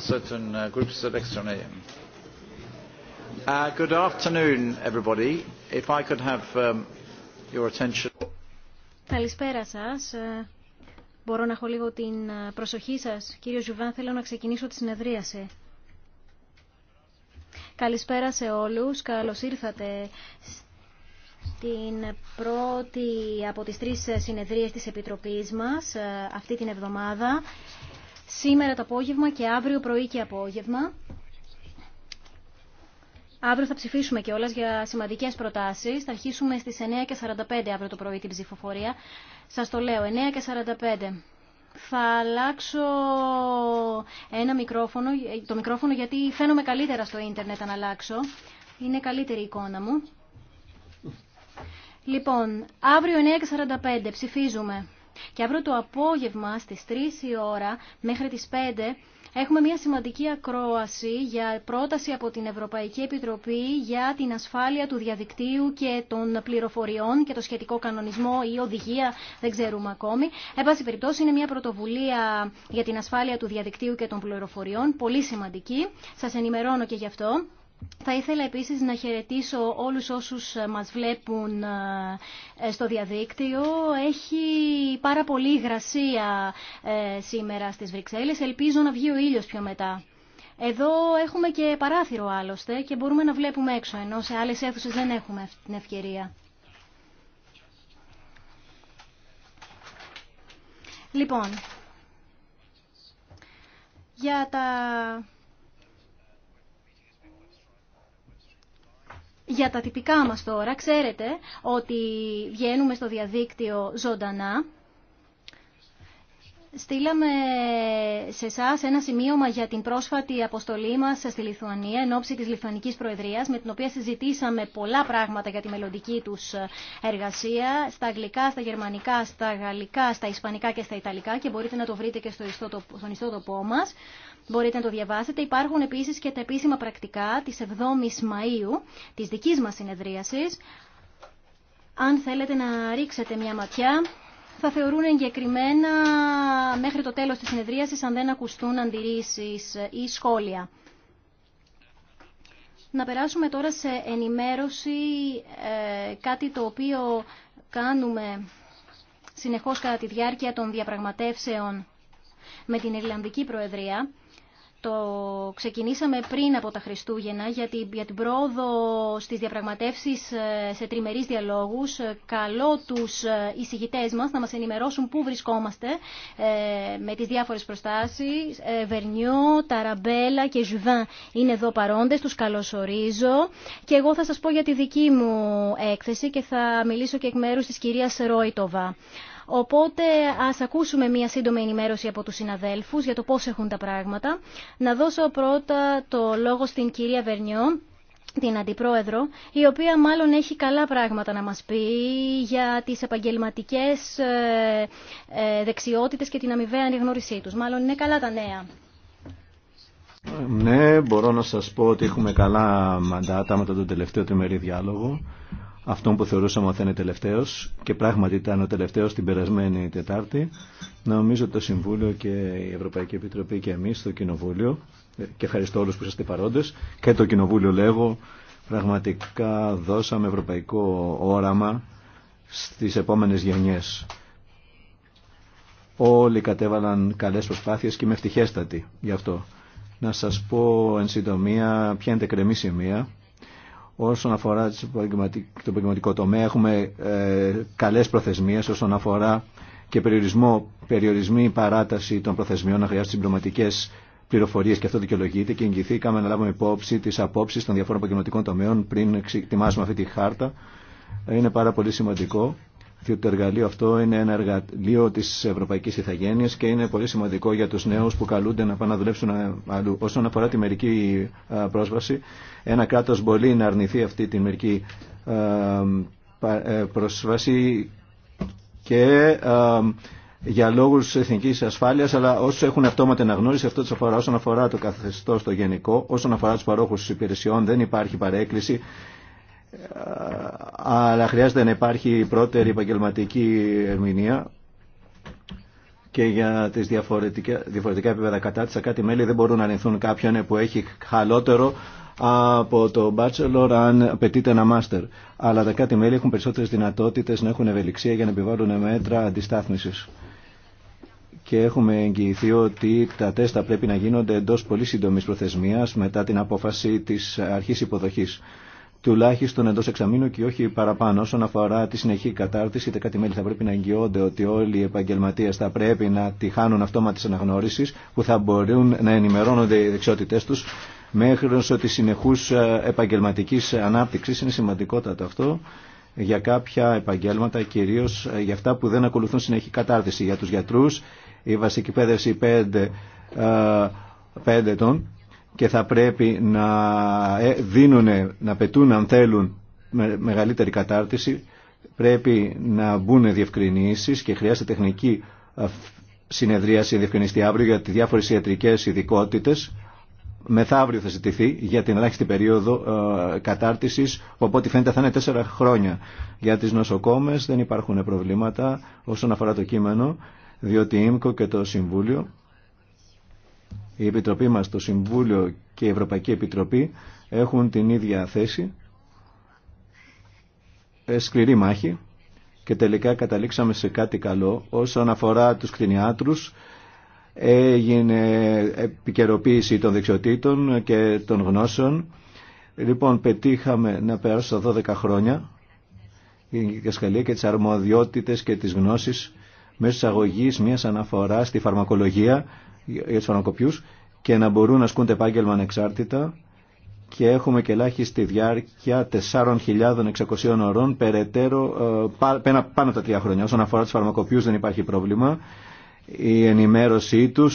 certain uh, groups Uh, good afternoon, everybody. If I could have um, your attention. Καλησπέρα σας. Ε, μπορώ να έχω λίγο την ε, προσοχή σας. Κύριο Ζουβάν, θέλω να ξεκινήσω τη συνεδρίαση. Καλησπέρα σε όλους. Καλώς ήρθατε στην πρώτη από τις τρεις συνεδρίες της Επιτροπής μας ε, αυτή την εβδομάδα σήμερα το απόγευμα και αύριο πρωί και απόγευμα. Αύριο θα ψηφίσουμε και όλα για σημαντικέ προτάσει. Θα αρχίσουμε στι 9.45 αύριο το πρωί την ψηφοφορία. Σα το λέω, 9.45. Θα αλλάξω ένα μικρόφωνο, το μικρόφωνο γιατί φαίνομαι καλύτερα στο ίντερνετ αν αλλάξω. Είναι καλύτερη η εικόνα μου. Λοιπόν, αύριο 9.45 ψηφίζουμε. Και αύριο το απόγευμα στις 3 η ώρα μέχρι τις 5 Έχουμε μια σημαντική ακρόαση για πρόταση από την Ευρωπαϊκή Επιτροπή για την ασφάλεια του διαδικτύου και των πληροφοριών και το σχετικό κανονισμό ή οδηγία, δεν ξέρουμε ακόμη. Εν πάση περιπτώσει, είναι μια πρωτοβουλία για την ασφάλεια του διαδικτύου και των πληροφοριών, πολύ σημαντική. Σα ενημερώνω και γι' αυτό. Θα ήθελα επίσης να χαιρετήσω όλους όσους μας βλέπουν ε, στο διαδίκτυο. Έχει πάρα πολύ υγρασία ε, σήμερα στις Βρυξέλλες. Ελπίζω να βγει ο ήλιος πιο μετά. Εδώ έχουμε και παράθυρο άλλωστε και μπορούμε να βλέπουμε έξω, ενώ σε άλλες αίθουσες δεν έχουμε αυτή την ευκαιρία. Λοιπόν, για τα Για τα τυπικά μας τώρα, ξέρετε ότι βγαίνουμε στο διαδίκτυο ζωντανά. Στείλαμε σε εσά ένα σημείωμα για την πρόσφατη αποστολή μα στη Λιθουανία εν ώψη τη Λιθουανική Προεδρία, με την οποία συζητήσαμε πολλά πράγματα για τη μελλοντική του εργασία στα αγγλικά, στα γερμανικά, στα γαλλικά, στα ισπανικά και στα ιταλικά και μπορείτε να το βρείτε και στο ιστότοπο, στον ιστότοπό μα μπορείτε να το διαβάσετε. Υπάρχουν επίσης και τα επίσημα πρακτικά της 7ης Μαΐου, της δικής μας συνεδρίασης. Αν θέλετε να ρίξετε μια ματιά, θα θεωρούν εγκεκριμένα μέχρι το τέλος της συνεδρίασης αν δεν ακουστούν αντιρρήσεις ή σχόλια. Να περάσουμε τώρα σε ενημέρωση, ε, κάτι το οποίο κάνουμε συνεχώς κατά τη διάρκεια των διαπραγματεύσεων με την Ιρλανδική Προεδρία. Το ξεκινήσαμε πριν από τα Χριστούγεννα για την, πρόοδο στις διαπραγματεύσεις ε, σε τριμερείς διαλόγους. Ε, Καλώ τους ε, εισηγητές μας να μας ενημερώσουν πού βρισκόμαστε με τις διάφορες προστάσεις. Βερνιό, Ταραμπέλα και Ζουβάν είναι εδώ παρόντες, τους καλωσορίζω. Και εγώ θα σας πω για τη δική μου έκθεση και θα μιλήσω και εκ μέρους της κυρίας Ρόιτοβα. Οπότε ας ακούσουμε μια σύντομη ενημέρωση από τους συναδέλφους για το πώς έχουν τα πράγματα. Να δώσω πρώτα το λόγο στην κυρία Βερνιό, την Αντιπρόεδρο, η οποία μάλλον έχει καλά πράγματα να μας πει για τις επαγγελματικές ε, ε, δεξιότητες και την αμοιβαία αναγνώρισή τους. Μάλλον είναι καλά τα νέα. Ναι, μπορώ να σας πω ότι έχουμε καλά μαντάτα μετά τον τελευταίο τριμερή διάλογο αυτόν που θεωρούσαμε ότι θα είναι τελευταίο και πράγματι ήταν ο τελευταίο την περασμένη Τετάρτη. Νομίζω το Συμβούλιο και η Ευρωπαϊκή Επιτροπή και εμεί στο Κοινοβούλιο και ευχαριστώ όλου που είστε παρόντε και το Κοινοβούλιο λέγω πραγματικά δώσαμε ευρωπαϊκό όραμα στις επόμενες γενιές. Όλοι κατέβαλαν καλές προσπάθειες και είμαι ευτυχέστατη γι' αυτό. Να σας πω εν συντομία ποια είναι τα κρεμή σημεία Όσον αφορά το επαγγελματικό τομέα, έχουμε ε, καλές προθεσμίες όσον αφορά και περιορισμό, περιορισμή παράταση των προθεσμιών να χρειάζονται συμπληρωματικέ πληροφορίε και αυτό δικαιολογείται και εγγυηθήκαμε να λάβουμε υπόψη τι απόψει των διαφόρων επαγγελματικών τομέων πριν ετοιμάσουμε αυτή τη χάρτα. Είναι πάρα πολύ σημαντικό διότι το εργαλείο αυτό είναι ένα εργαλείο τη Ευρωπαϊκή Ιθαγένεια και είναι πολύ σημαντικό για του νέου που καλούνται να πάνε να δουλέψουν αλλού. Όσον αφορά τη μερική πρόσβαση, ένα κράτο μπορεί να αρνηθεί αυτή τη μερική ε, πρόσβαση και για λόγου εθνική ασφάλεια, αλλά όσου έχουν αυτόματη αναγνώριση, αυτό του αφορά. Όσον αφορά το καθεστώ το γενικό, όσον αφορά του παρόχου υπηρεσιών, δεν υπάρχει παρέκκληση αλλά χρειάζεται να υπάρχει πρώτερη επαγγελματική ερμηνεία και για τις διαφορετικά, διαφορετικά επίπεδα κατάρτισα κάτι μέλη δεν μπορούν να αρνηθούν κάποιον που έχει χαλότερο από το bachelor αν απαιτείται ένα master. Αλλά τα κάτι μέλη έχουν περισσότερες δυνατότητες να έχουν ευελιξία για να επιβάλλουν μέτρα αντιστάθμισης. Και έχουμε εγγυηθεί ότι τα τεστ πρέπει να γίνονται εντός πολύ σύντομης προθεσμίας μετά την απόφαση της αρχής υποδοχής τουλάχιστον εντό εξαμήνου και όχι παραπάνω. Όσον αφορά τη συνεχή κατάρτιση, τα κάτι μέλη θα πρέπει να εγγυώνται ότι όλοι οι επαγγελματίε θα πρέπει να τη χάνουν αυτόματη αναγνώριση που θα μπορούν να ενημερώνονται οι δεξιότητέ του μέχρι ότι τη συνεχού ε, επαγγελματική ανάπτυξη. Είναι σημαντικότατο αυτό για κάποια επαγγέλματα, κυρίω ε, για αυτά που δεν ακολουθούν συνεχή κατάρτιση. Για του γιατρού, η βασική πέδευση 5 ε, ετών και θα πρέπει να ε, δίνουν, να πετούν αν θέλουν μεγαλύτερη κατάρτιση πρέπει να μπουν διευκρινήσεις και χρειάζεται τεχνική ε, συνεδρίαση διευκρινιστή αύριο για τις διάφορες ιατρικές ειδικότητε. Μεθαύριο θα ζητηθεί για την ελάχιστη περίοδο ε, κατάρτισης, οπότε φαίνεται θα είναι τέσσερα χρόνια. Για τις νοσοκόμες δεν υπάρχουν προβλήματα όσον αφορά το κείμενο, διότι η ΙΜΚΟ και το Συμβούλιο η Επιτροπή μας, το Συμβούλιο και η Ευρωπαϊκή Επιτροπή έχουν την ίδια θέση. Ε, σκληρή μάχη και τελικά καταλήξαμε σε κάτι καλό. Όσον αφορά τους κτηνιάτρους έγινε επικαιροποίηση των δεξιοτήτων και των γνώσεων. Λοιπόν, πετύχαμε να περάσω 12 χρόνια η διδασκαλία και τις αρμοδιότητες και τις γνώσεις μέσω της αγωγής μιας αναφοράς στη φαρμακολογία για του φαρμακοποιού και να μπορούν να ασκούνται επάγγελμα ανεξάρτητα και έχουμε και ελάχιστη διάρκεια 4.600 ωρών περαιτέρω ε, πάνω από τα τρία χρόνια. Όσον αφορά του φαρμακοποιού δεν υπάρχει πρόβλημα. Η ενημέρωσή του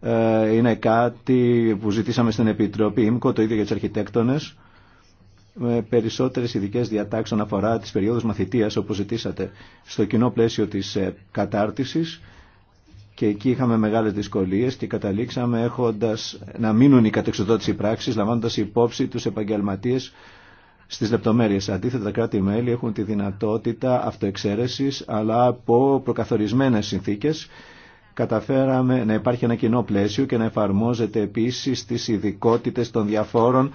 ε, είναι κάτι που ζητήσαμε στην Επιτροπή ΙΜΚΟ, το ίδιο για τους αρχιτέκτονες, με περισσότερες ειδικέ διατάξεις αφορά τι περιόδου μαθητείας, όπω ζητήσατε, στο κοινό πλαίσιο τη ε, κατάρτισης και εκεί είχαμε μεγάλες δυσκολίες και καταλήξαμε έχοντας να μείνουν οι κατεξοδότηση πράξεις λαμβάνοντας υπόψη τους επαγγελματίες στις λεπτομέρειες. Αντίθετα τα κράτη-μέλη έχουν τη δυνατότητα αυτοεξαίρεσης αλλά από προκαθορισμένες συνθήκες καταφέραμε να υπάρχει ένα κοινό πλαίσιο και να εφαρμόζεται επίσης τις ειδικότητε των διαφόρων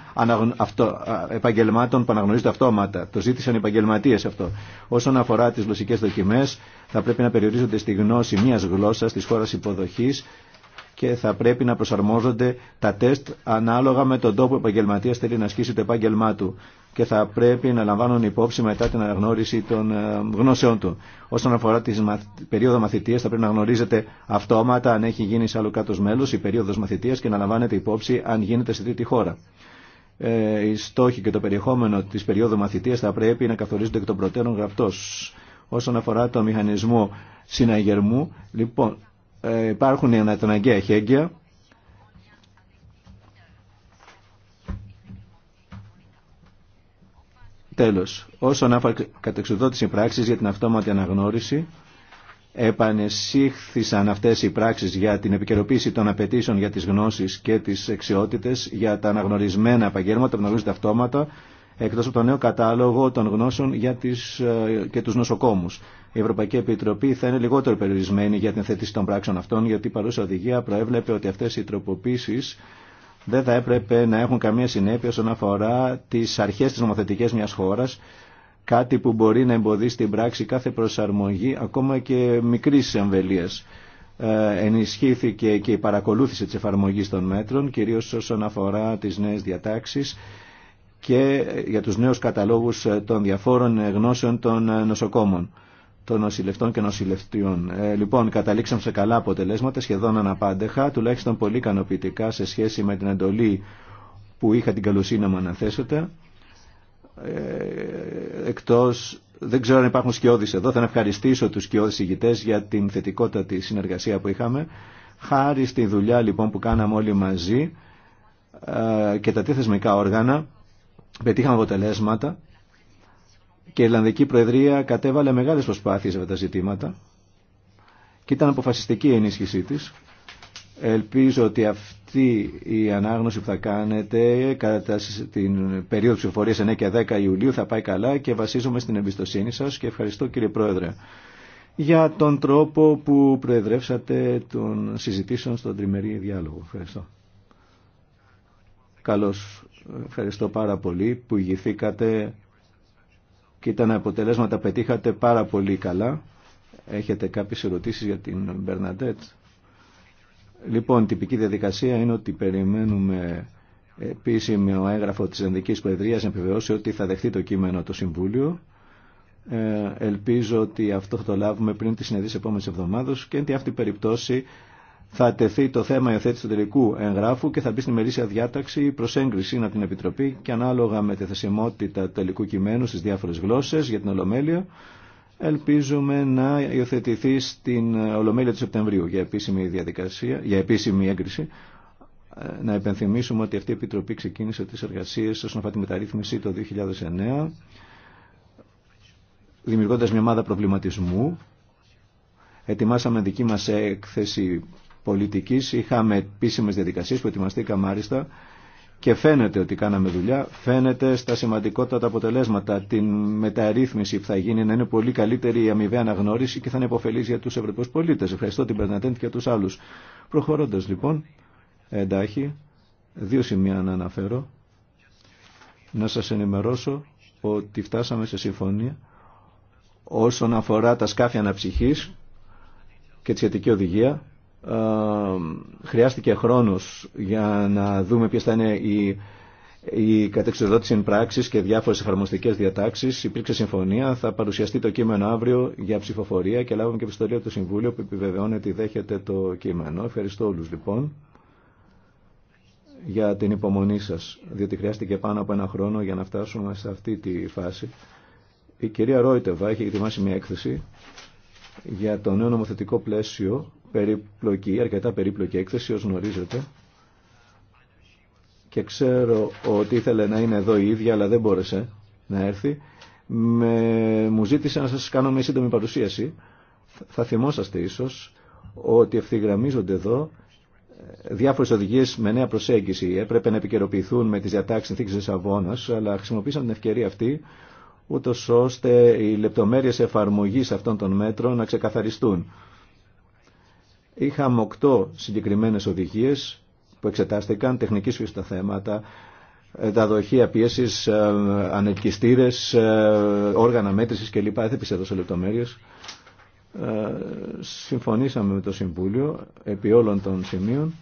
επαγγελμάτων που αναγνωρίζονται αυτόματα. Το ζήτησαν οι επαγγελματίε αυτό. Όσον αφορά τις γλωσσικές δοκιμές, θα πρέπει να περιορίζονται στη γνώση μιας γλώσσας της χώρας υποδοχής και θα πρέπει να προσαρμόζονται τα τεστ ανάλογα με τον τόπο επαγγελματία θέλει να ασκήσει το επάγγελμά του και θα πρέπει να λαμβάνουν υπόψη μετά την αναγνώριση των ε, γνώσεών του. Όσον αφορά τη περίοδο μαθητείας, θα πρέπει να γνωρίζετε αυτόματα αν έχει γίνει σε άλλο κάτω μέλο η περίοδο μαθητείας και να λαμβάνετε υπόψη αν γίνεται σε τρίτη χώρα. Ε, οι στόχοι και το περιεχόμενο τη περίοδου μαθητείας θα πρέπει να καθορίζονται εκ των προτέρων γραπτό. Όσον αφορά το μηχανισμό συναγερμού, λοιπόν, ε, υπάρχουν αναγκαία χέγγια Τέλος, όσον αφορά κατεξουδότηση πράξης για την αυτόματη αναγνώριση, επανεσύχθησαν αυτές οι πράξεις για την επικαιροποίηση των απαιτήσεων για τις γνώσεις και τις εξιότητε, για τα αναγνωρισμένα επαγγέλματα που αναγνωρίζονται αυτόματα, εκτός από το νέο κατάλογο των γνώσεων για τις, ε, και τους νοσοκόμους. Η Ευρωπαϊκή Επιτροπή θα είναι λιγότερο περιορισμένη για την θέτηση των πράξεων αυτών, γιατί η παρούσα οδηγία προέβλεπε ότι αυτές οι τροποποίησεις δεν θα έπρεπε να έχουν καμία συνέπεια όσον αφορά τις αρχές της νομοθετικής μιας χώρας, κάτι που μπορεί να εμποδίσει την πράξη κάθε προσαρμογή, ακόμα και μικρής εμβελίας. Ε, ενισχύθηκε και η παρακολούθηση της εφαρμογής των μέτρων, κυρίως όσον αφορά τις νέες διατάξεις και για τους νέους καταλόγους των διαφόρων γνώσεων των νοσοκόμων των νοσηλευτών και νοσηλευτιών. Ε, λοιπόν, καταλήξαμε σε καλά αποτελέσματα, σχεδόν αναπάντεχα, τουλάχιστον πολύ ικανοποιητικά σε σχέση με την εντολή που είχα την καλοσύνη να μου αναθέσετε. Ε, εκτός, δεν ξέρω αν υπάρχουν σκιώδεις εδώ, θα ευχαριστήσω τους σκιώδεις ηγητές για την θετικότητα θετικότατη συνεργασία που είχαμε. Χάρη στη δουλειά λοιπόν που κάναμε όλοι μαζί ε, και τα τι θεσμικά όργανα, πετύχαμε αποτελέσματα και η Ιρλανδική Προεδρία κατέβαλε μεγάλες προσπάθειες για τα ζητήματα και ήταν αποφασιστική η ενίσχυσή της. Ελπίζω ότι αυτή η ανάγνωση που θα κάνετε κατά την περίοδο ψηφοφορίας 9 και 10 Ιουλίου θα πάει καλά και βασίζομαι στην εμπιστοσύνη σας και ευχαριστώ κύριε Πρόεδρε για τον τρόπο που προεδρεύσατε των συζητήσεων στον τριμερή διάλογο. Ευχαριστώ. Καλώς. Ευχαριστώ πάρα πολύ που ηγηθήκατε και τα αποτελέσματα πετύχατε πάρα πολύ καλά. Έχετε κάποιες ερωτήσεις για την Μπερναντέτ. Λοιπόν, τυπική διαδικασία είναι ότι περιμένουμε ο έγγραφο της Ενδικής Προεδρίας να επιβεβαιώσει ότι θα δεχτεί το κείμενο το Συμβούλιο. Ε, ελπίζω ότι αυτό θα το λάβουμε πριν τη συνεδρία επόμενης εβδομάδος και εν τη αυτή περιπτώσει θα τεθεί το θέμα υιοθέτηση του τελικού εγγράφου και θα μπει στην ημερήσια διάταξη προ έγκριση από την Επιτροπή και ανάλογα με τη θεσιμότητα τελικού κειμένου στι διάφορε γλώσσε για την Ολομέλεια. Ελπίζουμε να υιοθετηθεί στην Ολομέλεια του Σεπτεμβρίου για επίσημη, διαδικασία, για επίσημη έγκριση. Ε, να υπενθυμίσουμε ότι αυτή η Επιτροπή ξεκίνησε τι εργασίε όσον αφορά τη μεταρρύθμιση το 2009 δημιουργώντα μια ομάδα προβληματισμού ετοιμάσαμε δική μας έκθεση είχαμε επίσημε διαδικασίες που ετοιμαστήκαμε άριστα και φαίνεται ότι κάναμε δουλειά, φαίνεται στα σημαντικότατα αποτελέσματα την μεταρρύθμιση που θα γίνει να είναι πολύ καλύτερη η αμοιβαία αναγνώριση και θα είναι υποφελής για τους Ευρωπαίους πολίτες. Ευχαριστώ την Περνατέντη και τους άλλους. Προχωρώντας λοιπόν, εντάχει, δύο σημεία να αναφέρω. Να σας ενημερώσω ότι φτάσαμε σε συμφωνία όσον αφορά τα σκάφη αναψυχής και τη σχετική οδηγία ε, χρειάστηκε χρόνος για να δούμε ποιες θα είναι οι, οι κατεξοδότηση πράξεις και διάφορες εφαρμοστικές διατάξεις. Υπήρξε συμφωνία, θα παρουσιαστεί το κείμενο αύριο για ψηφοφορία και λάβουμε και επιστολή από το Συμβούλιο που επιβεβαιώνει ότι δέχεται το κείμενο. Ευχαριστώ όλους λοιπόν για την υπομονή σας, διότι χρειάστηκε πάνω από ένα χρόνο για να φτάσουμε σε αυτή τη φάση. Η κυρία Ρόιτεβα έχει ετοιμάσει μια έκθεση για το νέο νομοθετικό πλαίσιο περίπλοκη, αρκετά περίπλοκη έκθεση, ως γνωρίζετε. Και ξέρω ότι ήθελε να είναι εδώ η ίδια, αλλά δεν μπόρεσε να έρθει. Με... Μου ζήτησε να σας κάνω μια σύντομη παρουσίαση. Θα θυμόσαστε ίσως ότι ευθυγραμμίζονται εδώ ε, διάφορες οδηγίες με νέα προσέγγιση. Έπρεπε να επικαιροποιηθούν με τις διατάξεις συνθήκης της Αβώνας, αλλά χρησιμοποίησαν την ευκαιρία αυτή ούτως ώστε οι λεπτομέρειες εφαρμογής αυτών των μέτρων να ξεκαθαριστούν. Είχαμε οκτώ συγκεκριμένες οδηγίες που εξετάστηκαν, τεχνική φύσης τα θέματα, ε, τα δοχεία πίεσης, ε, ανελκυστήρες, ε, όργανα μέτρησης κλπ. Δεν εδώ σε λεπτομέρειες. Συμφωνήσαμε με το Συμβούλιο επί όλων των σημείων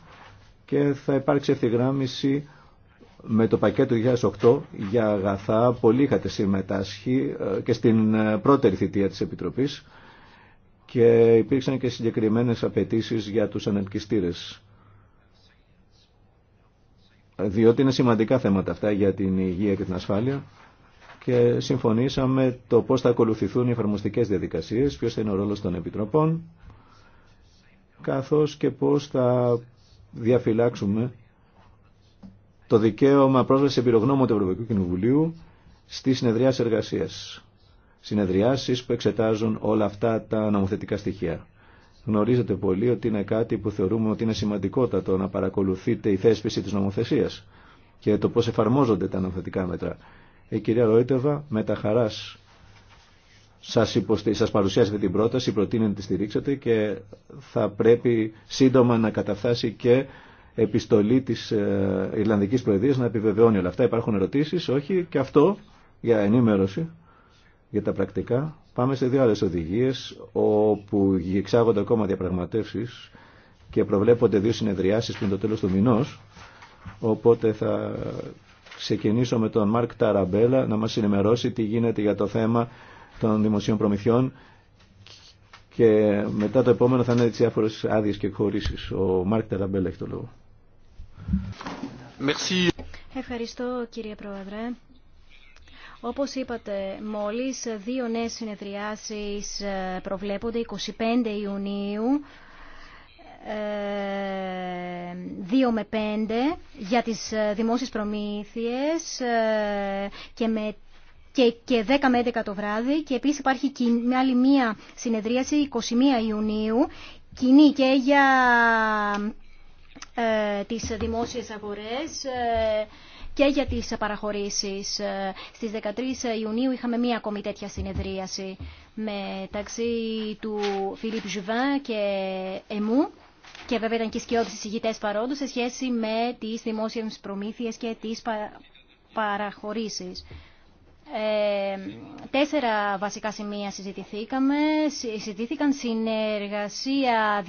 και θα υπάρξει ευθυγράμμιση με το πακέτο 2008 για αγαθά. Πολλοί είχατε συμμετάσχει και στην πρώτερη θητεία της Επιτροπής και υπήρξαν και συγκεκριμένες απαιτήσει για τους ανελκυστήρες. Διότι είναι σημαντικά θέματα αυτά για την υγεία και την ασφάλεια και συμφωνήσαμε το πώς θα ακολουθηθούν οι εφαρμοστικές διαδικασίες, ποιος θα είναι ο ρόλος των επιτροπών, καθώς και πώς θα διαφυλάξουμε το δικαίωμα πρόσβασης εμπειρογνώμων του Ευρωπαϊκού Κοινοβουλίου στη συνεδρία εργασίας συνεδριάσεις που εξετάζουν όλα αυτά τα νομοθετικά στοιχεία. Γνωρίζετε πολύ ότι είναι κάτι που θεωρούμε ότι είναι σημαντικότατο να παρακολουθείτε η θέσπιση της νομοθεσίας και το πώς εφαρμόζονται τα νομοθετικά μέτρα. Η ε, κυρία Ρόιτεβα με τα χαράς σας, υποστη... σας παρουσιάσετε την πρόταση, προτείνει να τη στηρίξετε και θα πρέπει σύντομα να καταφτάσει και επιστολή της ε, Ιρλανδικής Προεδρίας να επιβεβαιώνει όλα αυτά. Υπάρχουν ερωτήσεις, όχι, και αυτό για ενημέρωση για τα πρακτικά πάμε σε δύο άλλες οδηγίες όπου εξάγονται ακόμα διαπραγματεύσεις και προβλέπονται δύο συνεδριάσεις πριν το τέλος του μηνός οπότε θα ξεκινήσω με τον Μάρκ Ταραμπέλα να μας ενημερώσει τι γίνεται για το θέμα των δημοσίων προμηθειών και μετά το επόμενο θα είναι τι διάφορε άδειες και χωρίσεις. Ο Μάρκ Ταραμπέλα έχει το λόγο. Ευχαριστώ κύριε Πρόεδρε. Όπως είπατε, μόλις δύο νέες συνεδριάσεις ε, προβλέπονται 25 Ιουνίου 2 ε, με 5 για τις ε, δημόσιες προμήθειες και με και, και 10 με 11 το βράδυ και επίσης υπάρχει άλλη μία συνεδρίαση 21 Ιουνίου κοινή και για ε, τις δημόσιες αγορές και για τις παραχωρήσεις. Ε, στις 13 Ιουνίου είχαμε μία ακόμη τέτοια συνεδρίαση μεταξύ του Φιλίπ Ζουβάν και εμού και βέβαια ήταν και σκιώδης εισηγητές παρόντος σε σχέση με τις δημόσιες προμήθειες και τις παραχωρήσεις. Ε, τέσσερα βασικά σημεία συζητηθήκαμε. Συζητήθηκαν συνεργασία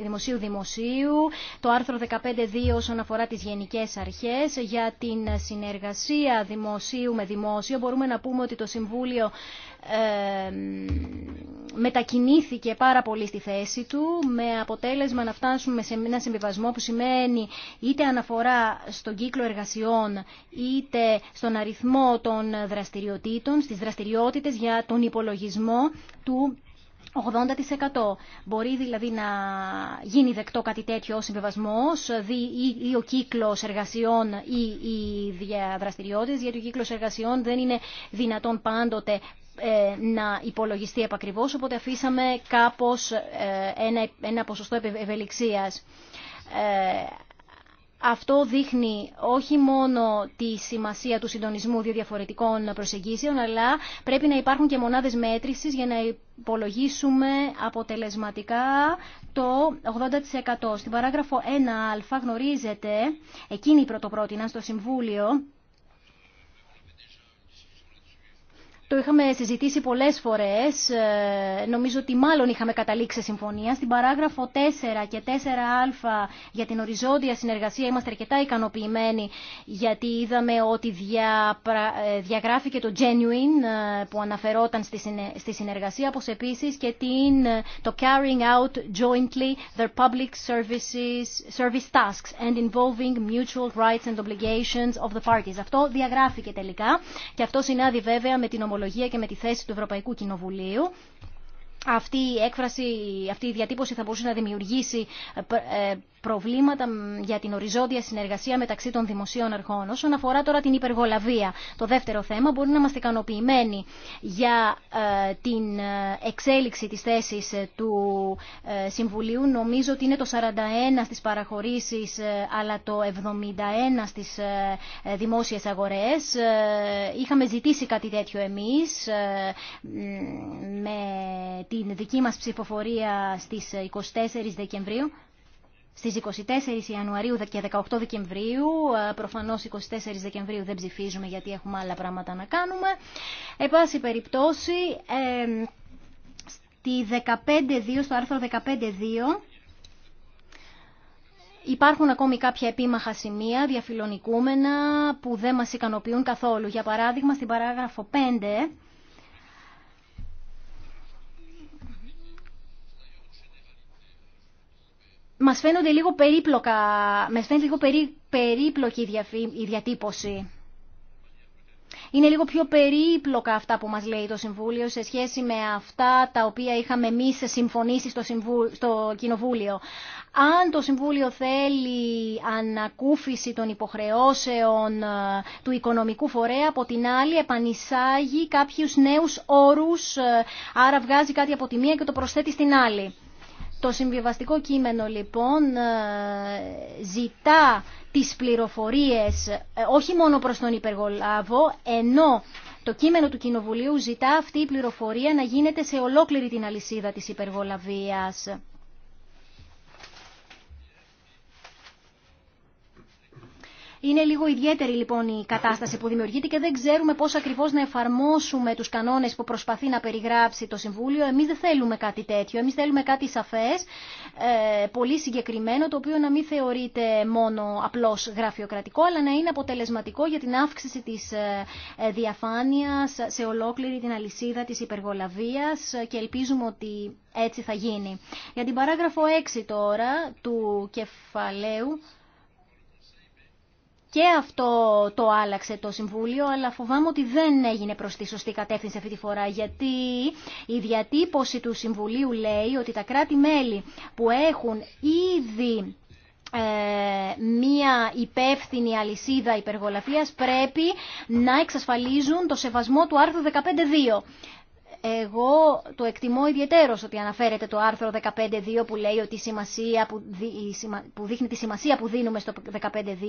δημοσίου-δημοσίου, το άρθρο 15.2 όσον αφορά τις γενικές αρχές. Για την συνεργασία δημοσίου με δημόσιο μπορούμε να πούμε ότι το Συμβούλιο μετακινήθηκε πάρα πολύ στη θέση του με αποτέλεσμα να φτάσουμε σε ένα συμβιβασμό που σημαίνει είτε αναφορά στον κύκλο εργασιών είτε στον αριθμό των δραστηριοτήτων, στις δραστηριότητες για τον υπολογισμό του 80% μπορεί δηλαδή να γίνει δεκτό κάτι τέτοιο ως συμβεβασμός ή ο κύκλος εργασιών ή οι διαδραστηριότητες, γιατί ο κύκλος εργασιών δεν είναι δυνατόν πάντοτε ε, να υπολογιστεί επακριβώς, οπότε αφήσαμε κάπως ε, ένα ποσοστό ευελιξίας. Ε, αυτό δείχνει όχι μόνο τη σημασία του συντονισμού δύο διαφορετικών προσεγγίσεων, αλλά πρέπει να υπάρχουν και μονάδες μέτρησης για να υπολογίσουμε αποτελεσματικά το 80%. Στην παράγραφο 1α γνωρίζετε, εκείνη πρωτοπρότεινα στο Συμβούλιο, Το είχαμε συζητήσει πολλές φορές, ε, νομίζω ότι μάλλον είχαμε καταλήξει συμφωνία. Στην παράγραφο 4 και 4α για την οριζόντια συνεργασία είμαστε αρκετά ικανοποιημένοι γιατί είδαμε ότι ε, διαγράφηκε το genuine ε, που αναφερόταν στη συνεργασία, όπως επίσης και την, το carrying out jointly their public services, service tasks and involving mutual rights and obligations of the parties. Αυτό διαγράφηκε τελικά και αυτό συνάδει βέβαια με την ομολογία και με τη θέση του Ευρωπαϊκού Κοινοβουλίου. Αυτή η έκφραση, αυτή η διατύπωση θα μπορούσε να δημιουργήσει ε, προβλήματα για την οριζόντια συνεργασία μεταξύ των δημοσίων αρχών. Όσον αφορά τώρα την υπεργολαβία, το δεύτερο θέμα μπορεί να είμαστε ικανοποιημένοι για ε, την ε, εξέλιξη της θέσης ε, του Συμβουλίου. Νομίζω ότι είναι το 41 στις παραχωρήσεις αλλά το 71 στις δημόσιες αγορές. Είχαμε ζητήσει κάτι τέτοιο εμείς με την δική μας ψηφοφορία στις 24 Δεκεμβρίου στις 24 Ιανουαρίου και 18 Δεκεμβρίου. Ε, προφανώς 24 Δεκεμβρίου δεν ψηφίζουμε γιατί έχουμε άλλα πράγματα να κάνουμε. Εν πάση περιπτώσει, ε, στη 15.2, στο άρθρο 15.2... Υπάρχουν ακόμη κάποια επίμαχα σημεία, διαφιλονικούμενα, που δεν μας ικανοποιούν καθόλου. Για παράδειγμα, στην παράγραφο 5, Μα φαίνονται λίγο περίπλοκα, μα φαίνεται λίγο περί, περίπλοκη η διατύπωση. Είναι λίγο πιο περίπλοκα αυτά που μας λέει το Συμβούλιο σε σχέση με αυτά τα οποία είχαμε εμεί συμφωνήσει στο, Κοινοβούλιο. Αν το Συμβούλιο θέλει ανακούφιση των υποχρεώσεων ε, του οικονομικού φορέα, από την άλλη επανισάγει κάποιους νέους όρους, ε, άρα βγάζει κάτι από τη μία και το προσθέτει στην άλλη. Το συμβιβαστικό κείμενο λοιπόν ε, ζητά τις πληροφορίες ε, όχι μόνο προς τον υπεργολάβο, ενώ το κείμενο του Κοινοβουλίου ζητά αυτή η πληροφορία να γίνεται σε ολόκληρη την αλυσίδα της υπεργολαβίας. Είναι λίγο ιδιαίτερη λοιπόν η κατάσταση που δημιουργείται και δεν ξέρουμε πώς ακριβώς να εφαρμόσουμε τους κανόνες που προσπαθεί να περιγράψει το Συμβούλιο. Εμείς δεν θέλουμε κάτι τέτοιο. Εμείς θέλουμε κάτι σαφές, ε, πολύ συγκεκριμένο, το οποίο να μην θεωρείται μόνο απλώς γραφειοκρατικό, αλλά να είναι αποτελεσματικό για την αύξηση της ε, ε, διαφάνειας σε ολόκληρη την αλυσίδα της υπεργολαβίας και ελπίζουμε ότι έτσι θα γίνει. Για την παράγραφο 6 τώρα του κεφαλαίου και αυτό το άλλαξε το Συμβούλιο, αλλά φοβάμαι ότι δεν έγινε προς τη σωστή κατεύθυνση αυτή τη φορά, γιατί η διατύπωση του Συμβουλίου λέει ότι τα κράτη-μέλη που έχουν ήδη ε, μία υπεύθυνη αλυσίδα υπεργολαφίας πρέπει να εξασφαλίζουν το σεβασμό του άρθρου 15.2 εγώ το εκτιμώ ιδιαίτερο ότι αναφέρεται το άρθρο 15.2 που λέει ότι η σημασία που, που δείχνει τη σημασία που δίνουμε στο 15.2.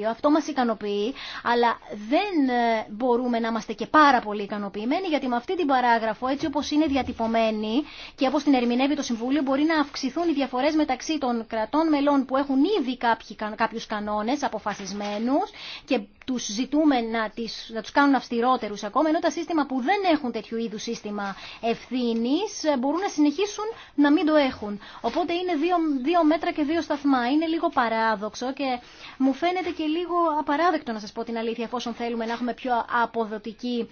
Αυτό μας ικανοποιεί, αλλά δεν ε, μπορούμε να είμαστε και πάρα πολύ ικανοποιημένοι, γιατί με αυτή την παράγραφο, έτσι όπως είναι διατυπωμένη και όπως την ερμηνεύει το Συμβούλιο, μπορεί να αυξηθούν οι διαφορές μεταξύ των κρατών μελών που έχουν ήδη κάποιους κανόνες αποφασισμένους και τους ζητούμε να, τις, να τους κάνουν αυστηρότερους ακόμα, ενώ τα σύστημα που δεν έχουν τέτοιου είδους σύστημα ευθύνης ε, μπορούν να συνεχίσουν να μην το έχουν. Οπότε είναι δύο, δύο μέτρα και δύο σταθμά. Είναι λίγο παράδοξο και μου φαίνεται και λίγο απαράδεκτο να σας πω την αλήθεια, εφόσον θέλουμε να έχουμε πιο αποδοτική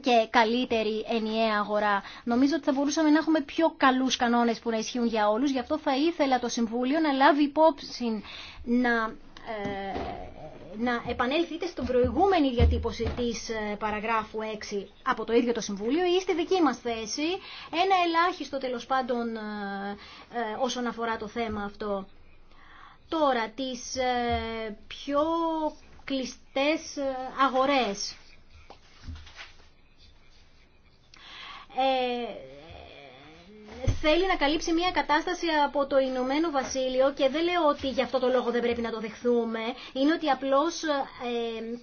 και καλύτερη ενιαία αγορά. Νομίζω ότι θα μπορούσαμε να έχουμε πιο καλούς κανόνες που να ισχύουν για όλους. Γι' αυτό θα ήθελα το Συμβούλιο να λάβει υπόψη να ε, να επανέλθετε στην προηγούμενη διατύπωση της ε, παραγράφου 6 από το ίδιο το Συμβούλιο ή στη δική μας θέση ένα ελάχιστο τέλος πάντων ε, ε, όσον αφορά το θέμα αυτό. Τώρα, τις πιο κλειστές αγορές θέλει να καλύψει μια κατάσταση από το Ηνωμένο Βασίλειο και δεν λέω ότι γι' αυτό το λόγο δεν πρέπει να το δεχθούμε. Είναι ότι απλώς ε, ε,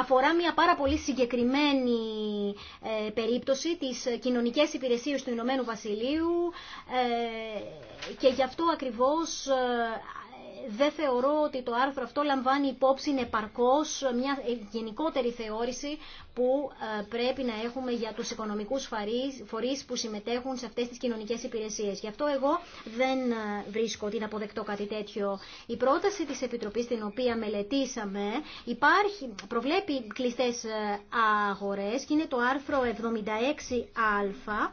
αφορά μια πάρα πολύ συγκεκριμένη ε, περίπτωση της κοινωνικές υπηρεσίες του Ηνωμένου Βασιλείου και γι' αυτό ακριβώς δεν θεωρώ ότι το άρθρο αυτό λαμβάνει υπόψη επαρκώς μια γενικότερη θεώρηση που ε, πρέπει να έχουμε για τους οικονομικούς φορείς που συμμετέχουν σε αυτές τις κοινωνικές υπηρεσίες. Γι' αυτό εγώ δεν ε, βρίσκω ότι είναι αποδεκτό κάτι τέτοιο. Η πρόταση της Επιτροπής την οποία μελετήσαμε υπάρχει, προβλέπει κλειστές ε, αγορές και είναι το άρθρο 76α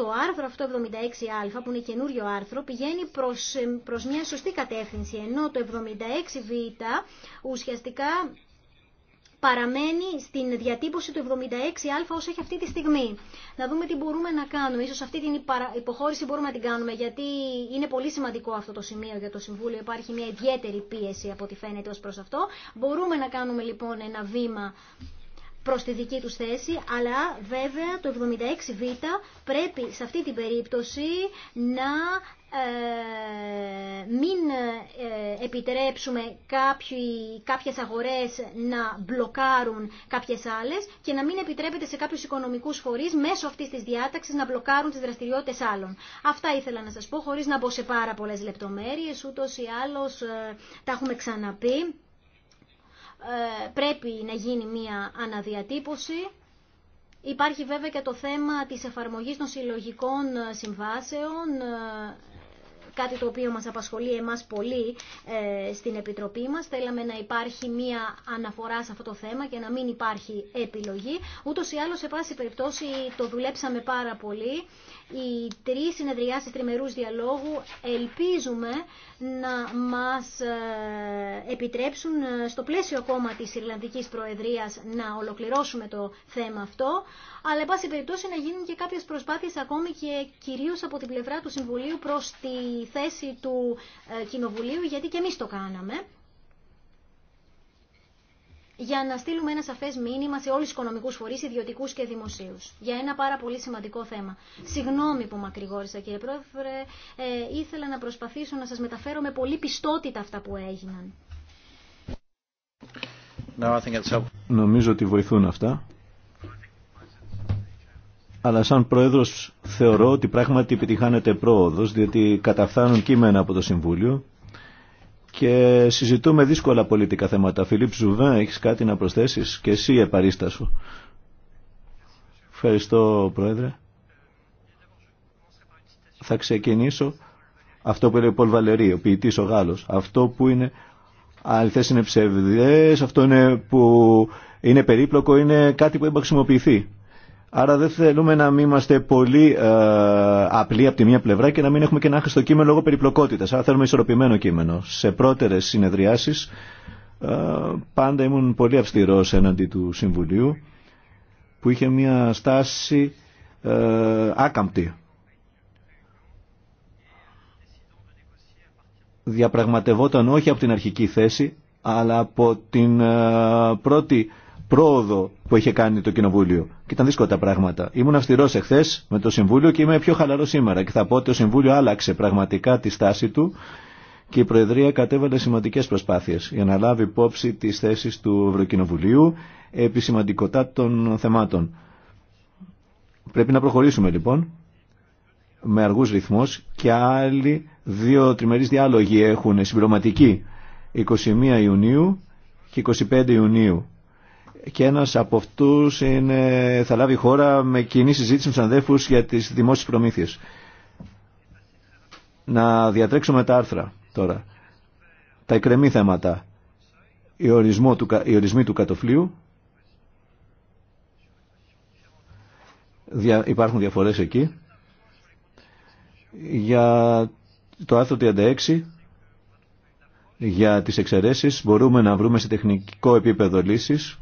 το άρθρο αυτό 76α που είναι καινούριο άρθρο πηγαίνει προς, προς μια σωστή κατεύθυνση ενώ το 76β ουσιαστικά παραμένει στην διατύπωση του 76α όσο έχει αυτή τη στιγμή. Να δούμε τι μπορούμε να κάνουμε. Ίσως αυτή την υποχώρηση μπορούμε να την κάνουμε γιατί είναι πολύ σημαντικό αυτό το σημείο για το Συμβούλιο. Υπάρχει μια ιδιαίτερη πίεση από ό,τι φαίνεται ως προς αυτό. Μπορούμε να κάνουμε λοιπόν ένα βήμα προς τη δική τους θέση, αλλά βέβαια το 76β πρέπει σε αυτή την περίπτωση να ε, μην ε, επιτρέψουμε κάποιοι, κάποιες αγορές να μπλοκάρουν κάποιες άλλες και να μην επιτρέπεται σε κάποιους οικονομικούς φορείς μέσω αυτής της διάταξης να μπλοκάρουν τις δραστηριότητες άλλων. Αυτά ήθελα να σας πω χωρίς να μπω σε πάρα πολλές λεπτομέρειες, ούτως ή άλλως ε, τα έχουμε ξαναπεί. Ε, πρέπει να γίνει μία αναδιατύπωση. Υπάρχει βέβαια και το θέμα της εφαρμογής των συλλογικών ε, συμβάσεων, ε, κάτι το οποίο μας απασχολεί εμάς πολύ στην Επιτροπή μας. Θέλαμε να υπάρχει μία αναφορά σε αυτό το θέμα και να μην υπάρχει επιλογή. Ούτως ή άλλως, σε πάση περιπτώσει, το δουλέψαμε πάρα πολύ οι τρεις συνεδριάσεις τριμερούς διαλόγου ελπίζουμε να μας ε, επιτρέψουν ε, στο πλαίσιο ακόμα της Ιρλανδικής Προεδρίας να ολοκληρώσουμε το θέμα αυτό, αλλά εν πάση περιπτώσει να γίνουν και κάποιες προσπάθειες ακόμη και κυρίως από την πλευρά του Συμβουλίου προς τη θέση του ε, Κοινοβουλίου, γιατί και εμείς το κάναμε για να στείλουμε ένα σαφέ μήνυμα σε όλου του οικονομικού φορεί, ιδιωτικού και δημοσίου, για ένα πάρα πολύ σημαντικό θέμα. Συγγνώμη που μακρηγόρησα, κύριε Πρόεδρε, ε, ήθελα να προσπαθήσω να σα μεταφέρω με πολύ πιστότητα αυτά που έγιναν. Νομίζω ότι βοηθούν αυτά. Αλλά σαν πρόεδρος θεωρώ ότι πράγματι επιτυχάνεται πρόοδος, διότι καταφθάνουν κείμενα από το Συμβούλιο και συζητούμε δύσκολα πολιτικά θέματα. Φιλίπ Ζουβέν, έχεις κάτι να προσθέσεις και εσύ σου. Ευχαριστώ Πρόεδρε. Θα ξεκινήσω αυτό που λέει ο Πολ Βαλερή, ο ποιητής ο Γάλλος. Αυτό που είναι αληθές είναι ψευδές, αυτό είναι που είναι περίπλοκο, είναι κάτι που εμπαξιμοποιηθεί. Άρα δεν θέλουμε να μην είμαστε πολύ ε, απλοί από τη μία πλευρά και να μην έχουμε και ένα άχρηστο κείμενο λόγω περιπλοκότητας. Άρα θέλουμε ισορροπημένο κείμενο. Σε πρώτερε συνεδριάσεις ε, πάντα ήμουν πολύ αυστηρό έναντι του Συμβουλίου που είχε μια στάση ε, άκαμπτη. Διαπραγματευόταν όχι από την αρχική θέση αλλά από την ε, πρώτη πρόοδο που είχε κάνει το Κοινοβούλιο. Και ήταν δύσκολα τα πράγματα. Ήμουν αυστηρό εχθέ με το Συμβούλιο και είμαι πιο χαλαρό σήμερα. Και θα πω ότι το Συμβούλιο άλλαξε πραγματικά τη στάση του και η Προεδρία κατέβαλε σημαντικέ προσπάθειε για να λάβει υπόψη τι θέσει του Ευρωκοινοβουλίου επί σημαντικότητα των θεμάτων. Πρέπει να προχωρήσουμε λοιπόν με αργού ρυθμού και άλλοι δύο τριμερεί διάλογοι έχουν συμπληρωματικοί 21 Ιουνίου και 25 Ιουνίου και ένας από αυτούς είναι, θα λάβει χώρα με κοινή συζήτηση με τους για τις δημόσιες προμήθειες. Να διατρέξουμε τα άρθρα τώρα. Τα εκκρεμή θέματα. Οι ορισμοί του, η του κατοφλίου. υπάρχουν διαφορές εκεί. Για το άρθρο 36 για τις εξαιρέσεις μπορούμε να βρούμε σε τεχνικό επίπεδο λύσεις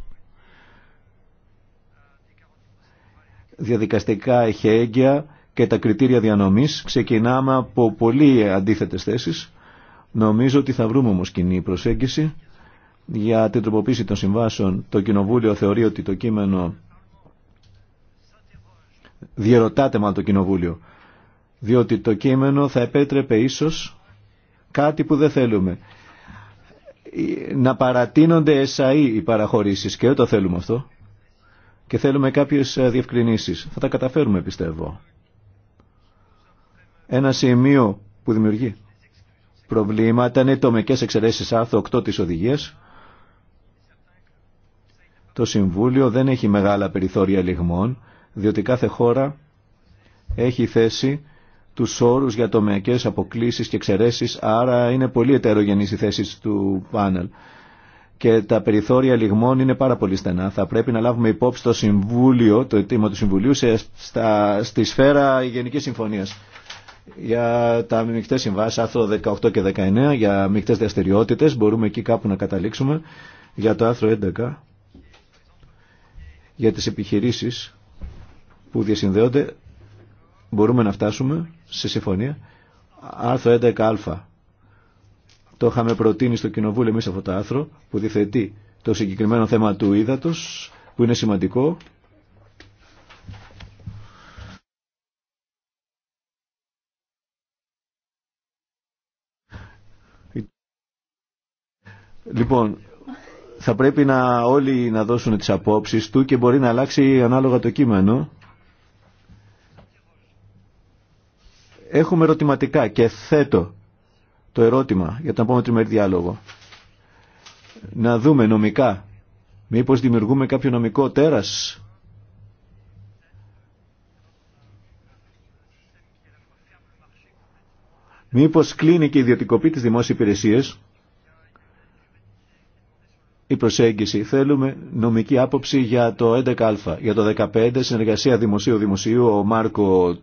διαδικαστικά έχει έγκαια και τα κριτήρια διανομής. Ξεκινάμε από πολύ αντίθετες θέσεις. Νομίζω ότι θα βρούμε όμως κοινή προσέγγιση για την τροποποίηση των συμβάσεων. Το Κοινοβούλιο θεωρεί ότι το κείμενο διερωτάται μάλλον το Κοινοβούλιο διότι το κείμενο θα επέτρεπε ίσως κάτι που δεν θέλουμε ε, να παρατείνονται εσαΐ οι παραχωρήσεις και δεν το θέλουμε αυτό και θέλουμε κάποιες ε, διευκρινήσεις. Θα τα καταφέρουμε πιστεύω. Ένα σημείο που δημιουργεί προβλήματα είναι οι τομικές εξαιρέσεις άρθρο 8 της οδηγίας. Το Συμβούλιο δεν έχει μεγάλα περιθώρια λιγμών, διότι κάθε χώρα έχει θέση του όρου για τομεακές αποκλήσεις και εξαιρέσεις, άρα είναι πολύ ετερογενής οι θέσει του πάνελ και τα περιθώρια λιγμών είναι πάρα πολύ στενά. Θα πρέπει να λάβουμε υπόψη το Συμβούλιο, το αιτήμα του Συμβουλίου σε, στα, στη σφαίρα γενική Συμφωνίας για τα μεικτέ συμβάσεις, άρθρο 18 και 19, για μεικτέ δραστηριότητε, μπορούμε εκεί κάπου να καταλήξουμε, για το άρθρο 11, για τις επιχειρήσεις που διασυνδέονται, μπορούμε να φτάσουμε σε συμφωνία, άρθρο 11α, το είχαμε προτείνει στο Κοινοβούλιο εμεί αυτό το άθρο που διθετεί το συγκεκριμένο θέμα του ύδατο που είναι σημαντικό. Λοιπόν, θα πρέπει να όλοι να δώσουν τις απόψεις του και μπορεί να αλλάξει ανάλογα το κείμενο. Έχουμε ερωτηματικά και θέτω το ερώτημα για τον επόμενο τριμερή διάλογο. Να δούμε νομικά. Μήπως δημιουργούμε κάποιο νομικό τέρας. Μήπως κλείνει και ιδιωτικοποιεί τις δημόσιες υπηρεσίες. Η προσέγγιση. Θέλουμε νομική άποψη για το 11α. Για το 15 συνεργασία δημοσίου-δημοσίου. Ο Μάρκο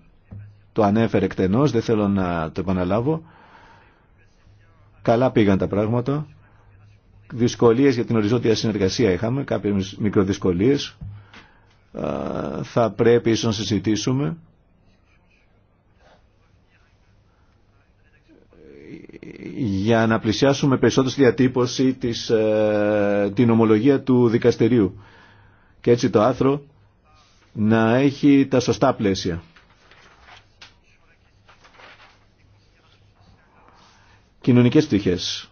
το ανέφερε εκτενώς. Δεν θέλω να το επαναλάβω. Καλά πήγαν τα πράγματα. Δυσκολίε για την οριζόντια συνεργασία είχαμε, κάποιες μικροδυσκολίε. Θα πρέπει ίσω να συζητήσουμε. για να πλησιάσουμε περισσότερο διατύπωση της, ε, την ομολογία του δικαστηρίου. Και έτσι το άθρο να έχει τα σωστά πλαίσια. Κοινωνικέ στοιχείες.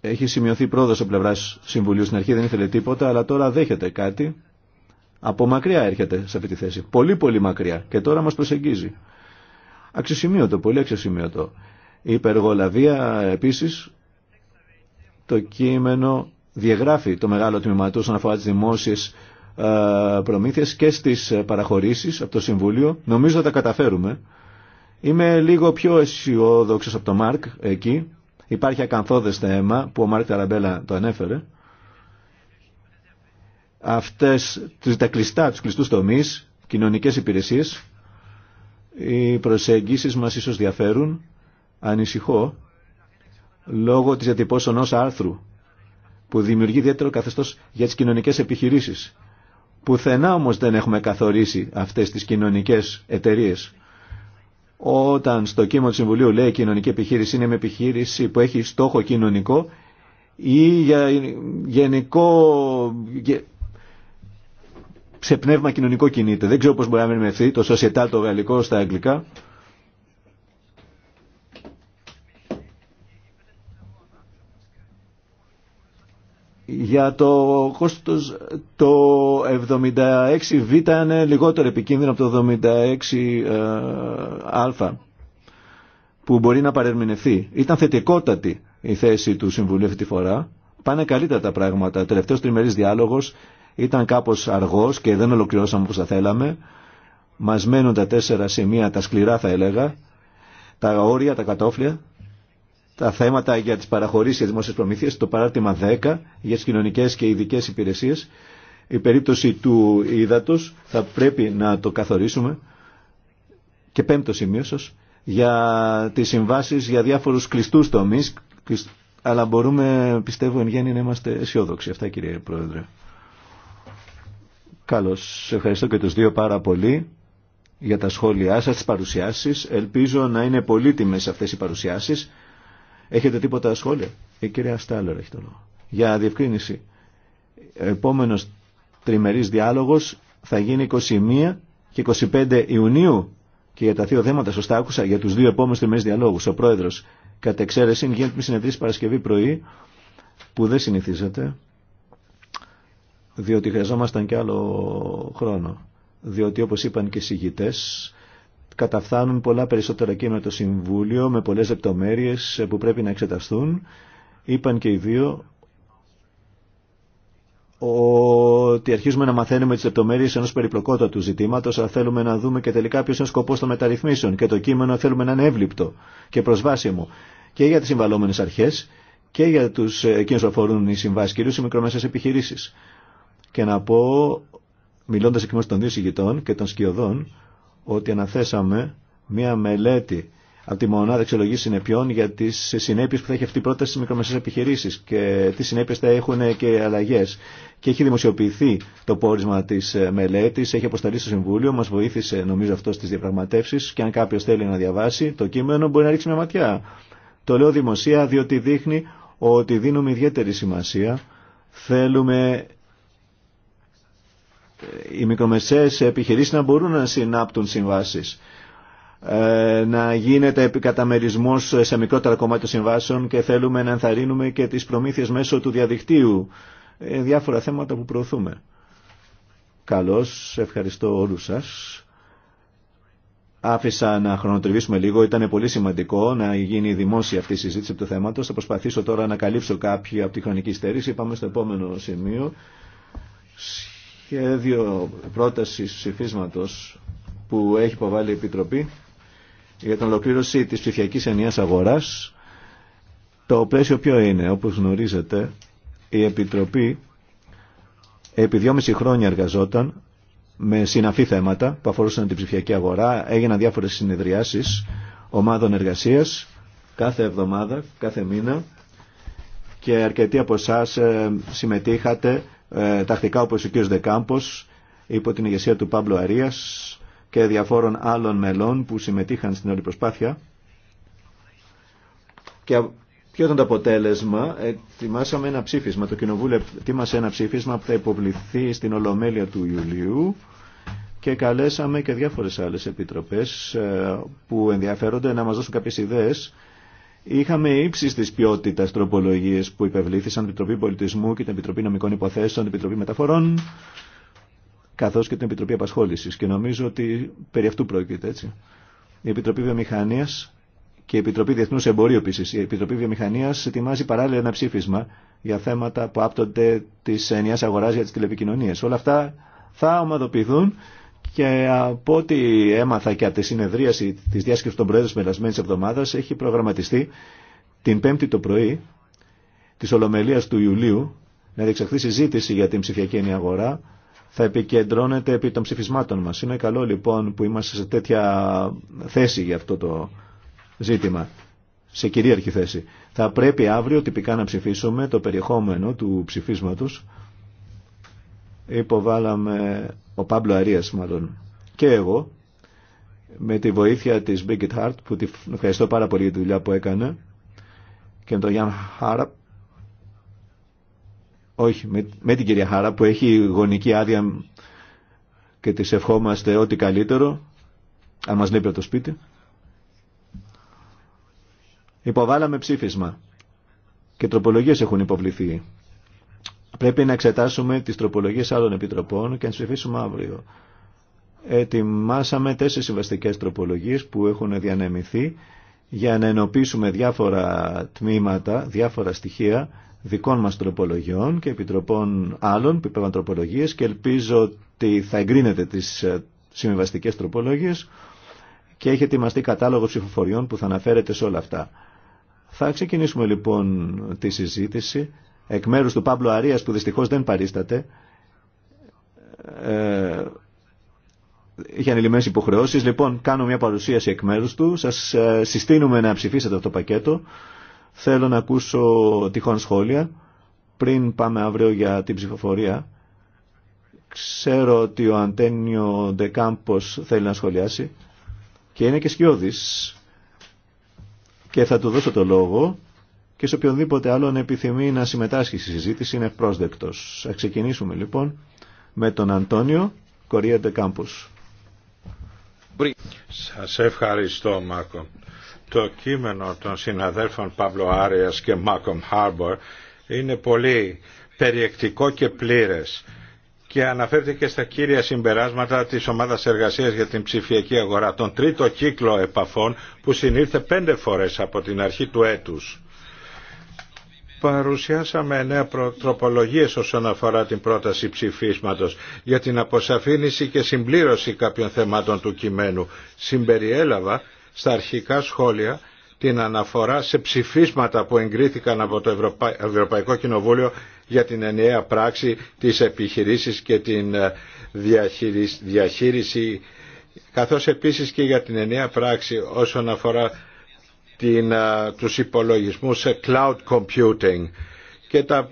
Έχει σημειωθεί πρόοδο από πλευρά Συμβουλίου στην αρχή, δεν ήθελε τίποτα, αλλά τώρα δέχεται κάτι. Από μακριά έρχεται σε αυτή τη θέση. Πολύ πολύ μακριά. Και τώρα μας προσεγγίζει. Αξιοσημείωτο, πολύ αξιοσημείωτο. Η υπεργολαβία επίσης το κείμενο διαγράφει το μεγάλο τμήμα του όσον αφορά τι δημόσιε προμήθειε και στι παραχωρήσει από το Συμβούλιο. Νομίζω θα τα καταφέρουμε. Είμαι λίγο πιο αισιόδοξο από τον Μάρκ εκεί. Υπάρχει ακαθόδε θέμα που ο Μάρκ Ταραμπέλα το ανέφερε. Αυτέ τα κλειστά, του κλειστού τομεί, κοινωνικέ υπηρεσίε, οι προσεγγίσεις μας ίσως διαφέρουν. Ανησυχώ λόγω της διατυπώσεων άρθρου που δημιουργεί ιδιαίτερο καθεστώς για τις κοινωνικές επιχειρήσεις. Πουθενά όμως δεν έχουμε καθορίσει αυτές τις κοινωνικές εταιρείες. Όταν στο κείμενο του Συμβουλίου λέει κοινωνική επιχείρηση είναι με επιχείρηση που έχει στόχο κοινωνικό ή για γενικό σε πνεύμα κοινωνικό κινείται. Δεν ξέρω πώς μπορεί να μεθεί το societal το γαλλικό στα αγγλικά Για το κόστος το 76β είναι λιγότερο επικίνδυνο από το 76α ε, που μπορεί να παρερμηνευθεί. Ήταν θετικότατη η θέση του Συμβουλίου αυτή τη φορά. Πάνε καλύτερα τα πράγματα. Ο τελευταίος τριμερής διάλογος ήταν κάπως αργός και δεν ολοκληρώσαμε όπως θα θέλαμε. Μας μένουν τα τέσσερα σημεία, τα σκληρά θα έλεγα, τα όρια, τα κατόφλια τα θέματα για τις παραχωρήσεις για δημόσιες προμήθειες, το παράρτημα 10 για τις κοινωνικές και ειδικέ υπηρεσίες. Η περίπτωση του ύδατος θα πρέπει να το καθορίσουμε και πέμπτο σημείο σας, για τις συμβάσεις για διάφορους κλειστούς τομείς, αλλά μπορούμε πιστεύω εν γέννη να είμαστε αισιόδοξοι. Αυτά κύριε Πρόεδρε. Καλώς, ευχαριστώ και τους δύο πάρα πολύ για τα σχόλιά σας, τις παρουσιάσεις. Ελπίζω να είναι πολύτιμες αυτές οι παρουσιάσεις. Έχετε τίποτα σχόλια. Η κυρία Στάλλερ έχει το λόγο. Για διευκρίνηση. Επόμενος τριμερής διάλογος θα γίνει 21 και 25 Ιουνίου και για τα δύο θέματα, σωστά άκουσα, για τους δύο επόμενους τριμερείς διαλόγους. Ο πρόεδρος κατ' εξαίρεση γίνεται μια συνεδρίαση Παρασκευή πρωί που δεν συνηθίζεται διότι χρειαζόμασταν και άλλο χρόνο. Διότι όπως είπαν και οι συγητές, καταφθάνουν πολλά περισσότερα κείμενα το Συμβούλιο, με πολλές λεπτομέρειες που πρέπει να εξεταστούν. Είπαν και οι δύο ότι αρχίζουμε να μαθαίνουμε τις λεπτομέρειες ενός περιπλοκότατου ζητήματος, αλλά θέλουμε να δούμε και τελικά ποιος είναι ο σκοπός των μεταρρυθμίσεων και το κείμενο θέλουμε να είναι εύληπτο και προσβάσιμο και για τις συμβαλόμενες αρχές και για τους εκείνους που αφορούν οι συμβάσεις, κυρίως οι μικρομεσαίες επιχειρήσεις. Και να πω, μιλώντας εκ μέρους των δύο συγγητών και των σκιωδών, ότι αναθέσαμε μία μελέτη από τη μονάδα εξολογή συνεπειών για τι συνέπειε που θα έχει αυτή η πρόταση στι μικρομεσαίε επιχειρήσει και τι συνέπειε θα έχουν και αλλαγέ. Και έχει δημοσιοποιηθεί το πόρισμα τη μελέτη, έχει αποσταλεί στο Συμβούλιο, μα βοήθησε νομίζω αυτό στι διαπραγματεύσει και αν κάποιο θέλει να διαβάσει το κείμενο μπορεί να ρίξει μια ματιά. Το λέω δημοσία διότι δείχνει ότι δίνουμε ιδιαίτερη σημασία. Θέλουμε οι μικρομεσαίες επιχειρήσεις να μπορούν να συνάπτουν συμβάσεις ε, να γίνεται επικαταμερισμός σε μικρότερα κομμάτια συμβάσεων και θέλουμε να ενθαρρύνουμε και τις προμήθειες μέσω του διαδικτύου ε, διάφορα θέματα που προωθούμε Καλώς, ευχαριστώ όλους σας Άφησα να χρονοτριβήσουμε λίγο, ήταν πολύ σημαντικό να γίνει δημόσια αυτή η συζήτηση του θέματος. Θα προσπαθήσω τώρα να καλύψω κάποιοι από τη χρονική στέρηση. Πάμε στο επόμενο σημείο σχέδιο πρότασης ψηφίσματο που έχει υποβάλει η Επιτροπή για την ολοκλήρωση της ψηφιακής ενιαίας αγοράς. Το πλαίσιο ποιο είναι, όπως γνωρίζετε, η Επιτροπή επί δυόμιση χρόνια εργαζόταν με συναφή θέματα που αφορούσαν την ψηφιακή αγορά. Έγιναν διάφορες συνεδριάσεις ομάδων εργασίας κάθε εβδομάδα, κάθε μήνα και αρκετοί από εσά ε, συμμετείχατε ε, τακτικά όπως ο κ. Δεκάμπος υπό την ηγεσία του Παύλου Αρίας και διαφόρων άλλων μελών που συμμετείχαν στην όλη προσπάθεια. Και ποιο ήταν το αποτέλεσμα, ετοιμάσαμε ένα ψήφισμα, το Κοινοβούλιο ετοίμασε ένα ψήφισμα που θα υποβληθεί στην Ολομέλεια του Ιουλίου και καλέσαμε και διάφορες άλλες επιτροπές ε, που ενδιαφέρονται να μας δώσουν κάποιες ιδέες Είχαμε ύψη τη ποιότητα τροπολογίε που υπευλήθησαν την Επιτροπή Πολιτισμού και την Επιτροπή Νομικών Υποθέσεων, την Επιτροπή Μεταφορών, καθώ και την Επιτροπή Απασχόληση. Και νομίζω ότι περί αυτού πρόκειται έτσι. Η Επιτροπή Βιομηχανία και η Επιτροπή Διεθνού Εμπορίου επίση. Η Επιτροπή Βιομηχανία ετοιμάζει παράλληλα ένα ψήφισμα για θέματα που άπτονται τη ενιαία αγορά για τι τηλεπικοινωνίε. Όλα αυτά θα ομαδοποιηθούν και από ό,τι έμαθα και από τη συνεδρίαση της διάσκεψης των Προέδρων τη περασμένη εβδομάδα, έχει προγραμματιστεί την Πέμπτη το πρωί της Ολομελία του Ιουλίου να διεξαχθεί συζήτηση για την ψηφιακή ενιαγορά θα επικεντρώνεται επί των ψηφισμάτων μα. Είναι καλό λοιπόν που είμαστε σε τέτοια θέση για αυτό το ζήτημα, σε κυρίαρχη θέση. Θα πρέπει αύριο τυπικά να ψηφίσουμε το περιεχόμενο του ψηφίσματος υποβάλαμε ο Πάμπλο Αρίας μάλλον και εγώ με τη βοήθεια της It Χαρτ που τη ευχαριστώ πάρα πολύ για τη δουλειά που έκανε και με τον Γιάν Χάρα, όχι, με, με την κυρία Χάρα που έχει γονική άδεια και της ευχόμαστε ό,τι καλύτερο αν μας λείπει από το σπίτι υποβάλαμε ψήφισμα και τροπολογίες έχουν υποβληθεί Πρέπει να εξετάσουμε τις τροπολογίες άλλων επιτροπών και να τις ψηφίσουμε αύριο. Ετοιμάσαμε τέσσερις συμβαστικές τροπολογίες που έχουν διανεμηθεί για να ενοποιήσουμε διάφορα τμήματα, διάφορα στοιχεία δικών μας τροπολογιών και επιτροπών άλλων που υπέβαλαν τροπολογίες και ελπίζω ότι θα εγκρίνετε τις ε, συμβαστικές τροπολογίες και έχει ετοιμαστεί κατάλογο ψηφοφοριών που θα αναφέρεται σε όλα αυτά. Θα ξεκινήσουμε λοιπόν τη συζήτηση εκ μέρους του Παύλου Αρίας που δυστυχώς δεν παρίσταται ε, είχε υποχρεώσεις λοιπόν κάνω μια παρουσίαση εκ μέρους του σας ε, συστήνουμε να ψηφίσετε αυτό το πακέτο θέλω να ακούσω τυχόν σχόλια πριν πάμε αύριο για την ψηφοφορία ξέρω ότι ο Αντένιο Ντεκάμπος θέλει να σχολιάσει και είναι και σκιώδης και θα του δώσω το λόγο και σε οποιονδήποτε άλλον επιθυμεί να συμμετάσχει στη συζήτηση είναι πρόσδεκτος. Α ξεκινήσουμε λοιπόν με τον Αντώνιο Κορία Κάμπους. Σας ευχαριστώ Μάκομ. Το κείμενο των συναδέλφων Παύλο Άρια και Μάκομ Χάρμπορ είναι πολύ περιεκτικό και πλήρες και αναφέρθηκε και στα κύρια συμπεράσματα της Ομάδας Εργασίας για την Ψηφιακή Αγορά, τον τρίτο κύκλο επαφών που συνήλθε πέντε φορές από την αρχή του έτους παρουσιάσαμε νέα τροπολογίες όσον αφορά την πρόταση ψηφίσματος για την αποσαφήνιση και συμπλήρωση κάποιων θεμάτων του κειμένου. Συμπεριέλαβα στα αρχικά σχόλια την αναφορά σε ψηφίσματα που εγκρίθηκαν από το Ευρωπαϊκό Κοινοβούλιο για την ενιαία πράξη της επιχειρήσης και την ε, διαχείριση καθώς επίσης και για την ενιαία πράξη όσον αφορά την, τους υπολογισμούς cloud computing και τα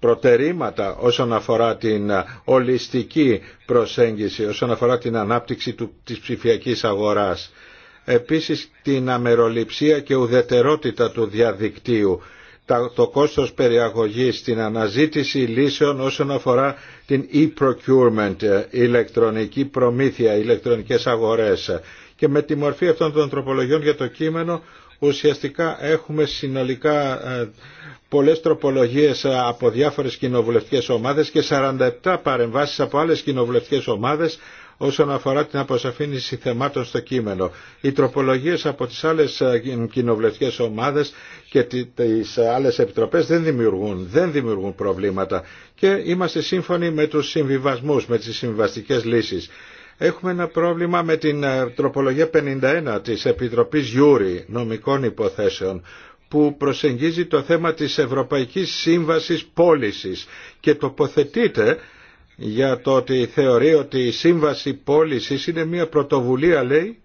προτερήματα όσον αφορά την ολιστική προσέγγιση, όσον αφορά την ανάπτυξη του, της ψηφιακής αγοράς. Επίσης την αμεροληψία και ουδετερότητα του διαδικτύου, το κόστος περιαγωγής, την αναζήτηση λύσεων όσον αφορά την e-procurement, ε, ηλεκτρονική προμήθεια, ηλεκτρονικές αγορές και με τη μορφή αυτών των τροπολογιών για το κείμενο ουσιαστικά έχουμε συνολικά ε, πολλές τροπολογίες ε, από διάφορες κοινοβουλευτικές ομάδες και 47 παρεμβάσεις από άλλες κοινοβουλευτικές ομάδες όσον αφορά την αποσαφήνιση θεμάτων στο κείμενο. Οι τροπολογίες από τις άλλες ε, κοινοβουλευτικές ομάδες και τις άλλες επιτροπές δεν δημιουργούν, δεν δημιουργούν προβλήματα και είμαστε σύμφωνοι με τους συμβιβασμούς, με τις συμβιβαστικές λύσεις. Έχουμε ένα πρόβλημα με την ε, τροπολογία 51 της Επιτροπής Γιούρη Νομικών Υποθέσεων που προσεγγίζει το θέμα της Ευρωπαϊκής Σύμβασης Πώλησης και τοποθετείται για το ότι θεωρεί ότι η Σύμβαση Πώλησης είναι μια πρωτοβουλία λέει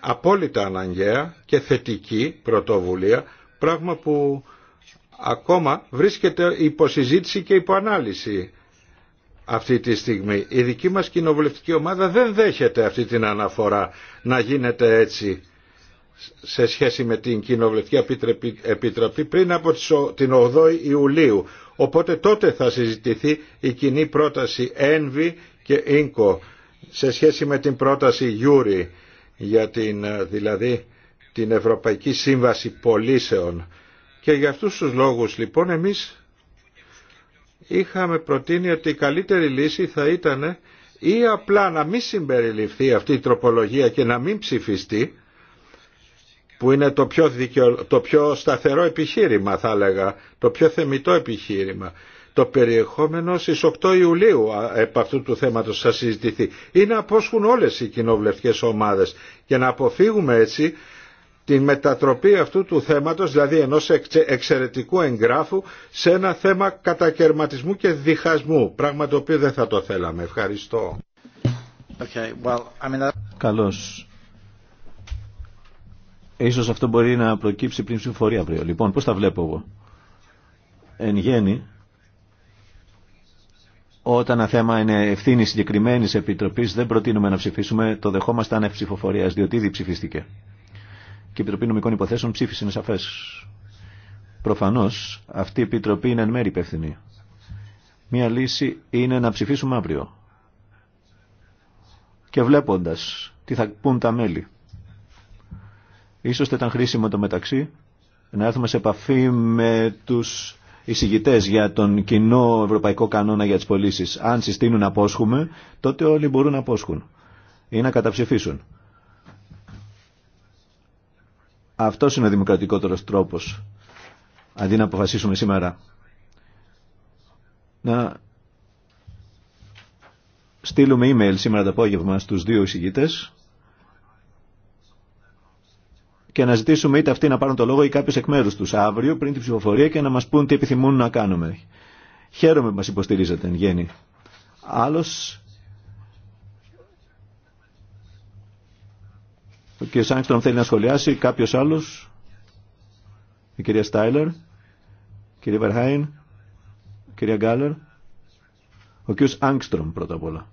απόλυτα αναγκαία και θετική πρωτοβουλία πράγμα που ακόμα βρίσκεται υποσυζήτηση και υποανάλυση αυτή τη στιγμή. Η δική μας κοινοβουλευτική ομάδα δεν δέχεται αυτή την αναφορά να γίνεται έτσι σε σχέση με την Κοινοβουλευτική Επιτροπή πριν από την 8η Ιουλίου. Οπότε τότε θα συζητηθεί η κοινή πρόταση ΕΝΒΙ και ΙΝΚΟ σε σχέση με την πρόταση Γιούρι για την, ε, δηλαδή, την Ευρωπαϊκή Σύμβαση Πολίσεων. Και για αυτούς τους λόγους λοιπόν εμείς είχαμε προτείνει ότι η καλύτερη λύση θα ήταν ή απλά να μην συμπεριληφθεί αυτή η τροπολογία και να μην ψηφιστεί που είναι το πιο, το πιο σταθερό επιχείρημα θα έλεγα, το πιο θεμητό επιχείρημα. Το περιεχόμενο στις 8 Ιουλίου από αυτού του θέματος θα συζητηθεί. Είναι να απόσχουν όλες οι κοινοβουλευτικές ομάδες και να αποφύγουμε έτσι την μετατροπή αυτού του θέματος, δηλαδή ενός εξαιρετικού εγγράφου, σε ένα θέμα κατακαιρματισμού και διχασμού, πράγμα το οποίο δεν θα το θέλαμε. Ευχαριστώ. Okay, well, Καλώς. Ίσως αυτό μπορεί να προκύψει πριν ψηφοφορία αύριο. Λοιπόν, πώς τα βλέπω εγώ. Εν γέννη, όταν ένα θέμα είναι ευθύνη συγκεκριμένη επιτροπή, δεν προτείνουμε να ψηφίσουμε, το δεχόμαστε ανευ διότι ήδη ψηφίστηκε. Και η Επιτροπή Νομικών Υποθέσεων ψήφισε, είναι σαφέ. Προφανώ αυτή η Επιτροπή είναι εν μέρη υπεύθυνη. Μία λύση είναι να ψηφίσουμε αύριο. Και βλέποντα τι θα πούν τα μέλη. Ίσως θα ήταν χρήσιμο το μεταξύ να έρθουμε σε επαφή με τους εισηγητέ για τον κοινό ευρωπαϊκό κανόνα για τι πωλήσει, αν συστήνουν να απόσχουμε, τότε όλοι μπορούν να απόσχουν ή να καταψηφίσουν. Αυτός είναι ο δημοκρατικότερος τρόπος, αντί να αποφασίσουμε σήμερα. Να στείλουμε email σήμερα το απόγευμα στους δύο εισηγητές και να ζητήσουμε είτε αυτοί να πάρουν το λόγο ή κάποιος εκ μέρους τους αύριο πριν την ψηφοφορία και να μας πούν τι επιθυμούν να κάνουμε. Χαίρομαι που μας υποστηρίζετε εν γέννη. Άλλος Ο κ. Άγκστρομ θέλει να σχολιάσει. Κάποιο άλλο, Η κυρία Στάιλερ. κύριε, Βερχάιν. Η κυρία Γκάλερ. Ο κ. Άγκστρομ πρώτα απ' όλα.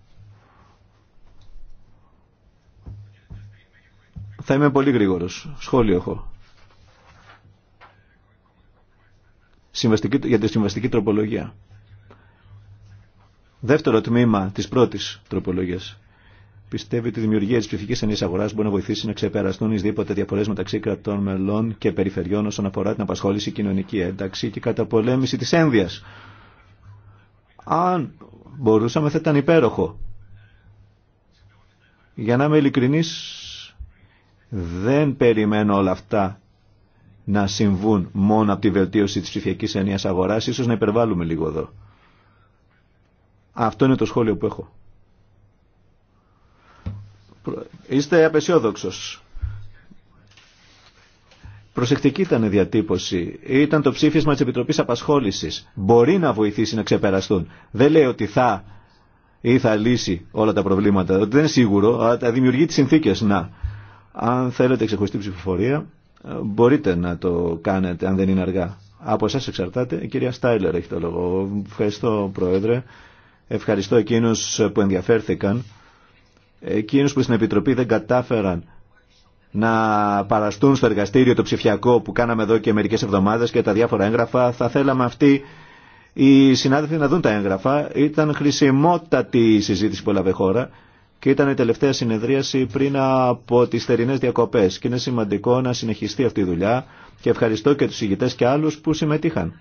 Θα είμαι πολύ γρήγορος. Σχόλιο έχω. Συμβαστική, για τη συμβαστική τροπολογία. Δεύτερο τμήμα της πρώτης τροπολογίας πιστεύει ότι η δημιουργία τη ψηφική ενή αγορά μπορεί να βοηθήσει να ξεπεραστούν δίποτε διαφορέ μεταξύ κρατών μελών και περιφερειών όσον αφορά την απασχόληση, κοινωνική ένταξη και καταπολέμηση τη ένδυα. Αν μπορούσαμε θα ήταν υπέροχο. Για να είμαι ειλικρινή, δεν περιμένω όλα αυτά να συμβούν μόνο από τη βελτίωση της ψηφιακής ενίας αγοράς, ίσως να υπερβάλλουμε λίγο εδώ. Αυτό είναι το σχόλιο που έχω. Είστε απεσιόδοξο. Προσεκτική ήταν η διατύπωση. Ήταν το ψήφισμα τη επιτροπή απασχόληση. Μπορεί να βοηθήσει να ξεπεραστούν. Δεν λέει ότι θα ή θα λύσει όλα τα προβλήματα. Δεν είναι σίγουρο, αλλά τα δημιουργεί τι συνθήκε Να, αν θέλετε ξεχωριστή ψηφοφορία, μπορείτε να το κάνετε αν δεν είναι αργά. Από εσά εξαρτάται. Η κυρία Στάιλερ έχει το λόγο. Ευχαριστώ, Πρόεδρε. Ευχαριστώ εκείνου που ενδιαφέρθηκαν εκείνους που στην Επιτροπή δεν κατάφεραν να παραστούν στο εργαστήριο το ψηφιακό που κάναμε εδώ και μερικές εβδομάδες και τα διάφορα έγγραφα. Θα θέλαμε αυτοί οι συνάδελφοι να δουν τα έγγραφα. Ήταν χρησιμότατη η συζήτηση που έλαβε χώρα και ήταν η τελευταία συνεδρίαση πριν από τις θερινές διακοπές. Και είναι σημαντικό να συνεχιστεί αυτή η δουλειά και ευχαριστώ και τους ηγητές και άλλους που συμμετείχαν.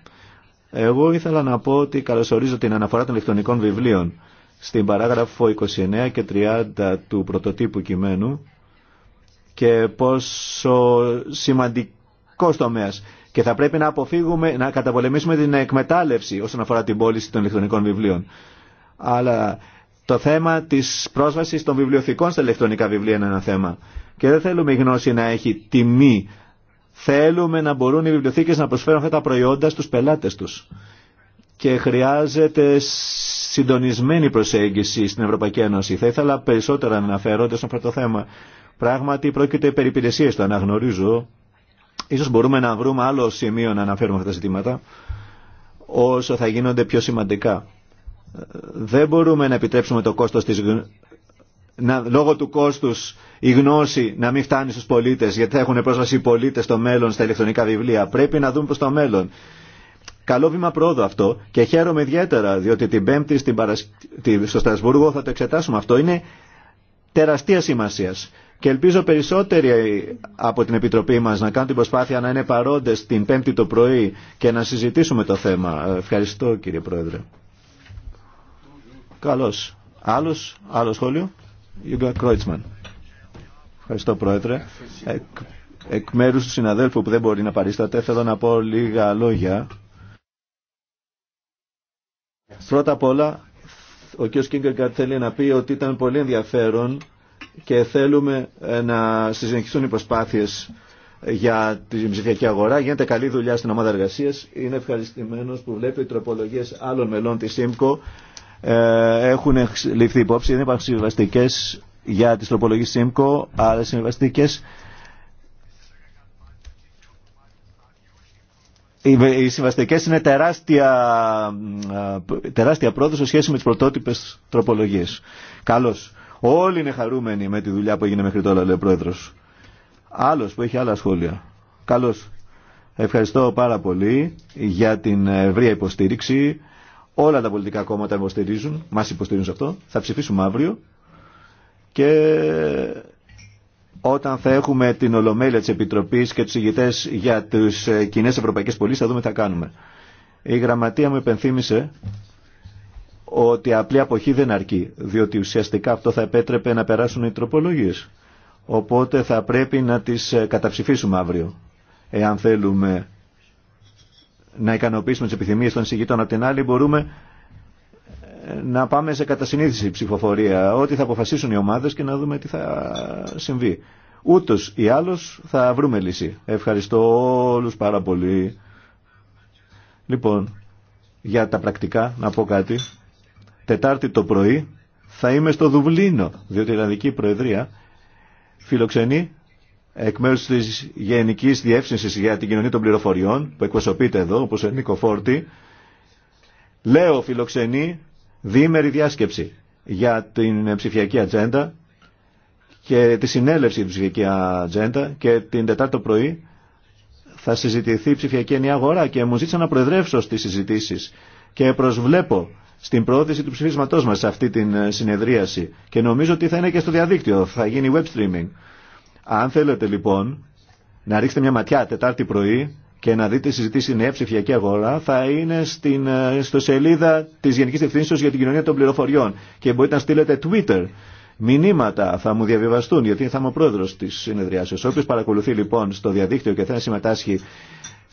Εγώ ήθελα να πω ότι καλωσορίζω την αναφορά των ηλεκτρονικών βιβλίων στην παράγραφο 29 και 30 του πρωτοτύπου κειμένου και πόσο σημαντικό τομέα. Και θα πρέπει να αποφύγουμε, να καταπολεμήσουμε την εκμετάλλευση όσον αφορά την πώληση των ηλεκτρονικών βιβλίων. Αλλά το θέμα τη πρόσβαση των βιβλιοθηκών στα ηλεκτρονικά βιβλία είναι ένα θέμα. Και δεν θέλουμε η γνώση να έχει τιμή. Θέλουμε να μπορούν οι βιβλιοθήκες να προσφέρουν αυτά τα προϊόντα στους πελάτες τους. Και χρειάζεται συντονισμένη προσέγγιση στην Ευρωπαϊκή Ένωση. Θα ήθελα περισσότερα να αναφέρονται στον πρώτο θέμα. Πράγματι πρόκειται περί υπηρεσίες, το αναγνωρίζω. Ίσως μπορούμε να βρούμε άλλο σημείο να αναφέρουμε αυτά τα ζητήματα όσο θα γίνονται πιο σημαντικά. Δεν μπορούμε να επιτρέψουμε το κόστος της να, λόγω του κόστου η γνώση να μην φτάνει στου πολίτε, γιατί θα έχουν πρόσβαση οι πολίτε στο μέλλον στα ηλεκτρονικά βιβλία. Πρέπει να δούμε προ το μέλλον. Καλό βήμα πρόοδο αυτό και χαίρομαι ιδιαίτερα διότι την Πέμπτη στην Παρασ... στο Στρασβούργο θα το εξετάσουμε αυτό. Είναι τεραστία σημασία. Και ελπίζω περισσότεροι από την Επιτροπή μας να κάνουν την προσπάθεια να είναι παρόντες την Πέμπτη το πρωί και να συζητήσουμε το θέμα. Ευχαριστώ κύριε Πρόεδρε. Καλώς. Άλλος, άλλο σχόλιο. Ιούγκα Κρόιτσμαν. Ευχαριστώ Πρόεδρε. Εκ, εκ μέρους του συναδέλφου που δεν μπορεί να παρίσταται θέλω να πω λίγα λόγια Πρώτα απ' όλα, ο κ. Κίνκερκαρτ θέλει να πει ότι ήταν πολύ ενδιαφέρον και θέλουμε ε, να συνεχιστούν οι προσπάθειες για την ψηφιακή αγορά. Γίνεται καλή δουλειά στην ομάδα εργασία. Είναι ευχαριστημένο που βλέπει οι τροπολογίε άλλων μελών τη ΣΥΜΚΟ ε, έχουν ληφθεί υπόψη. Δεν υπάρχουν συμβαστικέ για τι τροπολογίε ΣΥΜΚΟ, αλλά συμβαστικέ οι συμβαστικές είναι τεράστια, τεράστια πρόοδο σε σχέση με τις πρωτότυπες τροπολογίες. Καλώς. Όλοι είναι χαρούμενοι με τη δουλειά που έγινε μέχρι τώρα, λέει ο Πρόεδρος. Άλλος που έχει άλλα σχόλια. Καλώς. Ευχαριστώ πάρα πολύ για την ευρία υποστήριξη. Όλα τα πολιτικά κόμματα υποστηρίζουν, μας υποστηρίζουν σε αυτό. Θα ψηφίσουμε αύριο και όταν θα έχουμε την ολομέλεια της Επιτροπής και τους ηγητές για τους ε, κοινέ ευρωπαϊκές πωλήσει θα δούμε τι θα κάνουμε. Η γραμματεία μου υπενθύμησε ότι απλή αποχή δεν αρκεί, διότι ουσιαστικά αυτό θα επέτρεπε να περάσουν οι τροπολογίε. Οπότε θα πρέπει να τις ε, καταψηφίσουμε αύριο, εάν θέλουμε να ικανοποιήσουμε τις επιθυμίες των συγητών, Από την άλλη μπορούμε να πάμε σε κατασυνήθιση ψηφοφορία, ό,τι θα αποφασίσουν οι ομάδες και να δούμε τι θα συμβεί. Ούτως ή άλλως θα βρούμε λύση. Ευχαριστώ όλους πάρα πολύ. Λοιπόν, για τα πρακτικά να πω κάτι. Τετάρτη το πρωί θα είμαι στο Δουβλίνο, διότι η Ιρλανδική Προεδρία φιλοξενεί εκ μέρου τη Γενικής διεύθυνση για την Κοινωνία των Πληροφοριών, που εκπροσωπείται εδώ, όπω ο Νίκο Φόρτη, Λέω φιλοξενεί διήμερη διάσκεψη για την ψηφιακή ατζέντα και τη συνέλευση της ψηφιακή ατζέντα και την Τετάρτη πρωί θα συζητηθεί η ψηφιακή ενιαία αγορά και μου ζήτησαν να προεδρεύσω στις συζητήσεις και προσβλέπω στην πρόθεση του ψηφίσματός μας σε αυτή την ε, συνεδρίαση και νομίζω ότι θα είναι και στο διαδίκτυο, θα γίνει web streaming. Αν θέλετε λοιπόν να ρίξετε μια ματιά Τετάρτη πρωί και να δείτε συζητήσει νέα ψηφιακή αγορά θα είναι στην ε, στο σελίδα της Γενικής Διευθύνσεως για την Κοινωνία των Πληροφοριών και μπορείτε να στείλετε Twitter μηνύματα θα μου διαβιβαστούν γιατί θα είμαι ο πρόεδρος της συνεδριάσεως. Όποιο παρακολουθεί λοιπόν στο διαδίκτυο και θέλει να συμμετάσχει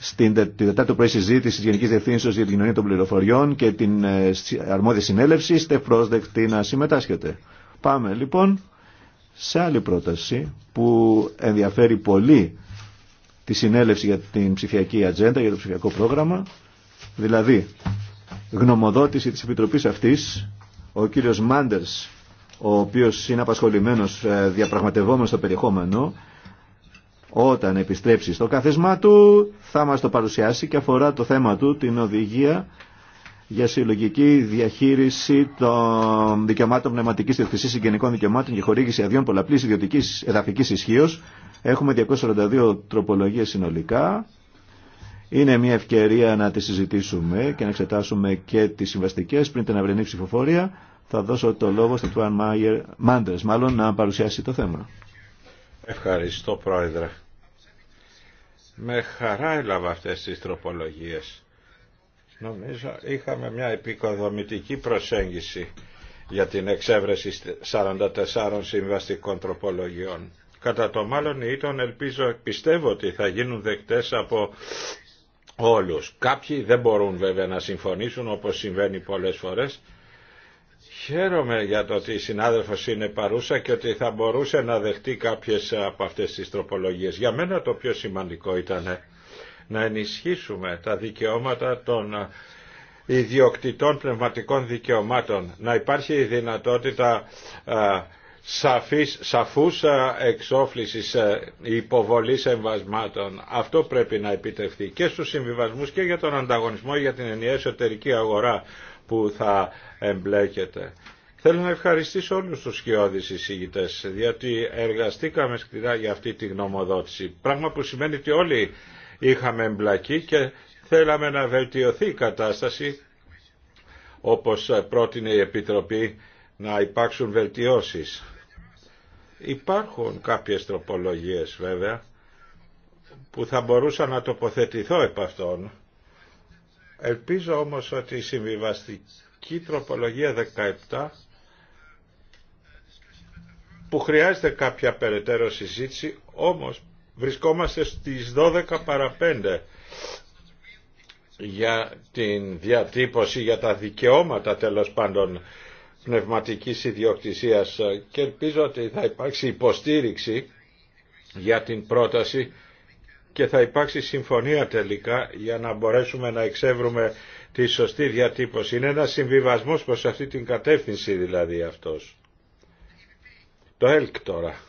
στην Τετάρτη πρωί συζήτηση τη Γενική Διευθύνσεω για την Κοινωνία των Πληροφοριών και την ε, αρμόδια συνέλευση, είστε πρόσδεκτοι να συμμετάσχετε. Πάμε λοιπόν σε άλλη πρόταση που ενδιαφέρει πολύ τη συνέλευση για την ψηφιακή ατζέντα, για το ψηφιακό πρόγραμμα. Δηλαδή, γνωμοδότηση της Επιτροπής αυτής, ο κύριος Μάντερς, ο οποίος είναι απασχολημένος ε, διαπραγματευόμενος στο περιεχόμενο, όταν επιστρέψει στο κάθεσμά του θα μας το παρουσιάσει και αφορά το θέμα του την οδηγία για συλλογική διαχείριση των δικαιωμάτων πνευματικής διευθυνσής συγγενικών δικαιωμάτων και χορήγηση αδειών πολλαπλής ιδιωτικής εδαφικής ισχύω Έχουμε 242 τροπολογίες συνολικά. Είναι μια ευκαιρία να τις συζητήσουμε και να εξετάσουμε και τις συμβαστικές πριν την αυρινή ψηφοφορία. Θα δώσω το λόγο στον Τουάν Μάντρες, μάλλον να παρουσιάσει το θέμα. Ευχαριστώ Πρόεδρε. Με χαρά έλαβα αυτές τις τροπολογίες. Νομίζω είχαμε μια επικοδομητική προσέγγιση για την εξέβρεση 44 συμβαστικών τροπολογιών κατά το μάλλον ή τον ελπίζω, πιστεύω ότι θα γίνουν δεκτές από όλους. Κάποιοι δεν μπορούν βέβαια να συμφωνήσουν όπως συμβαίνει πολλές φορές. Χαίρομαι για το ότι η συνάδελφος είναι παρούσα και ότι θα μπορούσε να δεχτεί κάποιες από αυτές τις τροπολογίες. Για μένα το πιο σημαντικό ήταν να ενισχύσουμε τα δικαιώματα των ιδιοκτητών πνευματικών δικαιωμάτων, να υπάρχει η δυνατότητα σαφής, σαφούς ε, εξόφλησης ε, υποβολής εμβασμάτων. Αυτό πρέπει να επιτευχθεί και στους συμβιβασμούς και για τον ανταγωνισμό για την ενιαία εσωτερική αγορά που θα εμπλέκεται. Θέλω να ευχαριστήσω όλους τους σκιώδεις εισηγητές, διότι εργαστήκαμε σκληρά για αυτή τη γνωμοδότηση. Πράγμα που σημαίνει ότι όλοι είχαμε εμπλακεί και θέλαμε να βελτιωθεί η κατάσταση, όπως πρότεινε η Επιτροπή, να υπάρξουν βελτιώσεις. Υπάρχουν κάποιες τροπολογίες βέβαια που θα μπορούσα να τοποθετηθώ επ' αυτών. Ελπίζω όμως ότι η συμβιβαστική τροπολογία 17 που χρειάζεται κάποια περαιτέρω συζήτηση, όμως βρισκόμαστε στις 12 παρα 5 για την διατύπωση, για τα δικαιώματα τέλος πάντων πνευματικής ιδιοκτησίας και ελπίζω ότι θα υπάρξει υποστήριξη για την πρόταση και θα υπάρξει συμφωνία τελικά για να μπορέσουμε να εξεύρουμε τη σωστή διατύπωση. Είναι ένας συμβιβασμός προς αυτή την κατεύθυνση δηλαδή αυτός. Το ΕΛΚ τώρα.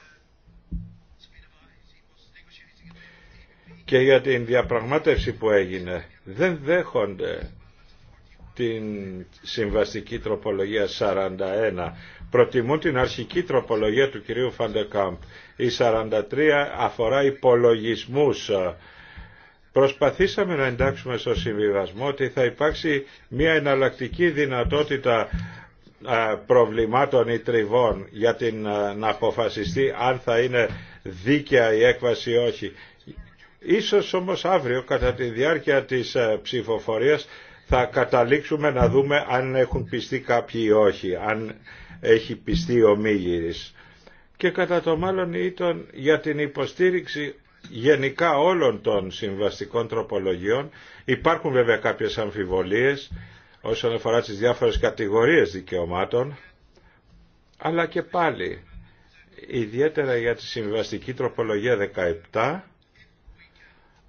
Και για την διαπραγμάτευση που έγινε. Δεν δέχονται την συμβαστική τροπολογία 41. Προτιμούν την αρχική τροπολογία του κυρίου Φαντεκάμπ. Η 43 αφορά υπολογισμούς. Προσπαθήσαμε να εντάξουμε στο συμβιβασμό ότι θα υπάρξει μια εναλλακτική δυνατότητα προβλημάτων ή τριβών για την, να αποφασιστεί αν θα είναι δίκαια η έκβαση ή όχι. Ίσως όμως αύριο κατά τη διάρκεια της ε, ψηφοφορίας θα καταλήξουμε να δούμε αν έχουν πιστεί κάποιοι ή όχι, αν έχει πιστεί ο Μίγυρης. Και κατά το μάλλον ήταν για την υποστήριξη γενικά όλων των συμβαστικών τροπολογιών. Υπάρχουν βέβαια κάποιες αμφιβολίες όσον αφορά τις διάφορες κατηγορίες δικαιωμάτων, αλλά και πάλι, ιδιαίτερα για τη συμβαστική τροπολογία 17,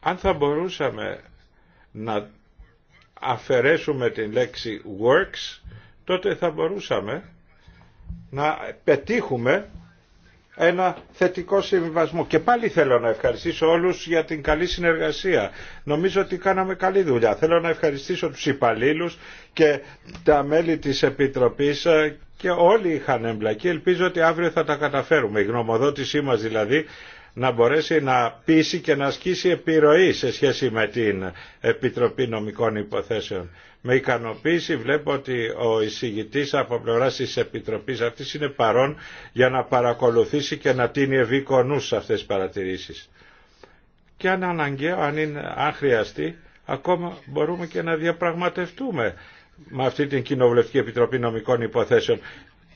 αν θα μπορούσαμε να αφαιρέσουμε την λέξη works, τότε θα μπορούσαμε να πετύχουμε ένα θετικό συμβιβασμό. Και πάλι θέλω να ευχαριστήσω όλους για την καλή συνεργασία. Νομίζω ότι κάναμε καλή δουλειά. Θέλω να ευχαριστήσω τους υπαλλήλου και τα μέλη της Επιτροπής ε, και όλοι είχαν εμπλακεί. Ελπίζω ότι αύριο θα τα καταφέρουμε. Η γνωμοδότησή μας δηλαδή να μπορέσει να πείσει και να ασκήσει επιρροή σε σχέση με την Επιτροπή Νομικών Υποθέσεων. Με ικανοποίηση βλέπω ότι ο εισηγητής από πλευρά τη Επιτροπής αυτής είναι παρόν για να παρακολουθήσει και να τίνει ευήκονους σε αυτές τις παρατηρήσεις. Και αν αναγκαίο, αν, είναι, αν ακόμα μπορούμε και να διαπραγματευτούμε με αυτή την Κοινοβουλευτική Επιτροπή Νομικών Υποθέσεων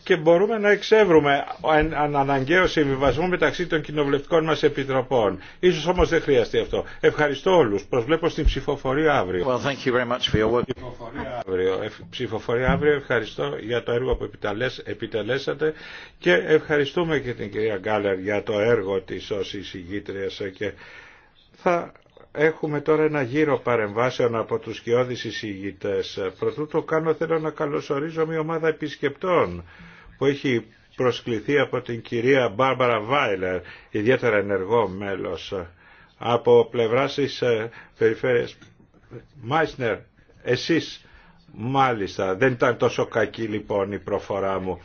και μπορούμε να εξεύρουμε έναν αναγκαίο συμβιβασμό μεταξύ των κοινοβουλευτικών μας επιτροπών. Ίσως όμως δεν χρειαστεί αυτό. Ευχαριστώ όλους. Προσβλέπω στην ψηφοφορία αύριο. Well, thank you very much for your work. Ψηφοφορία αύριο. Ψηφοφορία αύριο. Ευχαριστώ για το έργο που επιτελέσατε και ευχαριστούμε και την κυρία Γκάλερ για το έργο της ως εισηγήτριας και θα έχουμε τώρα ένα γύρο παρεμβάσεων από τους κοιόδης εισηγητές. Προτού το κάνω θέλω να καλωσορίζω μια ομάδα επισκεπτών που έχει προσκληθεί από την κυρία Μπάρμπαρα Βάιλερ, ιδιαίτερα ενεργό μέλος από πλευρά της ε, περιφέρειας Μάισνερ. Εσείς μάλιστα δεν ήταν τόσο κακή λοιπόν η προφορά μου.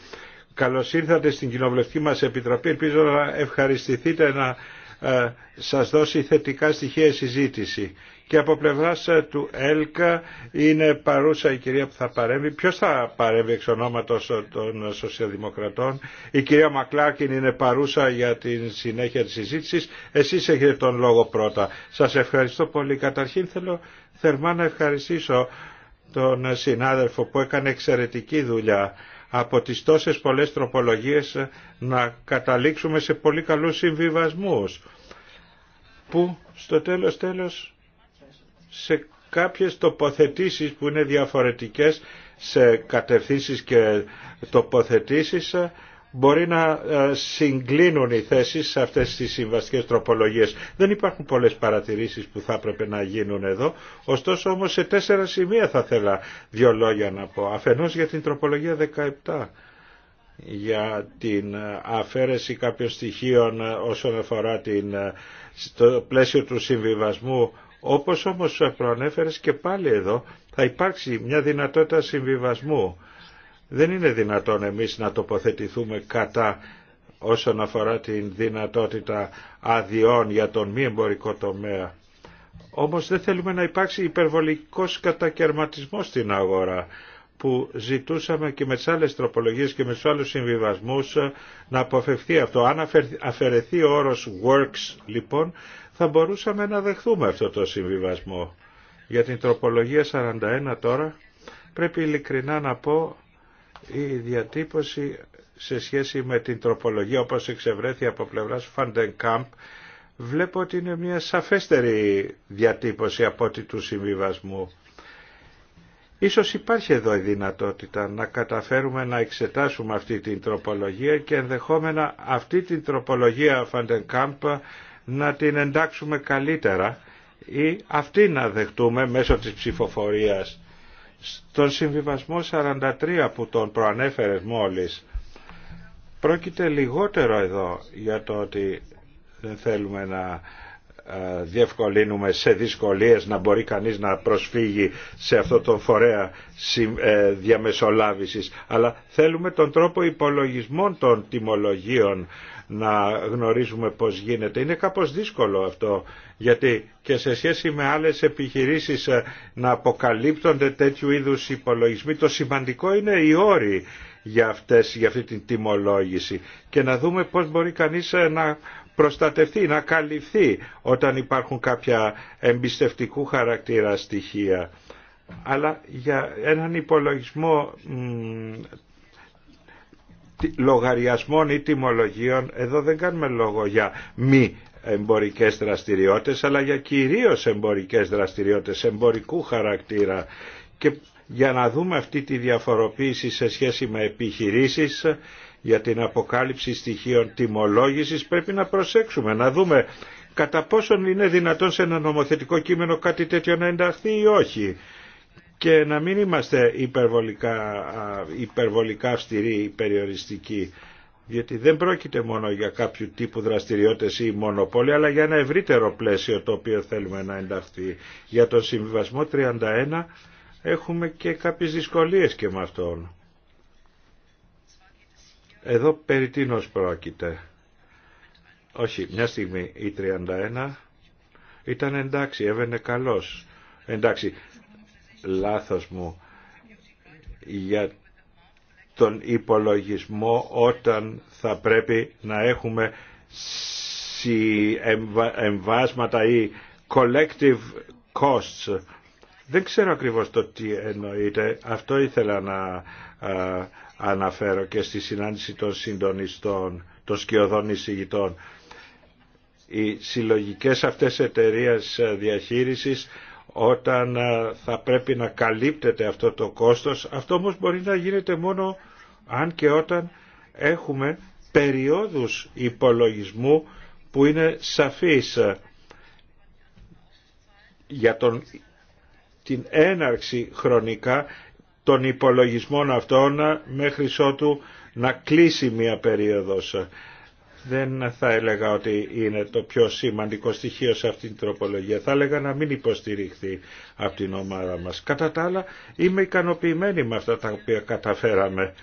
Καλώς ήρθατε στην κοινοβουλευτική μας επιτροπή. Ελπίζω να ευχαριστηθείτε να ε, σας δώσει θετικά στοιχεία συζήτηση και από πλευρά ε, του ΕΛΚΑ ε, είναι παρούσα η κυρία που θα παρέμβει. Ποιο θα παρέμβει εξ ονόματο ε, των Σοσιαλδημοκρατών. Η κυρία Μακλάκιν είναι παρούσα για την συνέχεια τη συζήτηση. Εσεί έχετε τον λόγο πρώτα. Σας ευχαριστώ πολύ. Καταρχήν θέλω θερμά να ευχαριστήσω τον συνάδελφο που έκανε εξαιρετική δουλειά από τις τόσες πολλές τροπολογίες να καταλήξουμε σε πολύ καλούς συμβιβασμούς που στο τέλος τέλος σε κάποιες τοποθετήσεις που είναι διαφορετικές σε κατευθύνσεις και τοποθετήσεις μπορεί να ε, συγκλίνουν οι θέσεις σε αυτές τις συμβαστικές τροπολογίες. Δεν υπάρχουν πολλές παρατηρήσεις που θα έπρεπε να γίνουν εδώ, ωστόσο όμως σε τέσσερα σημεία θα θέλα δύο λόγια να πω. Αφενός για την τροπολογία 17 για την αφαίρεση κάποιων στοιχείων ε, όσον αφορά την, ε, στο πλαίσιο του συμβιβασμού όπως όμως προανέφερες και πάλι εδώ θα υπάρξει μια δυνατότητα συμβιβασμού. Δεν είναι δυνατόν εμείς να τοποθετηθούμε κατά όσον αφορά την δυνατότητα αδειών για τον μη εμπορικό τομέα. Όμως δεν θέλουμε να υπάρξει υπερβολικός κατακαιρματισμός στην αγορά που ζητούσαμε και με τις άλλες τροπολογίες και με τους άλλους συμβιβασμούς να αποφευθεί αυτό. Αν αφαιρεθεί ο όρος works λοιπόν θα μπορούσαμε να δεχθούμε αυτό το συμβιβασμό. Για την τροπολογία 41 τώρα πρέπει ειλικρινά να πω η διατύπωση σε σχέση με την τροπολογία όπως εξευρέθη από πλευράς Φαντενκάμπ βλέπω ότι είναι μια σαφέστερη διατύπωση από ό,τι του συμβιβασμού. Ίσως υπάρχει εδώ η δυνατότητα να καταφέρουμε να εξετάσουμε αυτή την τροπολογία και ενδεχόμενα αυτή την τροπολογία Φαντενκάμπ να την εντάξουμε καλύτερα ή αυτή να δεχτούμε μέσω της ψηφοφορίας. Στον συμβιβασμό 43 που τον προανέφερες μόλις, πρόκειται λιγότερο εδώ για το ότι δεν θέλουμε να ε, διευκολύνουμε σε δυσκολίες να μπορεί κανείς να προσφύγει σε αυτό το φορέα ε, διαμεσολάβησης αλλά θέλουμε τον τρόπο υπολογισμών των τιμολογίων να γνωρίζουμε πώς γίνεται. Είναι κάπως δύσκολο αυτό γιατί και σε σχέση με άλλες επιχειρήσεις ε, να αποκαλύπτονται τέτοιου είδους υπολογισμοί το σημαντικό είναι οι όροι για, αυτή την τιμολόγηση και να δούμε πώς μπορεί κανείς να προστατευτεί, να καλυφθεί όταν υπάρχουν κάποια εμπιστευτικού χαρακτήρα στοιχεία. Αλλά για έναν υπολογισμό λογαριασμών ή τιμολογίων, εδώ δεν κάνουμε λόγο για μη εμπορικές δραστηριότητες, αλλά για κυρίως εμπορικές δραστηριότητες, εμπορικού χαρακτήρα. Και για να δούμε αυτή τη διαφοροποίηση σε σχέση με επιχειρήσεις, για την αποκάλυψη στοιχείων τιμολόγησης πρέπει να προσέξουμε, να δούμε κατά πόσον είναι δυνατόν σε ένα νομοθετικό κείμενο κάτι τέτοιο να ενταχθεί ή όχι και να μην είμαστε υπερβολικά, υπερβολικά αυστηροί ή περιοριστικοί γιατί δεν πρόκειται μόνο για κάποιου τύπου δραστηριότητες ή μονοπόλια αλλά για ένα ευρύτερο πλαίσιο το οποίο θέλουμε να ενταχθεί. Για τον συμβιβασμό 31 έχουμε και κάποιες δυσκολίες και με αυτόν. Εδώ περί τίνος πρόκειται. Όχι, μια στιγμή η 31 ήταν εντάξει, έβαινε καλός. Εντάξει, λάθος μου για τον υπολογισμό όταν θα πρέπει να έχουμε εμβάσματα ή collective costs. Δεν ξέρω ακριβώς το τι εννοείται. Αυτό ήθελα να αναφέρω και στη συνάντηση των συντονιστών, των σκιωδών εισηγητών. Οι συλλογικές αυτές εταιρείες διαχείρισης όταν ε, θα πρέπει να καλύπτεται αυτό το κόστος, αυτό όμως μπορεί να γίνεται μόνο αν και όταν έχουμε περιόδους υπολογισμού που είναι σαφείς ε, για τον, την έναρξη χρονικά των υπολογισμών αυτών μέχρι ότου να κλείσει μια περίοδος. Δεν θα έλεγα ότι είναι το πιο σημαντικό στοιχείο σε αυτήν την τροπολογία. Θα έλεγα να μην υποστηριχθεί από την ομάδα μας. Κατά τα άλλα είμαι ικανοποιημένη με αυτά τα οποία καταφέραμε.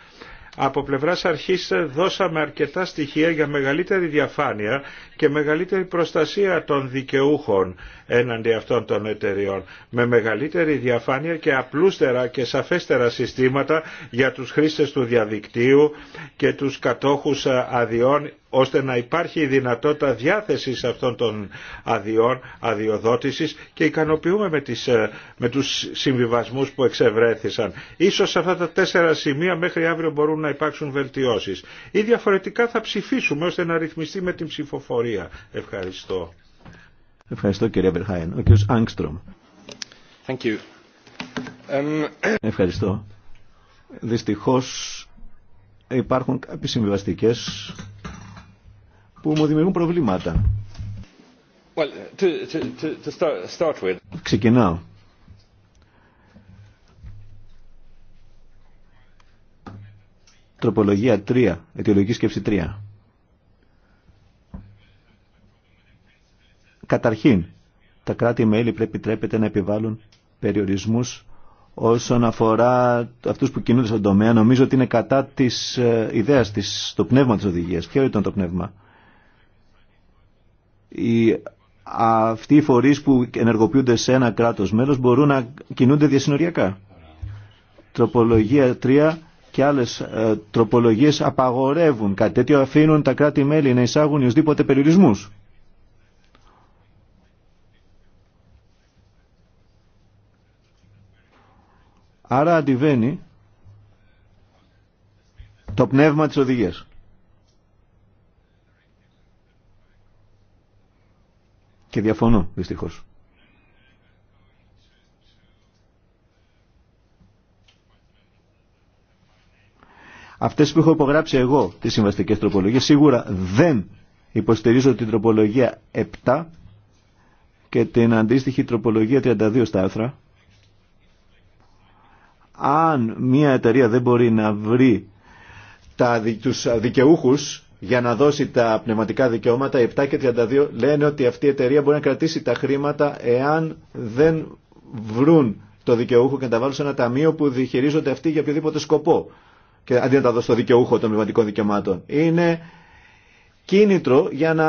Από πλευράς αρχής δώσαμε αρκετά στοιχεία για μεγαλύτερη διαφάνεια και μεγαλύτερη προστασία των δικαιούχων έναντι αυτών των εταιριών με μεγαλύτερη διαφάνεια και απλούστερα και σαφέστερα συστήματα για τους χρήστες του διαδικτύου και τους κατόχους αδειών ώστε να υπάρχει η δυνατότητα διάθεσης αυτών των αδειών, αδειοδότησης και ικανοποιούμε με, τις, ε, με τους συμβιβασμούς που εξευρέθησαν. Ίσως σε αυτά τα τέσσερα σημεία μέχρι αύριο μπορούν να υπάρξουν βελτιώσεις. Ή διαφορετικά θα ψηφίσουμε ώστε να ρυθμιστεί με την ψηφοφορία. Ευχαριστώ. Ευχαριστώ κύριε Βερχάιν. Ο κύριος Άγκστρομ. Ε, Ευχαριστώ. Δυστυχώς υπάρχουν κάποιες συμβιβαστικέ που μου δημιουργούν προβλήματα. Well, to, start with. Ξεκινάω. Τροπολογία 3, αιτιολογική σκέψη 3. Καταρχήν, τα κράτη-μέλη πρέπει τρέπεται να επιβάλλουν περιορισμούς όσον αφορά αυτούς που κινούνται στον τομέα. Νομίζω ότι είναι κατά της ε, ιδέας, της, το πνεύμα της οδηγίας. Ποιο ήταν το πνεύμα. Οι, αυτοί οι φορείς που ενεργοποιούνται σε ένα κράτος μέλος μπορούν να κινούνται διασυνοριακά. Τροπολογία 3 και άλλε ε, τροπολογίες απαγορεύουν κάτι τέτοιο αφήνουν τα κράτη-μέλη να εισάγουν οσδήποτε περιορισμού. Άρα αντιβαίνει το πνεύμα της οδηγίας. Και διαφωνώ, δυστυχώς. Αυτές που έχω υπογράψει εγώ, τις συμβαστικές τροπολογίες, σίγουρα δεν υποστηρίζω την τροπολογία 7 και την αντίστοιχη τροπολογία 32 στα άρθρα αν μια εταιρεία δεν μπορεί να βρει τα, τους δικαιούχους για να δώσει τα πνευματικά δικαιώματα, 7 και 32 λένε ότι αυτή η εταιρεία μπορεί να κρατήσει τα χρήματα εάν δεν βρουν το δικαιούχο και να τα βάλουν σε ένα ταμείο που διχειρίζονται αυτοί για οποιοδήποτε σκοπό. Και αντί να τα δώσει στο δικαιούχο των πνευματικών δικαιωμάτων. Είναι κίνητρο για να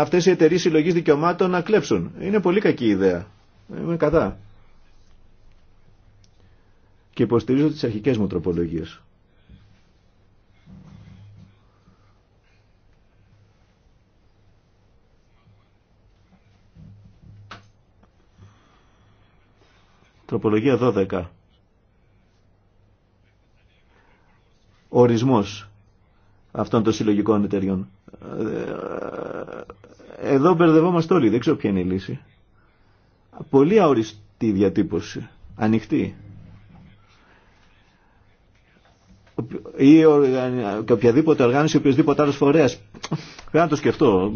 αυτές οι εταιρείε συλλογή δικαιωμάτων να κλέψουν. Είναι πολύ κακή ιδέα. Είμαι κατά και υποστηρίζω τις αρχικές μου τροπολογίες. Τροπολογία 12. Ορισμός αυτών των συλλογικών εταιριών. Ε, εδώ μπερδευόμαστε όλοι, δεν ξέρω ποια είναι η λύση. Πολύ αοριστή διατύπωση, ανοιχτή. ή οργανια... οποιαδήποτε οργάνωση, οποιοδήποτε άλλο φορέα. Πρέπει να το σκεφτώ.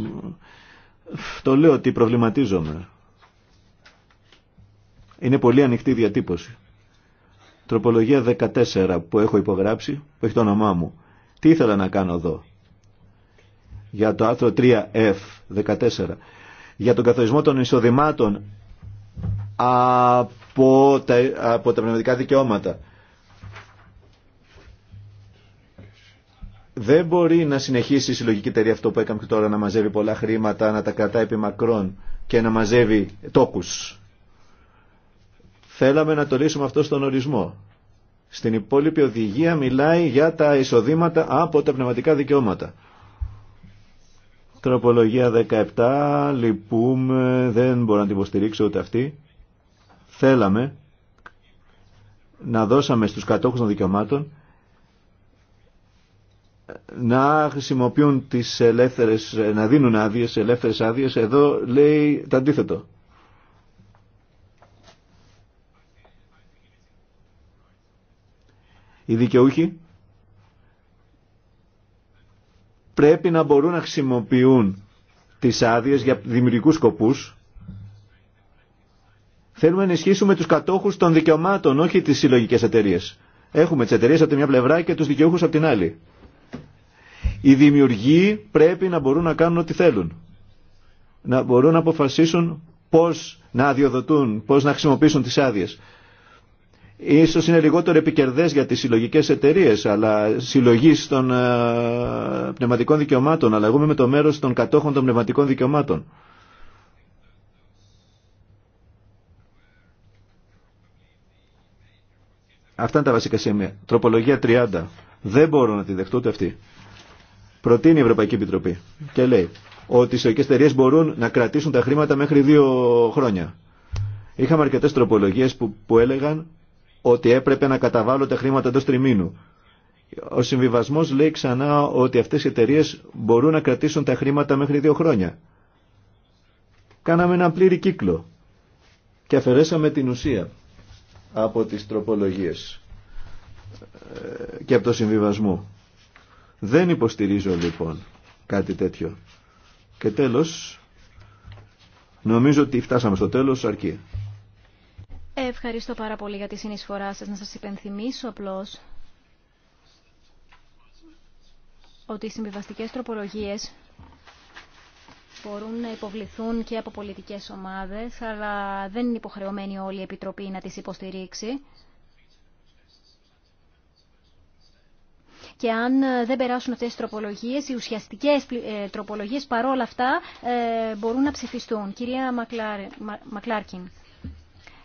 Το λέω ότι προβληματίζομαι. Είναι πολύ ανοιχτή διατύπωση. Τροπολογία 14 που έχω υπογράψει, που έχει το όνομά μου. Τι ήθελα να κάνω εδώ. Για το άρθρο 3F 14. Για τον καθορισμό των εισοδημάτων από από τα πνευματικά δικαιώματα. δεν μπορεί να συνεχίσει η συλλογική εταιρεία αυτό που έκανε τώρα να μαζεύει πολλά χρήματα, να τα κρατάει επί μακρόν και να μαζεύει τόκους. Θέλαμε να το λύσουμε αυτό στον ορισμό. Στην υπόλοιπη οδηγία μιλάει για τα εισοδήματα από τα πνευματικά δικαιώματα. Τροπολογία 17, λυπούμε, δεν μπορώ να την υποστηρίξω ούτε αυτή. Θέλαμε να δώσαμε στους κατόχους των δικαιωμάτων να χρησιμοποιούν τις ελεύθερες, να δίνουν άδειες, ελεύθερες άδειες, εδώ λέει το αντίθετο. Οι δικαιούχοι πρέπει να μπορούν να χρησιμοποιούν τις άδειες για δημιουργικούς σκοπούς. Θέλουμε να ενισχύσουμε τους κατόχους των δικαιωμάτων, όχι τις συλλογικές εταιρείε. Έχουμε τις εταιρείε από τη μια πλευρά και τους δικαιούχους από την άλλη. Οι δημιουργοί πρέπει να μπορούν να κάνουν ό,τι θέλουν. Να μπορούν να αποφασίσουν πώς να αδειοδοτούν, πώς να χρησιμοποιήσουν τις άδειε. Ίσως είναι λιγότερο επικερδές για τις συλλογικές εταιρείε, αλλά συλλογή των ε, πνευματικών δικαιωμάτων, αλλά εγώ είμαι με το μέρος των κατόχων των πνευματικών δικαιωμάτων. Αυτά είναι τα βασικά σημεία. Τροπολογία 30. Δεν μπορώ να τη δεχτώ ούτε αυτή προτείνει η Ευρωπαϊκή Επιτροπή και λέει ότι οι σοικές εταιρείε μπορούν να κρατήσουν τα χρήματα μέχρι δύο χρόνια. Είχαμε αρκετέ τροπολογίε που, που έλεγαν ότι έπρεπε να καταβάλω τα χρήματα εντό τριμήνου. Ο συμβιβασμό λέει ξανά ότι αυτέ οι εταιρείε μπορούν να κρατήσουν τα χρήματα μέχρι δύο χρόνια. Κάναμε ένα πλήρη κύκλο και αφαιρέσαμε την ουσία από τις τροπολογίες ε, και από το συμβιβασμό. Δεν υποστηρίζω λοιπόν κάτι τέτοιο. Και τέλος, νομίζω ότι φτάσαμε στο τέλος, αρκεί. Ευχαριστώ πάρα πολύ για τη συνεισφορά σας. Να σας υπενθυμίσω απλώς ότι οι συμβιβαστικές τροπολογίες μπορούν να υποβληθούν και από πολιτικές ομάδες, αλλά δεν είναι υποχρεωμένη όλη η Επιτροπή να τις υποστηρίξει. και αν ε, δεν περάσουν αυτές οι τροπολογίες, οι ουσιαστικές ε, τροπολογίες παρόλα αυτά ε, μπορούν να ψηφιστούν. Κυρία Μακλάρκιν.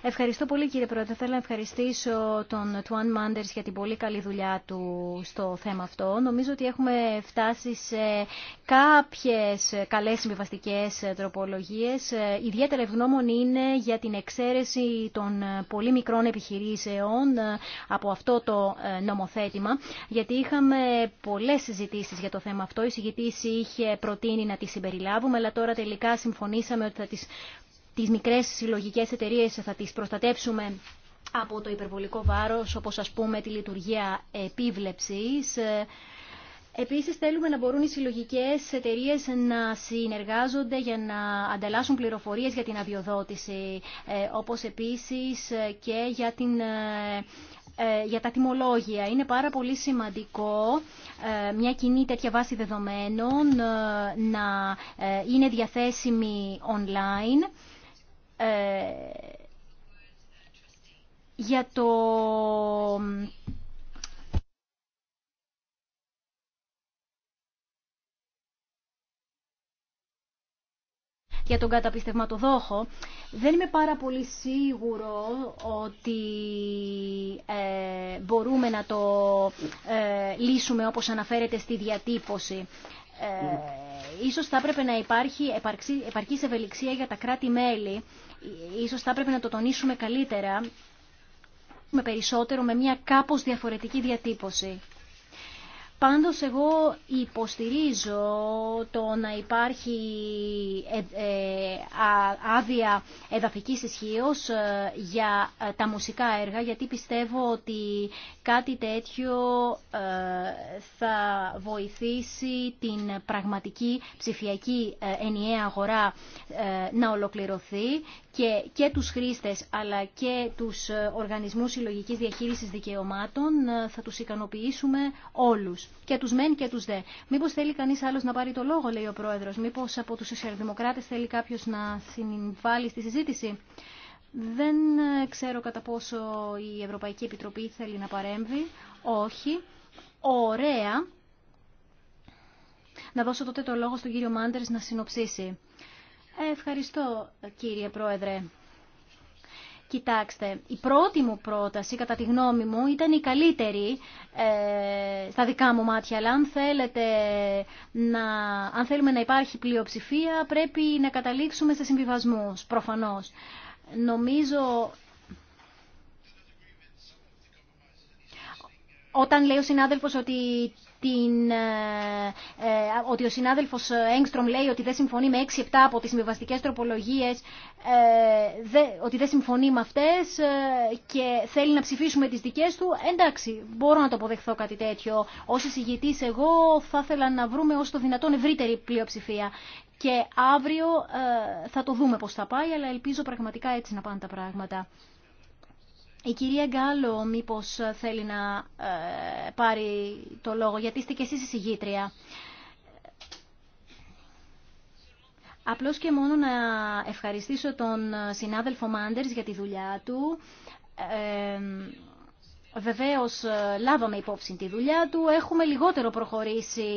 Ευχαριστώ πολύ κύριε Πρόεδρε. Θέλω να ευχαριστήσω τον Τουάν Μάντερς για την πολύ καλή δουλειά του στο θέμα αυτό. Νομίζω ότι έχουμε φτάσει σε κάποιες καλές συμβιβαστικέ τροπολογίες. Ιδιαίτερα ευγνώμων είναι για την εξαίρεση των πολύ μικρών επιχειρήσεων από αυτό το ε, νομοθέτημα, γιατί είχαμε πολλές συζητήσεις για το θέμα αυτό. Η συζητήση είχε προτείνει να τις συμπεριλάβουμε, αλλά τώρα τελικά συμφωνήσαμε ότι θα τις τις μικρές συλλογικές εταιρείες θα τις προστατεύσουμε από το υπερβολικό βάρος, όπως ας πούμε τη λειτουργία επίβλεψης. Επίσης θέλουμε να μπορούν οι συλλογικές εταιρείες να συνεργάζονται για να ανταλλάσσουν πληροφορίες για την αδειοδότηση, ε, όπως επίσης και για την ε, ε, για τα τιμολόγια. Είναι πάρα πολύ σημαντικό μια κοινή τέτοια βάση δεδομένων να είναι διαθέσιμη online ε, για το για τον καταπιστευματοδόχο, δεν είμαι πάρα πολύ σίγουρο ότι ε, μπορούμε να το ε, λύσουμε όπως αναφέρεται στη διατύπωση. Ε, ίσως θα έπρεπε να υπάρχει επαρκής ευελιξία για τα κράτη-μέλη ίσως θα έπρεπε να το τονίσουμε καλύτερα, με περισσότερο, με μια κάπως διαφορετική διατύπωση. Πάντως εγώ υποστηρίζω το να υπάρχει ε, ε, άδεια εδαφικής ισχύω ε, για τα μουσικά έργα γιατί πιστεύω ότι Κάτι τέτοιο ε, θα βοηθήσει την πραγματική ψηφιακή ε, ενιαία αγορά ε, να ολοκληρωθεί και, και τους χρήστες αλλά και τους οργανισμούς συλλογική διαχείρισης δικαιωμάτων θα τους ικανοποιήσουμε όλους. Και τους μεν και τους δε. Μήπως θέλει κανείς άλλος να πάρει το λόγο, λέει ο Πρόεδρος. Μήπως από τους σοσιαλδημοκράτες θέλει κάποιος να συμβάλλει στη συζήτηση. Δεν ε, ξέρω κατά πόσο η Ευρωπαϊκή Επιτροπή θέλει να παρέμβει. Όχι. Ωραία. Να δώσω τότε το λόγο στον κύριο Μάντερς να συνοψίσει. Ε, ευχαριστώ κύριε Πρόεδρε. Κοιτάξτε, η πρώτη μου πρόταση, κατά τη γνώμη μου, ήταν η καλύτερη ε, στα δικά μου μάτια. Αλλά αν, θέλετε να, αν θέλουμε να υπάρχει πλειοψηφία, πρέπει να καταλήξουμε σε συμβιβασμούς, προφανώς. Νομίζω όταν λέει ο συνάδελφος ότι ε, ε, ότι ο συνάδελφος Έγκστρομ ε, λέει ότι δεν συμφωνεί με 6-7 από τις συμβιβαστικές τροπολογίες, ότι δεν συμφωνεί με αυτές και θέλει να ψηφίσουμε τις δικές του, εντάξει, μπορώ να το αποδεχθώ κάτι τέτοιο. Ως εισηγητής εγώ θα ήθελα να βρούμε ως το δυνατόν ευρύτερη πλειοψηφία. Και αύριο θα το δούμε πώς θα πάει, αλλά ελπίζω πραγματικά έτσι να πάνε τα πράγματα. Η κυρία Γκάλο μήπως ε, θέλει να ε, πάρει το λόγο, γιατί είστε και εσείς η συγγήτρια. Απλώς και μόνο να ευχαριστήσω τον ε, συνάδελφο Μάντερς για τη δουλειά του. Ε, βεβαίως λάβαμε υπόψη τη δουλειά του. Έχουμε λιγότερο προχωρήσει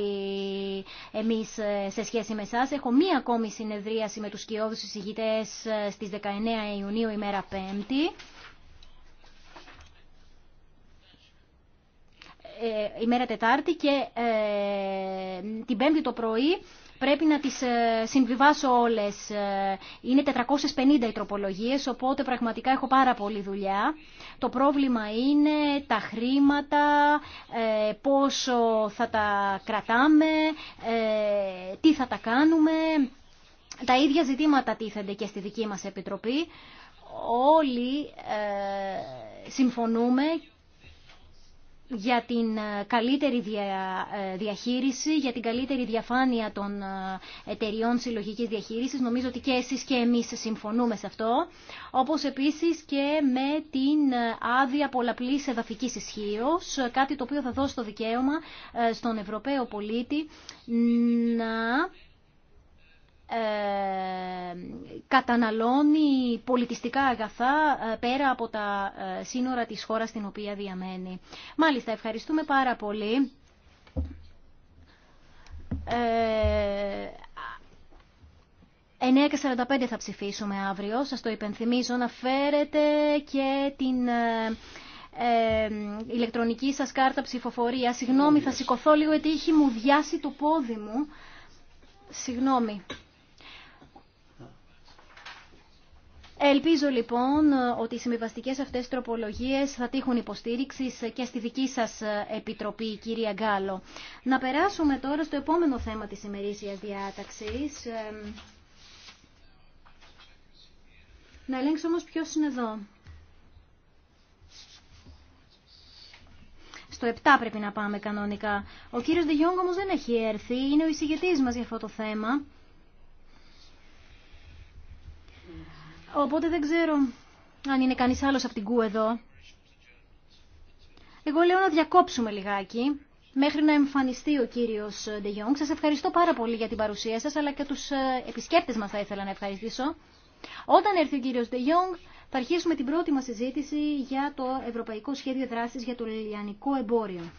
εμείς σε σχέση με εσά. Έχω μία ακόμη συνεδρίαση με τους κοιόδους συζητητές στις 19 Ιουνίου ημέρα 5η. Ε, ημέρα Τετάρτη και ε, την Πέμπτη το πρωί πρέπει να τις ε, συμβιβάσω όλες. Είναι 450 οι τροπολογίες, οπότε πραγματικά έχω πάρα πολλή δουλειά. Το πρόβλημα είναι τα χρήματα, πόσο θα τα κρατάμε, τι θα τα κάνουμε. Τα ίδια ζητήματα τίθενται και στη δική μας Επιτροπή. Όλοι συμφωνούμε για την ε, καλύτερη ε, διαχείριση, για την καλύτερη διαφάνεια των ε, εταιριών συλλογική διαχείρισης. Νομίζω ότι και εσείς και εμείς συμφωνούμε σε αυτό. Όπως επίσης και με την άδεια πολλαπλή εδαφική ισχύω, κάτι το οποίο θα δώσει το δικαίωμα στον Ευρωπαίο πολίτη να ε, καταναλώνει πολιτιστικά αγαθά ε, πέρα από τα ε, σύνορα της χώρας στην οποία διαμένει. Μάλιστα, ευχαριστούμε πάρα πολύ. Ε, 9.45 θα ψηφίσουμε αύριο, σας το υπενθυμίζω να φέρετε και την ε, ηλεκτρονική σας κάρτα ψηφοφορία. Συγγνώμη, θα σηκωθώ λίγο γιατί έχει μου διάσει το πόδι μου. Συγγνώμη. Ελπίζω λοιπόν ότι οι συμβιβαστικέ αυτές τροπολογίες θα τύχουν υποστήριξη και στη δική σας ε, επιτροπή, κυρία Γκάλο. Να περάσουμε τώρα στο επόμενο θέμα της ημερήσιας διάταξη. Να ελέγξω όμως ποιο είναι εδώ. Στο 7 πρέπει να πάμε κανονικά. Ο κύριος Διγιόγκ όμως δεν έχει έρθει, είναι ο εισηγητής μας για αυτό το θέμα. Οπότε δεν ξέρω αν είναι κανείς άλλος από την ΚΟΥ εδώ. Εγώ λέω να διακόψουμε λιγάκι μέχρι να εμφανιστεί ο κύριος De Jong. Σας ευχαριστώ πάρα πολύ για την παρουσία σας, αλλά και τους ε, επισκέπτες μας θα ήθελα να ευχαριστήσω. Όταν έρθει ο κύριος De Jong, θα αρχίσουμε την πρώτη μας συζήτηση για το Ευρωπαϊκό Σχέδιο Δράσης για το Λιανικό Εμπόριο.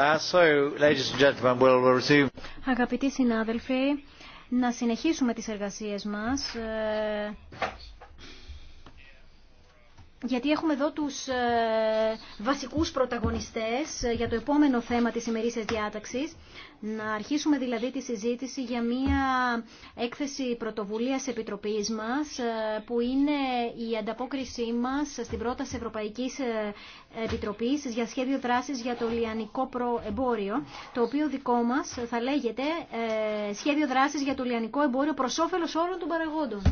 Uh, Αγαπητοί συνάδελφοι, να συνεχίσουμε τις εργασίες μας. Ε, γιατί έχουμε εδώ τους ε, βασικούς πρωταγωνιστές ε, για το επόμενο θέμα της ημερήσιας διάταξης. Να αρχίσουμε δηλαδή τη συζήτηση για μία έκθεση πρωτοβουλίας Επιτροπής μας, ε, που είναι η ανταπόκρισή μας στην πρόταση Ευρωπαϊκής Επιτροπής για σχέδιο δράσης για το λιανικό προεμπόριο, το οποίο δικό μας θα λέγεται σχέδιο δράσης για το λιανικό εμπόριο προς όφελος όλων των παραγόντων.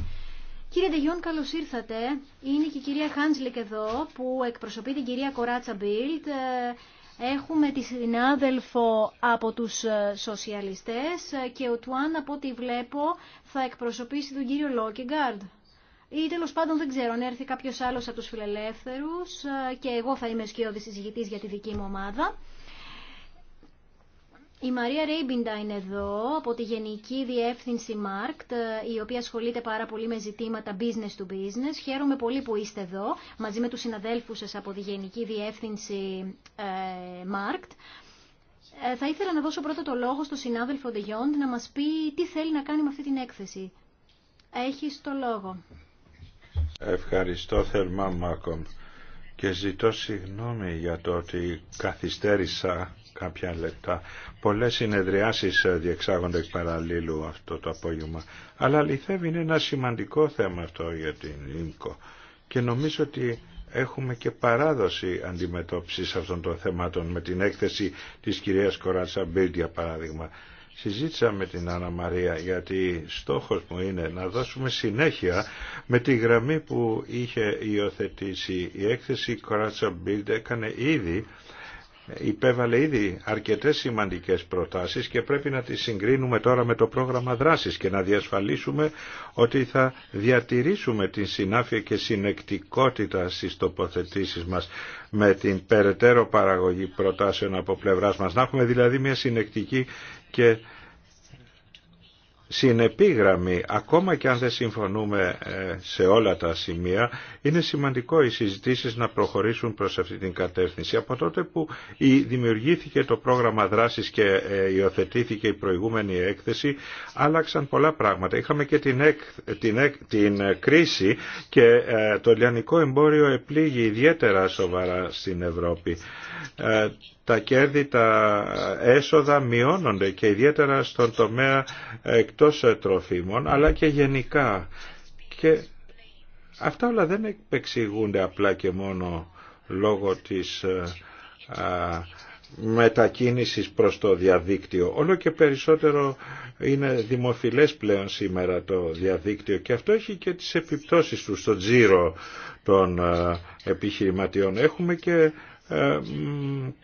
Κύριε Ντεγιόν, καλώ ήρθατε. Είναι και η κυρία Χάντζλικ εδώ που εκπροσωπεί την κυρία Κοράτσα Μπίλτ. Ε, έχουμε τη συνάδελφο από τους ε, σοσιαλιστές ε, και ο Τουάν από ό,τι βλέπω θα εκπροσωπήσει τον κύριο Λόκεγκαρντ. Ή τέλο πάντων δεν ξέρω αν έρθει κάποιο άλλο από του φιλελεύθερου και εγώ θα είμαι σκιώδη συζητητή για τη δική μου ομάδα. Η Μαρία Ρέιμπιντα είναι εδώ από τη Γενική Διεύθυνση Μάρκτ, ε, η οποία ασχολείται πάρα πολύ με ζητήματα business to business. Χαίρομαι πολύ που είστε εδώ, μαζί με τους συναδέλφους σας από τη Γενική Διεύθυνση ε, Μάρκτ. Ε, θα ήθελα να δώσω πρώτα το λόγο στον συνάδελφο Ντεγιόντ να μας πει τι θέλει να κάνει με αυτή την έκθεση. Έχεις το λόγο. Ευχαριστώ θερμά Μάκομ και ζητώ συγγνώμη για το ότι καθυστέρησα κάποια λεπτά. Πολλές συνεδριάσεις ε, διεξάγονται εκ παραλλήλου αυτό το απόγευμα. Αλλά αληθεύει είναι ένα σημαντικό θέμα αυτό για την ΙΜΚΟ. Και νομίζω ότι έχουμε και παράδοση αντιμετώπισης αυτών των θεμάτων με την έκθεση της κυρίας Κοράτσα Μπίλτ για παράδειγμα. Συζήτησα με την Άννα Μαρία γιατί στόχος μου είναι να δώσουμε συνέχεια με τη γραμμή που είχε υιοθετήσει η έκθεση Κοράτσα Μπίλτ έκανε ήδη υπέβαλε ήδη αρκετές σημαντικές προτάσεις και πρέπει να τις συγκρίνουμε τώρα με το πρόγραμμα δράσης και να διασφαλίσουμε ότι θα διατηρήσουμε την συνάφεια και συνεκτικότητα στις τοποθετήσεις μας με την περαιτέρω παραγωγή προτάσεων από πλευράς μας. Να έχουμε δηλαδή μια συνεκτική και συνεπίγραμμη, ακόμα και αν δεν συμφωνούμε ε, σε όλα τα σημεία, είναι σημαντικό οι συζητήσεις να προχωρήσουν προς αυτή την κατεύθυνση. Από τότε που δημιουργήθηκε το πρόγραμμα δράσης και ε, υιοθετήθηκε η προηγούμενη έκθεση, άλλαξαν πολλά πράγματα. Είχαμε και την, την, την ε, κρίση και το λιανικό εμπόριο επλήγει ιδιαίτερα σοβαρά στην Ευρώπη τα κέρδη, τα έσοδα μειώνονται και ιδιαίτερα στον τομέα εκτός τροφίμων αλλά και γενικά. Και αυτά όλα δεν επεξηγούνται απλά και μόνο λόγω της μετακίνησης προς το διαδίκτυο. Όλο και περισσότερο είναι δημοφιλές πλέον σήμερα το διαδίκτυο και αυτό έχει και τις επιπτώσεις του στο τζίρο των επιχειρηματιών. Έχουμε και ε,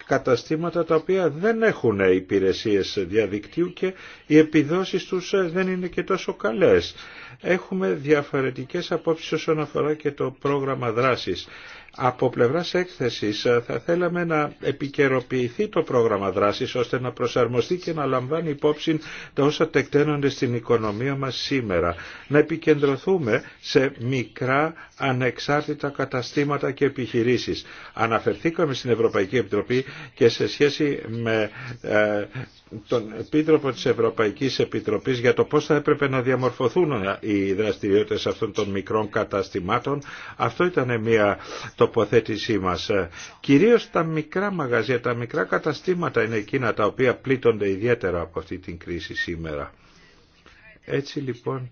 καταστήματα τα οποία δεν έχουν υπηρεσίες διαδικτύου και οι επιδόσεις τους ε, δεν είναι και τόσο καλές. Έχουμε διαφορετικές απόψεις όσον αφορά και το πρόγραμμα δράσης. Από πλευράς έκθεσης ε, θα θέλαμε να επικαιροποιηθεί το πρόγραμμα δράσης ώστε να προσαρμοστεί και να λαμβάνει υπόψη τα όσα τεκταίνονται στην οικονομία μας σήμερα. Να επικεντρωθούμε σε μικρά ανεξάρτητα καταστήματα και επιχειρήσεις. Αναφερθήκαμε στην Ευρωπαϊκή Επιτροπή και σε σχέση με ε, τον Επίτροπο της Ευρωπαϊκής Επιτροπής για το πώς θα έπρεπε να διαμορφωθούν οι δραστηριότητες αυτών των μικρών καταστημάτων. Αυτό ήταν μια τοποθέτησή μας. Ε, κυρίως τα μικρά μαγαζιά, τα μικρά καταστήματα είναι εκείνα τα οποία πλήττονται ιδιαίτερα από αυτή την κρίση σήμερα. Έτσι λοιπόν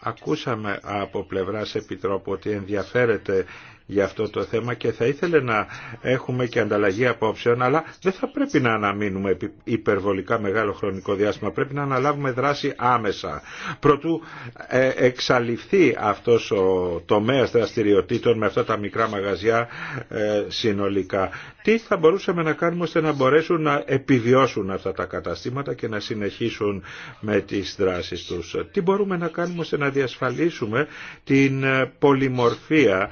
ακούσαμε από πλευράς Επιτρόπου ότι ενδιαφέρεται για αυτό το θέμα και θα ήθελε να έχουμε και ανταλλαγή απόψεων, αλλά δεν θα πρέπει να αναμείνουμε υπερβολικά μεγάλο χρονικό διάστημα. Πρέπει να αναλάβουμε δράση άμεσα. Προτού ε, εξαλειφθεί αυτός ο τομέας δραστηριοτήτων με αυτά τα μικρά μαγαζιά ε, συνολικά. Τι θα μπορούσαμε να κάνουμε ώστε να μπορέσουν να επιβιώσουν αυτά τα καταστήματα και να συνεχίσουν με τις δράσεις τους. Τι μπορούμε να κάνουμε ώστε να διασφαλίσουμε την ε, πολυμορφία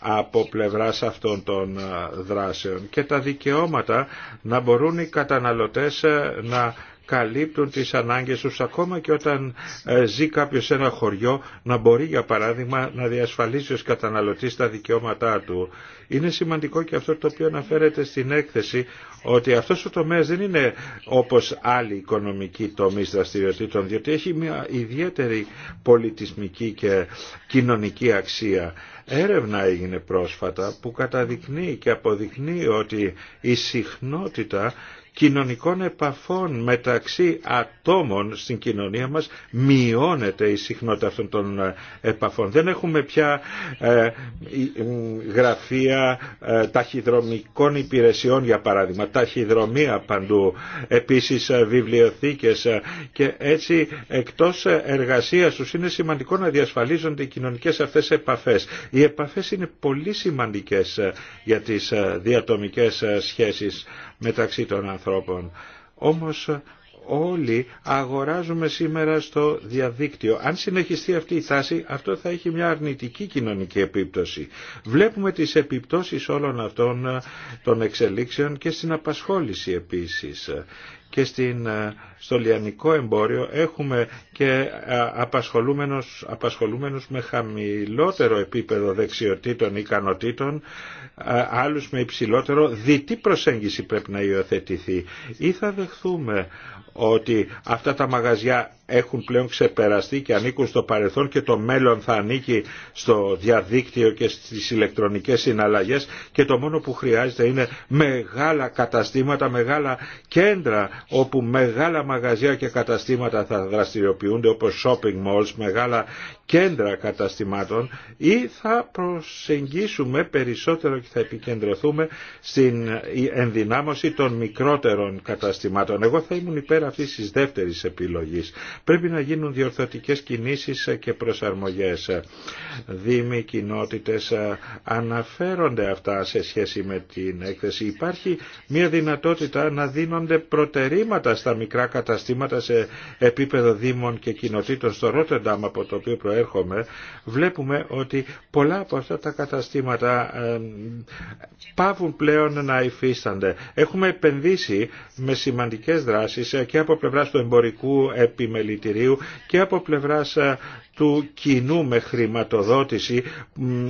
από πλευράς αυτών των ε, δράσεων και τα δικαιώματα να μπορούν οι καταναλωτές ε, να καλύπτουν τις ανάγκες τους ακόμα και όταν ε, ζει κάποιος σε ένα χωριό να μπορεί για παράδειγμα να διασφαλίσει ως καταναλωτής τα δικαιώματά του. Είναι σημαντικό και αυτό το οποίο αναφέρεται στην έκθεση ότι αυτός ο τομέας δεν είναι όπως άλλοι οικονομικοί τομείς δραστηριοτήτων διότι έχει μια ιδιαίτερη πολιτισμική και κοινωνική αξία. Έρευνα έγινε πρόσφατα που καταδεικνύει και αποδεικνύει ότι η συχνότητα κοινωνικών επαφών μεταξύ ατόμων στην κοινωνία μας μειώνεται η συχνότητα αυτών των ε, επαφών. Δεν έχουμε πια ε, γραφεία ε, ταχυδρομικών υπηρεσιών για παράδειγμα, ταχυδρομεία παντού, επίσης βιβλιοθήκες και έτσι εκτός εργασίας τους είναι σημαντικό να διασφαλίζονται οι κοινωνικές αυτές επαφές. Οι επαφές είναι πολύ σημαντικές για τις διατομικές σχέσεις μεταξύ των ανθρώπων ανθρώπων. Όμως όλοι αγοράζουμε σήμερα στο διαδίκτυο. Αν συνεχιστεί αυτή η τάση, αυτό θα έχει μια αρνητική κοινωνική επίπτωση. Βλέπουμε τις επιπτώσεις όλων αυτών ε, των εξελίξεων και στην απασχόληση επίσης και ε, στο λιανικό εμπόριο έχουμε και ε, απασχολούμενους, απασχολούμενους με χαμηλότερο επίπεδο δεξιοτήτων ή ικανοτήτων, ε, άλλους με υψηλότερο, διτή προσέγγιση πρέπει να υιοθετηθεί. Ή θα δεχθούμε ότι αυτά τα μαγαζιά έχουν πλέον ξεπεραστεί και ανήκουν στο παρελθόν και το μέλλον θα ανήκει στο διαδίκτυο και στις ηλεκτρονικές συναλλαγές και το μόνο που χρειάζεται είναι μεγάλα καταστήματα, μεγάλα κέντρα όπου μεγάλα μαγαζιά και καταστήματα θα δραστηριοποιούνται όπως shopping malls, μεγάλα κέντρα καταστημάτων ή θα προσεγγίσουμε περισσότερο και θα επικεντρωθούμε στην ενδυνάμωση των μικρότερων καταστημάτων. Εγώ θα ήμουν υπέρ αυτής της δεύτερης επιλογής. Πρέπει να γίνουν διορθωτικές κινήσεις και προσαρμογές. Δήμοι, κοινότητε, ε, αναφέρονται αυτά σε σχέση με την έκθεση. Υπάρχει μια δυνατότητα να δίνονται προτεραιότητε στα μικρά καταστήματα σε επίπεδο δήμων και κοινοτήτων στο Ρότερνταμ από το οποίο προέρχομαι, βλέπουμε ότι πολλά από αυτά τα καταστήματα πάβουν πλέον να υφίστανται. Έχουμε επενδύσει με σημαντικές δράσεις και από πλευράς του εμπορικού επιμελητηρίου και από πλευράς ε, του κοινού με χρηματοδότηση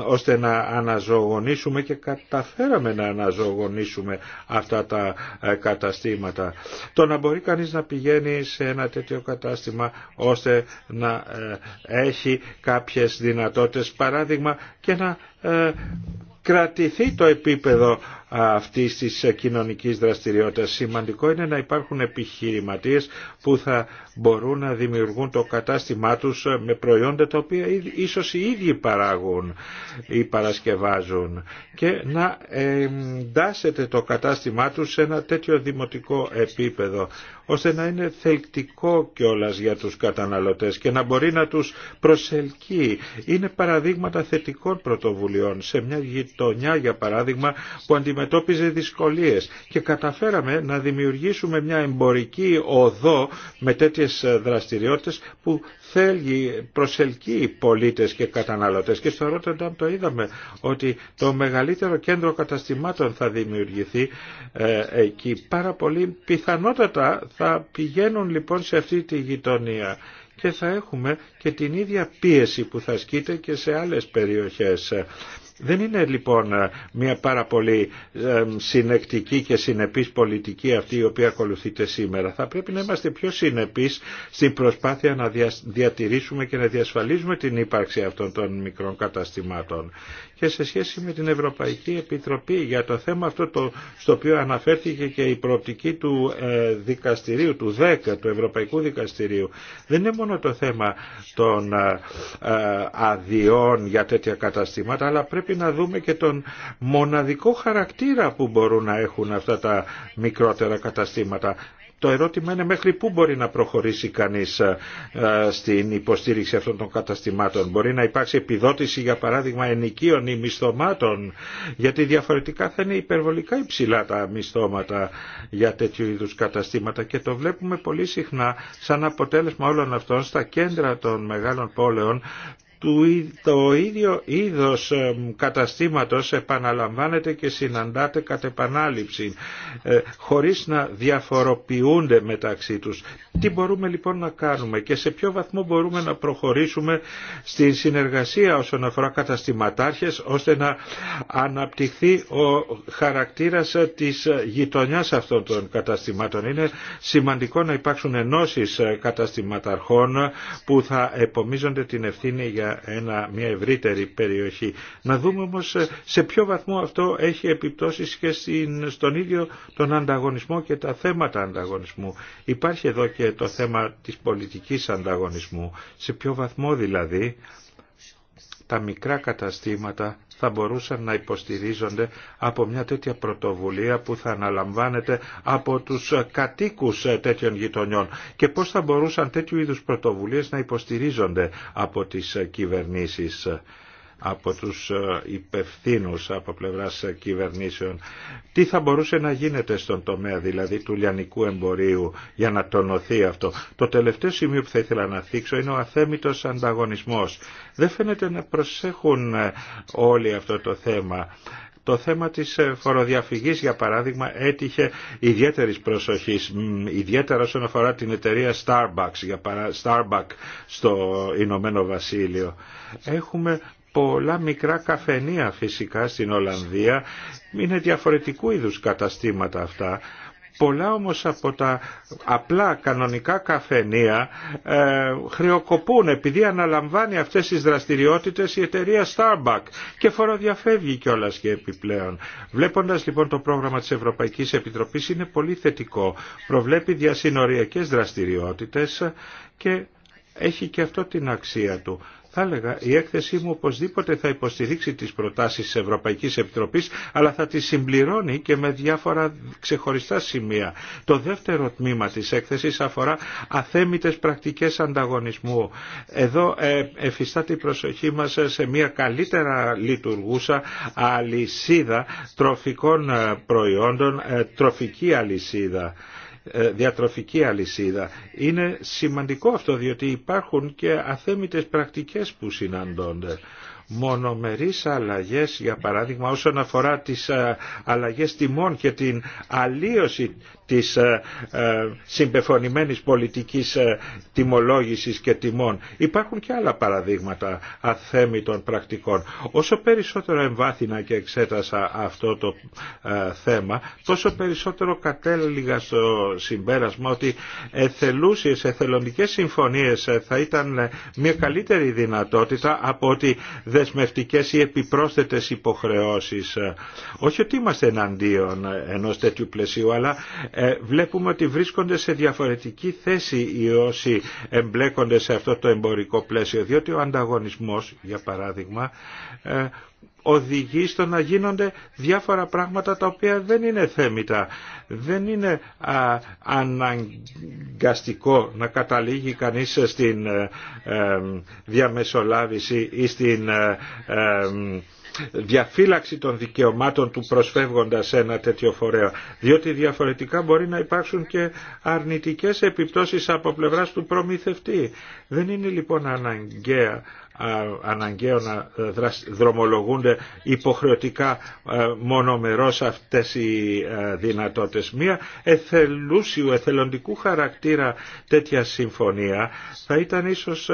ώστε να αναζωογονήσουμε και καταφέραμε να αναζωογονήσουμε αυτά τα ε, καταστήματα το να μπορεί κανείς να πηγαίνει σε ένα τέτοιο κατάστημα ώστε να ε, έχει κάποιες δυνατότητες παράδειγμα και να ε, κρατηθεί το επίπεδο αυτή τη κοινωνική δραστηριότητα. Σημαντικό είναι να υπάρχουν επιχειρηματίε που θα μπορούν να δημιουργούν το κατάστημά τους με προϊόντα τα οποία ίσως οι ίδιοι παράγουν ή παρασκευάζουν και να εντάσσεται το κατάστημά τους σε ένα τέτοιο δημοτικό επίπεδο ώστε να είναι θελκτικό κιόλα για τους καταναλωτές και να μπορεί να τους προσελκύει. Είναι παραδείγματα θετικών πρωτοβουλειών. Σε μια γειτονιά για παράδειγμα που αντιμετώπιζε δυσκολίες και καταφέραμε να δημιουργήσουμε μια εμπορική οδό με τέτοιες δραστηριότητες που θέλει προσελκύει πολίτες και καταναλωτές και στο Ρότερνταμ το είδαμε ότι το μεγαλύτερο κέντρο καταστημάτων θα δημιουργηθεί ε, εκεί πάρα πολύ πιθανότατα θα πηγαίνουν λοιπόν σε αυτή τη γειτονία και θα έχουμε και την ίδια πίεση που θα ασκείται και σε άλλες περιοχές. Δεν είναι λοιπόν ε, μια πάρα πολύ ε, συνεκτική και συνεπής πολιτική αυτή η οποία ακολουθείται σήμερα. Θα πρέπει να είμαστε πιο συνεπείς στην προσπάθεια να διατηρήσουμε και να διασφαλίζουμε την ύπαρξη αυτών των μικρών καταστημάτων. Και σε σχέση με την Ευρωπαϊκή Επιτροπή για το θέμα αυτό το, στο οποίο αναφέρθηκε και η προοπτική του ε, δικαστηρίου, του 10, του Ευρωπαϊκού Δικαστηρίου, δεν είναι μόνο το θέμα των ε, ε, αδειών για τέτοια καταστήματα, αλλά πρέπει πρέπει να δούμε και τον μοναδικό χαρακτήρα που μπορούν να έχουν αυτά τα μικρότερα καταστήματα. Το ερώτημα είναι μέχρι πού μπορεί να προχωρήσει κανείς ε, στην υποστήριξη αυτών των καταστημάτων. Μπορεί να υπάρξει επιδότηση για παράδειγμα ενοικίων ή μισθωμάτων γιατί διαφορετικά θα είναι υπερβολικά υψηλά τα μισθώματα για τέτοιου είδους καταστήματα και το βλέπουμε πολύ συχνά σαν αποτέλεσμα όλων αυτών στα κέντρα των μεγάλων πόλεων το ίδιο είδος ε, καταστήματος επαναλαμβάνεται και συναντάται κατ' επανάληψη ε, χωρίς να διαφοροποιούνται μεταξύ τους. Τι μπορούμε λοιπόν να κάνουμε και σε ποιο βαθμό μπορούμε να προχωρήσουμε στη συνεργασία όσον αφορά καταστηματάρχες ώστε να αναπτυχθεί ο χαρακτήρας της γειτονιάς αυτών των καταστημάτων. Είναι σημαντικό να υπάρξουν ενώσεις καταστηματαρχών που θα επομίζονται την ευθύνη για ένα, μια ευρύτερη περιοχή. Να δούμε όμως ε, σε ποιο βαθμό αυτό έχει επιπτώσεις και στον ίδιο τον ανταγωνισμό και τα θέματα ανταγωνισμού. Υπάρχει εδώ και το θέμα της πολιτικής ανταγωνισμού. Σε ποιο βαθμό δηλαδή τα μικρά καταστήματα θα μπορούσαν να υποστηρίζονται από μια τέτοια πρωτοβουλία που θα αναλαμβάνεται από τους κατοίκους τέτοιων γειτονιών και πώς θα μπορούσαν τέτοιου είδους πρωτοβουλίες να υποστηρίζονται από τις κυβερνήσεις από τους ε, υπευθύνους από πλευράς κυβερνήσεων. Τι θα μπορούσε να γίνεται στον τομέα δηλαδή του λιανικού εμπορίου για να τονωθεί αυτό. Το τελευταίο σημείο που θα ήθελα να θίξω είναι ο αθέμητος ανταγωνισμός. Δεν φαίνεται να προσέχουν ε, όλοι αυτό το θέμα. Το θέμα της ε, φοροδιαφυγής, για παράδειγμα, έτυχε ιδιαίτερης προσοχής, ιδιαίτερα όσον αφορά την εταιρεία Starbucks, για Starbucks στο Ηνωμένο Βασίλειο. Έχουμε πολλά μικρά καφενεία φυσικά στην Ολλανδία. Είναι διαφορετικού είδους καταστήματα αυτά. Πολλά όμως από τα απλά κανονικά καφενεία ε, χρεοκοπούν επειδή αναλαμβάνει αυτές τις δραστηριότητες η εταιρεία Starbucks και φοροδιαφεύγει κιόλας και επιπλέον. Βλέποντας λοιπόν το πρόγραμμα της Ευρωπαϊκής Επιτροπής είναι πολύ θετικό. Προβλέπει διασυνοριακές δραστηριότητες και έχει και αυτό την αξία του. Θα έλεγα, η έκθεσή μου οπωσδήποτε θα υποστηρίξει τις προτάσεις της Ευρωπαϊκής Επιτροπής, αλλά θα τις συμπληρώνει και με διάφορα ξεχωριστά σημεία. Το δεύτερο τμήμα της έκθεσης αφορά αθέμητες πρακτικές ανταγωνισμού. Εδώ ε, εφιστά την προσοχή μας σε μια καλύτερα λειτουργούσα αλυσίδα τροφικών ε, προϊόντων, ε, τροφική αλυσίδα. Ε, διατροφική αλυσίδα. Είναι σημαντικό αυτό διότι υπάρχουν και αθέμητες πρακτικές που συναντώνται μονομερείς αλλαγές για παράδειγμα όσον αφορά τις ε, αλλαγές τιμών και την αλλίωση της ε, ε, συμπεφωνημένης πολιτικής ε, τιμολόγησης και τιμών. Υπάρχουν και άλλα παραδείγματα αθέμητων πρακτικών. Όσο περισσότερο εμβάθυνα και εξέτασα αυτό το θέμα, τόσο περισσότερο κατέληγα στο συμπέρασμα ότι εθελούσιες, εθελοντικές συμφωνίες θα ήταν μια καλύτερη δυνατότητα από ότι δεσμευτικές ή επιπρόσθετες υποχρεώσεις. Όχι ότι είμαστε εναντίον ενός τέτοιου πλαισίου, αλλά ε, βλέπουμε ότι βρίσκονται σε διαφορετική θέση οι όσοι εμπλέκονται σε αυτό το εμπορικό πλαίσιο, διότι ο ανταγωνισμός, για παράδειγμα, ε, οδηγεί στο να γίνονται διάφορα πράγματα τα οποία δεν είναι θέμητα. Δεν είναι αναγκαστικό να καταλήγει κανείς στην ε, διαμεσολάβηση ή στην διαφύλαξη των δικαιωμάτων του προσφεύγοντα ένα τέτοιο φορέα. Διότι διαφορετικά μπορεί να υπάρξουν και αρνητικές επιπτώσεις από πλευράς του προμηθευτή. Δεν είναι λοιπόν αναγκαία αναγκαίο να ε, δρομολογούνται υποχρεωτικά ε, μονομερώς αυτές οι ε, δυνατότητες. Μία εθελούσιου, εθελοντικού χαρακτήρα τέτοια συμφωνία θα ήταν ίσως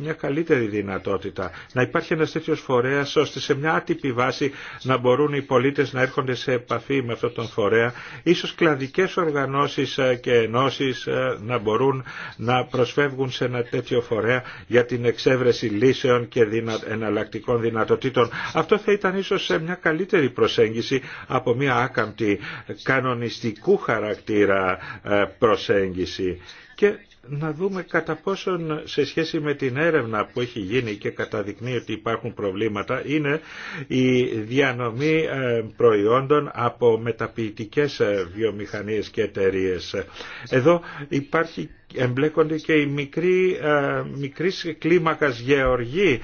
μια καλύτερη δυνατότητα. Να υπάρχει ένας τέτοιος φορέας ώστε σε μια άτυπη βάση να μπορούν οι πολίτες να έρχονται σε επαφή με αυτόν τον φορέα. Ίσως κλαδικές οργανώσεις και ενώσεις να μπορούν να προσφεύγουν σε ένα τέτοιο φορέα για την εξέβρεση λύσεων και εναλλακτικών δυνατοτήτων. Αυτό θα ήταν ίσως σε μια καλύτερη προσέγγιση από μια άκαμπτη κανονιστικού χαρακτήρα ε, προσέγγιση. Και να δούμε κατά πόσον σε σχέση με την έρευνα που έχει γίνει και καταδεικνύει ότι υπάρχουν προβλήματα είναι η διανομή ε, προϊόντων από μεταποιητικές ε, βιομηχανίες και εταιρείε. Εδώ υπάρχει εμπλέκονται και οι μικροί, ε, μικρής κλίμακας γεωργοί,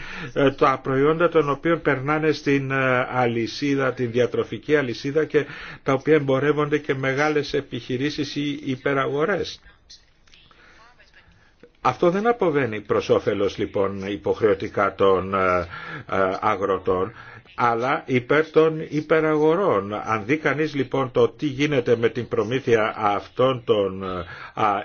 τα προϊόντα των οποίων περνάνε στην αλυσίδα, την διατροφική αλυσίδα και τα οποία εμπορεύονται και μεγάλες επιχειρήσεις ή υπεραγορές. Αυτό δεν αποβαίνει προς όφελος λοιπόν υποχρεωτικά των ε, ε, αγροτών αλλά υπέρ των υπεραγορών. Αν δει κανείς λοιπόν το τι γίνεται με την προμήθεια αυτών των ε,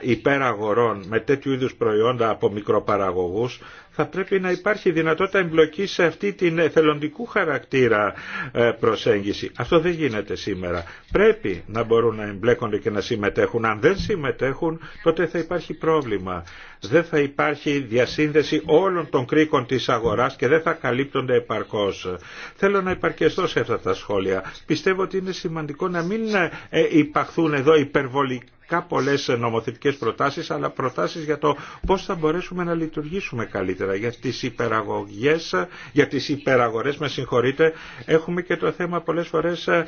υπεραγορών με τέτοιου είδους προϊόντα από μικροπαραγωγούς, θα πρέπει να υπάρχει δυνατότητα εμπλοκή σε αυτή την εθελοντικού χαρακτήρα ε, προσέγγιση. Αυτό δεν γίνεται σήμερα. Πρέπει να μπορούν να εμπλέκονται και να συμμετέχουν. Αν δεν συμμετέχουν τότε θα υπάρχει πρόβλημα. Δεν θα υπάρχει διασύνδεση όλων των κρίκων της αγοράς και δεν θα καλύπτονται επαρκώς. Θέλω να υπαρκεστώ σε αυτά τα σχόλια. Πιστεύω ότι είναι σημαντικό να μην ε, ε, υπαχθούν εδώ υπερβολικά σχετικά πολλές νομοθετικές προτάσεις, αλλά προτάσεις για το πώς θα μπορέσουμε να λειτουργήσουμε καλύτερα. Για τις υπεραγωγές, για τις υπεραγορές, με συγχωρείτε, έχουμε και το θέμα πολλές φορές ε,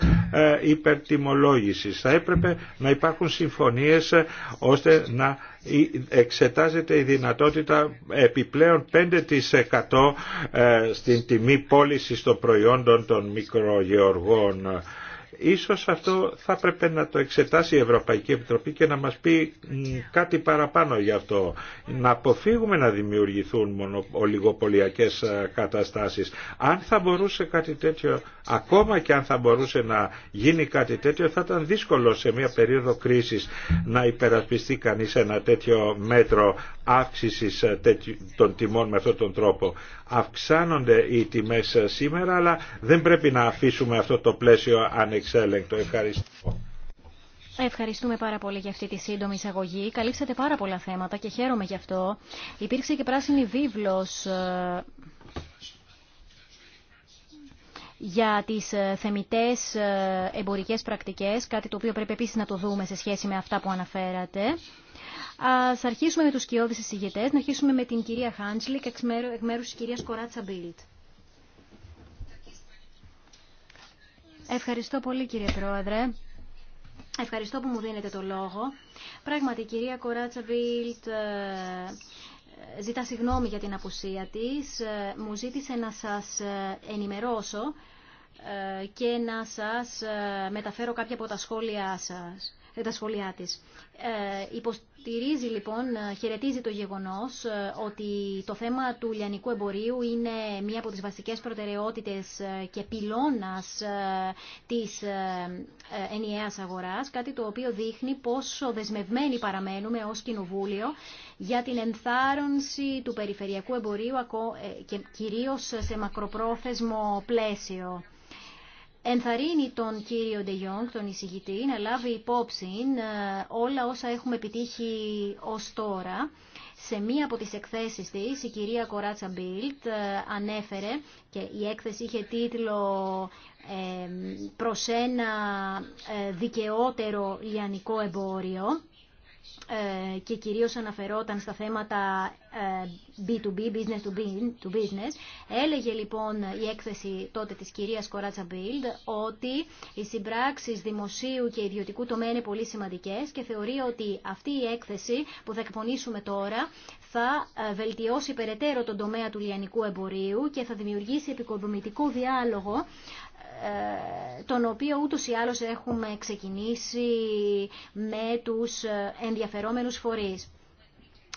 υπερτιμολόγηση. Θα έπρεπε να υπάρχουν συμφωνίες ε, ώστε να εξετάζεται η δυνατότητα επιπλέον 5% ε, στην τιμή πώληση των προϊόντων των μικρογεωργών Ίσως αυτό θα πρέπει να το εξετάσει η Ευρωπαϊκή Επιτροπή και να μας πει κάτι παραπάνω γι' αυτό. Να αποφύγουμε να δημιουργηθούν μόνο ολιγοπολιακές ε, καταστάσεις. Αν θα μπορούσε κάτι τέτοιο, ακόμα και αν θα μπορούσε να γίνει κάτι τέτοιο, θα ήταν δύσκολο σε μια περίοδο κρίσης να υπερασπιστεί κανείς ένα τέτοιο μέτρο αύξησης ε, των τιμών με αυτόν τον τρόπο αυξάνονται οι τιμές σήμερα, αλλά δεν πρέπει να αφήσουμε αυτό το πλαίσιο ανεξέλεγκτο. Ευχαριστώ. Ευχαριστούμε πάρα πολύ για αυτή τη σύντομη εισαγωγή. Καλύψατε πάρα πολλά θέματα και χαίρομαι γι' αυτό. Υπήρξε και πράσινη βίβλος ε, για τις ε, θεμητές ε, εμπορικές πρακτικές, κάτι το οποίο πρέπει επίσης να το δούμε σε σχέση με αυτά που αναφέρατε. Ας αρχίσουμε με τους κοιόδης εισηγητές, να αρχίσουμε με την κυρία Χάντσλι και εκ μέρου της κυρίας Κοράτσα Μπίλτ. Ευχαριστώ πολύ κύριε Πρόεδρε. Ευχαριστώ που μου δίνετε το λόγο. Πράγματι, η κυρία Κοράτσα Βίλτ ε, ζητά συγγνώμη για την απουσία της. Ε, μου ζήτησε να σας ε, ενημερώσω και να σας μεταφέρω κάποια από τα σχόλιά σας. Τα Στηρίζει λοιπόν, ε, χαιρετίζει το γεγονός ε, ότι το θέμα του λιανικού εμπορίου είναι μία από τις βασικές προτεραιότητες ε, και πυλώνας της ενιαίας αγοράς, κάτι το οποίο δείχνει πόσο δεσμευμένοι παραμένουμε ως Κοινοβούλιο για την ενθάρρυνση του περιφερειακού εμπορίου και κυρίως σε μακροπρόθεσμο πλαίσιο ενθαρρύνει τον κύριο Ντε τον εισηγητή, να λάβει υπόψη ε, όλα όσα έχουμε επιτύχει ως τώρα. Σε μία από τις εκθέσεις της, η κυρία Κοράτσα Μπίλτ ε, ανέφερε και η έκθεση είχε τίτλο ε, «Προς ένα δικαιότερο λιανικό εμπόριο». Ε, και κυρίως αναφερόταν στα θέματα B2B, ε, business to business. Έλεγε λοιπόν η έκθεση τότε της κυρίας Κοράτσα Μπίλντ ότι οι συμπράξεις δημοσίου και ιδιωτικού τομέα είναι πολύ σημαντικές και θεωρεί ότι αυτή η έκθεση που θα εκπονήσουμε τώρα θα ε, βελτιώσει περαιτέρω τον τομέα του λιανικού εμπορίου και θα δημιουργήσει επικοδομητικό διάλογο ε, τον οποίο ούτως ή άλλως έχουμε ξεκινήσει με τους ε, ενδιαφερόμενους φορείς.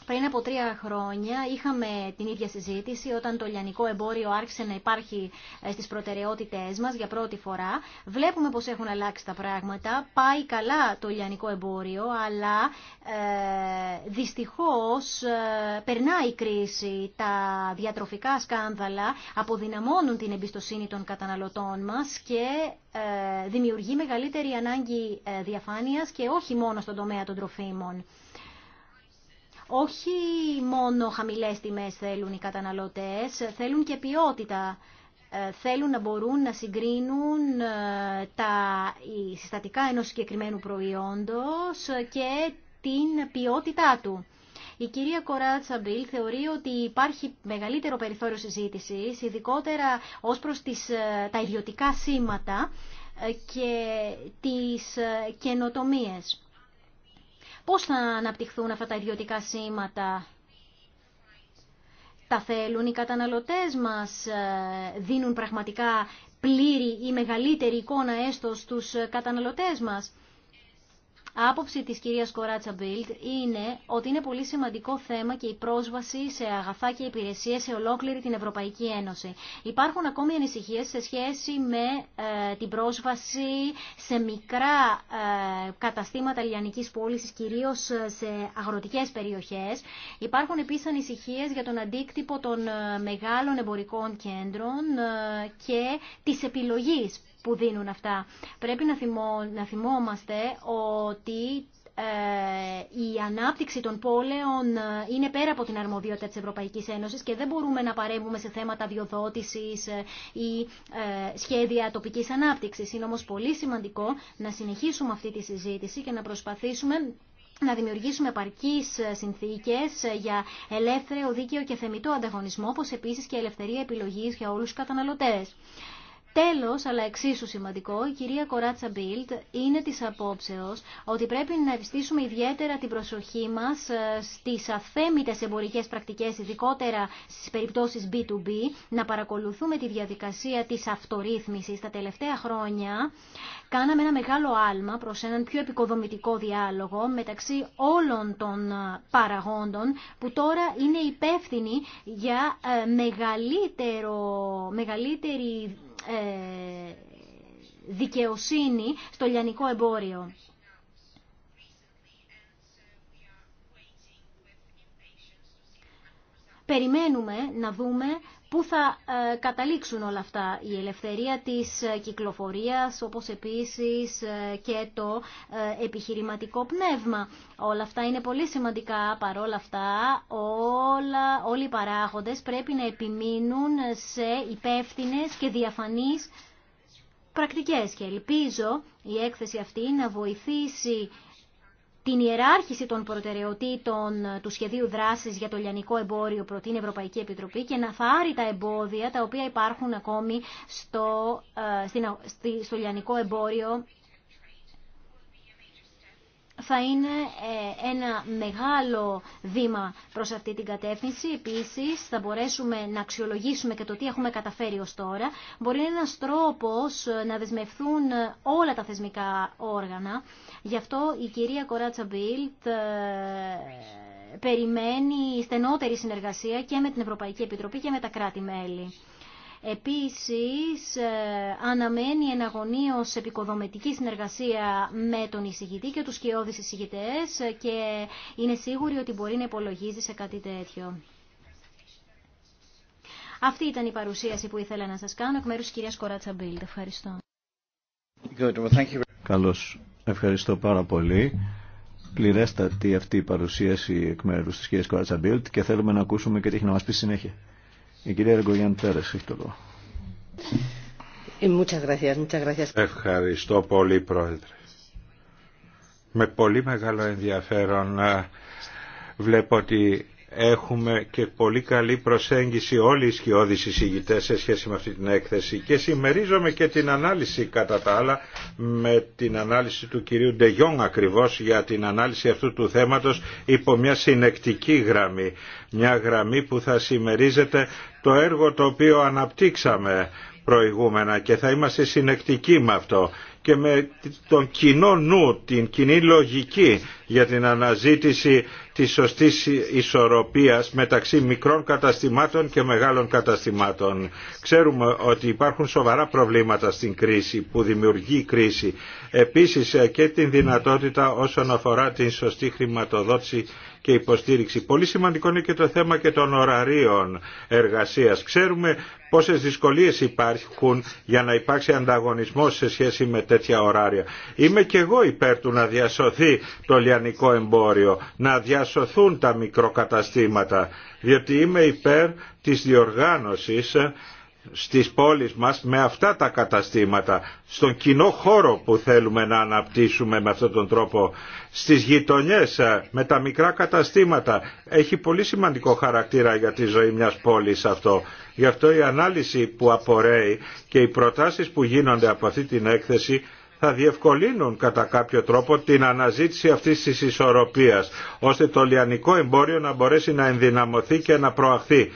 Πριν από τρία χρόνια είχαμε την ίδια συζήτηση όταν το λιανικό εμπόριο άρχισε να υπάρχει ε, στις προτεραιότητές μας για πρώτη φορά. Βλέπουμε πως έχουν αλλάξει τα πράγματα. Πάει καλά το λιανικό εμπόριο, αλλά ε, δυστυχώς ε, περνάει η κρίση. Τα διατροφικά σκάνδαλα αποδυναμώνουν την εμπιστοσύνη των καταναλωτών μας και ε, δημιουργεί μεγαλύτερη ανάγκη διαφάνειας και όχι μόνο στον τομέα των τροφίμων όχι μόνο χαμηλές τιμές θέλουν οι καταναλωτές, θέλουν και ποιότητα. Ε, θέλουν να μπορούν να συγκρίνουν ε, τα συστατικά ενός συγκεκριμένου προϊόντος και την ποιότητά του. Η κυρία Κοράτσα Μπιλ θεωρεί ότι υπάρχει μεγαλύτερο περιθώριο συζήτησης, ειδικότερα ως προς τις, ε, τα ιδιωτικά σήματα και τις καινοτομίες. Πώς θα αναπτυχθούν αυτά τα ιδιωτικά σήματα. Τα θέλουν οι καταναλωτές μας, ε, δίνουν πραγματικά πλήρη ή μεγαλύτερη εικόνα έστω στους καταναλωτές μας άποψη της κυρίας Κοράτσα Μπίλτ είναι ότι είναι πολύ σημαντικό θέμα και η πρόσβαση σε αγαθά και υπηρεσίες σε ολόκληρη την Ευρωπαϊκή Ένωση. Υπάρχουν ακόμη ανησυχίες σε σχέση με ε, την πρόσβαση σε μικρά ε, καταστήματα λιανικής πώλησης, κυρίως ε, σε αγροτικές περιοχές. Υπάρχουν επίσης ανησυχίες για τον αντίκτυπο των μεγάλων εμπορικών κέντρων και της επιλογής που δίνουν αυτά. Πρέπει να, να θυμόμαστε ότι ε, η ανάπτυξη των πόλεων ε, είναι πέρα από την αρμοδιότητα της Ευρωπαϊκής Ένωσης και δεν μπορούμε να παρέμβουμε σε θέματα διοδότησης ε, ή σχέδια τοπικής ανάπτυξης. Είναι όμως πολύ σημαντικό να συνεχίσουμε αυτή τη συζήτηση και να προσπαθήσουμε να δημιουργήσουμε παρκείς συνθήκες για ελεύθερο, δίκαιο και θεμητό ανταγωνισμό, όπως επίσης και ελευθερία επιλογής για όλους τους καταναλωτές. Τέλος, αλλά εξίσου σημαντικό, η κυρία Κοράτσα Μπίλτ είναι της απόψεως ότι πρέπει να ευστήσουμε ιδιαίτερα την προσοχή μας ε, στις αθέμητες εμπορικές πρακτικές, ειδικότερα στις περιπτώσεις B2B, να παρακολουθούμε τη διαδικασία της αυτορύθμισης. Τα τελευταία χρόνια κάναμε ένα μεγάλο άλμα προς έναν πιο επικοδομητικό διάλογο μεταξύ όλων των ε, παραγόντων που τώρα είναι υπεύθυνοι για ε, μεγαλύτερο, μεγαλύτερη ε, δικαιοσύνη στο λιανικό εμπόριο. Περιμένουμε να δούμε Πού θα ε, καταλήξουν όλα αυτά. Η ελευθερία της ε, κυκλοφορίας, όπως επίσης ε, και το επιχειρηματικό πνεύμα. Όλα αυτά είναι πολύ σημαντικά. Παρόλα αυτά, όλα, όλοι οι παράγοντες πρέπει να επιμείνουν σε υπεύθυνες και διαφανείς πρακτικές. Και ελπίζω η έκθεση αυτή να βοηθήσει την ιεράρχηση των προτεραιοτήτων του σχεδίου δράσης για το λιανικό εμπόριο προ την Ευρωπαϊκή Επιτροπή και να φάρει τα εμπόδια τα οποία υπάρχουν ακόμη στο, ε, στο λιανικό εμπόριο θα είναι ε, ένα μεγάλο βήμα προς αυτή την κατεύθυνση. Επίσης, θα μπορέσουμε να αξιολογήσουμε και το τι έχουμε καταφέρει ως τώρα. Μπορεί να είναι ένας τρόπος ε, να δεσμευθούν ε, όλα τα θεσμικά όργανα. Γι' αυτό η κυρία Κοράτσα Μπίλτ περιμένει στενότερη συνεργασία και με την Ευρωπαϊκή Επιτροπή και με τα κράτη-μέλη. Επίσης, ε, αναμένει εναγωνίως επικοδομητική συνεργασία με τον εισηγητή και τους κοιόδης εισηγητές και είναι σίγουροι ότι μπορεί να υπολογίζει σε κάτι τέτοιο. Αυτή ήταν η παρουσίαση που ήθελα να σας κάνω εκ μέρους της κυρίας Κοράτσα Μπίλτ. Ευχαριστώ. Καλώς. Ευχαριστώ πάρα πολύ. Πληρέστατη αυτή η παρουσίαση εκ μέρους της κυρίας Κοράτσα Μπίλτ και θέλουμε να ακούσουμε και τι έχει να μας πει συνέχεια. Η κυρία Ρεγκογιάν Πέρες έχει το λόγο. Ε, Ευχαριστώ πολύ Πρόεδρε. Με πολύ μεγάλο ενδιαφέρον ε, βλέπω ότι έχουμε και πολύ καλή προσέγγιση όλοι οι σκιώδεις εισηγητές σε σχέση με αυτή την έκθεση και συμμερίζομαι και την ανάλυση κατά τα άλλα με την ανάλυση του κυρίου Ντεγιόν ακριβώς για την ανάλυση αυτού του θέματος υπό μια συνεκτική γραμμή, μια γραμμή που θα συμμερίζεται το έργο το οποίο αναπτύξαμε προηγούμενα και θα είμαστε συνεκτικοί με αυτό και με τον κοινό νου, την κοινή λογική για την αναζήτηση τη σωστή ισορροπίας μεταξύ μικρών καταστημάτων και μεγάλων καταστημάτων. Ξέρουμε ότι υπάρχουν σοβαρά προβλήματα στην κρίση που δημιουργεί η κρίση. Επίσης ε, και την δυνατότητα όσον αφορά την σωστή χρηματοδότηση και υποστήριξη. Πολύ σημαντικό είναι και το θέμα και των ωραρίων εργασίας. Ξέρουμε πόσες δυσκολίες υπάρχουν για να υπάρξει ανταγωνισμός σε σχέση με τέτοια ωράρια. Είμαι και εγώ υπέρ του να διασωθεί το λιανικό εμπόριο, να διασωθούν τα μικροκαταστήματα, διότι είμαι υπέρ της διοργάνωσης στις πόλεις μας με αυτά τα καταστήματα, στον κοινό χώρο που θέλουμε να αναπτύσσουμε με αυτόν τον τρόπο, στις γειτονιές ε, με τα μικρά καταστήματα. Έχει πολύ σημαντικό χαρακτήρα για τη ζωή μιας πόλης αυτό. Γι' αυτό η ανάλυση που απορρέει και οι προτάσεις που γίνονται από αυτή την έκθεση θα διευκολύνουν κατά κάποιο τρόπο την αναζήτηση αυτής της ισορροπίας, ώστε το λιανικό εμπόριο να μπορέσει να ενδυναμωθεί και να προαχθεί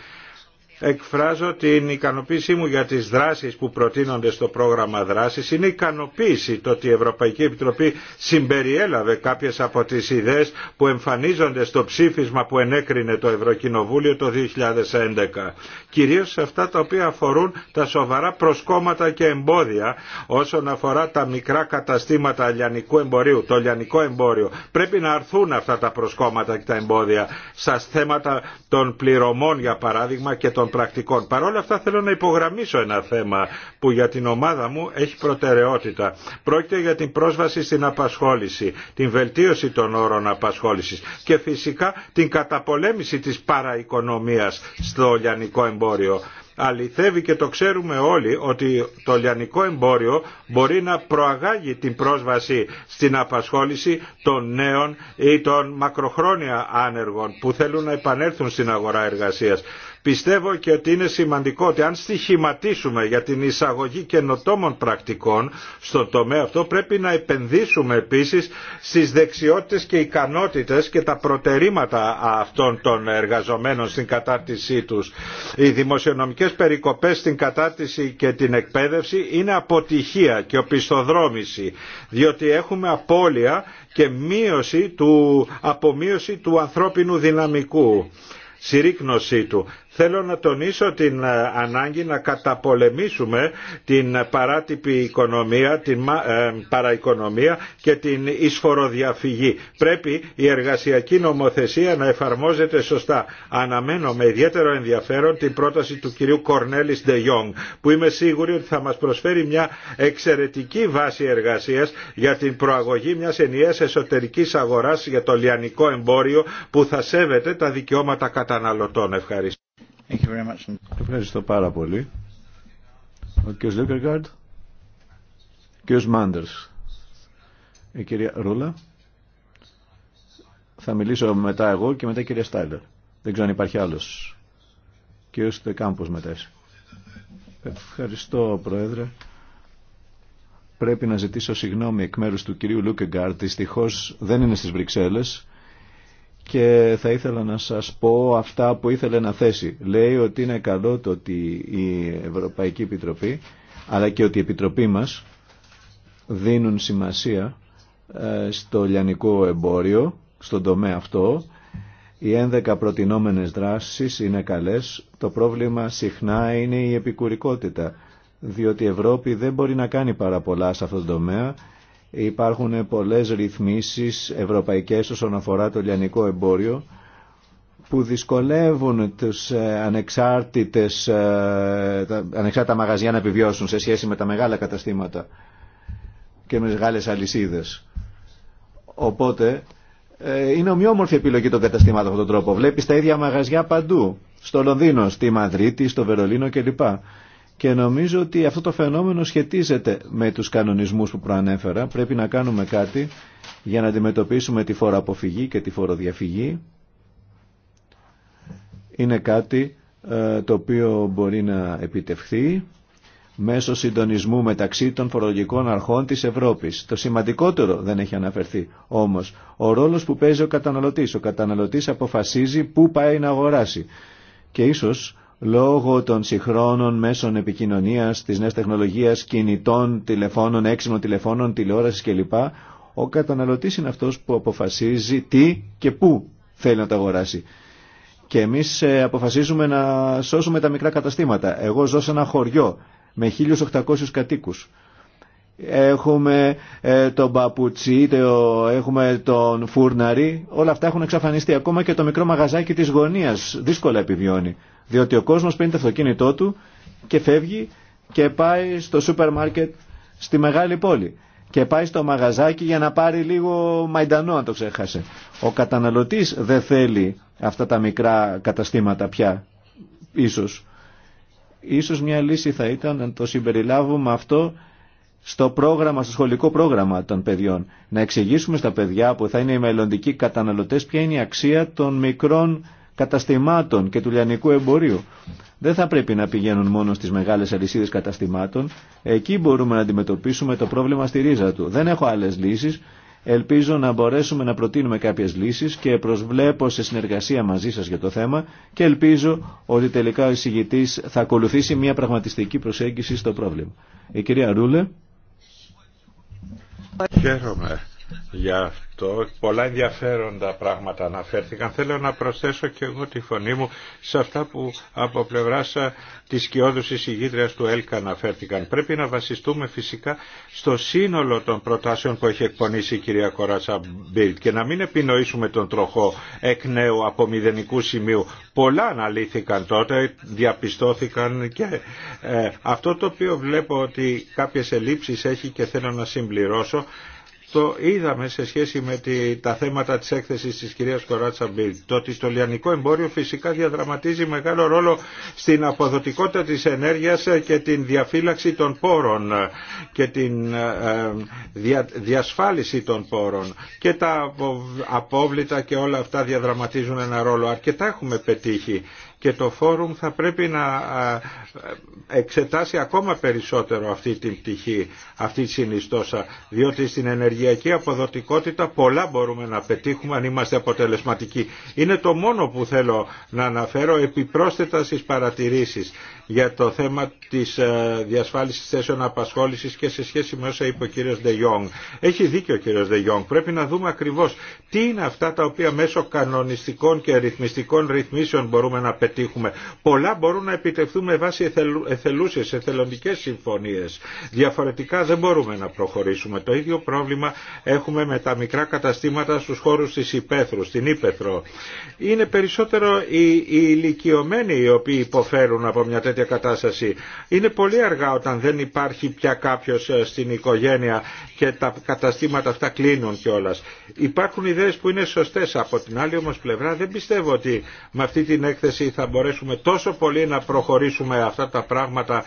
εκφράζω την ικανοποίησή μου για τις δράσεις που προτείνονται στο πρόγραμμα δράσης. Είναι ικανοποίηση το ότι η Ευρωπαϊκή Επιτροπή συμπεριέλαβε κάποιες από τις ιδέες που εμφανίζονται στο ψήφισμα που ενέκρινε το Ευρωκοινοβούλιο το 2011. Κυρίως σε αυτά τα οποία αφορούν τα σοβαρά προσκόμματα και εμπόδια όσον αφορά τα μικρά καταστήματα λιανικού εμπορίου, το λιανικό εμπόριο. Πρέπει να αρθούν αυτά τα προσκόμματα και τα εμπόδια στα θέματα των πληρωμών για παράδειγμα και των πρακτικών. Παρ' όλα αυτά θέλω να υπογραμμίσω ένα θέμα που για την ομάδα μου έχει προτεραιότητα. Πρόκειται για την πρόσβαση στην απασχόληση, την βελτίωση των όρων απασχόλησης και φυσικά την καταπολέμηση της παραοικονομίας στο λιανικό εμπόριο αληθεύει και το ξέρουμε όλοι ότι το λιανικό εμπόριο μπορεί να προαγάγει την πρόσβαση στην απασχόληση των νέων ή των μακροχρόνια άνεργων που θέλουν να επανέλθουν στην αγορά εργασίας. Πιστεύω και ότι είναι σημαντικό ότι αν στοιχηματίσουμε για την εισαγωγή καινοτόμων πρακτικών στον τομέα αυτό πρέπει να επενδύσουμε επίσης στις δεξιότητες και ικανότητες και τα προτερήματα αυτών των εργαζομένων στην κατάρτισή τους. Οι δημοσιονομικές περικοπές στην κατάρτιση και την εκπαίδευση είναι αποτυχία και οπισθοδρόμηση διότι έχουμε απώλεια και μείωση του, απομείωση του ανθρώπινου δυναμικού συρρήκνωσή του. Θέλω να τονίσω την ε, ανάγκη να καταπολεμήσουμε την παράτυπη οικονομία, την ε, παραοικονομία και την εισφοροδιαφυγή. Πρέπει η εργασιακή νομοθεσία να εφαρμόζεται σωστά. Αναμένω με ιδιαίτερο ενδιαφέρον την πρόταση του κυρίου Κορνέλης Ντε που είμαι σίγουρη ότι θα μας προσφέρει μια εξαιρετική βάση εργασίας για την προαγωγή μιας ενιαίας εσωτερικής αγοράς για το λιανικό εμπόριο που θα σέβεται τα δικαιώματα καταναλωτών. Ευχαριστώ. Ευχαριστώ πάρα πολύ. Ο κ. Λίκεργαρντ, ο κ. Μάντερς, η κυρία Ρούλα. Θα μιλήσω μετά εγώ και μετά η κυρία Στάιλερ. Δεν ξέρω αν υπάρχει άλλος. Κ. Στεκάμπος μετά. Ευχαριστώ, Πρόεδρε. Πρέπει να ζητήσω συγγνώμη εκ μέρους του κυρίου Λούκεγκάρ. Δυστυχώ δεν είναι στις Βρυξέλλες και θα ήθελα να σας πω αυτά που ήθελε να θέσει. Λέει ότι είναι καλό το ότι η Ευρωπαϊκή Επιτροπή αλλά και ότι η Επιτροπή μας δίνουν σημασία ε, στο λιανικό εμπόριο, στον τομέα αυτό. Οι 11 προτινόμενες δράσεις είναι καλές. Το πρόβλημα συχνά είναι η επικουρικότητα, διότι η Ευρώπη δεν μπορεί να κάνει πάρα πολλά σε αυτόν τον τομέα Υπάρχουν πολλές ρυθμίσεις ευρωπαϊκές όσον αφορά το λιανικό εμπόριο που δυσκολεύουν τους ε, ανεξάρτητες, ε, τα ανεξάρτητα μαγαζιά να επιβιώσουν σε σχέση με τα μεγάλα καταστήματα και με μεγάλες αλυσίδες. Οπότε ε, είναι ομοιόμορφη επιλογή των καταστημάτων αυτόν τον τρόπο. Βλέπεις τα ίδια μαγαζιά παντού. Στο Λονδίνο, στη Μαδρίτη, στο Βερολίνο κλπ και νομίζω ότι αυτό το φαινόμενο σχετίζεται με τους κανονισμούς που προανέφερα. Πρέπει να κάνουμε κάτι για να αντιμετωπίσουμε τη φοροαποφυγή και τη φοροδιαφυγή. Είναι κάτι ε, το οποίο μπορεί να επιτευχθεί μέσω συντονισμού μεταξύ των φορολογικών αρχών της Ευρώπης. Το σημαντικότερο δεν έχει αναφερθεί όμως. Ο ρόλος που παίζει ο καταναλωτής. Ο καταναλωτής αποφασίζει πού πάει να αγοράσει. Και ίσως λόγω των συγχρόνων μέσων επικοινωνίας, της νέας τεχνολογίας, κινητών, τηλεφώνων, έξυπνων τηλεφώνων, τηλεόρασης κλπ. Ο καταναλωτής είναι αυτός που αποφασίζει τι και πού θέλει να το αγοράσει. Και εμείς ε, αποφασίζουμε να σώσουμε τα μικρά καταστήματα. Εγώ ζω σε ένα χωριό με 1.800 κατοίκους. Έχουμε ε, τον παπουτσί, έχουμε τον φούρναρι, όλα αυτά έχουν εξαφανιστεί. Ακόμα και το μικρό μαγαζάκι της γωνίας δύσκολα επιβιώνει. Διότι ο κόσμος παίρνει το αυτοκίνητό του και φεύγει και πάει στο σούπερ μάρκετ στη μεγάλη πόλη. Και πάει στο μαγαζάκι για να πάρει λίγο μαϊντανό αν το ξέχασε. Ο καταναλωτής δεν θέλει αυτά τα μικρά καταστήματα πια, ίσως. Ίσως μια λύση θα ήταν να το συμπεριλάβουμε αυτό στο πρόγραμμα, σχολικό πρόγραμμα των παιδιών. Να εξηγήσουμε στα παιδιά που θα είναι οι μελλοντικοί καταναλωτές ποια είναι η αξία των μικρών καταστημάτων και του λιανικού εμπορίου. Δεν θα πρέπει να πηγαίνουν μόνο στις μεγάλες αλυσίδες καταστημάτων. Εκεί μπορούμε να αντιμετωπίσουμε το πρόβλημα στη ρίζα του. Δεν έχω άλλες λύσεις. Ελπίζω να μπορέσουμε να προτείνουμε κάποιες λύσεις και προσβλέπω σε συνεργασία μαζί σας για το θέμα και ελπίζω ότι τελικά ο εισηγητής θα ακολουθήσει μια πραγματιστική προσέγγιση στο πρόβλημα. Η κυρία Ρούλε. Χαίρομαι Γι' αυτό πολλά ενδιαφέροντα πράγματα αναφέρθηκαν. Θέλω να προσθέσω και εγώ τη φωνή μου σε αυτά που από πλευρά τη κοιόδου εισηγήτρια του ΕΛΚΑ αναφέρθηκαν. Πρέπει να βασιστούμε φυσικά στο σύνολο των προτάσεων που έχει εκπονήσει η κυρία Κοράτσα Μπίλτ και να μην επινοήσουμε τον τροχό εκ νέου από μηδενικού σημείου. Πολλά αναλύθηκαν τότε, διαπιστώθηκαν και ε, αυτό το οποίο βλέπω ότι κάποιε ελλείψεις έχει και θέλω να συμπληρώσω το είδαμε σε σχέση με τα θέματα της έκθεσης της κυρίας Κοράτσα Μπίλ. Το ότι λιανικό εμπόριο φυσικά διαδραματίζει μεγάλο ρόλο στην αποδοτικότητα της ενέργειας και την διαφύλαξη των πόρων και την ε, διασφάλιση των πόρων. Και τα απόβλητα και όλα αυτά διαδραματίζουν ένα ρόλο. Αρκετά έχουμε πετύχει και το φόρουμ θα πρέπει να εξετάσει ακόμα περισσότερο αυτή την πτυχή, αυτή τη συνιστόσα, διότι στην ενεργειακή αποδοτικότητα πολλά μπορούμε να πετύχουμε αν είμαστε αποτελεσματικοί. Είναι το μόνο που θέλω να αναφέρω επιπρόσθετα στις παρατηρήσεις για το θέμα της διασφάλισης θέσεων απασχόλησης και σε σχέση με όσα είπε ο κύριος De Jong. Έχει δίκιο ο κύριος De Jong. Πρέπει να δούμε ακριβώς τι είναι αυτά τα οποία μέσω κανονιστικών και ρυθμιστικών ρυθμίσεων μπορούμε να πετύχουμε πετύχουμε. Πολλά μπορούν να επιτευχθούν με βάση εθελούσε εθελοντικέ συμφωνίε. Διαφορετικά δεν μπορούμε να προχωρήσουμε. Το ίδιο πρόβλημα έχουμε με τα μικρά καταστήματα στου χώρου τη Υπέθρου, στην Ήπεθρο. Είναι περισσότερο οι, οι ηλικιωμένοι οι οποίοι υποφέρουν από μια τέτοια κατάσταση. Είναι πολύ αργά όταν δεν υπάρχει πια κάποιο ε, στην οικογένεια και τα καταστήματα αυτά κλείνουν κιόλα. Υπάρχουν ιδέε που είναι σωστέ από την άλλη όμως πλευρά. Δεν πιστεύω ότι με αυτή την έκθεση θα μπορέσουμε τόσο πολύ να προχωρήσουμε αυτά τα πράγματα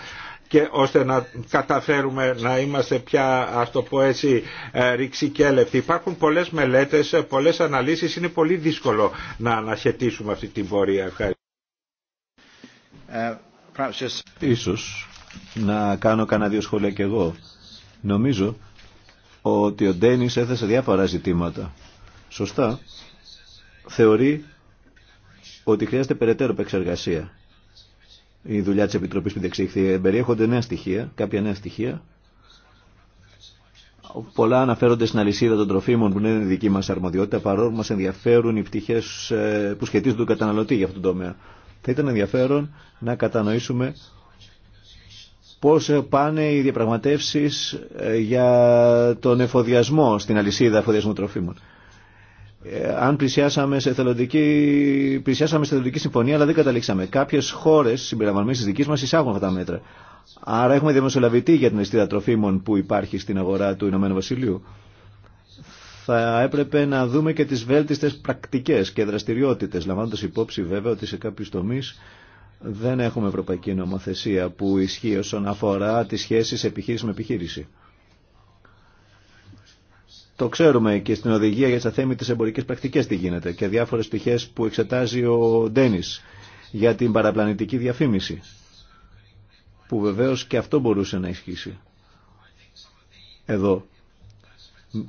και ώστε να καταφέρουμε να είμαστε πια, ας το πω έτσι, ε, ρηξικέλευτοι. Υπάρχουν πολλές μελέτες, πολλές αναλύσεις, είναι πολύ δύσκολο να αναχαιτήσουμε αυτή την πορεία. Ευχαριστώ. Ε, Ίσως να κάνω κανένα δύο σχόλια κι εγώ. Νομίζω ότι ο Ντένις έθεσε διάφορα ζητήματα. Σωστά. Θεωρεί ότι χρειάζεται περαιτέρω επεξεργασία η δουλειά τη Επιτροπή που διεξήχθη. Περιέχονται νέα στοιχεία, κάποια νέα στοιχεία. Πολλά αναφέρονται στην αλυσίδα των τροφίμων που είναι δική μα αρμοδιότητα, παρόλο που μα ενδιαφέρουν οι πτυχέ ε, που σχετίζονται τον καταναλωτή για αυτόν τον τομέα. Θα ήταν ενδιαφέρον να κατανοήσουμε πώς πάνε οι διαπραγματεύσεις ε, για τον εφοδιασμό στην αλυσίδα εφοδιασμού τροφίμων. Ε, αν πλησιάσαμε σε, θελοντική, πλησιάσαμε σε θελοντική συμφωνία, αλλά δεν καταλήξαμε. Κάποιε χώρε συμπεριλαμβανομένε τη δική μα εισάγουν αυτά τα μέτρα. Άρα έχουμε δημοσιολαβητή για την αισθήτα τροφίμων που υπάρχει στην αγορά του Ηνωμένου Βασιλείου. Θα έπρεπε να δούμε και τι βέλτιστε πρακτικέ και δραστηριότητε, λαμβάνοντα υπόψη βέβαια ότι σε κάποιου τομεί δεν έχουμε ευρωπαϊκή νομοθεσία που ισχύει όσον αφορά τι σχέσει επιχείρηση με επιχείρηση. Το ξέρουμε και στην οδηγία για τι της εμπορικέ πρακτικέ τι γίνεται και διάφορε πτυχέ που εξετάζει ο Ντένι για την παραπλανητική διαφήμιση. Που βεβαίω και αυτό μπορούσε να ισχύσει. Εδώ.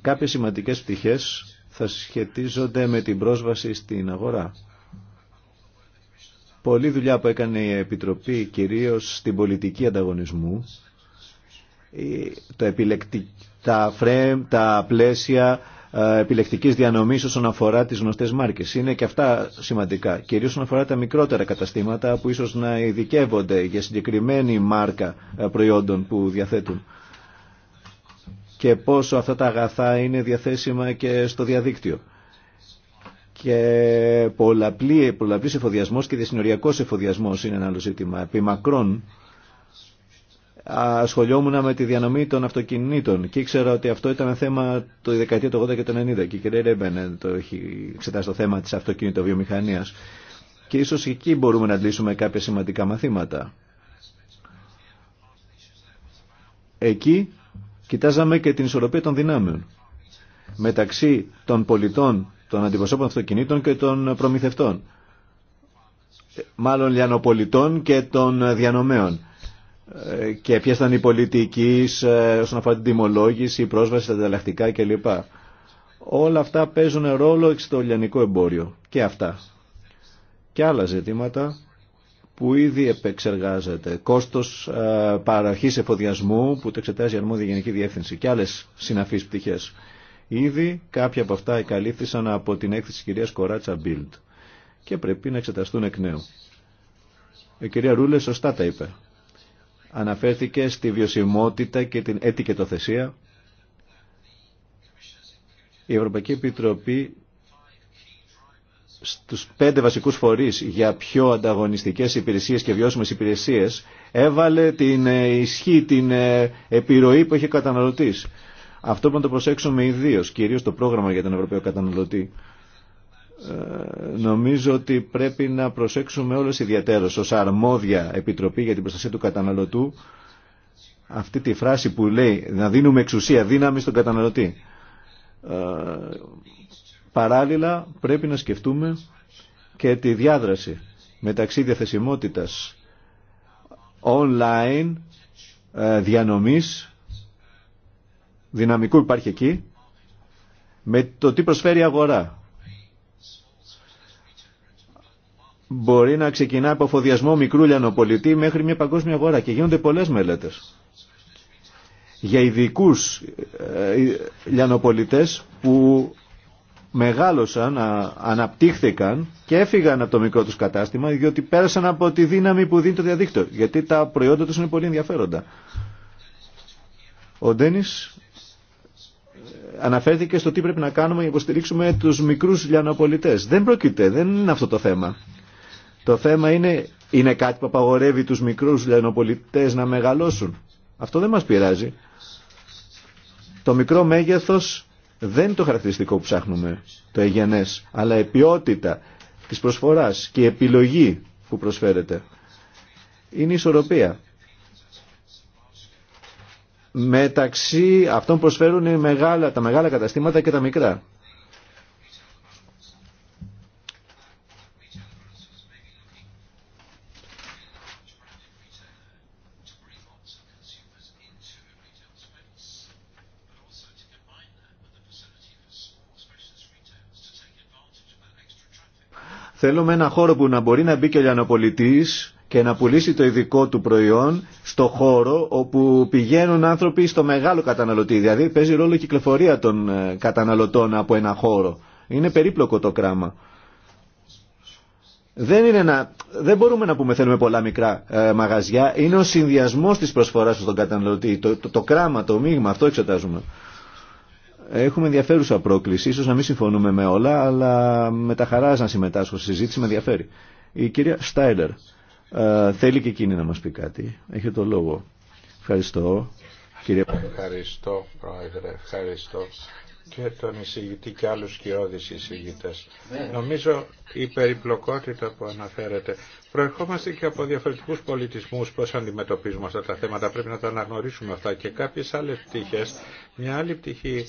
Κάποιες σημαντικές πτυχές θα σχετίζονται με την πρόσβαση στην αγορά. Πολλή δουλειά που έκανε η Επιτροπή κυρίως στην πολιτική ανταγωνισμού, το επιλεκτικό τα φρέμ, τα πλαίσια ε, επιλεκτική διανομή όσον αφορά τι γνωστέ μάρκε. Είναι και αυτά σημαντικά. Κυρίω όσον αφορά τα μικρότερα καταστήματα που ίσω να ειδικεύονται για συγκεκριμένη μάρκα ε, προϊόντων που διαθέτουν. Και πόσο αυτά τα αγαθά είναι διαθέσιμα και στο διαδίκτυο. Και πολλαπλή, πολλαπλής εφοδιασμός και διασυνοριακό εφοδιασμός είναι ένα άλλο ζήτημα. Επί ασχολιόμουν με τη διανομή των αυτοκινήτων και ήξερα ότι αυτό ήταν θέμα το δεκαετία του 80 και του 90 και η κυρία Ρέμπεν το έχει εξετάσει το θέμα της αυτοκινητοβιομηχανίας και ίσως εκεί μπορούμε να αντλήσουμε κάποια σημαντικά μαθήματα. Εκεί κοιτάζαμε και την ισορροπία των δυνάμεων μεταξύ των πολιτών, των αντιπροσώπων αυτοκινήτων και των προμηθευτών μάλλον λιανοπολιτών και των διανομέων ε, και ποιε ήταν οι πολιτικοί ε, όσον αφορά την τιμολόγηση, η πρόσβαση στα ανταλλακτικά κλπ. Όλα αυτά παίζουν ρόλο στο λιανικό εμπόριο και αυτά. Και άλλα ζητήματα που ήδη επεξεργάζεται. Κόστος παραχή ε, παραρχής εφοδιασμού που το εξετάζει η αρμόδια γενική διεύθυνση και άλλε συναφείς πτυχέ. Ήδη κάποια από αυτά εκαλύφθησαν από την έκθεση της κυρίας Κοράτσα Μπίλτ και πρέπει να εξεταστούν εκ νέου. Η κυρία Ρούλε σωστά τα είπε αναφέρθηκε στη βιωσιμότητα και την ετικετοθεσία. Η Ευρωπαϊκή Επιτροπή στους πέντε βασικούς φορείς για πιο ανταγωνιστικές υπηρεσίες και βιώσιμες υπηρεσίες έβαλε την ε, ισχύ, την ε, επιρροή που είχε καταναλωτής. Αυτό που να το προσέξουμε ιδίω, κυρίως το πρόγραμμα για τον Ευρωπαίο καταναλωτή. Ε, νομίζω ότι πρέπει να προσέξουμε όλες ιδιαίτερως ως αρμόδια επιτροπή για την προστασία του καταναλωτού αυτή τη φράση που λέει να δίνουμε εξουσία δύναμη στον καταναλωτή. Ε, παράλληλα πρέπει να σκεφτούμε και τη διάδραση μεταξύ διαθεσιμότητας online ε, διανομής δυναμικού υπάρχει εκεί με το τι προσφέρει η αγορά μπορεί να ξεκινά από φοδιασμό μικρού λιανοπολιτή μέχρι μια παγκόσμια αγορά και γίνονται πολλές μελέτες για ειδικού ε, ε, λιανοπολιτές που μεγάλωσαν, αναπτύχθηκαν και έφυγαν από το μικρό τους κατάστημα διότι πέρασαν από τη δύναμη που δίνει το διαδίκτυο γιατί τα προϊόντα τους είναι πολύ ενδιαφέροντα. Ο Ντένις ε, αναφέρθηκε στο τι πρέπει να κάνουμε για να υποστηρίξουμε τους μικρούς λιανοπολιτές. Δεν πρόκειται, δεν είναι αυτό το θέμα. Το θέμα είναι, είναι κάτι που απαγορεύει τους μικρούς λιανοπολιτές να μεγαλώσουν. Αυτό δεν μας πειράζει. Το μικρό μέγεθος δεν είναι το χαρακτηριστικό που ψάχνουμε, το εγενές, αλλά η ποιότητα της προσφοράς και η επιλογή που προσφέρεται. Είναι η ισορροπία. Μεταξύ αυτών προσφέρουν μεγάλα, τα μεγάλα καταστήματα και τα μικρά. Θέλουμε ένα χώρο που να μπορεί να μπει και ο λιανοπολιτής και να πουλήσει το ειδικό του προϊόν στο χώρο όπου πηγαίνουν άνθρωποι στο μεγάλο καταναλωτή. Δηλαδή παίζει ρόλο η κυκλοφορία των ε, καταναλωτών από ένα χώρο. Είναι περίπλοκο το κράμα. Δεν, είναι ένα, δεν μπορούμε να πούμε θέλουμε πολλά μικρά ε, μαγαζιά. Είναι ο συνδυασμό της προσφοράς στον καταναλωτή. Το, το, το, κράμα, το μείγμα, αυτό εξετάζουμε. Έχουμε ενδιαφέρουσα πρόκληση, ίσως να μην συμφωνούμε με όλα, αλλά με τα χαρά να συμμετάσχω στη συζήτηση, με ενδιαφέρει. Η κυρία Στάιλερ ε, θέλει και εκείνη να μας πει κάτι. Έχει το λόγο. Ευχαριστώ. Κύριε... Ευχαριστώ, Πρόεδρε. Ευχαριστώ και τον εισηγητή και άλλους σκιώδεις εισηγητές. Νομίζω η περιπλοκότητα που αναφέρεται. Προερχόμαστε και από διαφορετικούς πολιτισμούς πώς αντιμετωπίζουμε αυτά τα θέματα. Πρέπει να τα αναγνωρίσουμε αυτά και κάποιες άλλες πτυχές. Μια άλλη πτυχή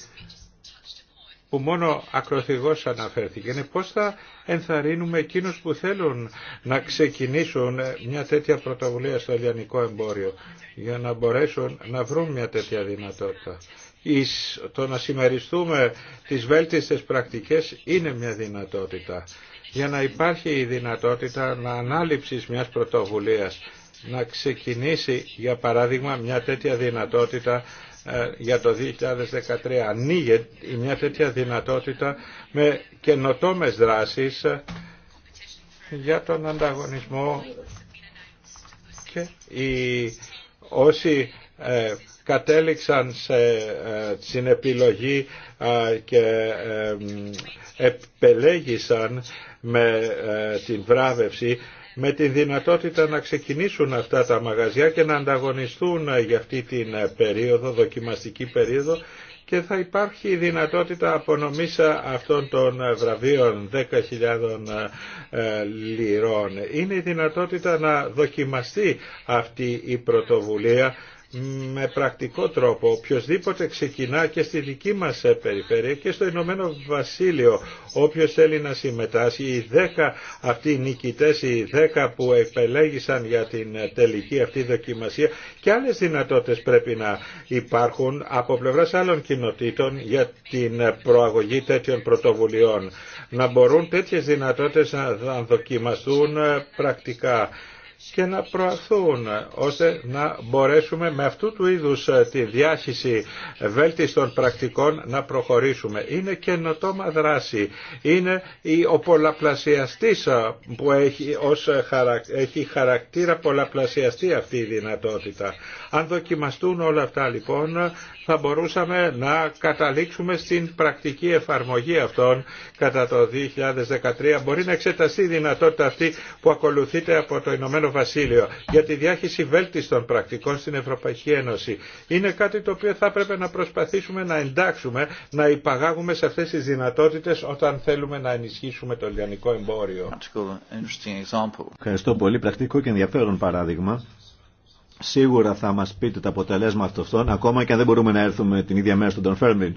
που μόνο ακροθυγός αναφέρθηκε είναι πώς θα ενθαρρύνουμε εκείνους που θέλουν να ξεκινήσουν μια τέτοια πρωτοβουλία στο ελληνικό εμπόριο για να μπορέσουν να βρουν μια τέτοια δυνατότητα το να συμμεριστούμε τις βέλτιστες πρακτικές είναι μια δυνατότητα. Για να υπάρχει η δυνατότητα να ανάληψεις μιας πρωτοβουλίας, να ξεκινήσει για παράδειγμα μια τέτοια δυνατότητα ε, για το 2013 ανοίγει μια τέτοια δυνατότητα με καινοτόμες δράσεις ε, για τον ανταγωνισμό και οι όσοι ε, κατέληξαν σε, ε, στην επιλογή και ε, επελέγησαν με ε, την βράβευση με τη δυνατότητα να ξεκινήσουν αυτά τα μαγαζιά και να ανταγωνιστούν για αυτή την περίοδο, δοκιμαστική περίοδο και θα υπάρχει η δυνατότητα απονομής αυτών των βραβείων 10.000 λιρών. Είναι η δυνατότητα να δοκιμαστεί αυτή η πρωτοβουλία με πρακτικό τρόπο οποιοδήποτε ξεκινά και στη δική μας ε, περιφέρεια και στο Ηνωμένο Βασίλειο όποιος θέλει να συμμετάσχει οι 10 αυτοί οι νικητές οι 10 που επελέγησαν για την ε, τελική αυτή δοκιμασία και άλλες δυνατότητες πρέπει να υπάρχουν από πλευράς άλλων κοινοτήτων για την ε, προαγωγή τέτοιων πρωτοβουλειών να μπορούν τέτοιες δυνατότητες να δοκιμαστούν πρακτικά και να προαθούν ώστε να μπορέσουμε με αυτού του είδους ε, τη διάχυση βέλτιστων πρακτικών να προχωρήσουμε. Είναι καινοτόμα δράση. Είναι ο πολλαπλασιαστής ε, που έχει, ως, ε, έχει χαρακτήρα πολλαπλασιαστή αυτή η δυνατότητα. Αν δοκιμαστούν όλα αυτά λοιπόν θα μπορούσαμε να καταλήξουμε στην πρακτική εφαρμογή αυτών κατά το 2013. Μπορεί να εξεταστεί η δυνατότητα αυτή που ακολουθείται από το Ηνωμένο Βασίλειο για τη διάχυση βέλτιστων πρακτικών στην Ευρωπαϊκή Ένωση. Είναι κάτι το οποίο θα πρέπει να προσπαθήσουμε να εντάξουμε, να υπαγάγουμε σε αυτές τις δυνατότητες όταν θέλουμε να ενισχύσουμε το λιανικό εμπόριο. Ευχαριστώ πολύ. Πρακτικό και ενδιαφέρον παράδειγμα. Σίγουρα θα μας πείτε τα αποτελέσματα αυτών, ακόμα και αν δεν μπορούμε να έρθουμε την ίδια μέρα στον Τον Φέρμιν.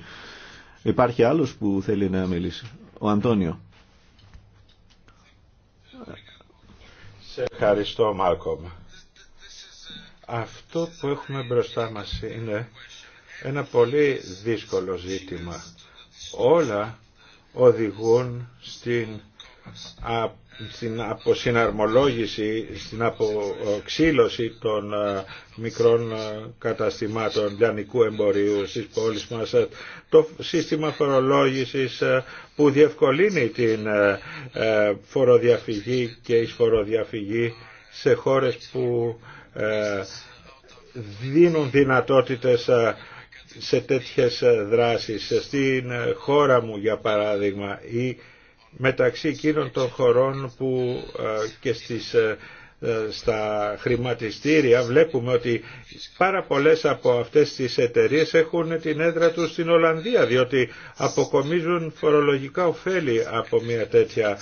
Υπάρχει άλλος που θέλει να μιλήσει. Ο Αντώνιο. Σε ευχαριστώ Μάλκομ. Αυτό που έχουμε μπροστά μας είναι ένα πολύ δύσκολο ζήτημα. Όλα οδηγούν στην στην αποσυναρμολόγηση, στην αποξύλωση των ε, μικρών ε, καταστημάτων λιανικού εμπορίου στις πόλεις μας, ε, το σύστημα φορολόγησης που διευκολύνει την φοροδιαφυγή και εισφοροδιαφυγή σε χώρες που δίνουν δυνατότητες σε τέτοιες δράσεις. Στην χώρα μου, για παράδειγμα, η μεταξύ εκείνων των χωρών που ε, και στις ε, ε, στα χρηματιστήρια βλέπουμε ότι πάρα πολλές από αυτές τις εταιρείες έχουν την έδρα τους στην Ολλανδία διότι αποκομίζουν φορολογικά ωφέλη από μια τέτοια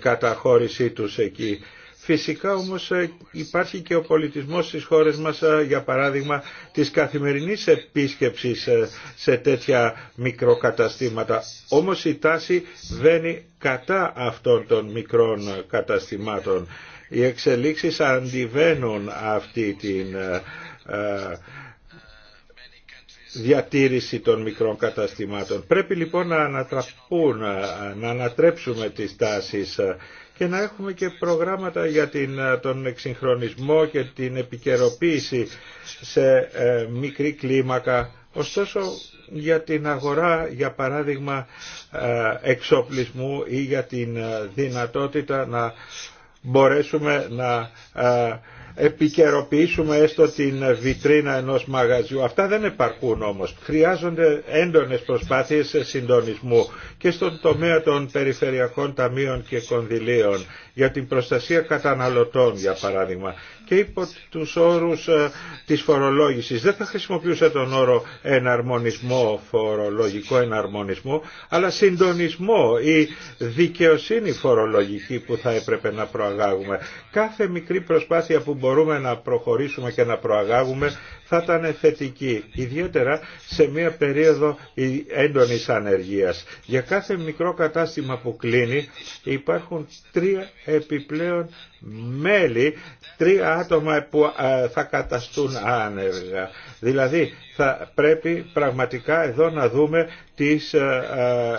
καταχώρησή τους εκεί Φυσικά όμως ε, υπάρχει και ο πολιτισμός στις χώρες μας, ε, για παράδειγμα, της καθημερινής επίσκεψης ε, σε τέτοια μικροκαταστήματα. Όμως η τάση βαίνει κατά αυτών των μικρών καταστημάτων. Οι εξελίξεις αντιβαίνουν αυτή την διατήρηση των μικρών καταστημάτων. Πρέπει λοιπόν να, ανατραπούν, να ανατρέψουμε τις τάσεις και να έχουμε και προγράμματα για την, ε, τον εξυγχρονισμό και την επικαιροποίηση σε ε, μικρή κλίμακα. Ωστόσο για την αγορά, για παράδειγμα, ε, εξοπλισμού ή για την ε, δυνατότητα να μπορέσουμε να επικαιροποιήσουμε έστω την βιτρίνα ενός μαγαζιού. Αυτά δεν επαρκούν όμως. Χρειάζονται έντονες προσπάθειες συντονισμού και στον τομέα των περιφερειακών ταμείων και κονδυλίων για την προστασία καταναλωτών για παράδειγμα και υπό τους όρους ε, της φορολόγησης. Δεν θα χρησιμοποιούσα τον όρο εναρμονισμό, φορολογικό εναρμονισμό, αλλά συντονισμό ή δικαιοσύνη φορολογική που θα έπρεπε να προαγάγουμε. Κάθε μικρή προσπάθεια που μπορούμε να προχωρήσουμε και να προαγάγουμε θα ήταν θετική, ιδιαίτερα σε μια περίοδο έντονης ανεργίας. Για κάθε μικρό κατάστημα που κλείνει υπάρχουν τρία επιπλέον μέλη τρία άτομα που ε, θα καταστούν άνεργα. Δηλαδή θα πρέπει πραγματικά εδώ να δούμε τις ε,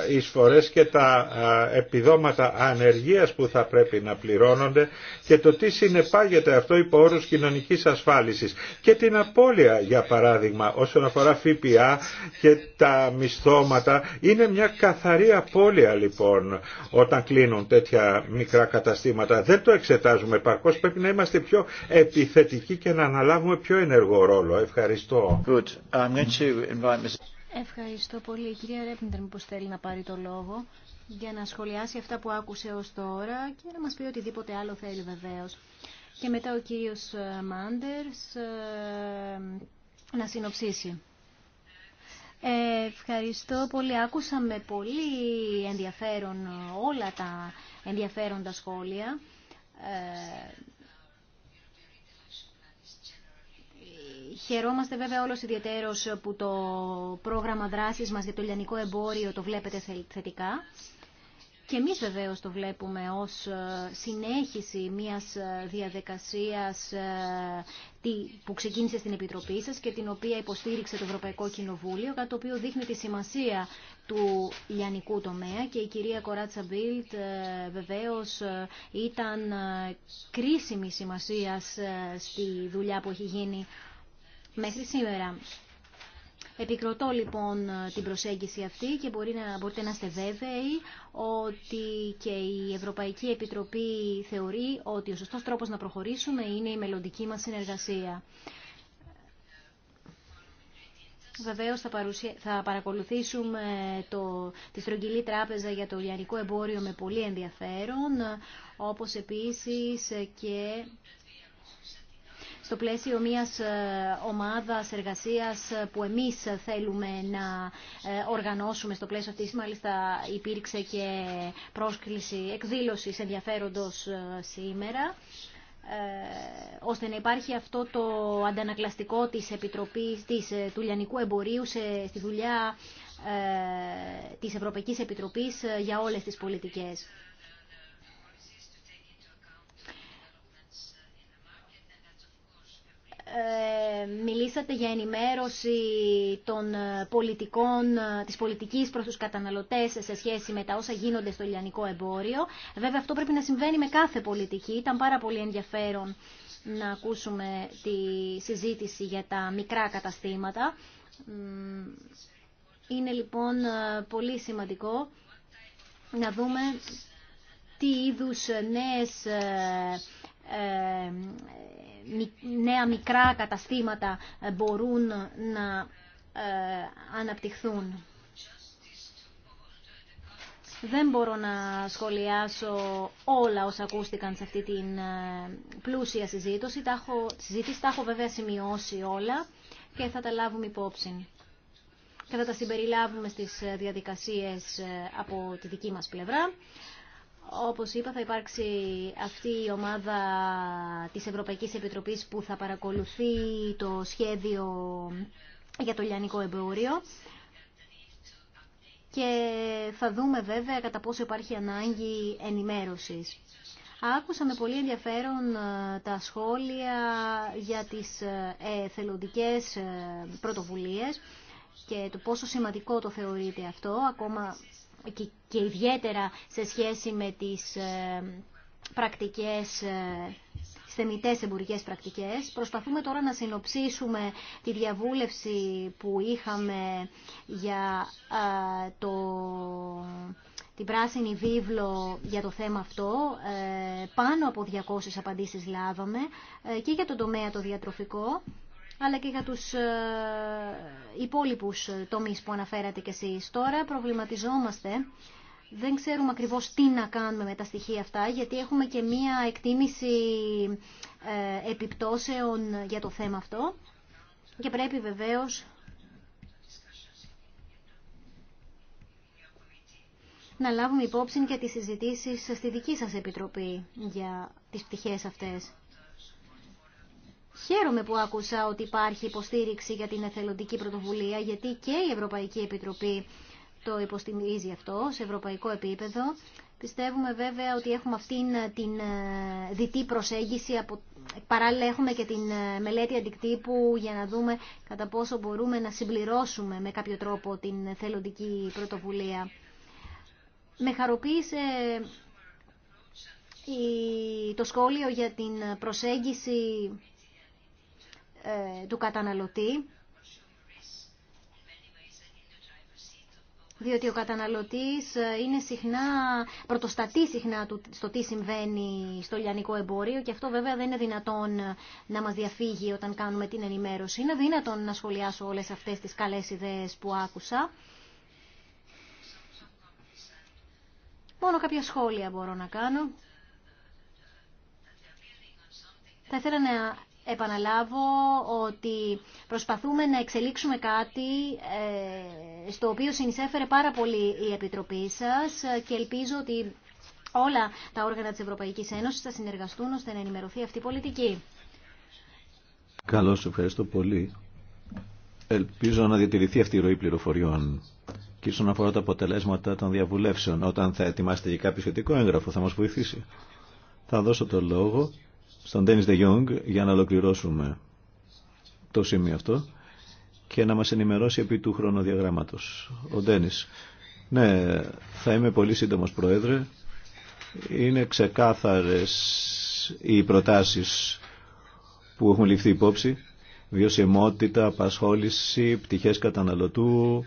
ε, εισφορές και τα επιδόματα ανεργίας που θα πρέπει να πληρώνονται και το τι συνεπάγεται αυτό υπό όρους κοινωνικής ασφάλισης και την απώλεια για παράδειγμα όσον αφορά ΦΠΑ και τα μισθώματα είναι μια καθαρή απώλεια λοιπόν όταν κλείνουν τέτοια μικρά καταστήματα. Δεν το εξετάζουμε παρκώς, πρέπει να είμαστε πιο επιθετικοί και να αναλάβουμε πιο ενεργό ρόλο. Ευχαριστώ. Good. I'm going to invite... Ευχαριστώ πολύ. Η κυρία Ρέπνιντερ μήπως θέλει να πάρει το λόγο για να σχολιάσει αυτά που άκουσε ως τώρα και να μας πει οτιδήποτε άλλο θέλει βεβαίως. Και μετά ο κύριος ε, Μάντερς ε, να συνοψίσει. Ευχαριστώ πολύ. Άκουσα με πολύ ενδιαφέρον όλα τα ενδιαφέροντα σχόλια. Ε, χαιρόμαστε βέβαια όλος ιδιαίτερος που το πρόγραμμα δράσης μας για το λιανικό εμπόριο το βλέπετε θετικά. Και εμείς βεβαίως το βλέπουμε ως ε, συνέχιση μιας ε, διαδικασίας ε, που ξεκίνησε στην Επιτροπή σας και την οποία υποστήριξε το Ευρωπαϊκό Κοινοβούλιο, κατά το οποίο δείχνει τη σημασία του λιανικού τομέα και η κυρία Κοράτσα Μπίλτ βεβαίως ήταν κρίσιμη σημασίας στη δουλειά που έχει γίνει μέχρι σήμερα. Επικροτώ λοιπόν την προσέγγιση αυτή και μπορεί να, μπορείτε να είστε βέβαιοι ότι και η Ευρωπαϊκή Επιτροπή θεωρεί ότι ο σωστός τρόπος να προχωρήσουμε είναι η μελλοντική μας συνεργασία. Βεβαίω θα, παρουσια... παρακολουθήσουμε το... τη στρογγυλή τράπεζα για το λιανικό εμπόριο με πολύ ενδιαφέρον, όπως επίσης και στο πλαίσιο μιας ε, ομάδας εργασίας ε, που εμείς θέλουμε να ε, οργανώσουμε στο πλαίσιο αυτής. Μάλιστα υπήρξε και πρόσκληση εκδήλωσης ενδιαφέροντος σήμερα ώστε να υπάρχει αυτό το αντανακλαστικό της Επιτροπής της, του Λιανικού Εμπορίου σε, στη δουλειά της Ευρωπαϊκής Επιτροπής για όλες τις πολιτικές. Ε, μιλήσατε για ενημέρωση των ε, πολιτικών, ε, της πολιτικής προς τους καταναλωτές σε σχέση με τα όσα γίνονται στο λιανικό εμπόριο. Βέβαια αυτό πρέπει να συμβαίνει με κάθε πολιτική. Ήταν πάρα πολύ ενδιαφέρον να ακούσουμε τη συζήτηση για τα μικρά καταστήματα. Είναι λοιπόν πολύ σημαντικό να δούμε τι είδους νέες νέα μικρά καταστήματα ε, μπορούν να ε, αναπτυχθούν. Δεν μπορώ να σχολιάσω όλα όσα ακούστηκαν σε αυτή την ε, πλούσια συζήτηση. Τα έχω, συζήτηση, τα έχω βέβαια σημειώσει όλα και θα τα λάβουμε υπόψη. Και θα τα συμπεριλάβουμε στις διαδικασίες από τη δική μας πλευρά. Όπως είπα θα υπάρξει αυτή η ομάδα της Ευρωπαϊκής Επιτροπής που θα παρακολουθεί το σχέδιο για το λιανικό εμπόριο και θα δούμε βέβαια κατά πόσο υπάρχει ανάγκη ενημέρωσης. Άκουσα με πολύ ενδιαφέρον ε, τα σχόλια για τις ε, θελοντικές ε, πρωτοβουλίες και το πόσο σημαντικό το θεωρείται αυτό, ακόμα και ιδιαίτερα σε σχέση με τις ε, πρακτικές θεμητές εμπορικές πρακτικές. Προσπαθούμε τώρα να συνοψίσουμε τη διαβούλευση που είχαμε για ε, το, την πράσινη βίβλο για το θέμα αυτό. Ε, πάνω από 200 απαντήσεις λάβαμε και για το τομέα το διατροφικό αλλά και για τους ε, υπόλοιπους ε, τομείς που αναφέρατε κι εσείς. Τώρα προβληματιζόμαστε δεν ξέρουμε ακριβώς τι να κάνουμε με τα στοιχεία αυτά, γιατί έχουμε και μία εκτίμηση ε, επιπτώσεων για το θέμα αυτό και πρέπει βεβαίως να λάβουμε υπόψη και τις συζητήσεις στη δική σας Επιτροπή για τις πτυχές αυτές. Χαίρομαι που άκουσα ότι υπάρχει υποστήριξη για την εθελοντική πρωτοβουλία, γιατί και η Ευρωπαϊκή Επιτροπή το υποστηρίζει αυτό σε ευρωπαϊκό επίπεδο. Πιστεύουμε βέβαια ότι έχουμε αυτήν την ε, διτή προσέγγιση, παράλληλα έχουμε και την ε, μελέτη αντικτύπου για να δούμε κατά πόσο μπορούμε να συμπληρώσουμε με κάποιο τρόπο την θελοντική πρωτοβουλία. Με χαροποίησε ε, το σχόλιο για την προσέγγιση ε, του καταναλωτή, διότι ο καταναλωτής ε, είναι συχνά, πρωτοστατεί συχνά στο τι συμβαίνει στο λιανικό εμπόριο και αυτό βέβαια δεν είναι δυνατόν να μας διαφύγει όταν κάνουμε την ενημέρωση. Είναι δυνατόν να σχολιάσω όλες αυτές τις καλές ιδέες που άκουσα. Μόνο κάποια σχόλια μπορώ να κάνω. Θα ήθελα να επαναλάβω ότι προσπαθούμε να εξελίξουμε κάτι ε, στο οποίο συνεισέφερε πάρα πολύ η Επιτροπή σας και ελπίζω ότι όλα τα όργανα της Ευρωπαϊκής Ένωσης θα συνεργαστούν ώστε να ενημερωθεί αυτή η πολιτική. Καλώς, ευχαριστώ πολύ. Ελπίζω να διατηρηθεί αυτή η ροή πληροφοριών. Και να αφορά τα αποτελέσματα των διαβουλεύσεων, όταν θα ετοιμάσετε για κάποιο σχετικό έγγραφο, θα μας βοηθήσει. Θα δώσω το λόγο στον Ντένις Δε Γιόγκ για να ολοκληρώσουμε το σημείο αυτό και να μας ενημερώσει επί του χρονοδιαγράμματος. Ο Ντένις. Ναι, θα είμαι πολύ σύντομος Πρόεδρε. Είναι ξεκάθαρες οι προτάσεις που έχουν ληφθεί υπόψη. Βιωσιμότητα, απασχόληση, πτυχές καταναλωτού.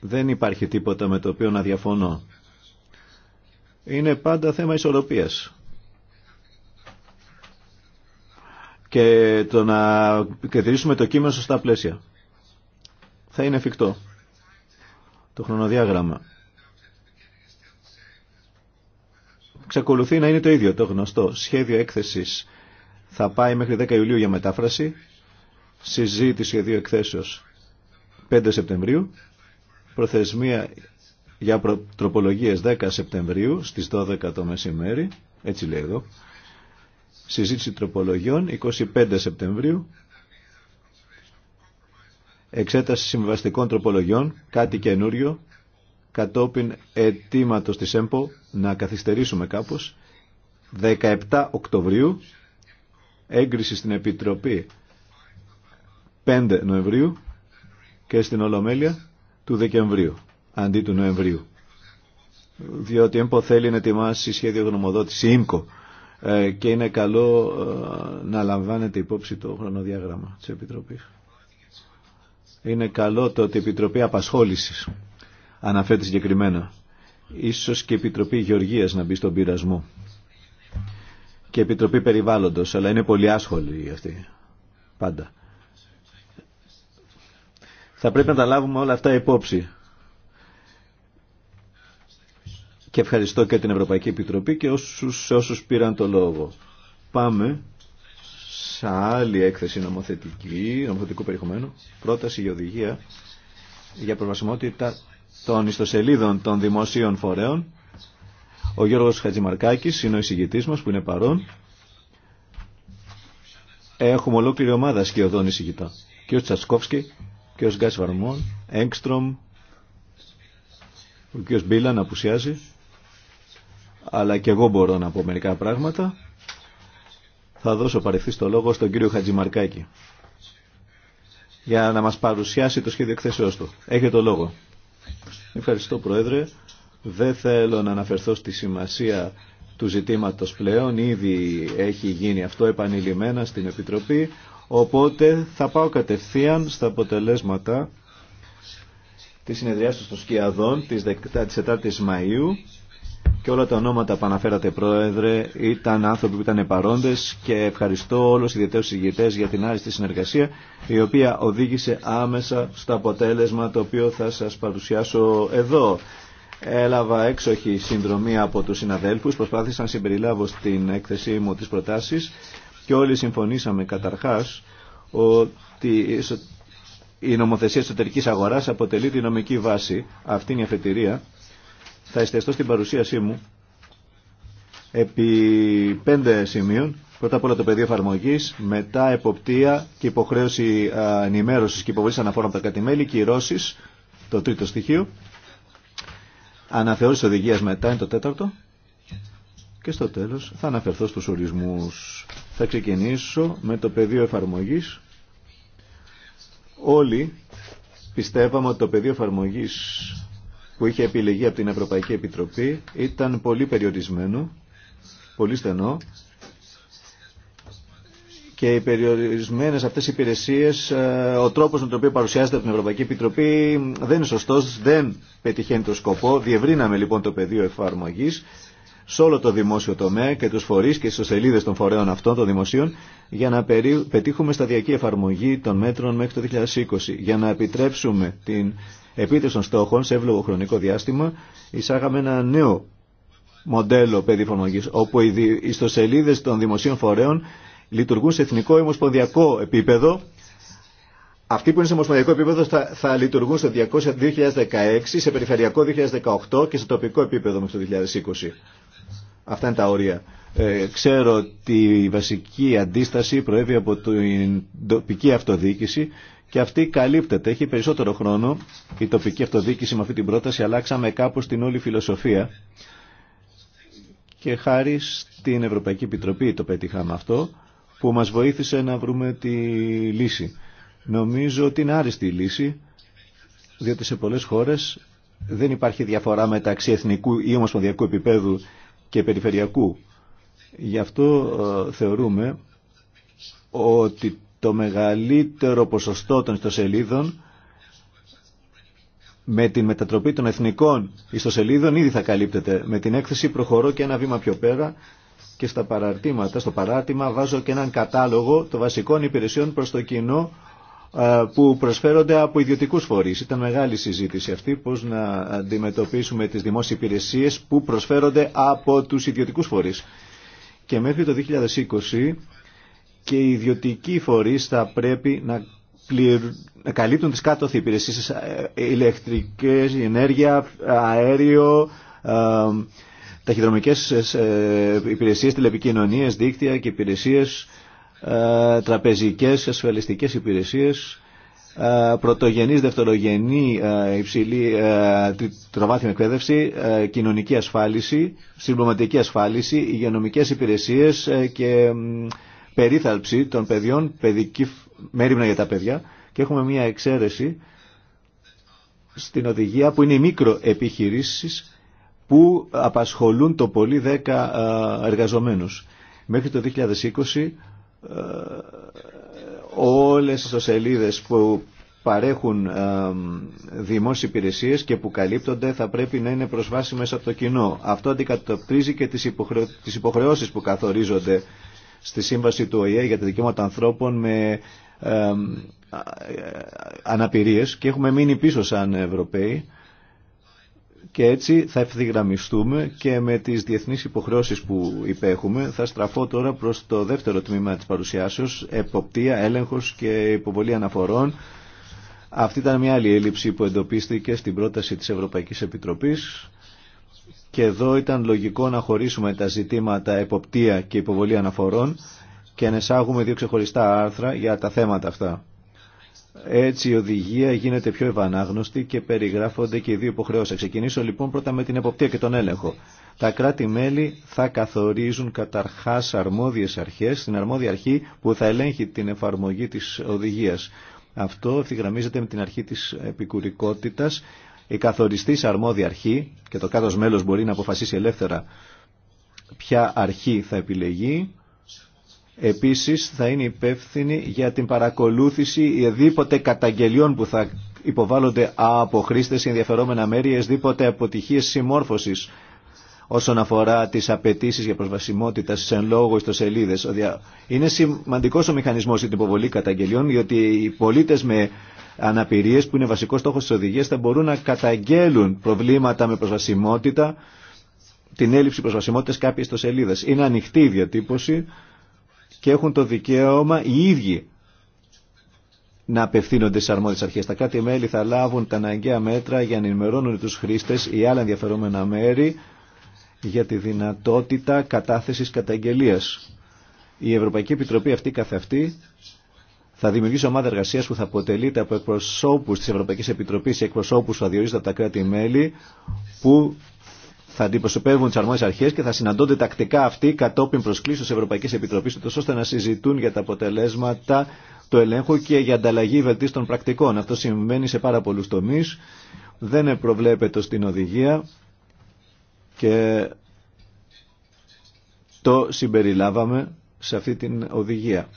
Δεν υπάρχει τίποτα με το οποίο να διαφωνώ. Είναι πάντα θέμα ισορροπίας. και το να κεντρήσουμε το κείμενο σωστά πλαίσια. Θα είναι εφικτό. Το χρονοδιάγραμμα. Ξεκολουθεί να είναι το ίδιο το γνωστό. Σχέδιο έκθεσης θα πάει μέχρι 10 Ιουλίου για μετάφραση. Συζήτηση για δύο εκθέσεως 5 Σεπτεμβρίου. Προθεσμία για τροπολογίες 10 Σεπτεμβρίου στις 12 το μεσημέρι. Έτσι λέει εδώ. Συζήτηση τροπολογιών 25 Σεπτεμβρίου. Εξέταση συμβαστικών τροπολογιών, κάτι καινούριο, κατόπιν αιτήματο της ΕΜΠΟ να καθυστερήσουμε κάπως. 17 Οκτωβρίου, έγκριση στην Επιτροπή 5 Νοεμβρίου και στην Ολομέλεια του Δεκεμβρίου, αντί του Νοεμβρίου. Διότι ΕΜΠΟ θέλει να ετοιμάσει σχέδιο γνωμοδότηση ΙΜΚΟ ε, και είναι καλό ε, να λαμβάνετε υπόψη το χρονοδιάγραμμα της Επιτροπής. Είναι καλό το ότι η Επιτροπή Απασχόλησης αναφέρεται συγκεκριμένα. Ίσως και η Επιτροπή Γεωργίας να μπει στον πειρασμό. Και η Επιτροπή Περιβάλλοντος, αλλά είναι πολύ άσχολη αυτή. Πάντα. Θα πρέπει να τα λάβουμε όλα αυτά υπόψη. Και ευχαριστώ και την Ευρωπαϊκή Επιτροπή και όσους, όσους πήραν το λόγο. Πάμε σε άλλη έκθεση νομοθετική, νομοθετικού περιεχομένου, πρόταση για οδηγία για προβασιμότητα των ιστοσελίδων των δημοσίων φορέων. Ο Γιώργος Χατζημαρκάκης είναι ο εισηγητής μας που είναι παρόν. Έχουμε ολόκληρη ομάδα σκιωδών εισηγητών. Και ο Τσασκόφσκι, και ο Γκάς Βαρμόν, Έγκστρομ, ο κ. Μπίλαν απουσιάζει αλλά και εγώ μπορώ να πω μερικά πράγματα. Θα δώσω παρευθύ το λόγο στον κύριο Χατζημαρκάκη για να μας παρουσιάσει το σχέδιο εκθέσεώς του. Έχετε το λόγο. Ευχαριστώ Πρόεδρε. Δεν θέλω να αναφερθώ στη σημασία του ζητήματος πλέον. Ήδη έχει γίνει αυτό επανειλημμένα στην Επιτροπή. Οπότε θα πάω κατευθείαν στα αποτελέσματα της συνεδριάσεως των Σκιαδών της 14 Μαΐου και όλα τα ονόματα που αναφέρατε πρόεδρε ήταν άνθρωποι που ήταν παρόντες και ευχαριστώ όλους οι ιδιαίτερους για την άριστη συνεργασία η οποία οδήγησε άμεσα στο αποτέλεσμα το οποίο θα σας παρουσιάσω εδώ. Έλαβα έξοχη συνδρομή από τους συναδέλφους, προσπάθησα να συμπεριλάβω στην έκθεσή μου τις προτάσεις και όλοι συμφωνήσαμε καταρχάς ότι η νομοθεσία εσωτερική αγοράς αποτελεί τη νομική βάση. Αυτή είναι η αφετηρία θα εστιαστώ στην παρουσίασή μου επί πέντε σημείων. Πρώτα απ' όλα το πεδίο εφαρμογή, μετά εποπτεία και υποχρέωση ενημέρωση και υποβολή αναφορών από τα κατημέλη, κυρώσει, το τρίτο στοιχείο. Αναθεώρηση οδηγία μετά είναι το τέταρτο. Και στο τέλος θα αναφερθώ στους ορισμού. Θα ξεκινήσω με το πεδίο εφαρμογή. Όλοι πιστεύαμε ότι το πεδίο εφαρμογής που είχε επιλεγεί από την Ευρωπαϊκή Επιτροπή ήταν πολύ περιορισμένο, πολύ στενό και οι περιορισμένε αυτέ οι υπηρεσίε, ε, ο τρόπο με τον οποίο παρουσιάζεται από την Ευρωπαϊκή Επιτροπή δεν είναι σωστό, δεν πετυχαίνει το σκοπό. Διευρύναμε λοιπόν το πεδίο εφαρμογή σε όλο το δημόσιο τομέα και του φορεί και στι σελίδε των φορέων αυτών των δημοσίων για να πετύχουμε σταδιακή εφαρμογή των μέτρων μέχρι το 2020, για να επιτρέψουμε την επίτευξη των στόχων σε εύλογο χρονικό διάστημα, εισάγαμε ένα νέο μοντέλο φορμογής, όπου οι ιστοσελίδες των δημοσίων φορέων λειτουργούν σε εθνικό ομοσπονδιακό επίπεδο. Αυτοί που είναι σε ομοσπονδιακό επίπεδο θα, θα λειτουργούν στο 2016, σε περιφερειακό 2018 και σε τοπικό επίπεδο μέχρι το 2020. Αυτά είναι τα όρια. Ε, ξέρω ότι η βασική αντίσταση προέβη από την τοπική αυτοδιοίκηση και αυτή καλύπτεται. Έχει περισσότερο χρόνο η τοπική αυτοδιοίκηση με αυτή την πρόταση. Αλλάξαμε κάπως την όλη φιλοσοφία και χάρη στην Ευρωπαϊκή Επιτροπή το πετύχαμε αυτό που μας βοήθησε να βρούμε τη λύση. Νομίζω ότι είναι άριστη η λύση διότι σε πολλές χώρες δεν υπάρχει διαφορά μεταξύ εθνικού ή ομοσπονδιακού επίπεδου και περιφερειακού. Γι' αυτό ε, θεωρούμε ότι το μεγαλύτερο ποσοστό των ιστοσελίδων με την μετατροπή των εθνικών ιστοσελίδων ήδη θα καλύπτεται. Με την έκθεση προχωρώ και ένα βήμα πιο πέρα και στα παραρτήματα. Στο παράρτημα βάζω και έναν κατάλογο των βασικών υπηρεσιών προς το κοινό που προσφέρονται από ιδιωτικούς φορείς. Ήταν μεγάλη συζήτηση αυτή πώς να αντιμετωπίσουμε τις δημόσιες υπηρεσίες που προσφέρονται από τους ιδιωτικούς φορείς. Και μέχρι το 2020 και οι ιδιωτικοί φορείς θα πρέπει να, καλύπτουν τις κάτωθοι υπηρεσίες, ε, ηλεκτρικές, ενέργεια, αέριο, ε, ταχυδρομικές ε, υπηρεσίες, τηλεπικοινωνίες, δίκτυα και υπηρεσίες, τραπεζικές, ασφαλιστικές υπηρεσίες, πρωτογενής, δευτερογενή, υψηλή, τροβάθμια εκπαίδευση, κοινωνική ασφάλιση, συμπληρωματική ασφάλιση, υγειονομικές υπηρεσίες και περίθαλψη των παιδιών, παιδική μέρημνα για τα παιδιά και έχουμε μια εξαίρεση στην οδηγία που είναι οι μικροεπιχειρήσεις που απασχολούν το πολύ 10 εργαζομένους. Μέχρι το 2020 όλες οι σελίδες που παρέχουν δημόσιες υπηρεσίες και που καλύπτονται θα πρέπει να είναι προσβάσιμες από το κοινό. Αυτό αντικατοπτρίζει και τις υποχρεώσεις που καθορίζονται στη σύμβαση του ΟΗΕ για τα δικαιώματα ανθρώπων με ε, αναπηρίες και έχουμε μείνει πίσω σαν Ευρωπαίοι και έτσι θα ευθυγραμμιστούμε και με τις διεθνείς υποχρεώσεις που υπέχουμε. Θα στραφώ τώρα προς το δεύτερο τμήμα της παρουσιάσεως, εποπτεία, έλεγχος και υποβολή αναφορών. Αυτή ήταν μια άλλη έλλειψη που εντοπίστηκε στην πρόταση της Ευρωπαϊκής Επιτροπής και εδώ ήταν λογικό να χωρίσουμε τα ζητήματα εποπτεία και υποβολή αναφορών και να εισάγουμε δύο ξεχωριστά άρθρα για τα θέματα αυτά. Έτσι η οδηγία γίνεται πιο ευανάγνωστη και περιγράφονται και οι δύο υποχρεώσει. Θα ξεκινήσω λοιπόν πρώτα με την εποπτεία και τον έλεγχο. Τα κράτη-μέλη θα καθορίζουν καταρχά αρμόδιε αρχέ, την αρμόδια αρχή που θα ελέγχει την εφαρμογή τη οδηγία. Αυτό ευθυγραμμίζεται με την αρχή τη επικουρικότητα η καθοριστής αρμόδια αρχή και το κάτω μέλος μπορεί να αποφασίσει ελεύθερα ποια αρχή θα επιλεγεί επίσης θα είναι υπεύθυνη για την παρακολούθηση εδήποτε καταγγελιών που θα υποβάλλονται από χρήστε ή ενδιαφερόμενα μέρη εσδήποτε αποτυχίες συμμόρφωσης όσον αφορά τις απαιτήσει για προσβασιμότητα σε λόγω ιστοσελίδες. Είναι σημαντικός ο μηχανισμός για την υποβολή καταγγελιών, διότι οι πολίτες με αναπηρίες που είναι βασικό στόχο της οδηγίας θα μπορούν να καταγγέλουν προβλήματα με προσβασιμότητα, την έλλειψη προσβασιμότητας κάποιες τοσελίδες Είναι ανοιχτή η διατύπωση και έχουν το δικαίωμα οι ίδιοι να απευθύνονται στι αρμόδιε αρχέ. Τα κάτι μελη θα λάβουν τα αναγκαία μέτρα για να ενημερώνουν του χρήστε ή άλλα ενδιαφερόμενα μέρη για τη δυνατότητα κατάθεση καταγγελία. Η Ευρωπαϊκή Επιτροπή αυτή καθ' αυτή θα δημιουργήσει ομάδα εργασία που θα αποτελείται από εκπροσώπου τη Ευρωπαϊκή Επιτροπή και εκπροσώπου που θα διορίζονται από τα κράτη-μέλη, που θα αντιπροσωπεύουν τι αρμόδιε αρχέ και θα συναντώνται τακτικά αυτοί κατόπιν προσκλήσεω τη Ευρωπαϊκή Επιτροπή, ώστε να συζητούν για τα αποτελέσματα του ελέγχου και για ανταλλαγή βελτίστων πρακτικών. Αυτό συμβαίνει σε πάρα πολλού τομεί. Δεν προβλέπεται στην οδηγία και το συμπεριλάβαμε σε αυτή την οδηγία.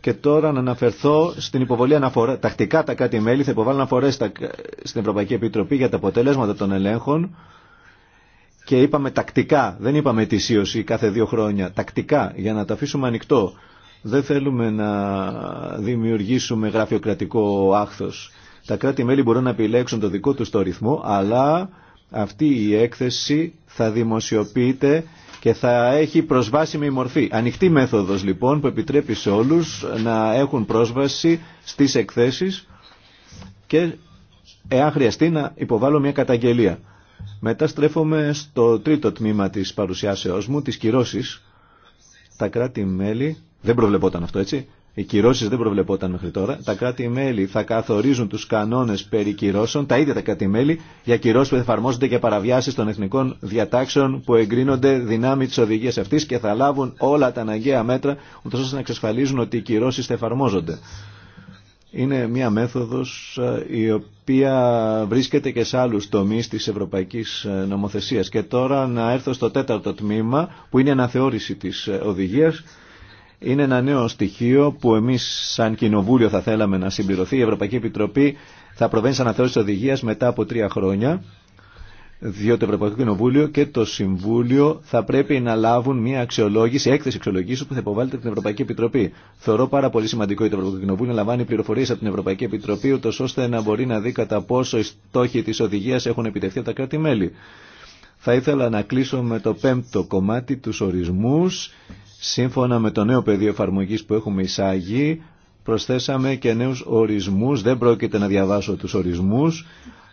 Και τώρα να αναφερθώ στην υποβολή αναφορά. Τακτικά τα κάτι μελη θα υποβάλουν αναφορέ στην Ευρωπαϊκή Επιτροπή για τα αποτελέσματα των ελέγχων. Και είπαμε τακτικά, δεν είπαμε ετησίωση κάθε δύο χρόνια. Τακτικά, για να τα αφήσουμε ανοιχτό. Δεν θέλουμε να δημιουργήσουμε γραφειοκρατικό άχθο. Τα κράτη-μέλη μπορούν να επιλέξουν το δικό του το ρυθμό, αλλά αυτή η έκθεση θα δημοσιοποιείται και θα έχει προσβάσιμη μορφή. Ανοιχτή μέθοδος λοιπόν που επιτρέπει σε όλους να έχουν πρόσβαση στις εκθέσεις και εάν χρειαστεί να υποβάλω μια καταγγελία. Μετά στρέφομαι στο τρίτο τμήμα της παρουσιάσεώς μου, της κυρώσεις. Τα κράτη-μέλη, δεν προβλεπόταν αυτό έτσι, οι κυρώσει δεν προβλεπόταν μέχρι τώρα. Τα κράτη-μέλη θα καθορίζουν του κανόνε περί κυρώσεων, τα ίδια τα κράτη-μέλη, για κυρώσει που εφαρμόζονται και παραβιάσει των εθνικών διατάξεων που εγκρίνονται δυνάμει τη οδηγία αυτή και θα λάβουν όλα τα αναγκαία μέτρα, ούτω ώστε να εξασφαλίζουν ότι οι κυρώσει θα εφαρμόζονται. Είναι μια μέθοδο ε, η οποία βρίσκεται και σε άλλου τομεί τη ευρωπαϊκή ε, νομοθεσία. Και τώρα να έρθω στο τέταρτο τμήμα, που είναι η αναθεώρηση τη ε, οδηγία είναι ένα νέο στοιχείο που εμείς σαν κοινοβούλιο θα θέλαμε να συμπληρωθεί. Η Ευρωπαϊκή Επιτροπή θα προβαίνει σε αναθεώρηση οδηγίας μετά από τρία χρόνια διότι το Ευρωπαϊκό Κοινοβούλιο και το Συμβούλιο θα πρέπει να λάβουν μια αξιολόγηση, έκθεση αξιολογήσεων που θα υποβάλλεται από την Ευρωπαϊκή Επιτροπή. Θεωρώ πάρα πολύ σημαντικό ότι το Ευρωπαϊκό Κοινοβούλιο να λαμβάνει πληροφορίε από την Ευρωπαϊκή Επιτροπή, ούτω ώστε να μπορεί να δει κατά πόσο οι στόχοι τη οδηγία έχουν επιτευχθεί από τα κράτη-μέλη. Θα ήθελα να κλείσω με το πέμπτο κομμάτι, του ορισμού Σύμφωνα με το νέο πεδίο εφαρμογή που έχουμε εισάγει, προσθέσαμε και νέους ορισμούς. Δεν πρόκειται να διαβάσω τους ορισμούς.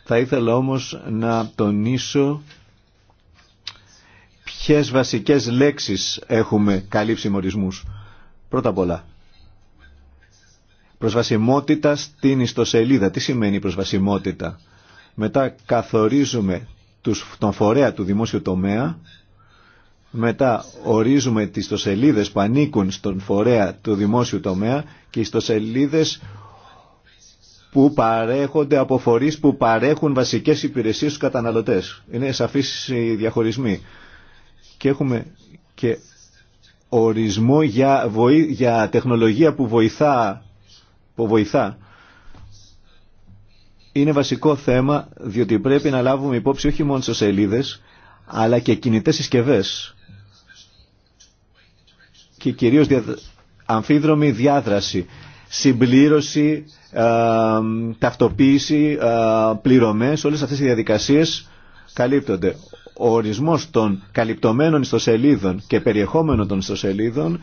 Θα ήθελα όμως να τονίσω ποιες βασικές λέξεις έχουμε καλύψει με ορισμούς. Πρώτα απ' όλα, προσβασιμότητα στην ιστοσελίδα. Τι σημαίνει προσβασιμότητα. Μετά καθορίζουμε τον φορέα του δημόσιου τομέα μετά ορίζουμε τις ιστοσελίδες που ανήκουν στον φορέα του δημόσιου τομέα και οι ιστοσελίδες που παρέχονται από φορείς που παρέχουν βασικές υπηρεσίες στους καταναλωτές. Είναι σαφείς οι διαχωρισμοί. Και έχουμε και ορισμό για, για τεχνολογία που βοηθά, που βοηθά. Είναι βασικό θέμα διότι πρέπει να λάβουμε υπόψη όχι μόνο στους σελίδες αλλά και κινητές συσκευές και κυρίως αμφίδρομη διάδραση, συμπλήρωση, ε, ταυτοποίηση, ε, πληρωμές, όλες αυτές οι διαδικασίες καλύπτονται. Ο ορισμός των καλυπτωμένων ιστοσελίδων και περιεχόμενων των ιστοσελίδων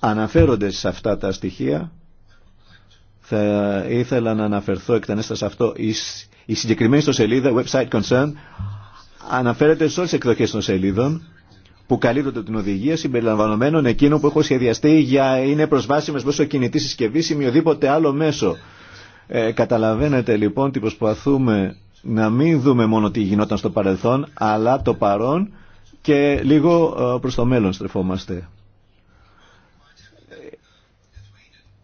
αναφέρονται σε αυτά τα στοιχεία. Θα ήθελα να αναφερθώ εκτενέστα σε αυτό. Η συγκεκριμένη ιστοσελίδα, website concern, αναφέρεται σε όλες τις εκδοχές των σελίδων που καλύπτονται από την οδηγία συμπεριλαμβανομένων εκείνων που έχω σχεδιαστεί για είναι προσβάσιμες μέσω κινητή συσκευή ή με άλλο μέσο. Ε, καταλαβαίνετε λοιπόν ότι προσπαθούμε να μην δούμε μόνο τι γινόταν στο παρελθόν, αλλά το παρόν και λίγο ε, προς το μέλλον στρεφόμαστε.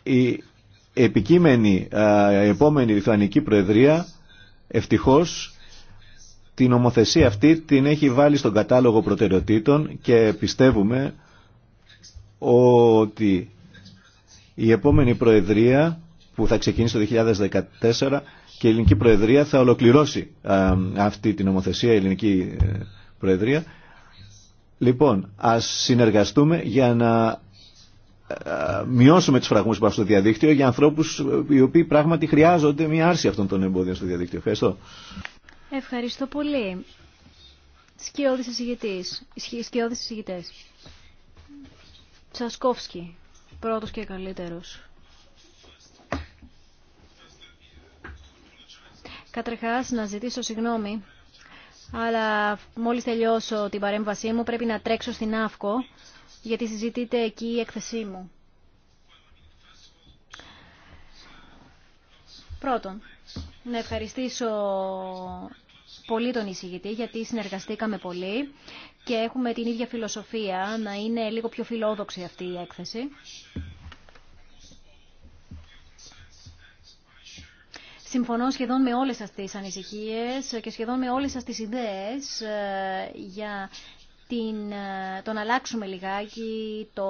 Η επικείμενη, ε, επόμενη Λιθουανική Προεδρία ευτυχώς την νομοθεσία αυτή την έχει βάλει στον κατάλογο προτεραιοτήτων και πιστεύουμε ότι η επόμενη Προεδρία που θα ξεκινήσει το 2014 και η Ελληνική Προεδρία θα ολοκληρώσει αυτή την νομοθεσία, η Ελληνική ε, Προεδρία. Λοιπόν, ας συνεργαστούμε για να ε, μειώσουμε τις φραγμούς που υπάρχουν στο διαδίκτυο για ανθρώπους ε, οι οποίοι πράγματι χρειάζονται μια άρση αυτών των εμπόδιων στο διαδίκτυο. Ευχαριστώ. Ευχαριστώ πολύ. Σκιώδης εισηγητής. Σκιώδης εισηγητές. Τσασκόφσκι. Πρώτος και καλύτερος. Καταρχάς, να ζητήσω συγγνώμη, αλλά μόλις τελειώσω την παρέμβασή μου, πρέπει να τρέξω στην Αύκο γιατί συζητείται εκεί η έκθεσή μου. Πρώτον, να ευχαριστήσω πολύ τον εισηγητή γιατί συνεργαστήκαμε πολύ και έχουμε την ίδια φιλοσοφία να είναι λίγο πιο φιλόδοξη αυτή η έκθεση. Συμφωνώ σχεδόν με όλες σας τις ανησυχίες και σχεδόν με όλες σας τις ιδέες ε, για την, ε, το να αλλάξουμε λιγάκι το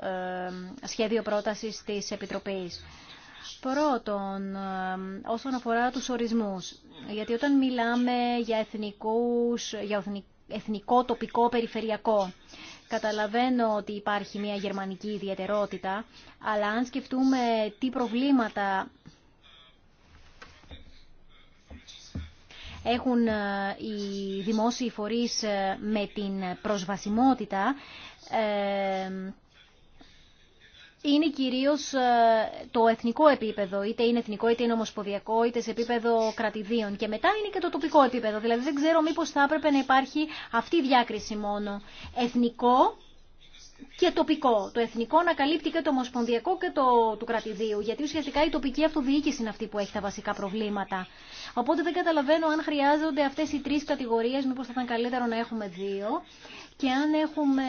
ε, σχέδιο πρότασης της Επιτροπής. Πρώτον, όσον αφορά τους ορισμούς, γιατί όταν μιλάμε για, εθνικούς, για εθνικό, τοπικό, περιφερειακό, Καταλαβαίνω ότι υπάρχει μια γερμανική ιδιαιτερότητα, αλλά αν σκεφτούμε τι προβλήματα έχουν ε, οι δημόσιοι φορείς ε, με την προσβασιμότητα, ε, είναι κυρίως ε, το εθνικό επίπεδο, είτε είναι εθνικό, είτε είναι ομοσπονδιακό, είτε σε επίπεδο κρατηδίων. Και μετά είναι και το τοπικό επίπεδο. Δηλαδή δεν ξέρω μήπως θα έπρεπε να υπάρχει αυτή η διάκριση μόνο. Εθνικό και τοπικό. Το εθνικό να καλύπτει και το ομοσπονδιακό και το του κρατηδίου, γιατί ουσιαστικά η τοπική αυτοδιοίκηση είναι αυτή που έχει τα βασικά προβλήματα. Οπότε δεν καταλαβαίνω αν χρειάζονται αυτέ οι τρει κατηγορίε, μήπω θα ήταν καλύτερο να έχουμε δύο. Και αν έχουμε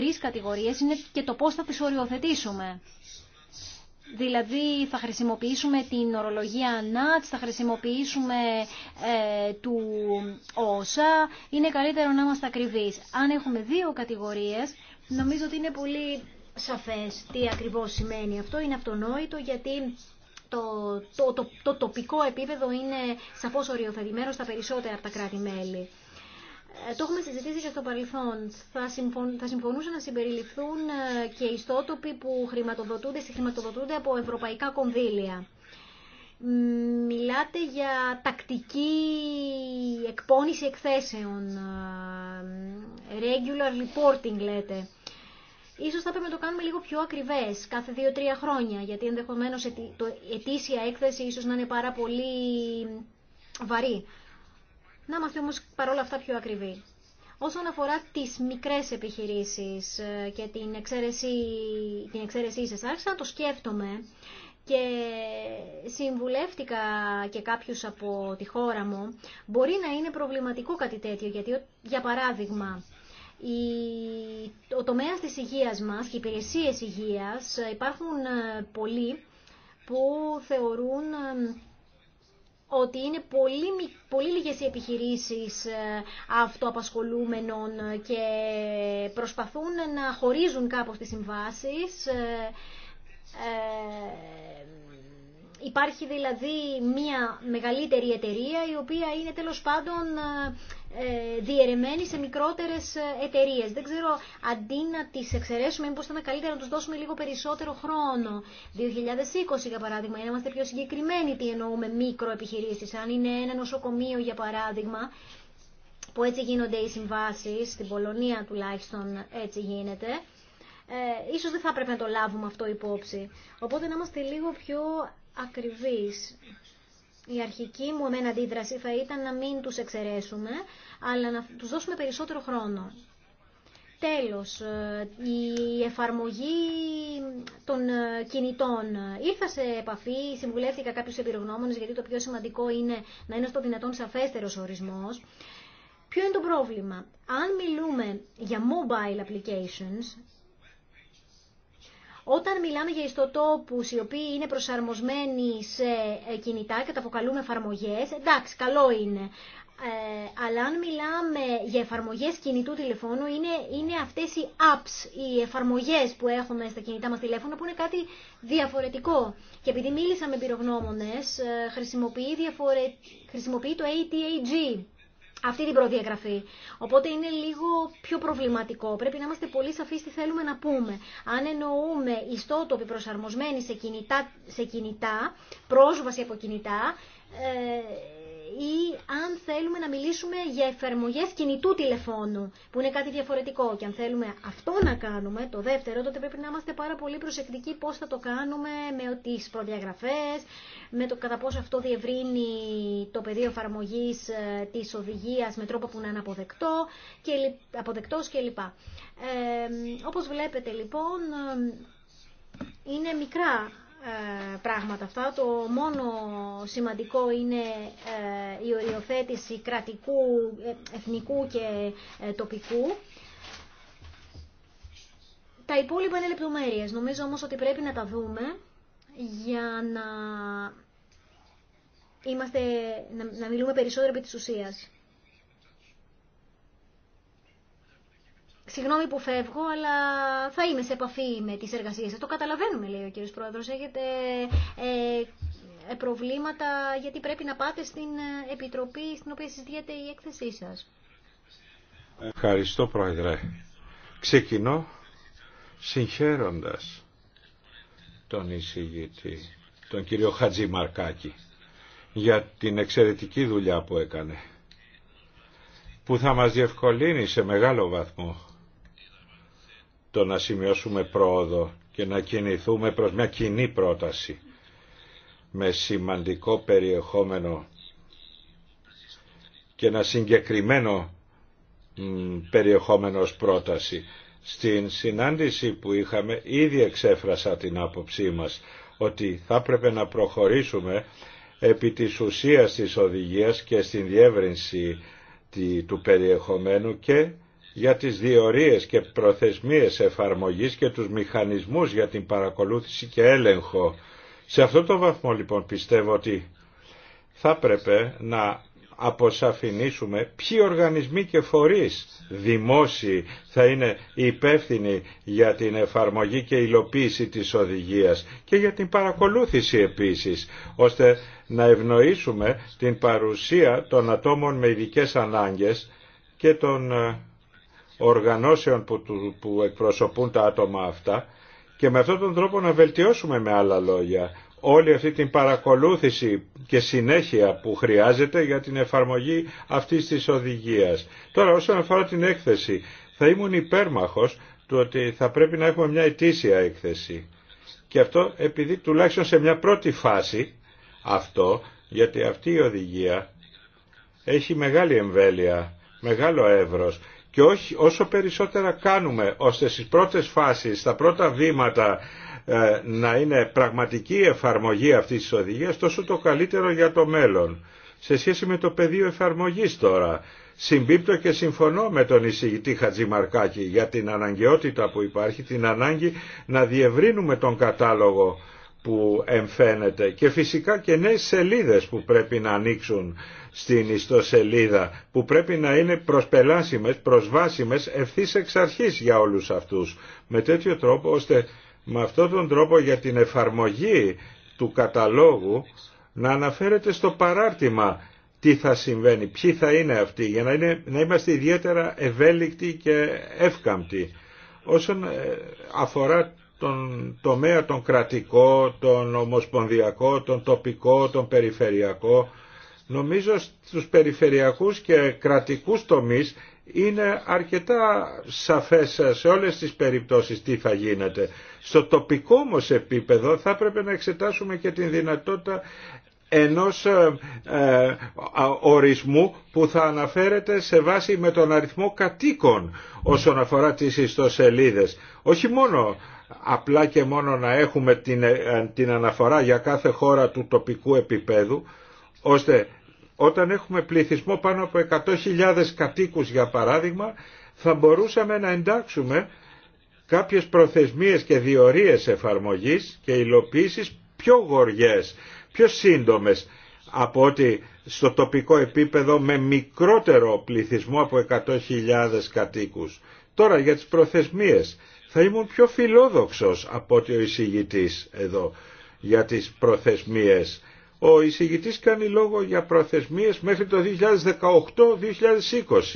τρεις κατηγορίες είναι και το πώς θα τις οριοθετήσουμε. Δηλαδή θα χρησιμοποιήσουμε την ορολογία ΝΑΤΣ, θα χρησιμοποιήσουμε ε, του ΩΣΑ. Είναι καλύτερο να είμαστε ακριβείς. Αν έχουμε δύο κατηγορίες, νομίζω ότι είναι πολύ σαφές τι ακριβώς σημαίνει αυτό. Είναι αυτονόητο γιατί το, το, το, το τοπικό επίπεδο είναι σαφώς οριοθετημένο στα περισσότερα από τα κράτη-μέλη. Ε, το έχουμε συζητήσει και στο παρελθόν. Θα, συμφων, θα συμφωνούσαν να συμπεριληφθούν ε, και ιστότοποι που χρηματοδοτούνται, χρηματοδοτούνται από ευρωπαϊκά κονδύλια. Μιλάτε για τακτική εκπόνηση εκθέσεων, ε, regular reporting λέτε. Ίσως θα πρέπει να το κάνουμε λίγο πιο ακριβές, κάθε δύο-τρία χρόνια, γιατί ενδεχομένως η ετήσια έκθεση ίσως να είναι πάρα πολύ βαρύ. Να είμαστε όμως παρόλα αυτά πιο ακριβή. Όσον αφορά τις μικρές επιχειρήσεις ε, και την εξαίρεση, την εξαίρεσή άρχισα να το σκέφτομαι και συμβουλεύτηκα και κάποιους από τη χώρα μου. Μπορεί να είναι προβληματικό κάτι τέτοιο, γιατί για παράδειγμα... Ο τομέας της υγείας μας και οι υπηρεσίες υγείας ε, υπάρχουν ε, πολλοί που θεωρούν ότι είναι πολύ, πολύ λίγες οι επιχειρήσεις ε, αυτοαπασχολούμενων και προσπαθούν να χωρίζουν κάπως τις συμβάσεις. Ε, ε, υπάρχει δηλαδή μια μεγαλύτερη εταιρεία η οποία είναι τέλος πάντων ε, διαιρεμένοι σε μικρότερες ε, εταιρείε. Δεν ξέρω, αντί να τις εξαιρέσουμε, μήπως ήταν καλύτερα να τους δώσουμε λίγο περισσότερο χρόνο. 2020, για παράδειγμα, να είμαστε πιο συγκεκριμένοι τι εννοούμε μικροεπιχειρήσεις. Αν είναι ένα νοσοκομείο, για παράδειγμα, που έτσι γίνονται οι συμβάσεις, στην Πολωνία τουλάχιστον έτσι γίνεται, ε, ίσως δεν θα πρέπει να το λάβουμε αυτό υπόψη. Οπότε να είμαστε λίγο πιο ακριβείς. Η αρχική μου εμένα αντίδραση θα ήταν να μην τους εξαιρέσουμε, αλλά να τους δώσουμε περισσότερο χρόνο. Τέλος, ε, η εφαρμογή των ε, κινητών. Ήρθα σε επαφή, συμβουλεύτηκα κάποιους εμπειρογνώμονες, γιατί το πιο σημαντικό είναι να είναι στο δυνατόν σαφέστερος ορισμός. Ποιο είναι το πρόβλημα. Αν μιλούμε για mobile applications, όταν μιλάμε για ιστοτόπους οι οποίοι είναι προσαρμοσμένοι σε ε, κινητά και τα αποκαλούμε εφαρμογέ, εντάξει, καλό είναι. Ε, αλλά αν μιλάμε για εφαρμογές κινητού τηλεφώνου, είναι, είναι αυτές οι apps, οι εφαρμογές που έχουμε στα κινητά μας τηλέφωνα, που είναι κάτι διαφορετικό. Και επειδή μίλησα με πυρογνώμονες, ε, χρησιμοποιεί, χρησιμοποιεί το ATAG, αυτή την προδιαγραφή. Οπότε είναι λίγο πιο προβληματικό. Πρέπει να είμαστε πολύ σαφείς τι θέλουμε να πούμε. Αν εννοούμε ιστότοποι προσαρμοσμένοι σε κινητά, σε κινητά πρόσβαση από κινητά, ε, ή αν θέλουμε να μιλήσουμε για εφαρμογέ κινητού τηλεφώνου, που είναι κάτι διαφορετικό. Και αν θέλουμε αυτό να κάνουμε, το δεύτερο, τότε πρέπει να είμαστε πάρα πολύ προσεκτικοί πώ θα το κάνουμε, με τι προδιαγραφές, με το κατά πόσο αυτό διευρύνει το πεδίο εφαρμογή ε, τη οδηγία με τρόπο που να είναι αποδεκτό και, αποδεκτός κλπ. Ε, όπως βλέπετε λοιπόν, ε, είναι μικρά ε, πράγματα αυτά. Το μόνο σημαντικό είναι ε, η οριοθέτηση κρατικού, ε, εθνικού και τοπικού. Τα υπόλοιπα είναι λεπτομέρειες. Νομίζω όμως ότι πρέπει να τα δούμε για να, είμαστε, να, να μιλούμε περισσότερο επί της ουσίας. Συγγνώμη που φεύγω, αλλά θα είμαι σε επαφή με τις εργασίες σας. Το καταλαβαίνουμε, λέει ο κύριος Πρόεδρος. Έχετε ε, ε προβλήματα γιατί πρέπει να πάτε στην ε, επιτροπή στην οποία συζητιέται η έκθεσή σας. Ευχαριστώ, Πρόεδρε. Ξεκινώ συγχαίροντας τον εισηγητή, τον κύριο Χατζη για την εξαιρετική δουλειά που έκανε, που θα μας διευκολύνει σε μεγάλο βαθμό το να σημειώσουμε πρόοδο και να κινηθούμε προς μια κοινή πρόταση με σημαντικό περιεχόμενο και ένα συγκεκριμένο περιεχόμενος πρόταση. Στην συνάντηση που είχαμε ήδη εξέφρασα την άποψή μας ότι θα πρέπει να προχωρήσουμε επί της ουσίας της οδηγίας και στην διεύρυνση του περιεχομένου και για τις διορίες και προθεσμίες εφαρμογής και τους μηχανισμούς για την παρακολούθηση και έλεγχο. Σε αυτό το βαθμό λοιπόν πιστεύω ότι θα πρέπει να αποσαφηνίσουμε ποιοι οργανισμοί και φορείς δημόσιοι θα είναι υπεύθυνοι για την εφαρμογή και υλοποίηση της οδηγίας και για την παρακολούθηση επίσης, ώστε να ευνοήσουμε την παρουσία των ατόμων με ειδικέ ανάγκες και των ε, οργανώσεων που, που εκπροσωπούν τα άτομα αυτά και με αυτόν τον τρόπο να βελτιώσουμε με άλλα λόγια όλη αυτή την παρακολούθηση και συνέχεια που χρειάζεται για την εφαρμογή αυτής της οδηγίας. Τώρα όσον αφορά την έκθεση θα ήμουν υπέρμαχος του ότι θα πρέπει να έχουμε μια ετήσια έκθεση και αυτό επειδή τουλάχιστον σε μια πρώτη φάση αυτό γιατί αυτή η οδηγία έχει μεγάλη εμβέλεια, μεγάλο εύρος και όχι, όσο περισσότερα κάνουμε ώστε στις πρώτες φάσεις, στα πρώτα βήματα ε, να είναι πραγματική εφαρμογή αυτής της οδηγίας, τόσο το καλύτερο για το μέλλον. Σε σχέση με το πεδίο εφαρμογής τώρα, συμπίπτω και συμφωνώ με τον εισηγητή Χατζημαρκάκη για την αναγκαιότητα που υπάρχει, την ανάγκη να διευρύνουμε τον κατάλογο που εμφαίνεται και φυσικά και νέες σελίδες που πρέπει να ανοίξουν στην ιστοσελίδα που πρέπει να είναι προσπελάσιμες, προσβάσιμες ευθύς εξ αρχής για όλους αυτούς. Με τέτοιο τρόπο ώστε με αυτόν τον τρόπο για την εφαρμογή του καταλόγου να αναφέρεται στο παράρτημα τι θα συμβαίνει, ποιοι θα είναι αυτοί για να, είναι, να είμαστε ιδιαίτερα ευέλικτοι και εύκαμπτοι. Όσον ε, αφορά τον τομέα τον κρατικό, τον ομοσπονδιακό, τον τοπικό, τον περιφερειακό, Νομίζω στους περιφερειακούς και κρατικούς τομείς είναι αρκετά σαφές σε όλες τις περιπτώσεις τι θα γίνεται. Στο τοπικό όμως επίπεδο θα πρέπει να εξετάσουμε και την δυνατότητα ενός ε, ε, ορισμού που θα αναφέρεται σε βάση με τον αριθμό κατοίκων όσον αφορά τις ιστοσελίδες. Όχι μόνο απλά και μόνο να έχουμε την, ε, την αναφορά για κάθε χώρα του τοπικού επίπεδου, ώστε όταν έχουμε πληθυσμό πάνω από 100.000 κατοίκους για παράδειγμα, θα μπορούσαμε να εντάξουμε κάποιες προθεσμίες και διορίες εφαρμογής και υλοποίησης πιο γοργές, πιο σύντομες από ότι στο τοπικό επίπεδο με μικρότερο πληθυσμό από 100.000 κατοίκους. Τώρα για τις προθεσμίες θα ήμουν πιο φιλόδοξος από ότι ο εισηγητής εδώ για τις προθεσμίες ο εισηγητής κάνει λόγο για προθεσμίες μέχρι το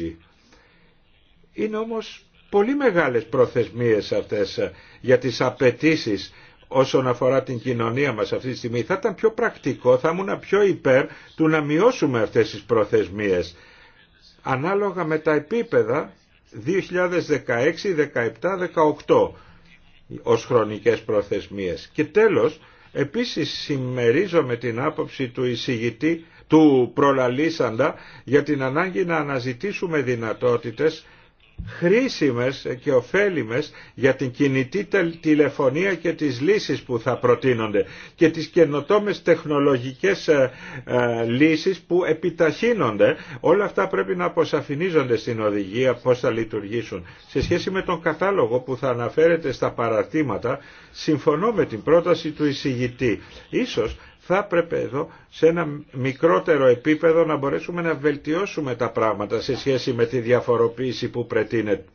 2018-2020. Είναι όμως πολύ μεγάλες προθεσμίες αυτές για τις απαιτήσει όσον αφορά την κοινωνία μας αυτή τη στιγμή. Θα ήταν πιο πρακτικό, θα ήμουν πιο υπέρ του να μειώσουμε αυτές τις προθεσμίες. Ανάλογα με τα επίπεδα 2016, 2017 18 ως χρονικές προθεσμίες. Και τέλος, Επίσης συμμερίζομαι την άποψη του εισηγητή του προλαλήσαντα για την ανάγκη να αναζητήσουμε δυνατότητες χρήσιμες και ωφέλιμες για την κινητή τηλεφωνία και τις λύσεις που θα προτείνονται και τις καινοτόμες τεχνολογικές ε, ε, λύσεις που επιταχύνονται. Όλα αυτά πρέπει να αποσαφηνίζονται στην οδηγία πώς θα λειτουργήσουν. Σε σχέση με τον κατάλογο που θα αναφέρεται στα παρατήματα, συμφωνώ με την πρόταση του εισηγητή. Ίσως θα έπρεπε εδώ σε ένα μικρότερο επίπεδο να μπορέσουμε να βελτιώσουμε τα πράγματα σε σχέση με τη διαφοροποίηση που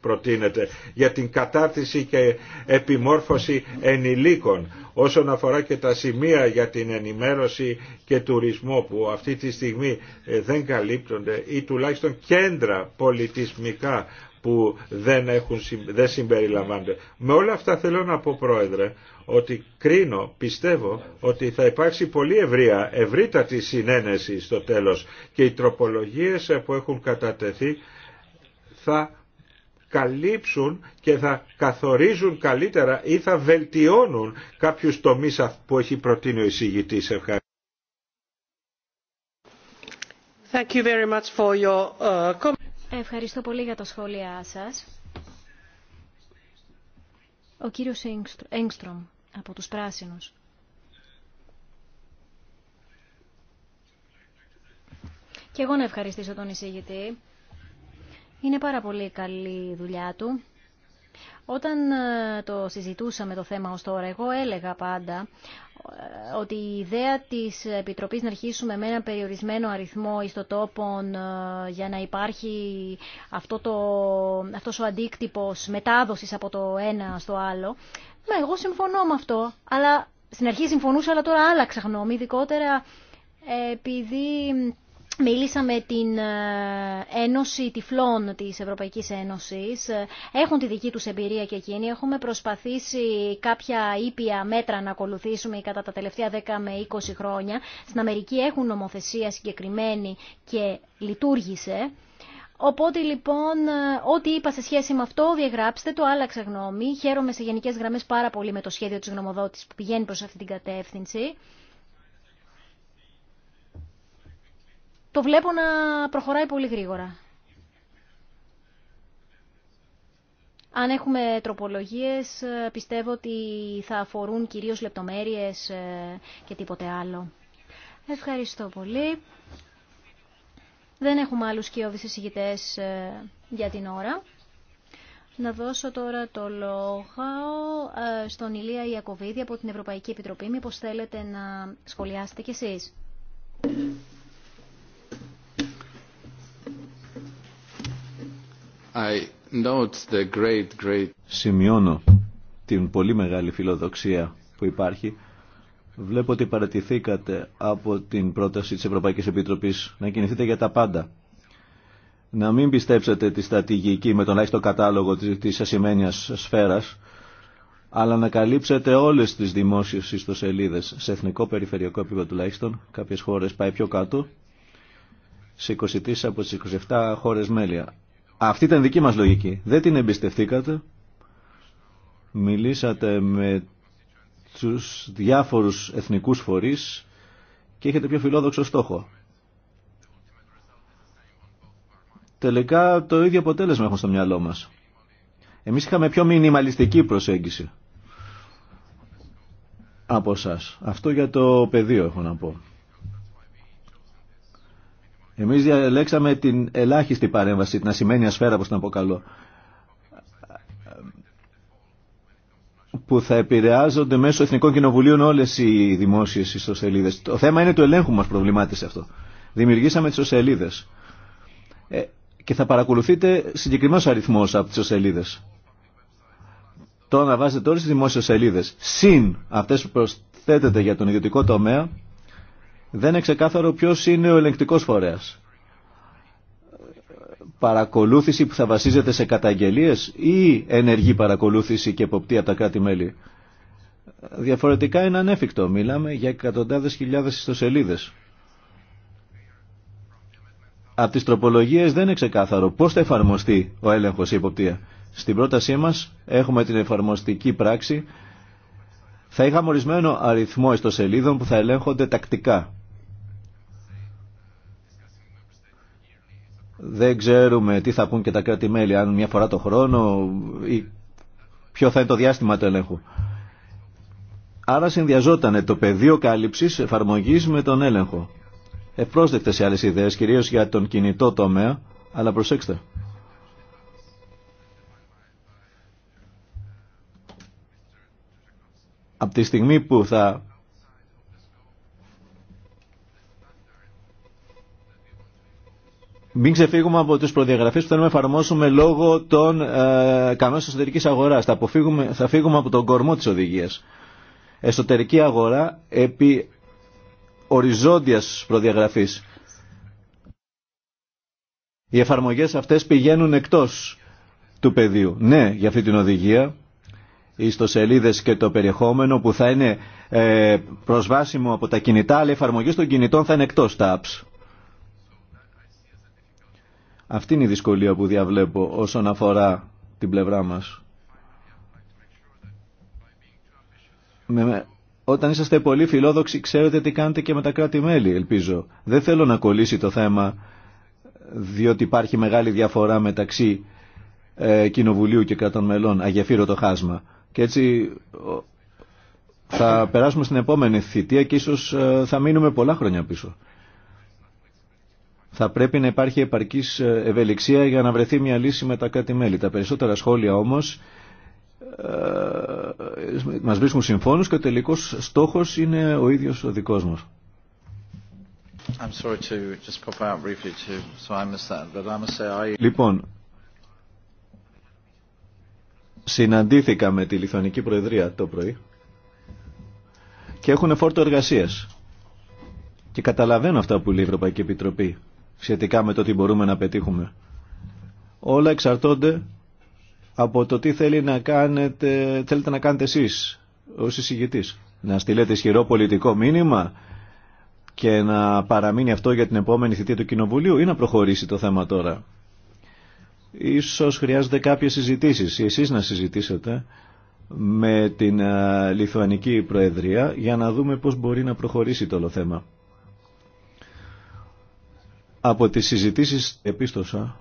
προτείνεται για την κατάρτιση και επιμόρφωση ενηλίκων όσον αφορά και τα σημεία για την ενημέρωση και τουρισμό που αυτή τη στιγμή ε, δεν καλύπτονται ή τουλάχιστον κέντρα πολιτισμικά που δεν, έχουν, δεν συμπεριλαμβάνονται. Με όλα αυτά θέλω να πω πρόεδρε ότι κρίνω, πιστεύω ότι θα υπάρξει πολύ ευρεία, ευρύτατη συνένεση στο τέλος και οι τροπολογίες που έχουν κατατεθεί θα καλύψουν και θα καθορίζουν καλύτερα ή θα βελτιώνουν κάποιους τομείς που έχει προτείνει ο εισηγητής. Ευχαριστώ. Thank you very much for your... Uh, Ευχαριστώ πολύ για τα σχόλιά σας. Ο κύριος Έγκστρομ από τους Πράσινους. Και εγώ να ευχαριστήσω τον εισηγητή. Είναι πάρα πολύ καλή η δουλειά του. Όταν ε, το συζητούσαμε το θέμα ως τώρα, εγώ έλεγα πάντα ε, ότι η ιδέα της Επιτροπής να αρχίσουμε με ένα περιορισμένο αριθμό ιστοτόπων ε, για να υπάρχει αυτό το, αυτός ο αντίκτυπος μετάδοσης από το ένα στο άλλο, εγώ συμφωνώ με αυτό, αλλά στην αρχή συμφωνούσα, αλλά τώρα άλλαξα γνώμη, ειδικότερα επειδή Μίλησα με την ε, Ένωση Τυφλών της Ευρωπαϊκής Ένωσης. Έχουν τη δική τους εμπειρία και εκείνη. Έχουμε προσπαθήσει κάποια ήπια μέτρα να ακολουθήσουμε κατά τα τελευταία 10 με 20 χρόνια. Στην Αμερική έχουν νομοθεσία συγκεκριμένη και λειτουργήσε. Οπότε λοιπόν, ε, ό,τι είπα σε σχέση με αυτό, διαγράψτε το, άλλαξε γνώμη. Χαίρομαι σε γενικές γραμμές πάρα πολύ με το σχέδιο της γνωμοδότησης που πηγαίνει προς αυτή την κατεύθυνση. το βλέπω να προχωράει πολύ γρήγορα. Αν έχουμε τροπολογίες, ε, πιστεύω ότι θα αφορούν κυρίως λεπτομέρειες ε, και τίποτε άλλο. Ευχαριστώ πολύ. Δεν έχουμε άλλους κοιόδης εισηγητές ε, για την ώρα. Να δώσω τώρα το λόγο στον Ηλία Ιακωβίδη από την Ευρωπαϊκή Επιτροπή. Μήπως θέλετε να σχολιάσετε κι εσείς. Σημειώνω την πολύ μεγάλη φιλοδοξία που υπάρχει. Βλέπω ότι παρατηθήκατε από την πρόταση της Ευρωπαϊκής Επιτροπής να κινηθείτε για τα πάντα. Να μην πιστέψετε τη στρατηγική με τον λάχιστο κατάλογο της ασημένιας σφαίρας, αλλά να καλύψετε όλες τις δημόσιες ιστοσελίδες σε εθνικό περιφερειακό επίπεδο τουλάχιστον. Κάποιες χώρες πάει πιο κάτω, σε 23 από τις 27 χώρες μέλια. Αυτή ήταν δική μας λογική. Δεν την εμπιστευτήκατε. Μιλήσατε με τους διάφορους εθνικούς φορείς και έχετε πιο φιλόδοξο στόχο. Τελικά το ίδιο αποτέλεσμα έχουμε στο μυαλό μας. Εμείς είχαμε πιο μινιμαλιστική προσέγγιση από σας. Αυτό για το πεδίο έχω να πω. Εμείς διαλέξαμε την ελάχιστη παρέμβαση, την ασημένια σφαίρα, όπως την αποκαλώ, που θα επηρεάζονται μέσω Εθνικών Κοινοβουλίων όλες οι δημόσιες ιστοσελίδες. Το θέμα είναι του ελέγχου μας προβλημάτισε αυτό. Δημιουργήσαμε τις ιστοσελίδες. Ε, και θα παρακολουθείτε συγκεκριμένο αριθμό από τις ιστοσελίδες. Το να βάζετε όλες τις δημόσιες σελίδες. Συν αυτές που προσθέτεται για τον ιδιωτικό τομέα, δεν είναι ξεκάθαρο ποιος είναι ο ελεγκτικός φορέας. Παρακολούθηση που θα βασίζεται σε καταγγελίες ή ενεργή παρακολούθηση και εποπτεία από τα κράτη-μέλη. Διαφορετικά είναι ανέφικτο. Μιλάμε για εκατοντάδες χιλιάδες ιστοσελίδες. Από τις τροπολογίες δεν είναι ξεκάθαρο πώς θα εφαρμοστεί ο έλεγχος ή η εποπτεία. Στην πρότασή μας έχουμε την εφαρμοστική πράξη. Θα είχαμε ορισμένο αριθμό ιστοσελίδων που θα ελέγχονται τακτικά. Δεν ξέρουμε τι θα πούν και τα κράτη-μέλη, αν μια φορά το χρόνο ή ποιο θα είναι το διάστημα του ελέγχου. Άρα συνδυαζόταν το πεδίο κάλυψης εφαρμογής με τον έλεγχο. Επρόσδεκτε οι άλλες ιδέες, κυρίως για τον κινητό τομέα, αλλά προσέξτε. Από τη στιγμή που θα Μην ξεφύγουμε από τις προδιαγραφές που θέλουμε να εφαρμόσουμε λόγω των ε, κανόνων της εσωτερικής αγοράς. Θα, θα φύγουμε από τον κορμό της οδηγίας. Εσωτερική αγορά επί οριζόντιας προδιαγραφής. Οι εφαρμογές αυτές πηγαίνουν εκτός του πεδίου. Ναι, για αυτή την οδηγία, οι ιστοσελίδες και το περιεχόμενο που θα είναι ε, προσβάσιμο από τα κινητά, αλλά οι εφαρμογές των κινητών θα είναι εκτός τα apps. Αυτή είναι η δυσκολία που διαβλέπω όσον αφορά την πλευρά μας. όταν είσαστε πολύ φιλόδοξοι ξέρετε τι κάνετε και με τα κράτη-μέλη, ελπίζω. Δεν θέλω να κολλήσει το θέμα, διότι υπάρχει μεγάλη διαφορά μεταξύ ε, Κοινοβουλίου και κρατών μελών. Αγεφύρω το χάσμα. Και έτσι θα περάσουμε στην επόμενη θητεία και ίσως ε, θα μείνουμε πολλά χρόνια πίσω θα πρέπει να υπάρχει επαρκής ε, ευελιξία για να βρεθεί μια λύση με τα κάτι μελη Τα περισσότερα σχόλια όμως ε, μας βρίσκουν συμφώνους και ο τελικός στόχος είναι ο ίδιος ο δικός μας. Λοιπόν, συναντήθηκα με τη Λιθουανική Προεδρία το πρωί και έχουν φόρτο εργασίας. Και καταλαβαίνω αυτά που λέει η Ευρωπαϊκή Επιτροπή σχετικά με το τι μπορούμε να πετύχουμε. Όλα εξαρτώνται από το τι θέλει να κάνετε, θέλετε να κάνετε εσείς ως εισηγητής. Να στείλετε ισχυρό πολιτικό μήνυμα και να παραμείνει αυτό για την επόμενη θητεία του Κοινοβουλίου ή να προχωρήσει το θέμα τώρα. Ίσως χρειάζονται κάποιες συζητήσεις ή εσείς να συζητήσετε με την ε, Λιθουανική Προεδρία για να δούμε πώς μπορεί να προχωρήσει το όλο θέμα. Από τις συζητήσεις επίστωσα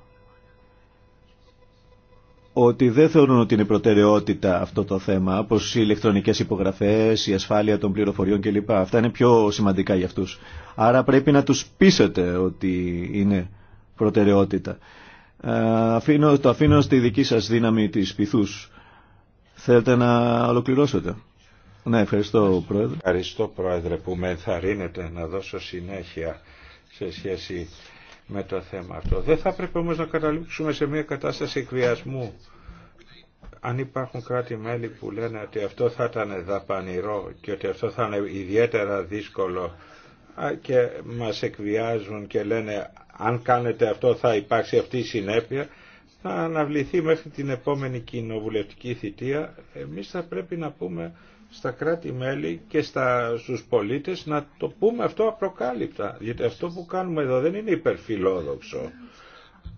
ότι δεν θεωρούν ότι είναι προτεραιότητα αυτό το θέμα, όπως οι ηλεκτρονικές υπογραφές, η ασφάλεια των πληροφοριών κλπ. Αυτά είναι πιο σημαντικά για αυτούς. Άρα πρέπει να τους πείσετε ότι είναι προτεραιότητα. Ε, το αφήνω στη δική σας δύναμη της πυθούς. Θέλετε να ολοκληρώσετε. Ναι, ευχαριστώ Πρόεδρε. Ευχαριστώ Πρόεδρε που με ενθαρρύνετε να δώσω συνέχεια σε σχέση με το θέμα αυτό. Δεν θα πρέπει όμως να καταλήξουμε σε μια κατάσταση εκβιασμού. Αν υπαρχουν κάτι κράτη-μέλη που λένε ότι αυτό θα ήταν δαπανηρό και ότι αυτό θα είναι ιδιαίτερα δύσκολο και μας εκβιάζουν και λένε αν κάνετε αυτό θα υπάρξει αυτή η συνέπεια, θα αναβληθεί μέχρι την επόμενη κοινοβουλευτική θητεία, εμείς θα πρέπει να πούμε στα κράτη-μέλη και στα, στους πολίτες να το πούμε αυτό απροκάλυπτα. Γιατί αυτό που κάνουμε εδώ δεν είναι υπερφιλόδοξο.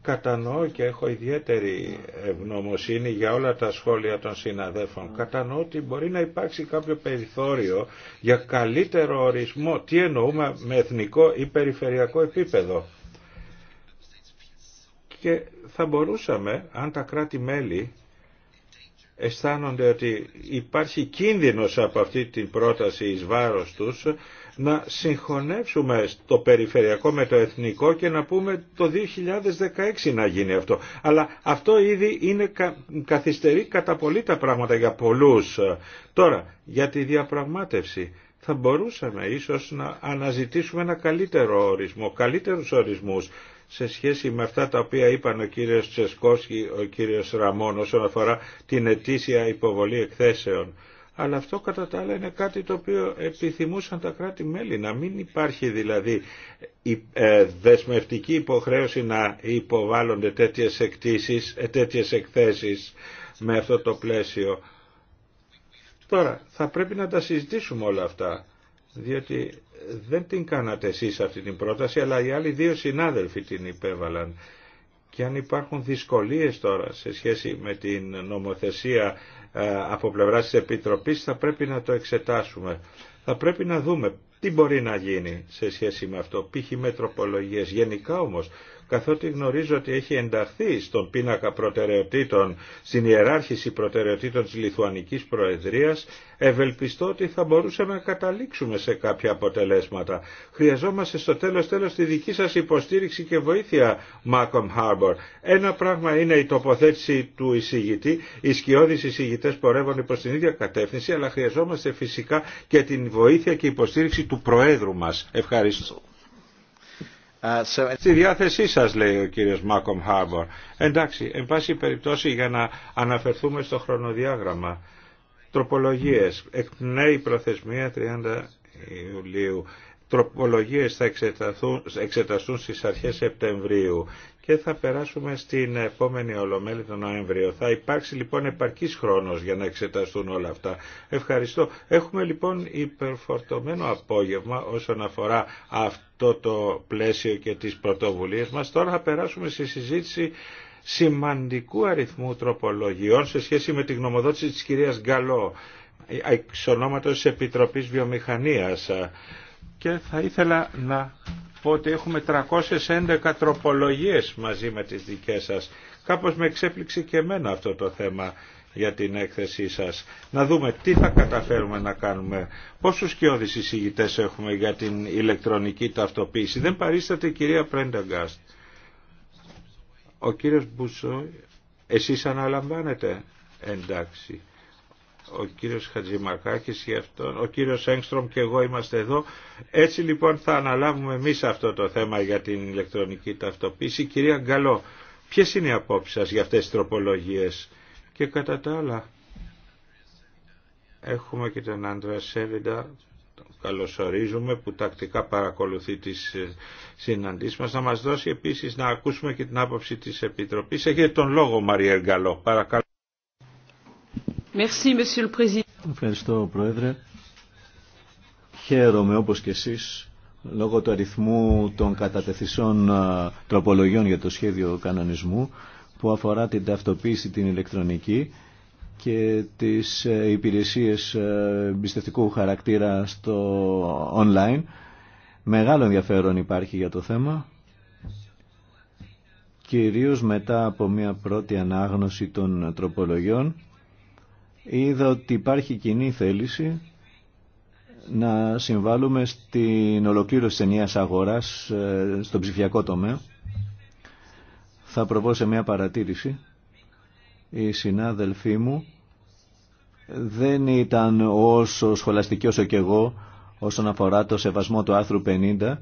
Κατανοώ και έχω ιδιαίτερη ευγνωμοσύνη για όλα τα σχόλια των συναδέφων. Κατανοώ ότι μπορεί να υπάρξει κάποιο περιθώριο για καλύτερο ορισμό. Τι εννοούμε με εθνικό ή περιφερειακό επίπεδο. Και θα μπορούσαμε, αν τα κράτη-μέλη αισθάνονται ότι υπάρχει κίνδυνος από αυτή την πρόταση εις βάρος τους να συγχωνεύσουμε το περιφερειακό με το εθνικό και να πούμε το 2016 να γίνει αυτό. Αλλά αυτό ήδη είναι καθυστερεί κατά πολύ τα πράγματα για πολλούς. Τώρα, για τη διαπραγμάτευση θα μπορούσαμε ίσως να αναζητήσουμε ένα καλύτερο ορισμό, καλύτερους ορισμούς σε σχέση με αυτά τα οποία είπαν ο κύριος Τσεσκόσκι, ο κύριος Ραμών όσον αφορά την ετήσια υποβολή εκθέσεων. Αλλά αυτό κατά τα άλλα είναι κάτι το οποίο επιθυμούσαν τα κράτη-μέλη. Να μην υπάρχει δηλαδή ε, δεσμευτική υποχρέωση να υποβάλλονται τέτοιες, εκτίσεις, ε, τέτοιες εκθέσεις με αυτό το πλαίσιο. Τώρα, θα πρέπει να τα συζητήσουμε όλα αυτά, διότι δεν την κάνατε εσείς αυτή την πρόταση, αλλά οι άλλοι δύο συνάδελφοι την υπέβαλαν. Και αν υπάρχουν δυσκολίες τώρα σε σχέση με την νομοθεσία ε, από πλευράς της Επιτροπής, θα πρέπει να το εξετάσουμε. Θα πρέπει να δούμε τι μπορεί να γίνει σε σχέση με αυτό, π.χ. μετροπολογίες Γενικά όμως, καθότι γνωρίζω ότι έχει ενταχθεί στον πίνακα προτεραιοτήτων, στην ιεράρχηση προτεραιοτήτων της Λιθουανικής Προεδρίας, ευελπιστώ ότι θα μπορούσαμε να καταλήξουμε σε κάποια αποτελέσματα. Χρειαζόμαστε στο τέλος τέλος τη δική σας υποστήριξη και βοήθεια, Μάκομ Χάρμπορ. Ένα πράγμα είναι η τοποθέτηση του εισηγητή, οι σκιώδεις εισηγητές πορεύουν προς την ίδια κατεύθυνση, αλλά χρειαζόμαστε φυσικά και την βοήθεια και υποστήριξη του Προέδρου μας. Ευχαριστώ. Στη διάθεσή σας λέει ο κύριος Μάκομ Χάμπορ. Εντάξει, εν πάση περιπτώσει για να αναφερθούμε στο χρονοδιάγραμμα. Τροπολογίες. Εκπνέει προθεσμία 30 Ιουλίου. Τροπολογίες θα εξεταστούν στις αρχές Σεπτεμβρίου και θα περάσουμε στην επόμενη Ολομέλη τον Νοέμβριο. Θα υπάρξει λοιπόν επαρκής χρόνος για να εξεταστούν όλα αυτά. Ευχαριστώ. Έχουμε λοιπόν υπερφορτωμένο απόγευμα όσον αφορά αυτό το πλαίσιο και τις πρωτοβουλίες μας. Τώρα θα περάσουμε στη συζήτηση σημαντικού αριθμού τροπολογιών σε σχέση με τη γνωμοδότηση της κυρίας Γκαλό εξ ονόματος Επιτροπής Βιομηχανίας και θα ήθελα να πω ότι έχουμε 311 τροπολογίες μαζί με τις δικές σας. Κάπως με εξέπληξε και εμένα αυτό το θέμα για την έκθεσή σας. Να δούμε τι θα καταφέρουμε να κάνουμε. Πόσους και εισηγητές έχουμε για την ηλεκτρονική ταυτοποίηση. Δεν παρίσταται η κυρία Πρέντεγκαστ. Ο κύριος Μπούσο, εσείς αναλαμβάνετε. Εντάξει ο κύριος Χατζημακάκης και αυτόν, ο κύριος Έγκστρομ και εγώ είμαστε εδώ. Έτσι λοιπόν θα αναλάβουμε εμείς αυτό το θέμα για την ηλεκτρονική ταυτοποίηση. Κυρία Γκαλό, ποιες είναι οι απόψεις σας για αυτές τις τροπολογίες και κατά τα άλλα. Έχουμε και τον Άντρα Σέβιντα, τον καλωσορίζουμε που τακτικά παρακολουθεί τις ε, συναντήσεις μας. Να μας δώσει επίσης να ακούσουμε και την άποψη της Επιτροπής. Έχετε τον λόγο Μαρία Γκαλό, παρακαλώ. Ευχαριστώ, Πρόεδρε. Χαίρομαι, όπως και εσείς, λόγω του αριθμού των κατατεθισών τροπολογιών για το σχέδιο κανονισμού που αφορά την ταυτοποίηση την ηλεκτρονική και τις ε, υπηρεσίες ε, πιστευτικού χαρακτήρα στο online. Μεγάλο ενδιαφέρον υπάρχει για το θέμα, κυρίως μετά από μια πρώτη ανάγνωση των τροπολογιών είδα ότι υπάρχει κοινή θέληση να συμβάλλουμε στην ολοκλήρωση της ενιαίας αγοράς ε, στον ψηφιακό τομέα. Θα προβώ σε μια παρατήρηση. Οι συνάδελφοί μου δεν ήταν όσο σχολαστικοί όσο και εγώ όσον αφορά το σεβασμό του άρθρου 50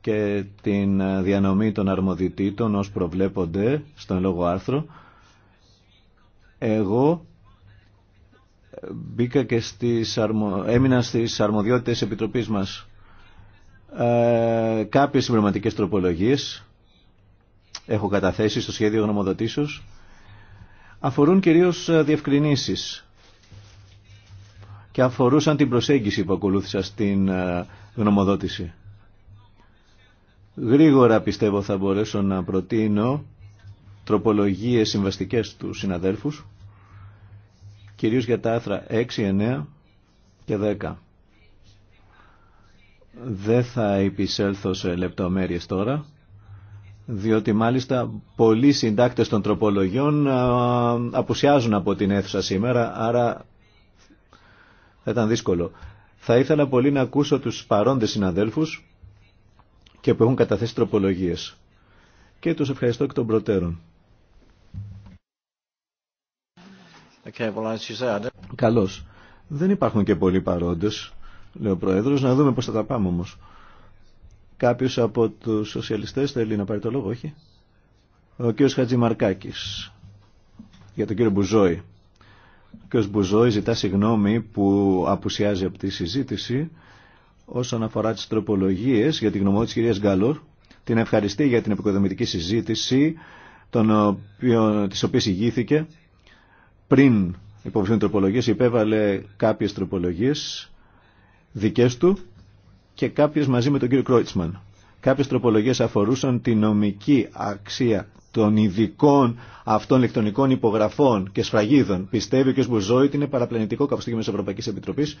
και την διανομή των αρμοδιτήτων ως προβλέπονται στον λόγο άρθρο. Εγώ μπήκα και στις αρμο... έμεινα στις αρμοδιότητες επιτροπής μας ε, κάποιες συμπληρωματικές τροπολογίες έχω καταθέσει στο σχέδιο γνωμοδοτήσεως αφορούν κυρίως ε, διευκρινήσεις και αφορούσαν την προσέγγιση που ακολούθησα στην ε, γνωμοδότηση. Γρήγορα πιστεύω θα μπορέσω να προτείνω τροπολογίες συμβαστικές του συναδέλφους κυρίως για τα άθρα 6, 9 και 10. Δεν θα επισέλθω σε λεπτομέρειες τώρα, διότι μάλιστα πολλοί συντάκτες των τροπολογιών απουσιάζουν από την αίθουσα σήμερα, άρα θα ήταν δύσκολο. Θα ήθελα πολύ να ακούσω τους παρόντες συναδέλφους και που έχουν καταθέσει τροπολογίες. Και τους ευχαριστώ και των προτέρων. Okay, Καλώς. Δεν υπάρχουν και πολλοί παρόντες, λέει ο Πρόεδρος. Να δούμε πώς θα τα πάμε όμως. Κάποιος από τους σοσιαλιστές θέλει να πάρει το λόγο, όχι. Ο κύριος Χατζημαρκάκης. Για τον κύριο Μπουζόη. Ο κ. Μπουζόη ζητά συγγνώμη που απουσιάζει από τη συζήτηση όσον αφορά τις τροπολογίες για την γνωμό της κυρίας Γκαλούρ. Την ευχαριστεί για την επικοδομητική συζήτηση τον οποίο, της οποίας ηγήθηκε πριν υποψήφιων τροπολογίες υπέβαλε κάποιες τροπολογίες δικές του και κάποιες μαζί με τον κύριο Κρόιτσμαν. Κάποιες τροπολογίες αφορούσαν τη νομική αξία των ειδικών αυτών ηλεκτρονικών υπογραφών και σφραγίδων. Πιστεύει ο κ. Μπουζόη ότι είναι παραπλανητικό κάπως στιγμή της Ευρωπαϊκής Επιτροπής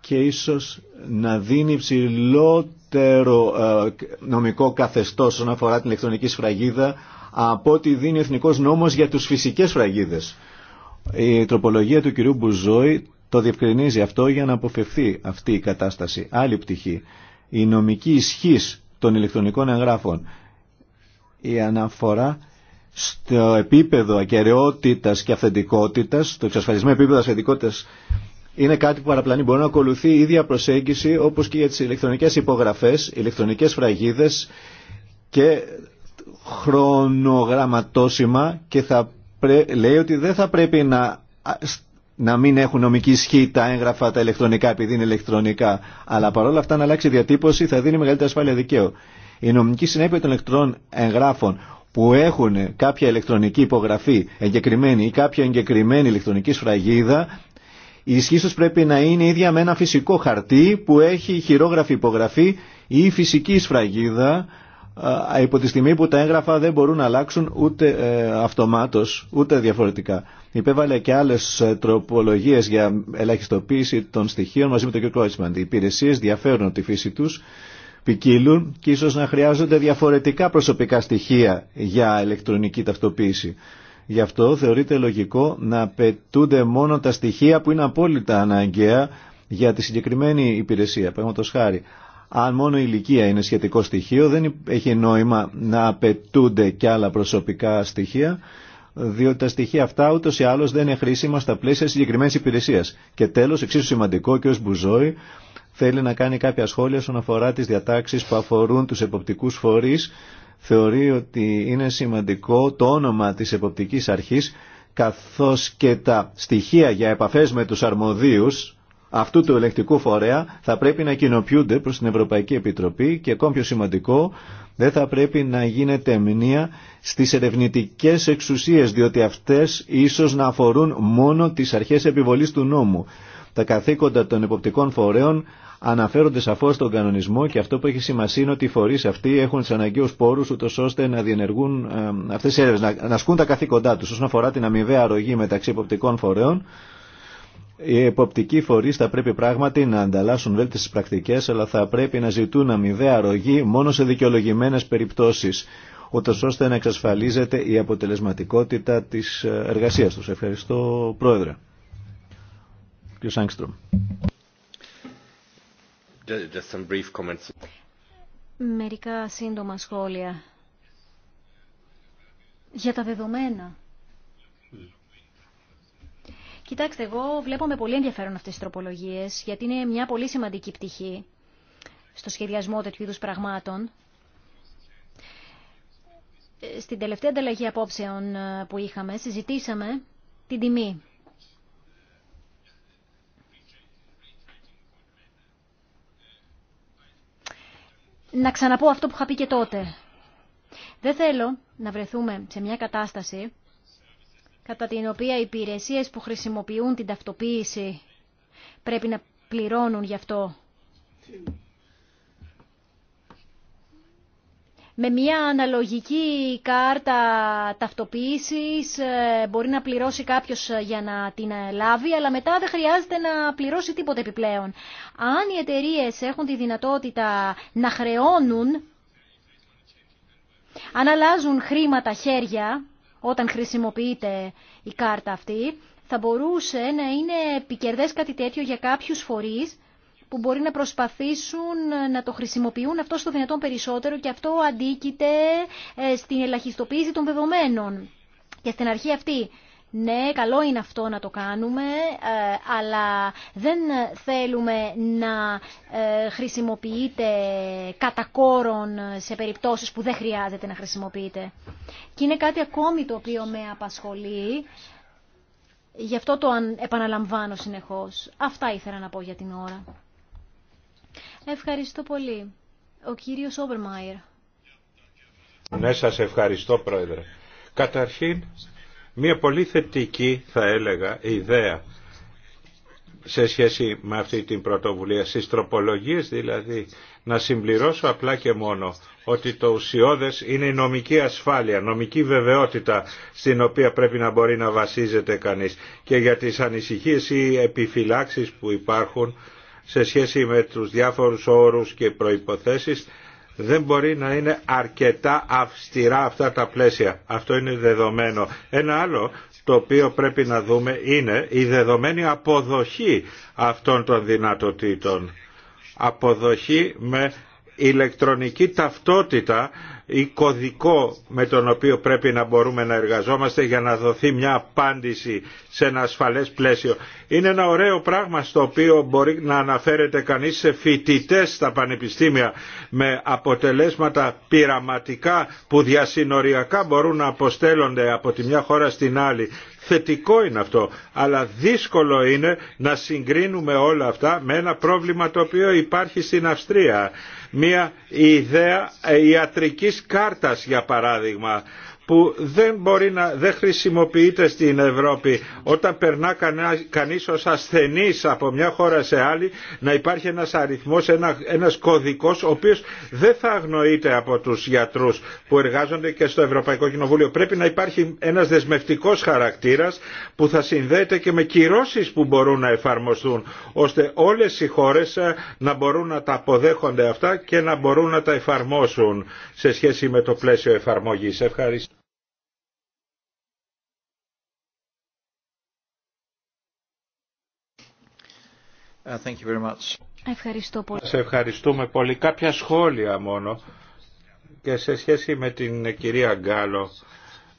και ίσως να δίνει υψηλότερο ε, νομικό καθεστώς όσον αφορά την ηλεκτρονική σφραγίδα από ό,τι δίνει ο Εθνικός Νόμος για τους φυσικές σφραγίδες. Η τροπολογία του κυρίου Μπουζόη το διευκρινίζει αυτό για να αποφευθεί αυτή η κατάσταση. Άλλη πτυχή, η νομική ισχύ των ηλεκτρονικών εγγράφων, η αναφορά στο επίπεδο ακεραιότητας και αυθεντικότητα, το εξασφαλισμένο επίπεδο αυθεντικότητα, είναι κάτι που παραπλανεί. Μπορεί να ακολουθεί η ίδια προσέγγιση όπω και για τι ηλεκτρονικέ υπογραφέ, ηλεκτρονικέ φραγίδες και χρονογραμματώσιμα και θα λέει ότι δεν θα πρέπει να, να μην έχουν νομική ισχύ τα έγγραφα τα ηλεκτρονικά επειδή είναι ηλεκτρονικά. Αλλά παρόλα αυτά να αλλάξει διατύπωση θα δίνει μεγαλύτερη ασφάλεια δικαίου. Η νομική συνέπεια των ηλεκτρών εγγράφων που έχουν κάποια ηλεκτρονική υπογραφή εγκεκριμένη ή κάποια εγκεκριμένη ηλεκτρονική σφραγίδα η ισχύ του πρέπει να είναι ίδια με ένα φυσικό χαρτί που έχει χειρόγραφη υπογραφή ή φυσική σφραγίδα υπό τη στιγμή που τα έγγραφα δεν μπορούν να αλλάξουν ούτε ε, αυτομάτως, ούτε διαφορετικά. Υπέβαλε και άλλες ε, τροπολογίες για ελαχιστοποίηση των στοιχείων μαζί με τον κ. Κρότσμαν. Οι υπηρεσίε διαφέρουν τη φύση τους, ποικίλουν και ίσως να χρειάζονται διαφορετικά προσωπικά στοιχεία για ηλεκτρονική ταυτοποίηση. Γι' αυτό θεωρείται λογικό να απαιτούνται μόνο τα στοιχεία που είναι απόλυτα αναγκαία για τη συγκεκριμένη υπηρεσία. Παραδείγματο χάρη, αν μόνο η ηλικία είναι σχετικό στοιχείο, δεν έχει νόημα να απαιτούνται και άλλα προσωπικά στοιχεία, διότι τα στοιχεία αυτά ούτω ή άλλω δεν είναι χρήσιμα στα πλαίσια συγκεκριμένη υπηρεσία. Και τέλο, εξίσου σημαντικό, και ο Μπουζόη θέλει να κάνει κάποια σχόλια όσον αφορά τι διατάξει που αφορούν του εποπτικού φορεί. Θεωρεί ότι είναι σημαντικό το όνομα τη εποπτική αρχή, καθώ και τα στοιχεία για επαφέ με του αρμοδίου αυτού του ελεκτικού φορέα θα πρέπει να κοινοποιούνται προς την Ευρωπαϊκή Επιτροπή και ακόμη πιο σημαντικό δεν θα πρέπει να γίνεται μνήμα στις ερευνητικές εξουσίες διότι αυτές ίσως να αφορούν μόνο τις αρχές επιβολής του νόμου. Τα καθήκοντα των εποπτικών φορέων αναφέρονται σαφώς στον κανονισμό και αυτό που έχει σημασία είναι ότι οι φορείς αυτοί έχουν τις αναγκαίους πόρους ούτως ώστε να διενεργούν ε, αυτές τις έρευνες, να, ασκούν τα καθήκοντά τους όσον αφορά την αμοιβαία αρρωγή μεταξύ εποπτικών φορέων οι εποπτικοί φορεί θα πρέπει πράγματι να ανταλλάσσουν βέλτιστε πρακτικέ, αλλά θα πρέπει να ζητούν αμοιβαία αρρωγή μόνο σε δικαιολογημένε περιπτώσει, ούτω ώστε να εξασφαλίζεται η αποτελεσματικότητα τη ε, εργασία του. Ευχαριστώ, Πρόεδρε. Κ. Σάγκστρομ. Μερικά σύντομα σχόλια για τα δεδομένα Κοιτάξτε, εγώ βλέπω με πολύ ενδιαφέρον αυτές τις τροπολογίες, γιατί είναι μια πολύ σημαντική πτυχή στο σχεδιασμό τέτοιου είδους πραγμάτων. Ε, στην τελευταία ανταλλαγή απόψεων ε, που είχαμε, συζητήσαμε την τιμή. Να ξαναπώ αυτό που είχα πει και τότε. Δεν θέλω να βρεθούμε σε μια κατάσταση κατά την οποία οι υπηρεσίες που χρησιμοποιούν την ταυτοποίηση πρέπει να πληρώνουν γι' αυτό. Με μια αναλογική κάρτα ταυτοποίησης ε, μπορεί να πληρώσει κάποιος ε, για να την ε, λάβει, αλλά μετά δεν χρειάζεται να πληρώσει τίποτε επιπλέον. Αν οι εταιρείες έχουν τη δυνατότητα να χρεώνουν, αν αλλάζουν χρήματα χέρια, όταν χρησιμοποιείται η κάρτα αυτή, θα μπορούσε να είναι επικερδές κάτι τέτοιο για κάποιους φορείς που μπορεί να προσπαθήσουν να το χρησιμοποιούν αυτό στο δυνατόν περισσότερο και αυτό αντίκειται ε, στην ελαχιστοποίηση των δεδομένων. Και στην αρχή αυτή ναι, καλό είναι αυτό να το κάνουμε, ε, αλλά δεν θέλουμε να ε, χρησιμοποιείται κατά κόρον σε περιπτώσεις που δεν χρειάζεται να χρησιμοποιείτε. Και είναι κάτι ακόμη το οποίο με απασχολεί, γι' αυτό το επαναλαμβάνω συνεχώς. Αυτά ήθελα να πω για την ώρα. Ευχαριστώ πολύ. Ο κύριος Όμπερμαϊρ. Ναι, σας ευχαριστώ πρόεδρε. Καταρχήν Μία πολύ θετική, θα έλεγα, ιδέα σε σχέση με αυτή την πρωτοβουλία. Στις τροπολογίες δηλαδή, να συμπληρώσω απλά και μόνο ότι το ουσιώδες είναι η νομική ασφάλεια, νομική βεβαιότητα στην οποία πρέπει να μπορεί να βασίζεται κανείς και για τις ανησυχίες ή επιφυλάξεις που υπάρχουν σε σχέση με τους διάφορους όρους και προϋποθέσεις δεν μπορεί να είναι αρκετά αυστηρά αυτά τα πλαίσια. Αυτό είναι δεδομένο. Ένα άλλο το οποίο πρέπει να δούμε είναι η δεδομένη αποδοχή αυτών των δυνατοτήτων. Αποδοχή με ηλεκτρονική ταυτότητα ή κωδικό με τον οποίο πρέπει να μπορούμε να εργαζόμαστε για να δοθεί μια απάντηση σε ένα ασφαλές πλαίσιο. Είναι ένα ωραίο πράγμα στο οποίο μπορεί να αναφέρεται κανείς σε φοιτητέ στα πανεπιστήμια με αποτελέσματα πειραματικά που διασυνοριακά μπορούν να αποστέλλονται από τη μια χώρα στην άλλη. Θετικό είναι αυτό, αλλά δύσκολο είναι να συγκρίνουμε όλα αυτά με ένα πρόβλημα το οποίο υπάρχει στην Αυστρία μια ιδέα ε, ιατρικής κάρτας για παράδειγμα που δεν, δεν χρησιμοποιείται στην Ευρώπη όταν περνά κανείς ως ασθενής από μια χώρα σε άλλη να υπάρχει ένας αριθμός, ένα, ένας κωδικός ο οποίος δεν θα αγνοείται από τους γιατρούς που εργάζονται και στο Ευρωπαϊκό Κοινοβούλιο. Πρέπει να υπάρχει ένας δεσμευτικός χαρακτήρας που θα συνδέεται και με κυρώσεις που μπορούν να εφαρμοστούν ώστε όλες οι χώρες ε, να μπορούν να τα αποδέχονται αυτά και να μπορούν να τα εφαρμόσουν σε σχέση με το πλαίσιο εφαρμογής. Ευχαριστώ. Uh, thank you very much. Ευχαριστώ πολύ. Σε ευχαριστούμε πολύ. Κάποια σχόλια μόνο και σε σχέση με την κυρία Γκάλο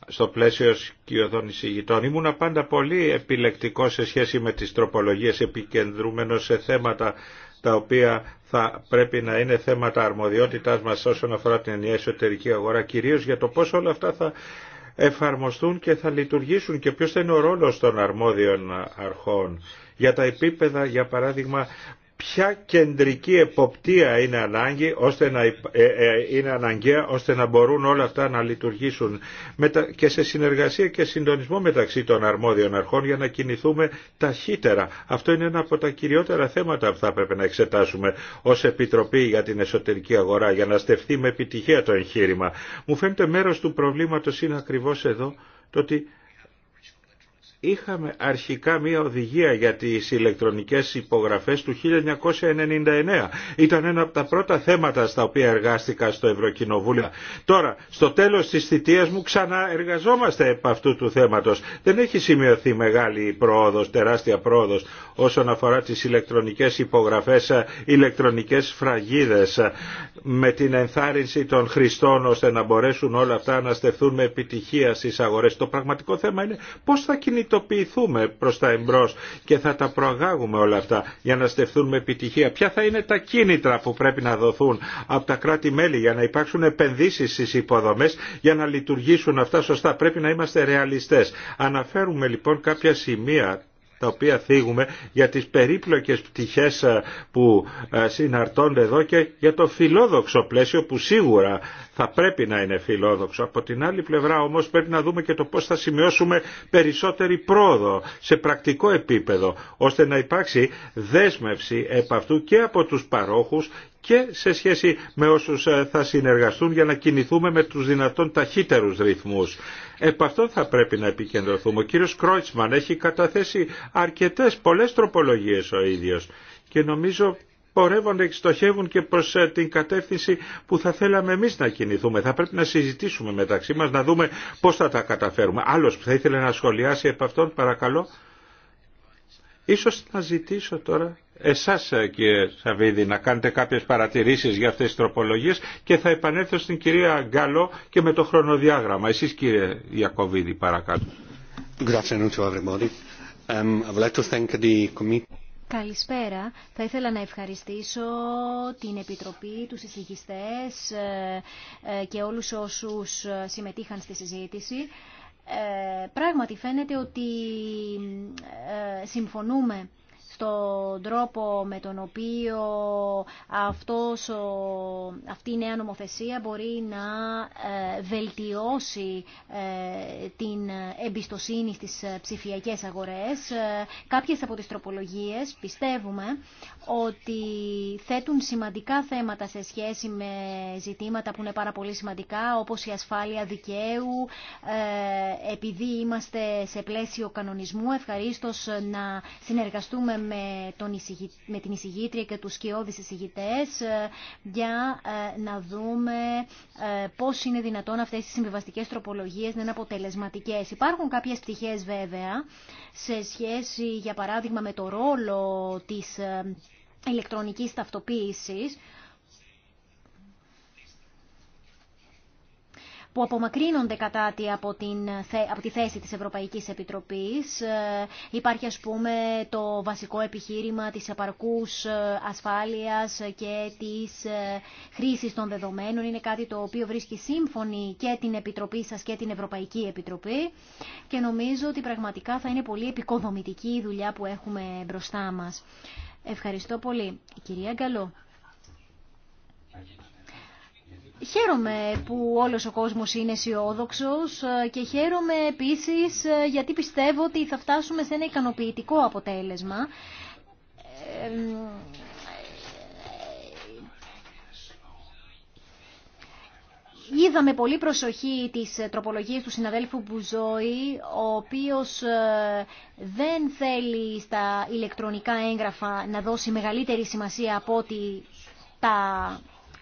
στο πλαίσιο σκιωδών εισηγητών. Ήμουν πάντα πολύ επιλεκτικό σε σχέση με τις τροπολογίες επικεντρούμενο σε θέματα τα οποία θα πρέπει να είναι θέματα αρμοδιότητάς μας όσον αφορά την ενιαία εσωτερική αγορά, κυρίως για το πώς όλα αυτά θα εφαρμοστούν και θα λειτουργήσουν και ποιος θα είναι ο ρόλος των αρμόδιων αρχών για τα επίπεδα, για παράδειγμα, ποια κεντρική εποπτεία είναι, ανάγκη, ώστε να, ε, ε, είναι αναγκαία ώστε να μπορούν όλα αυτά να λειτουργήσουν και σε συνεργασία και συντονισμό μεταξύ των αρμόδιων αρχών για να κινηθούμε ταχύτερα. Αυτό είναι ένα από τα κυριότερα θέματα που θα πρέπει να εξετάσουμε ως Επιτροπή για την Εσωτερική Αγορά για να στεφθεί με επιτυχία το εγχείρημα. Μου φαίνεται μέρος του προβλήματος είναι ακριβώς εδώ το ότι είχαμε αρχικά μία οδηγία για τις ηλεκτρονικές υπογραφές του 1999. Ήταν ένα από τα πρώτα θέματα στα οποία εργάστηκα στο Ευρωκοινοβούλιο. Τώρα, στο τέλος της θητείας μου ξαναεργαζόμαστε επ' αυτού του θέματος. Δεν έχει σημειωθεί μεγάλη πρόοδος, τεράστια πρόοδος όσον αφορά τις ηλεκτρονικές υπογραφές, ηλεκτρονικές φραγίδες με την ενθάρρυνση των χρηστών ώστε να μπορέσουν όλα αυτά να στεφθούν με επιτυχία στις αγορές. Το πραγματικό θέμα είναι πώς θα κινητοποιήσουμε κινητοποιηθούμε προς τα εμπρός και θα τα προαγάγουμε όλα αυτά για να στεφθούν με επιτυχία. Ποια θα είναι τα κίνητρα που πρέπει να δοθούν από τα κράτη-μέλη για να υπάρξουν επενδύσεις στις υποδομές για να λειτουργήσουν αυτά σωστά. Πρέπει να είμαστε ρεαλιστές. Αναφέρουμε λοιπόν κάποια σημεία τα οποία θίγουμε για τις περίπλοκες πτυχές ε, που ε, συναρτώνται εδώ και για το φιλόδοξο πλαίσιο που σίγουρα θα πρέπει να είναι φιλόδοξο. Από την άλλη πλευρά όμως πρέπει να δούμε και το πώς θα σημειώσουμε περισσότερη πρόοδο σε πρακτικό επίπεδο, ώστε να υπάρξει δέσμευση επ' αυτού και από τους παρόχους και σε σχέση με όσους ε, θα συνεργαστούν για να κινηθούμε με τους δυνατόν ταχύτερους ρυθμούς. Επ' αυτό θα πρέπει να επικεντρωθούμε. Ο κύριος Κρόιτσμαν έχει καταθέσει αρκετές πολλές τροπολογίες ο ίδιος και νομίζω πορεύονται και στοχεύουν και προς ε, την κατεύθυνση που θα θέλαμε εμείς να κινηθούμε. Θα πρέπει να συζητήσουμε μεταξύ μας, να δούμε πώς θα τα καταφέρουμε. Άλλος που θα ήθελε να σχολιάσει επ' αυτόν, παρακαλώ. Ίσως να ζητήσω τώρα εσάς ε, κύριε Σαβίδη να κάνετε κάποιες παρατηρήσεις για αυτές τις τροπολογίες και θα επανέλθω στην κυρία Γκάλο και με το χρονοδιάγραμμα. Εσείς κύριε Ιακωβίδη παρακαλώ. to um, the committee. Καλησπέρα. Θα ήθελα να ευχαριστήσω την Επιτροπή, τους συζητητές ε, ε, και όλους όσους ε, συμμετείχαν στη συζήτηση. Πράγματι φαίνεται ότι συμφωνούμε στον τρόπο με τον οποίο αυτός, αυτή η νέα νομοθεσία μπορεί να ε, βελτιώσει ε, την εμπιστοσύνη στις ε, ψηφιακές αγορές. Κάποιες από τις τροπολογίες πιστεύουμε ότι θέτουν σημαντικά θέματα σε σχέση με ζητήματα που είναι πάρα πολύ σημαντικά όπως η ασφάλεια δικαίου επειδή είμαστε σε πλαίσιο κανονισμού ευχαρίστως να συνεργαστούμε με, τον με την εισηγήτρια και τους σκιώδεις εισηγητές ε, για ε, να δούμε ε, πώς είναι δυνατόν αυτές οι συμβιβαστικές τροπολογίες να είναι αποτελεσματικές. Υπάρχουν κάποιες πτυχές βέβαια σε σχέση για παράδειγμα με το ρόλο της ηλεκτρονικής ταυτοποίησης που απομακρύνονται κατά τη από, την, από τη θέση της Ευρωπαϊκής Επιτροπής. Ε, υπάρχει ας πούμε το βασικό επιχείρημα της επαρκούς ε, ασφάλειας και της ε, χρήσης των δεδομένων. Είναι κάτι το οποίο βρίσκει σύμφωνη και την Επιτροπή σας και την Ευρωπαϊκή Επιτροπή και νομίζω ότι πραγματικά θα είναι πολύ επικοδομητική η δουλειά που έχουμε μπροστά μας. Ευχαριστώ πολύ. κυρία Γκαλό. Χαίρομαι που όλος ο κόσμος είναι αισιόδοξο ε, και χαίρομαι επίσης ε, γιατί πιστεύω ότι θα φτάσουμε σε ένα ικανοποιητικό αποτέλεσμα. Ε, είδαμε πολύ προσοχή της τροπολογίες του συναδέλφου Μπουζόη, ο οποίος δεν θέλει στα ηλεκτρονικά έγγραφα να δώσει μεγαλύτερη σημασία από ότι τα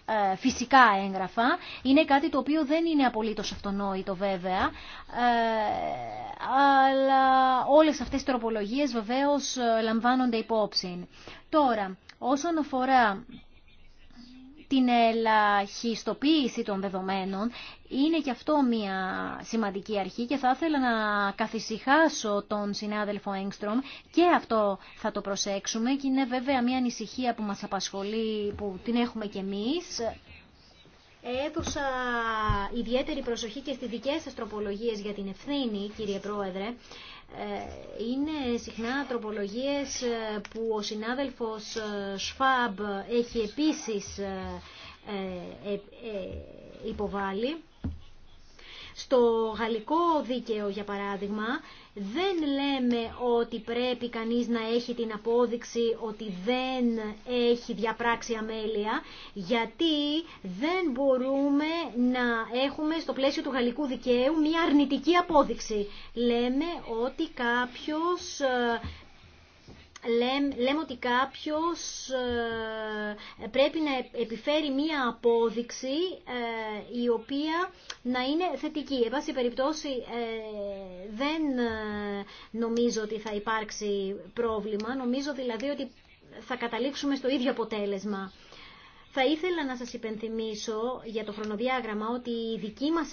ε, φυσικά έγγραφα. Είναι κάτι το οποίο δεν είναι απολύτως αυτονόητο βέβαια, ε, αλλά όλες αυτές οι τροπολογίες βεβαίως ε, λαμβάνονται υπόψη. Τώρα, όσον αφορά την ελαχιστοποίηση των δεδομένων είναι και αυτό μια σημαντική αρχή και θα ήθελα να καθησυχάσω τον συνάδελφο Έγκστρομ και αυτό θα το προσέξουμε και είναι βέβαια μια ανησυχία που μας απασχολεί, που την έχουμε και εμείς. Έδωσα ιδιαίτερη προσοχή και στις δικές σας τροπολογίες για την ευθύνη, κύριε Πρόεδρε. Ε, είναι συχνά τροπολογίες ε, που ο συνάδελφος Σφάμπ ε, έχει επίσης υποβάλει. Στο γαλλικό δίκαιο, για παράδειγμα, δεν λέμε ότι πρέπει κανείς να έχει την απόδειξη ότι δεν έχει διαπράξει αμέλεια, γιατί δεν μπορούμε να έχουμε στο πλαίσιο του γαλλικού δικαίου μια αρνητική απόδειξη. Λέμε ότι κάποιος ε, λέμε, λέμε ότι κάποιος ε, πρέπει να επιφέρει μία απόδειξη ε, η οποία να είναι θετική. Εν πάση περιπτώσει ε, δεν νομίζω ότι θα υπάρξει πρόβλημα. Νομίζω δηλαδή ότι θα καταλήξουμε στο ίδιο αποτέλεσμα. Θα ήθελα να σας υπενθυμίσω για το χρονοδιάγραμμα ότι η δική μας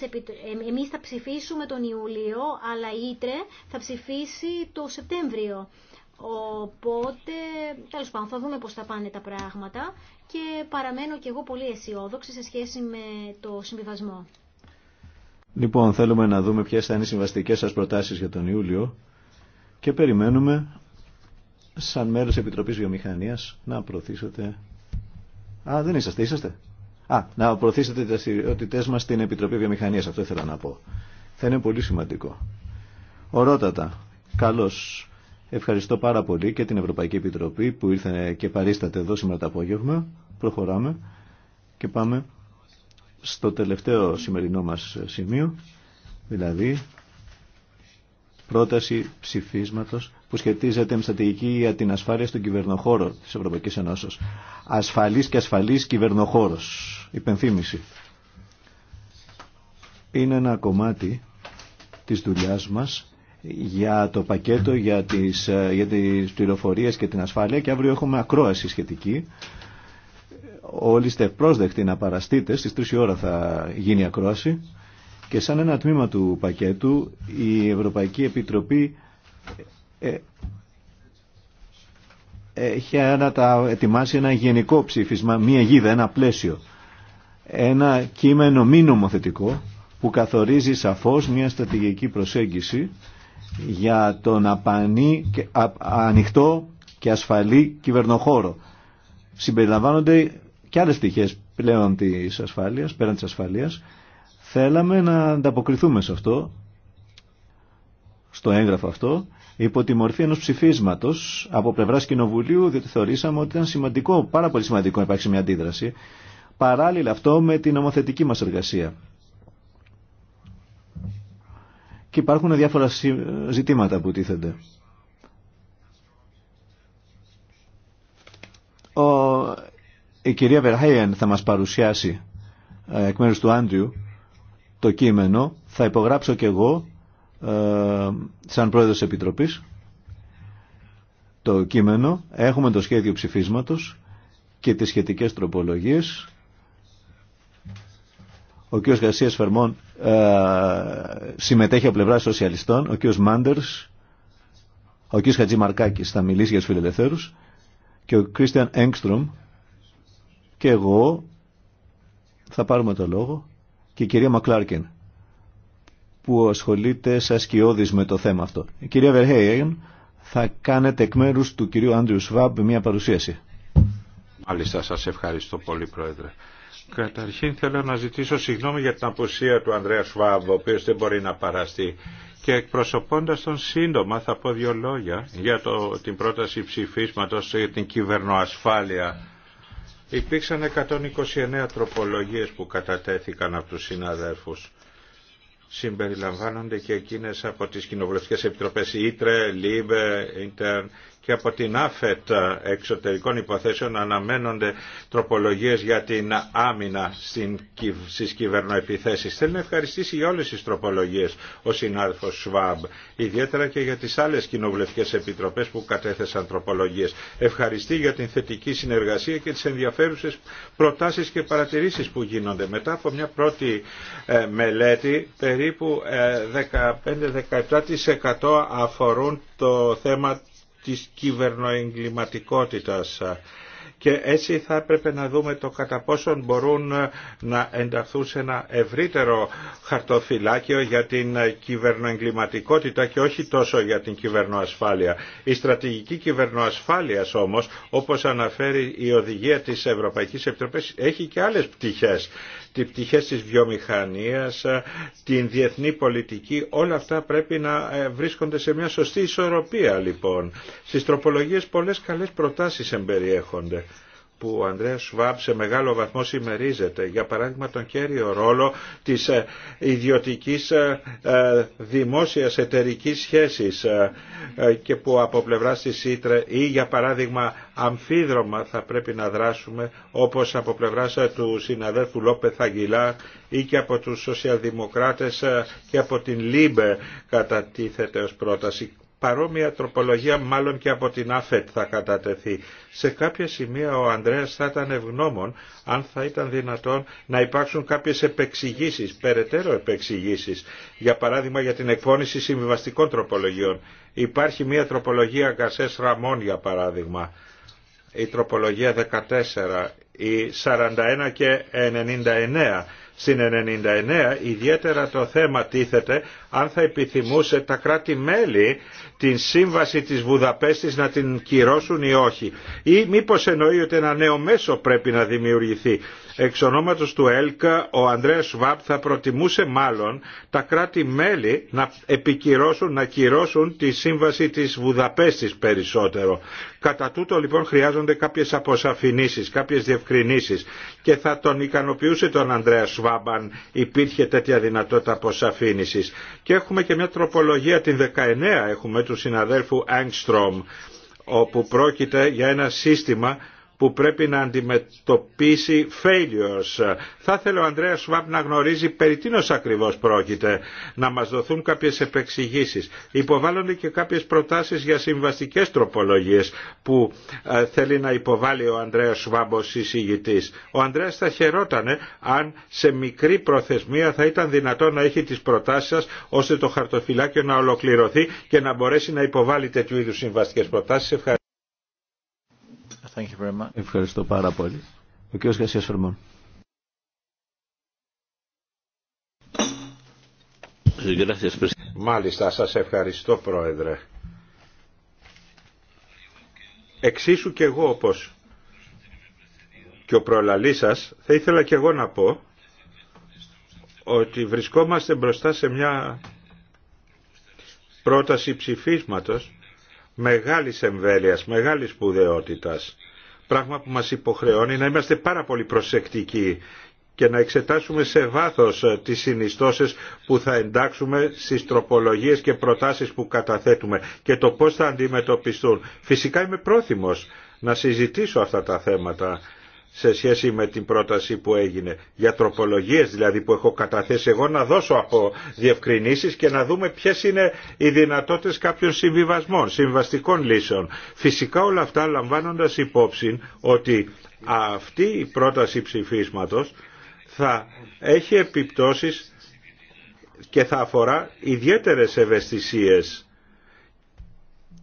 εμείς θα ψηφίσουμε τον Ιούλιο, αλλά η Ήτρε θα ψηφίσει το Σεπτέμβριο. Οπότε, τέλος πάντων, θα δούμε πώς θα πάνε τα πράγματα και παραμένω και εγώ πολύ αισιόδοξη σε σχέση με το συμβιβασμό. Λοιπόν, θέλουμε να δούμε ποιες θα είναι οι συμβαστικές σας προτάσεις για τον Ιούλιο και περιμένουμε σαν μέρος Επιτροπής Βιομηχανίας να προωθήσετε... Α, δεν είσαστε, είσαστε. Α, να προωθήσετε τις δραστηριότητε μας στην Επιτροπή Βιομηχανίας, αυτό ήθελα να πω. Θα είναι πολύ σημαντικό. Ορότατα, καλώς. Ευχαριστώ πάρα πολύ και την Ευρωπαϊκή Επιτροπή που ήρθε και παρίσταται εδώ σήμερα το απόγευμα. Προχωράμε και πάμε στο τελευταίο σημερινό μας σημείο, δηλαδή πρόταση ψηφίσματος που σχετίζεται με στρατηγική για την ασφάλεια στον κυβερνοχώρο της Ευρωπαϊκής Ενώσεως. Ασφαλής και ασφαλής κυβερνοχώρος. Υπενθύμηση. Είναι ένα κομμάτι της δουλειάς μας για το πακέτο για τις, ε, για τις πληροφορίες και την ασφάλεια και αύριο έχουμε ακρόαση σχετική. Όλοι είστε πρόσδεκτοι να παραστείτε, στις 3 ώρα θα γίνει ακρόαση και σαν ένα τμήμα του πακέτου η Ευρωπαϊκή Επιτροπή ε, έχει ένα, τα, ετοιμάσει ένα γενικό ψήφισμα, μία γίδα, ένα πλαίσιο. Ένα κείμενο μη νομοθετικό που καθορίζει σαφώς μια στρατηγική προσέγγιση για τον απανή, ανοιχτό και ασφαλή κυβερνοχώρο. Συμπεριλαμβάνονται και άλλες πτυχές πλέον της ασφάλειας, πέραν της ασφαλείας. Θέλαμε να ανταποκριθούμε σε αυτό, στο έγγραφο αυτό, υπό τη μορφή ενός ψηφίσματος από πλευράς Κοινοβουλίου, διότι θεωρήσαμε ότι ήταν σημαντικό, πάρα πολύ σημαντικό να υπάρξει μια αντίδραση, παράλληλα αυτό με την νομοθετική μας εργασία και υπάρχουν διάφορα ζητήματα που τίθενται. Ο, η κυρία Βερχέιεν θα μας παρουσιάσει ε, εκ μέρους του Άντριου το κείμενο. Θα υπογράψω και εγώ ε, σαν πρόεδρος Επιτροπής το κείμενο. Έχουμε το σχέδιο ψηφίσματος και τις σχετικές τροπολογίες. Ο κ. Γασίας Φερμόν ε, συμμετέχει από πλευρά σοσιαλιστών, ο κ. Μάντερ, ο κ. Μαρκάκη, θα μιλήσει για τους φιλελευθέρους και ο Κρίστιαν Έγκστρομ και εγώ θα πάρουμε το λόγο και η κυρία Μακλάρκεν που ασχολείται σαν σκιώδης με το θέμα αυτό. Η κυρία Βερχέιεν θα κάνετε εκ μέρους του κυρίου Άντριου Σβάμπ μια παρουσίαση. Μάλιστα σας ευχαριστώ πολύ Πρόεδρε. Καταρχήν θέλω να ζητήσω συγγνώμη για την απουσία του Ανδρέα Σβάβ, ο οποίος δεν μπορεί να παραστεί. Και εκπροσωπώντας τον σύντομα θα πω δύο λόγια για το, την πρόταση ψηφίσματος για την κυβερνοασφάλεια. Υπήρξαν 129 τροπολογίες που κατατέθηκαν από τους συναδέλφους. Συμπεριλαμβάνονται και εκείνες από τις κοινοβουλευτικές επιτροπές Ήτρε, Λίβε, Ιντερν και από την ΑΦΕΤ εξωτερικών υποθέσεων αναμένονται τροπολογίες για την άμυνα στις κυβερνοεπιθέσεις. Θέλει να ευχαριστήσει για όλες τις τροπολογίες ο συνάδελφος ΣΒΑΜ, ιδιαίτερα και για τις άλλες κοινοβουλευτικές επιτροπές που κατέθεσαν τροπολογίες. Ευχαριστεί για την θετική συνεργασία και τις ενδιαφέρουσες προτάσεις και παρατηρήσεις που γίνονται. Μετά από μια πρώτη ε, μελέτη, περίπου 15-17% ε, αφορούν το θέμα της κυβερνοεγκληματικότητας και έτσι θα έπρεπε να δούμε το κατά πόσον μπορούν να ενταχθούν σε ένα ευρύτερο χαρτοφυλάκιο για την κυβερνοεγκληματικότητα και όχι τόσο για την κυβερνοασφάλεια. Η στρατηγική κυβερνοασφάλεια, όμως, όπως αναφέρει η οδηγία της Ευρωπαϊκής Επιτροπής, έχει και άλλες πτυχές τι πτυχές της βιομηχανίας, ε, την διεθνή πολιτική, όλα αυτά πρέπει να ε, βρίσκονται σε μια σωστή ισορροπία λοιπόν. Στις τροπολογίες πολλές καλές προτάσεις εμπεριέχονται που ο Ανδρέας Σουάμπ σε μεγάλο βαθμό συμμερίζεται. Για παράδειγμα τον κέριο ρόλο της ε, ιδιωτικής ε, ε, δημόσιας εταιρικής σχέσης και που από πλευρά στη Ήτρε ή για παράδειγμα αμφίδρομα θα πρέπει να δράσουμε όπως από πλευρά του συναδέλφου Λόπε Θαγγιλά ή και από τους σοσιαλδημοκράτες και από την Λίμπε κατατίθεται ως πρόταση παρόμοια τροπολογία μάλλον και από την ΑΦΕΤ θα κατατεθεί. Σε κάποια σημεία ο Ανδρέας θα ήταν ευγνώμων αν θα ήταν δυνατόν να υπάρξουν κάποιες επεξηγήσεις, περαιτέρω επεξηγήσεις, για παράδειγμα για την εκφώνηση συμβιβαστικών τροπολογιών. Υπάρχει μια τροπολογία Γκασές Ραμών για παράδειγμα, η τροπολογία 14, η 41 και 99. Στην 99 ιδιαίτερα το θέμα τίθεται αν θα επιθυμούσε τα κράτη-μέλη την σύμβαση της Βουδαπέστης να την κυρώσουν ή όχι. Ή μήπως εννοεί ότι ένα νέο μέσο πρέπει να δημιουργηθεί. Εξ ονόματος του ΕΛΚΑ ο Ανδρέας Σβάπ θα προτιμούσε μάλλον τα κράτη-μέλη να επικυρώσουν, να κυρώσουν τη σύμβαση της Βουδαπέστης περισσότερο. Κατά τούτο λοιπόν χρειάζονται κάποιες αποσαφηνήσεις, κάποιες διευκρινήσεις και θα τον ικανοποιούσε τον Ανδρέα Σβάμπ αν υπήρχε τέτοια δυνατότητα και έχουμε και μια τροπολογία την 19 έχουμε του συναδέλφου Άγκστρομ όπου πρόκειται για ένα σύστημα που πρέπει να αντιμετωπίσει failures. Θα ήθελε ο Ανδρέας Σουάπ να γνωρίζει περί τίνος ακριβώς πρόκειται, να μας δοθούν κάποιες επεξηγήσεις. Υποβάλλονται και κάποιες προτάσεις για συμβαστικές τροπολογίες που ε, θέλει να υποβάλει ο Ανδρέας Σουάπ ως εισηγητής. Ο Ανδρέας θα χαιρότανε αν σε μικρή προθεσμία θα ήταν δυνατό να έχει τις προτάσεις σας ώστε το χαρτοφυλάκιο να ολοκληρωθεί και να μπορέσει να υποβάλει τέτοιου είδους συμβαστικές προτάσεις. Ευχαριστώ. Ευχαριστώ πάρα πολύ. Ο κ. Γασίας Φερμόν. Μάλιστα, σας ευχαριστώ Πρόεδρε. Εξίσου και εγώ όπως και ο προλαλή θα ήθελα και εγώ να πω ότι βρισκόμαστε μπροστά σε μια πρόταση ψηφίσματος μεγάλης εμβέλειας, μεγάλης σπουδαιότητας Πράγμα που μας υποχρεώνει να είμαστε πάρα πολύ προσεκτικοί και να εξετάσουμε σε βάθος ε, τις συνιστώσεις που θα εντάξουμε στις τροπολογίες και προτάσεις που καταθέτουμε και το πώς θα αντιμετωπιστούν. Φυσικά είμαι πρόθυμος να συζητήσω αυτά τα θέματα σε σχέση με την πρόταση που έγινε. Για τροπολογίες δηλαδή που έχω καταθέσει εγώ να δώσω από διευκρινήσεις και να δούμε ποιες είναι οι δυνατότητες κάποιων συμβιβασμών, συμβαστικών λύσεων. Φυσικά όλα αυτά λαμβάνοντας υπόψη ότι αυτή η πρόταση ψηφίσματος θα έχει επιπτώσεις και θα αφορά ιδιαίτερες ευαισθησίες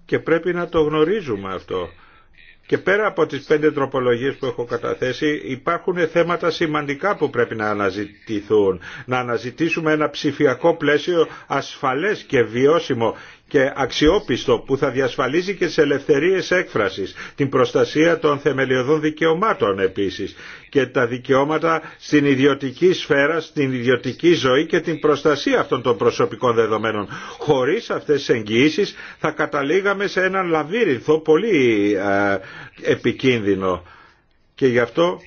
και πρέπει να το γνωρίζουμε αυτό και πέρα από τις πέντε τροπολογίες που έχω καταθέσει υπάρχουν θέματα σημαντικά που πρέπει να αναζητηθούν. Να αναζητήσουμε ένα ψηφιακό πλαίσιο ασφαλές και βιώσιμο και αξιόπιστο που θα διασφαλίζει και τις ελευθερίες έκφρασης, την προστασία των θεμελιωδών δικαιωμάτων επίσης και τα δικαιώματα στην ιδιωτική σφαίρα, στην ιδιωτική ζωή και την προστασία αυτών των προσωπικών δεδομένων. Χωρίς αυτές τις εγγυήσεις θα καταλήγαμε σε έναν λαβύρινθο πολύ ε, επικίνδυνο. Και γι' αυτό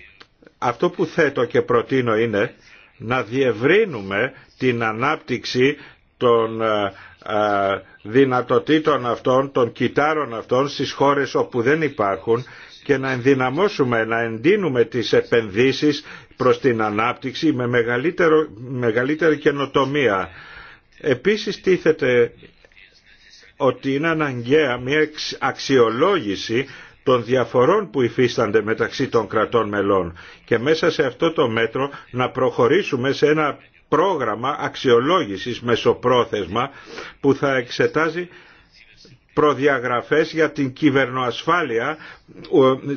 αυτό που θέτω και προτείνω είναι να διευρύνουμε την ανάπτυξη των ε, δυνατοτήτων αυτών, των κιτάρων αυτών στις χώρες όπου δεν υπάρχουν και να ενδυναμώσουμε, να εντείνουμε τις επενδύσεις προς την ανάπτυξη με μεγαλύτερο, μεγαλύτερη καινοτομία. Επίσης τίθεται ότι είναι αναγκαία μια αξιολόγηση των διαφορών που υφίστανται μεταξύ των κρατών μελών και μέσα σε αυτό το μέτρο να προχωρήσουμε σε ένα πρόγραμμα αξιολόγησης μεσοπρόθεσμα που θα εξετάζει προδιαγραφές για την κυβερνοασφάλεια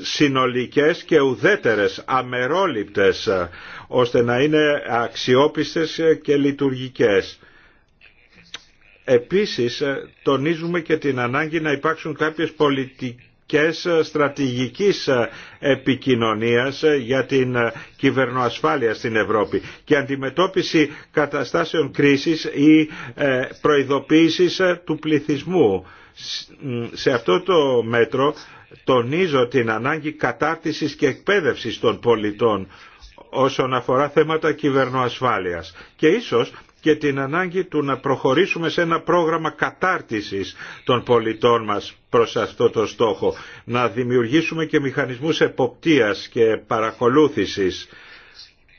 συνολικές και ουδέτερες, αμερόληπτες, ώστε να είναι αξιόπιστες και λειτουργικές. Επίσης, τονίζουμε και την ανάγκη να υπάρξουν κάποιες πολιτικές και ε, στρατηγικής ε, επικοινωνίας ε, για την κυβερνοασφάλεια στην Ευρώπη και αντιμετώπιση καταστάσεων κρίσης ή προειδοποίησης του πληθυσμού. Σε αυτό το μέτρο τονίζω την ανάγκη κατάρτισης και εκπαίδευσης των πολιτών όσον αφορά θέματα κυβερνοασφάλειας. Και ίσως και την ανάγκη του να προχωρήσουμε σε ένα πρόγραμμα κατάρτισης των πολιτών μας προς αυτό το στόχο. Να δημιουργήσουμε και μηχανισμούς εποπτείας και παρακολούθησης.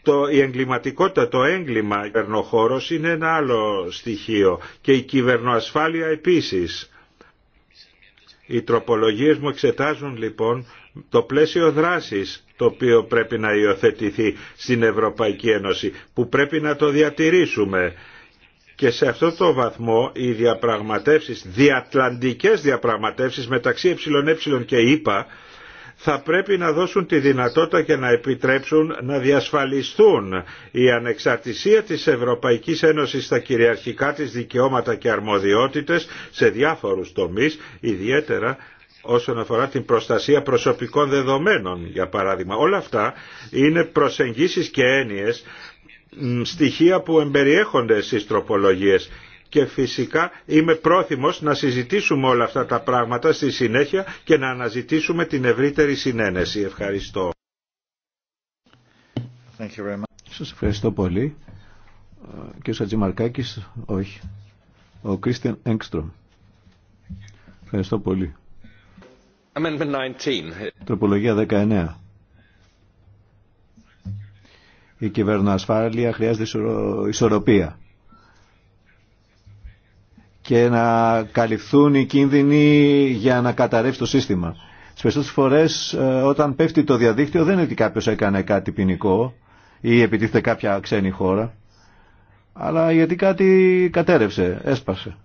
Το, η εγκληματικότητα, το έγκλημα κυβερνοχώρος είναι ένα άλλο στοιχείο και η κυβερνοασφάλεια επίσης. Οι τροπολογίες μου εξετάζουν λοιπόν το πλαίσιο δράσης το οποίο πρέπει να υιοθετηθεί στην Ευρωπαϊκή Ένωση που πρέπει να το διατηρήσουμε και σε αυτό το βαθμό οι διαπραγματεύσεις, διατλαντικές διαπραγματεύσεις μεταξύ ΕΕ και ΕΠΑ θα πρέπει να δώσουν τη δυνατότητα και να επιτρέψουν να διασφαλιστούν η ανεξαρτησία της Ευρωπαϊκής Ένωσης στα κυριαρχικά της δικαιώματα και αρμοδιότητες σε διάφορους τομείς, ιδιαίτερα όσον αφορά την προστασία προσωπικών δεδομένων, για παράδειγμα. Όλα αυτά είναι προσεγγίσεις και έννοιες, στοιχεία που εμπεριέχονται στις τροπολογίες και φυσικά είμαι πρόθυμος να συζητήσουμε όλα αυτά τα πράγματα στη συνέχεια και να αναζητήσουμε την ευρύτερη συνένεση. Ευχαριστώ. Thank Σας ευχαριστώ πολύ. Ε, και ο Σατζημαρκάκης, όχι. Ο Κρίστιαν Έγκστρομ. Ευχαριστώ πολύ. Τροπολογία 19. Η ασφάλεια χρειάζεται ισορροπία και να καλυφθούν οι κίνδυνοι για να καταρρεύσει το σύστημα. Στις περισσότερες φορές ε, όταν πέφτει το διαδίκτυο δεν είναι ότι κάποιος έκανε κάτι ποινικό ή επιτίθεται κάποια ξένη χώρα, αλλά γιατί κάτι κατέρευσε, έσπασε.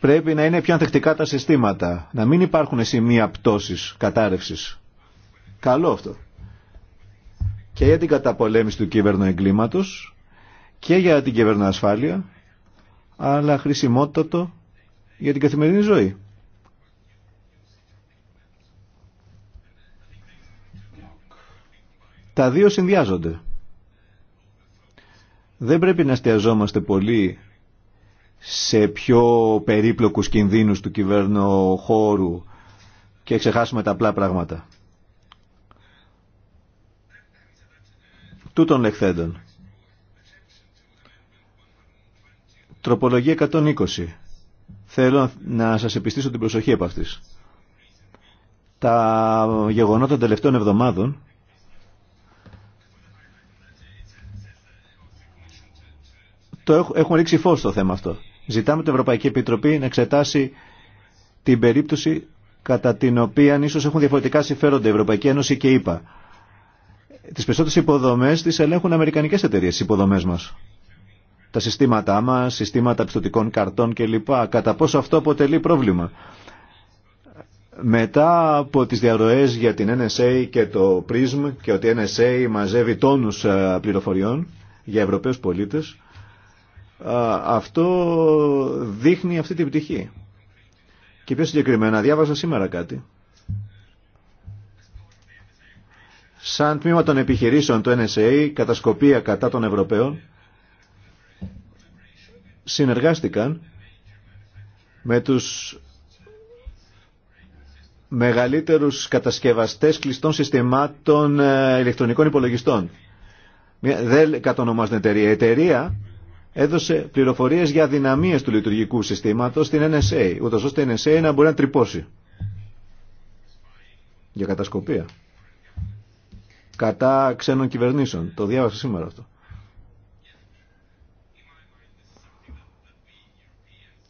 πρέπει να είναι πιο ανθεκτικά τα συστήματα, να μην υπάρχουν σημεία πτώση κατάρρευσης. Καλό αυτό. Και για την καταπολέμηση του εγκλήματο και για την ασφάλεια... αλλά χρησιμότατο για την καθημερινή ζωή. Τα δύο συνδυάζονται. Δεν πρέπει να εστιαζόμαστε πολύ σε πιο περίπλοκους κινδύνους του κυβερνοχώρου και ξεχάσουμε τα απλά πράγματα. Τούτων λεχθέντων. Τροπολογία 120. Θέλω να σας επιστήσω την προσοχή από αυτής. Τα γεγονότα των τελευταίων εβδομάδων το έχουν ρίξει φως στο θέμα αυτό. Ζητάμε την Ευρωπαϊκή Επιτροπή να εξετάσει την περίπτωση κατά την οποία ίσω έχουν διαφορετικά συμφέροντα η Ευρωπαϊκή Ένωση και ΕΠΑ. Τις περισσότερε υποδομές τις ελέγχουν αμερικανικές εταιρείε τι υποδομές μας. Τα συστήματά μα, συστήματα πιστοτικών καρτών κλπ. Κατά πόσο αυτό αποτελεί πρόβλημα. Μετά από τις διαρροές για την NSA και το PRISM και ότι η NSA μαζεύει τόνους ε, πληροφοριών για Ευρωπαίους πολίτες, αυτό δείχνει αυτή την πτυχή. Και πιο συγκεκριμένα, διάβαζα σήμερα κάτι. Σαν τμήμα των επιχειρήσεων του NSA, κατασκοπία κατά των Ευρωπαίων, συνεργάστηκαν με τους μεγαλύτερους κατασκευαστές κλειστών συστημάτων ε, ηλεκτρονικών υπολογιστών. Δεν κατονομάζεται εταιρεία. εταιρεία έδωσε πληροφορίες για δυναμίες του λειτουργικού συστήματος στην NSA, ούτω ώστε η NSA να μπορεί να τρυπώσει για κατασκοπία κατά ξένων κυβερνήσεων. Το διάβασα σήμερα αυτό.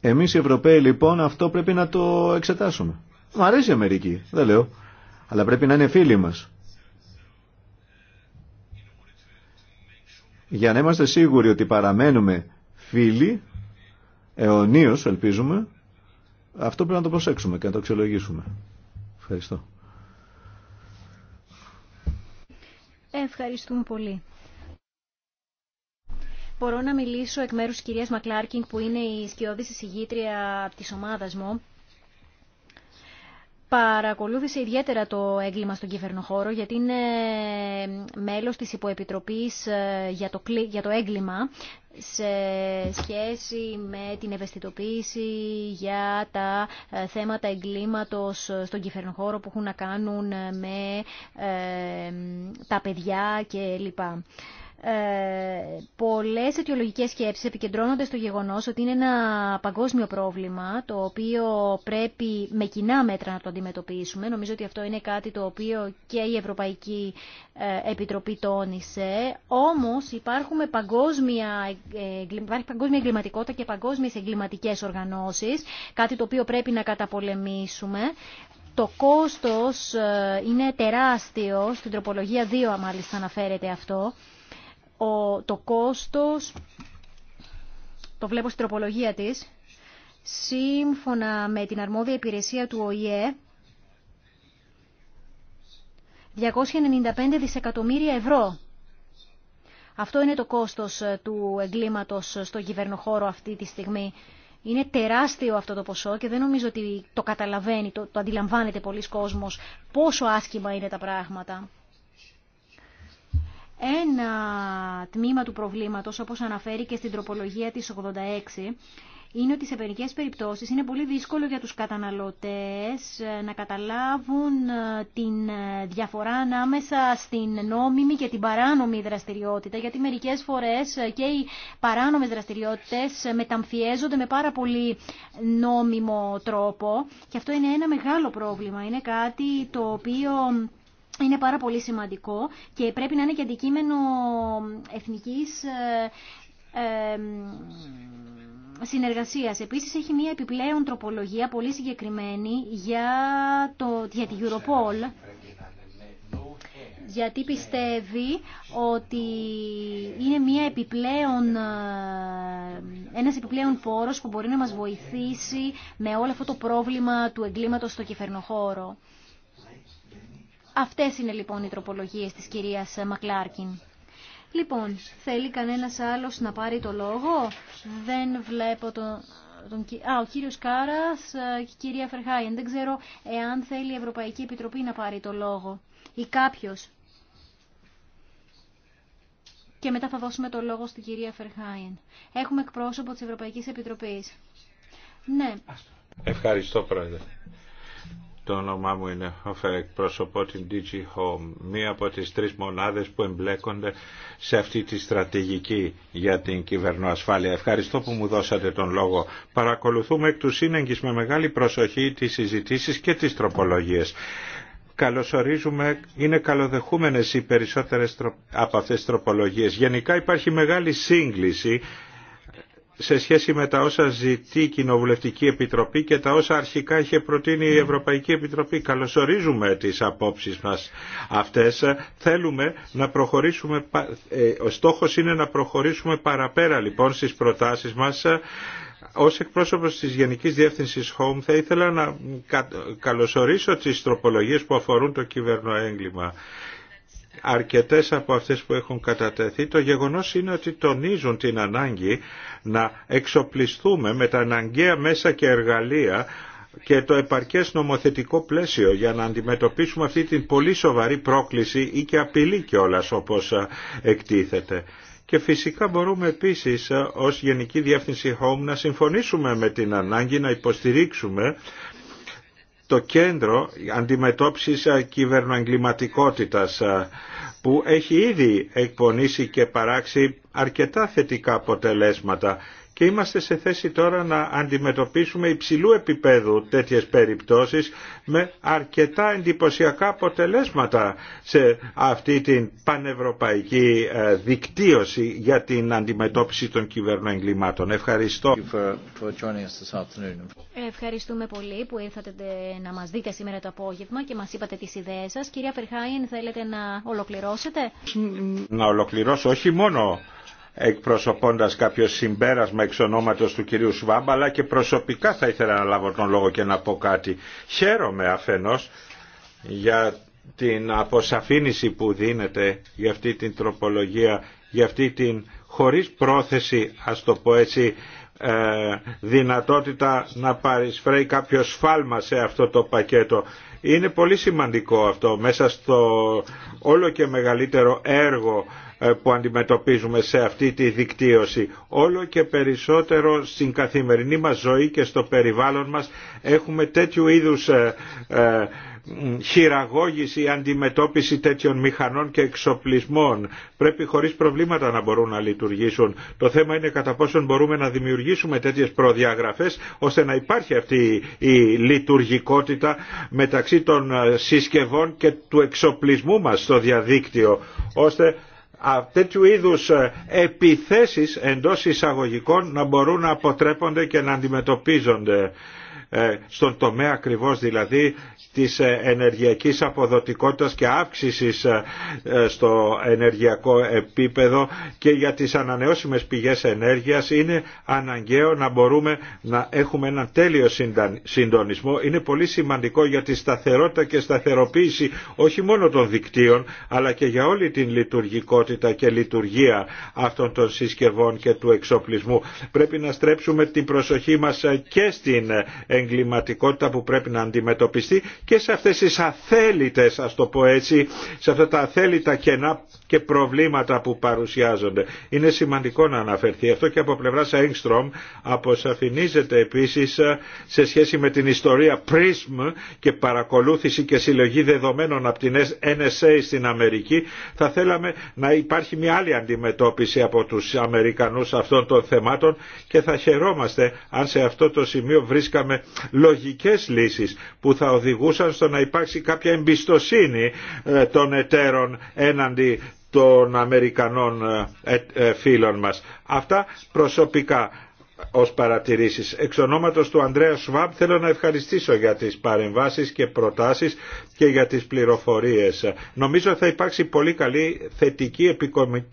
Εμείς οι Ευρωπαίοι λοιπόν αυτό πρέπει να το εξετάσουμε. Μου αρέσει η Αμερική, δεν λέω. Αλλά πρέπει να είναι φίλοι μας. για να είμαστε σίγουροι ότι παραμένουμε φίλοι, αιωνίως ελπίζουμε, αυτό πρέπει να το προσέξουμε και να το αξιολογήσουμε. Ευχαριστώ. Ευχαριστούμε πολύ. Μπορώ να μιλήσω εκ μέρους της κυρίας Μακλάρκινγκ που είναι η σκιώδης εισηγήτρια της ομάδας μου παρακολούθησε ιδιαίτερα το έγκλημα στον κυβερνοχώρο γιατί είναι μέλος της υποεπιτροπής ε, για το, για έγκλημα σε σχέση με την ευαισθητοποίηση για τα ε, θέματα εγκλήματος στον κυβερνοχώρο που έχουν να κάνουν με ε, τα παιδιά κλπ. Ε, πολλές αιτιολογικές σκέψεις επικεντρώνονται στο γεγονός ότι είναι ένα παγκόσμιο πρόβλημα το οποίο πρέπει με κοινά μέτρα να το αντιμετωπίσουμε. Νομίζω ότι αυτό είναι κάτι το οποίο και η Ευρωπαϊκή ε, Επιτροπή τόνισε. Όμως υπάρχουμε παγκόσμια, ε, υπάρχει παγκόσμια εγκληματικότητα και παγκόσμιες εγκληματικές οργανώσεις, κάτι το οποίο πρέπει να καταπολεμήσουμε. Το κόστος είναι τεράστιο, στην τροπολογία 2 μάλιστα αναφέρεται αυτό. Ο, το κόστος, το βλέπω στην τροπολογία της, σύμφωνα με την αρμόδια υπηρεσία του ΟΗΕ, 295 δισεκατομμύρια ευρώ. Αυτό είναι το κόστος ε, του εγκλήματος ε, στον κυβερνοχώρο αυτή τη στιγμή. Είναι τεράστιο αυτό το ποσό και δεν νομίζω ότι το καταλαβαίνει, το, αντιλαμβάνεται πολλοί κόσμος πόσο άσχημα είναι τα πράγματα ένα τμήμα του προβλήματος, όπως αναφέρει και στην τροπολογία της 86, είναι ότι σε περικές περιπτώσεις είναι πολύ δύσκολο για τους καταναλωτές ε, να καταλάβουν ε, την ε, διαφορά ανάμεσα στην νόμιμη και την παράνομη δραστηριότητα, γιατί μερικές φορές και οι παράνομες δραστηριότητες μεταμφιέζονται με πάρα πολύ νόμιμο τρόπο και αυτό είναι ένα μεγάλο πρόβλημα. Είναι κάτι το οποίο είναι πάρα πολύ σημαντικό και πρέπει να είναι και αντικείμενο εθνικής ε, συνεργασίας. Επίσης έχει μία επιπλέον τροπολογία πολύ συγκεκριμένη για, το, για τη Europol γιατί πιστεύει ότι είναι μια επιπλέον, ε, ένας επιπλέον πόρος που μπορεί να μας βοηθήσει με όλο αυτό το πρόβλημα του εγκλήματος στο κυφερνοχώρο. Αυτές είναι λοιπόν οι τροπολογίες της κυρίας Μακλάρκιν. Λοιπόν, θέλει κανένας άλλος να πάρει το λόγο. Δεν βλέπω τον... τον α, ο κύριος Κάρας και ε, η κυρία Φερχάιεν. Δεν ξέρω εάν θέλει η Ευρωπαϊκή Επιτροπή να πάρει το λόγο. Ή κάποιος. Και μετά θα δώσουμε το λόγο στην κυρία Φερχάιεν. Έχουμε εκπρόσωπο της Ευρωπαϊκής Επιτροπής. Ναι. Ευχαριστώ, Πρόεδρε. Το όνομά μου είναι Χόφερ, εκπροσωπώ την DG Home, μία από τις τρεις μονάδες που εμπλέκονται σε αυτή τη στρατηγική για την κυβερνοασφάλεια. Ευχαριστώ που μου δώσατε τον λόγο. Παρακολουθούμε εκ του σύνεγγις με μεγάλη προσοχή τις συζητήσεις και τις τροπολογίες καλωσορίζουμε, είναι καλοδεχούμενες οι περισσότερες από αυτές τις τροπολογίες. Γενικά υπάρχει μεγάλη σύγκληση σε σχέση με τα όσα ζητεί η Κοινοβουλευτική Επιτροπή και τα όσα αρχικά είχε προτείνει η ναι. Ευρωπαϊκή Επιτροπή. Καλωσορίζουμε τις απόψεις μας αυτές. Θέλουμε να προχωρήσουμε, ε, ο στόχος είναι να προχωρήσουμε παραπέρα λοιπόν στις προτάσεις μας ως εκπρόσωπος της Γενικής Διεύθυνσης Home θα ήθελα να καλωσορίσω τις τροπολογίες που αφορούν το κυβερνοέγκλημα αρκετές από αυτές που έχουν κατατεθεί, το γεγονός είναι ότι τονίζουν την ανάγκη να εξοπλιστούμε με τα αναγκαία μέσα και εργαλεία και το επαρκές νομοθετικό πλαίσιο για να αντιμετωπίσουμε αυτή την πολύ σοβαρή πρόκληση ή και απειλή κιόλα όπως εκτίθεται. Και φυσικά μπορούμε επίσης ως Γενική Διεύθυνση Home να συμφωνήσουμε με την ανάγκη να υποστηρίξουμε το κέντρο αντιμετώπισης κυβερνοεγκληματικότητας που έχει ήδη εκπονήσει και παράξει αρκετά θετικά αποτελέσματα και είμαστε σε θέση τώρα να αντιμετωπίσουμε υψηλού επίπεδου τέτοιες περιπτώσεις με αρκετά εντυπωσιακά αποτελέσματα σε αυτή την πανευρωπαϊκή ε, δικτύωση για την αντιμετώπιση των εγκλημάτων. Ευχαριστώ. Ευχαριστούμε πολύ που ήρθατε να μας δείτε σήμερα το απόγευμα και μας είπατε τις ιδέες σας. Κυρία Περχάιν, θέλετε να ολοκληρώσετε. Να ολοκληρώσω όχι μόνο εκπροσωπώντας κάποιο συμπέρασμα εξ ονόματος του κυρίου Σβάμπα αλλά και προσωπικά θα ήθελα να λάβω τον λόγο και να πω κάτι. Χαίρομαι αφενός για την αποσαφήνιση που δίνεται για αυτή την τροπολογία, για αυτή την χωρίς πρόθεση ας το πω έτσι ε, δυνατότητα να παρισφρέει κάποιο σφάλμα σε αυτό το πακέτο. Είναι πολύ σημαντικό αυτό μέσα στο όλο και μεγαλύτερο έργο ε, που αντιμετωπίζουμε σε αυτή τη δικτύωση. Όλο και περισσότερο στην καθημερινή μας ζωή και στο περιβάλλον μας έχουμε τέτοιου είδους ε, ε, χειραγώγηση, αντιμετώπιση τέτοιων μηχανών και εξοπλισμών. Πρέπει χωρίς προβλήματα να μπορούν να λειτουργήσουν. Το θέμα είναι κατά πόσον μπορούμε να δημιουργήσουμε τέτοιες προδιαγραφές ώστε να υπάρχει αυτή η λειτουργικότητα μεταξύ των συσκευών και του εξοπλισμού μας στο διαδίκτυο ώστε τέτοιου είδους ε, επιθέσεις εντός εισαγωγικών να μπορούν να αποτρέπονται και να αντιμετωπίζονται ε, στον τομέα ακριβώς δηλαδή της ε, ενεργειακής αποδοτικότητας και αύξησης ε, ε, στο ενεργειακό επίπεδο και για τις ανανεώσιμες πηγές ενέργειας είναι αναγκαίο να μπορούμε να έχουμε ένα τέλειο συντονισμό. Είναι πολύ σημαντικό για τη σταθερότητα και σταθεροποίηση όχι μόνο των δικτύων αλλά και για όλη την λειτουργικότητα και λειτουργία αυτών των συσκευών και του εξοπλισμού. Πρέπει να στρέψουμε την προσοχή μας και στην εγκληματικότητα που πρέπει να αντιμετωπιστεί και σε αυτές τις αθέλητες, ας το πω έτσι, σε αυτά τα αθέλητα κενά και προβλήματα που παρουσιάζονται. Είναι σημαντικό να αναφερθεί αυτό και από πλευρά Έγκστρομ αποσαφηνίζεται επίσης ε, σε σχέση με την ιστορία PRISM και παρακολούθηση και συλλογή δεδομένων από την NSA στην Αμερική. Θα θέλαμε να υπάρχει μια άλλη αντιμετώπιση από τους Αμερικανούς αυτών των θεμάτων και θα χαιρόμαστε αν σε αυτό το σημείο βρίσκαμε λογικές λύσεις που θα οδηγούν οδηγούσαν στο να υπάρξει κάποια εμπιστοσύνη ε, των εταίρων έναντι των Αμερικανών ε, ε, φίλων μας. Αυτά προσωπικά ως παρατηρήσεις. Εξ ονόματος του Ανδρέα Σουβάμπ θέλω να ευχαριστήσω για τις παρεμβάσεις και προτάσεις και για τις πληροφορίες. Νομίζω θα υπάρξει πολύ καλή θετική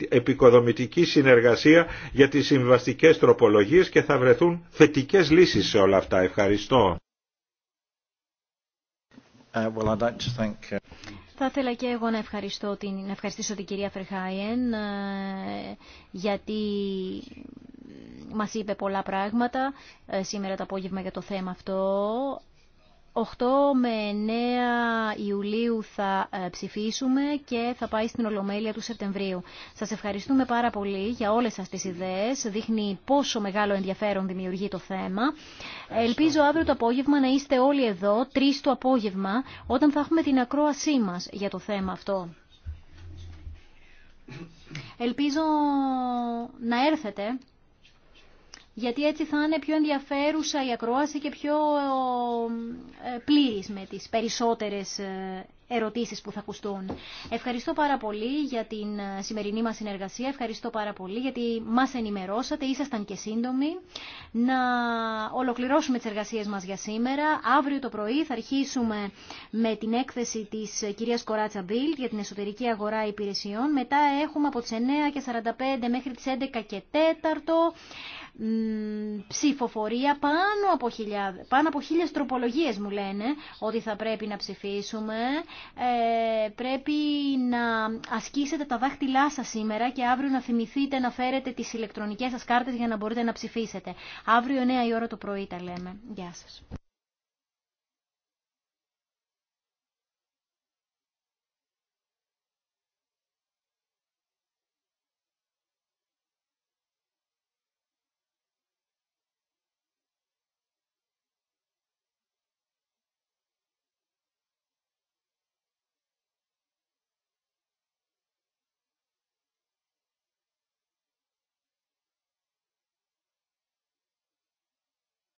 επικοδομητική συνεργασία για τις συμβαστικές τροπολογίες και θα βρεθούν θετικές λύσεις σε όλα αυτά. Ευχαριστώ. Uh, uh, Θα ήθελα και εγώ να, ευχαριστώ την, να ευχαριστήσω την κυρία Φερχάιεν ε, γιατί μας είπε πολλά πράγματα ε, σήμερα το απόγευμα για το θέμα αυτό. 8 με 9 Ιουλίου θα ε, ψηφίσουμε και θα πάει στην Ολομέλεια του Σεπτεμβρίου. Σας ευχαριστούμε πάρα πολύ για όλες σας τις ιδέες. Δείχνει πόσο μεγάλο ενδιαφέρον δημιουργεί το θέμα. Ελπίζω αύριο το απόγευμα να είστε όλοι εδώ, τρει το απόγευμα, όταν θα έχουμε την ακρόασή μας για το θέμα αυτό. Ελπίζω να έρθετε γιατί έτσι θα είναι πιο ενδιαφέρουσα η ακρόαση και πιο ε, πλήρης με τις περισσότερες ε, ερωτήσεις που θα ακουστούν. Ευχαριστώ πάρα πολύ για την ε, σημερινή μας συνεργασία, ευχαριστώ πάρα πολύ γιατί μας ενημερώσατε, ήσασταν και σύντομοι. Να ολοκληρώσουμε τις εργασίες μας για σήμερα. Αύριο το πρωί θα αρχίσουμε με την έκθεση της κυρίας Κοράτσα Μπίλ για την εσωτερική αγορά υπηρεσιών. Μετά έχουμε από τις 9.45 μέχρι τις 11.15 ψηφοφορία πάνω από, χιλιάδες πάνω από χίλιες τροπολογίες μου λένε ότι θα πρέπει να ψηφίσουμε. Ε, πρέπει να ασκήσετε τα δάχτυλά σας σήμερα και αύριο να θυμηθείτε να φέρετε τις ηλεκτρονικές σας κάρτες για να μπορείτε να ψηφίσετε. Αύριο 9 η ώρα το πρωί τα λέμε. Γεια σας.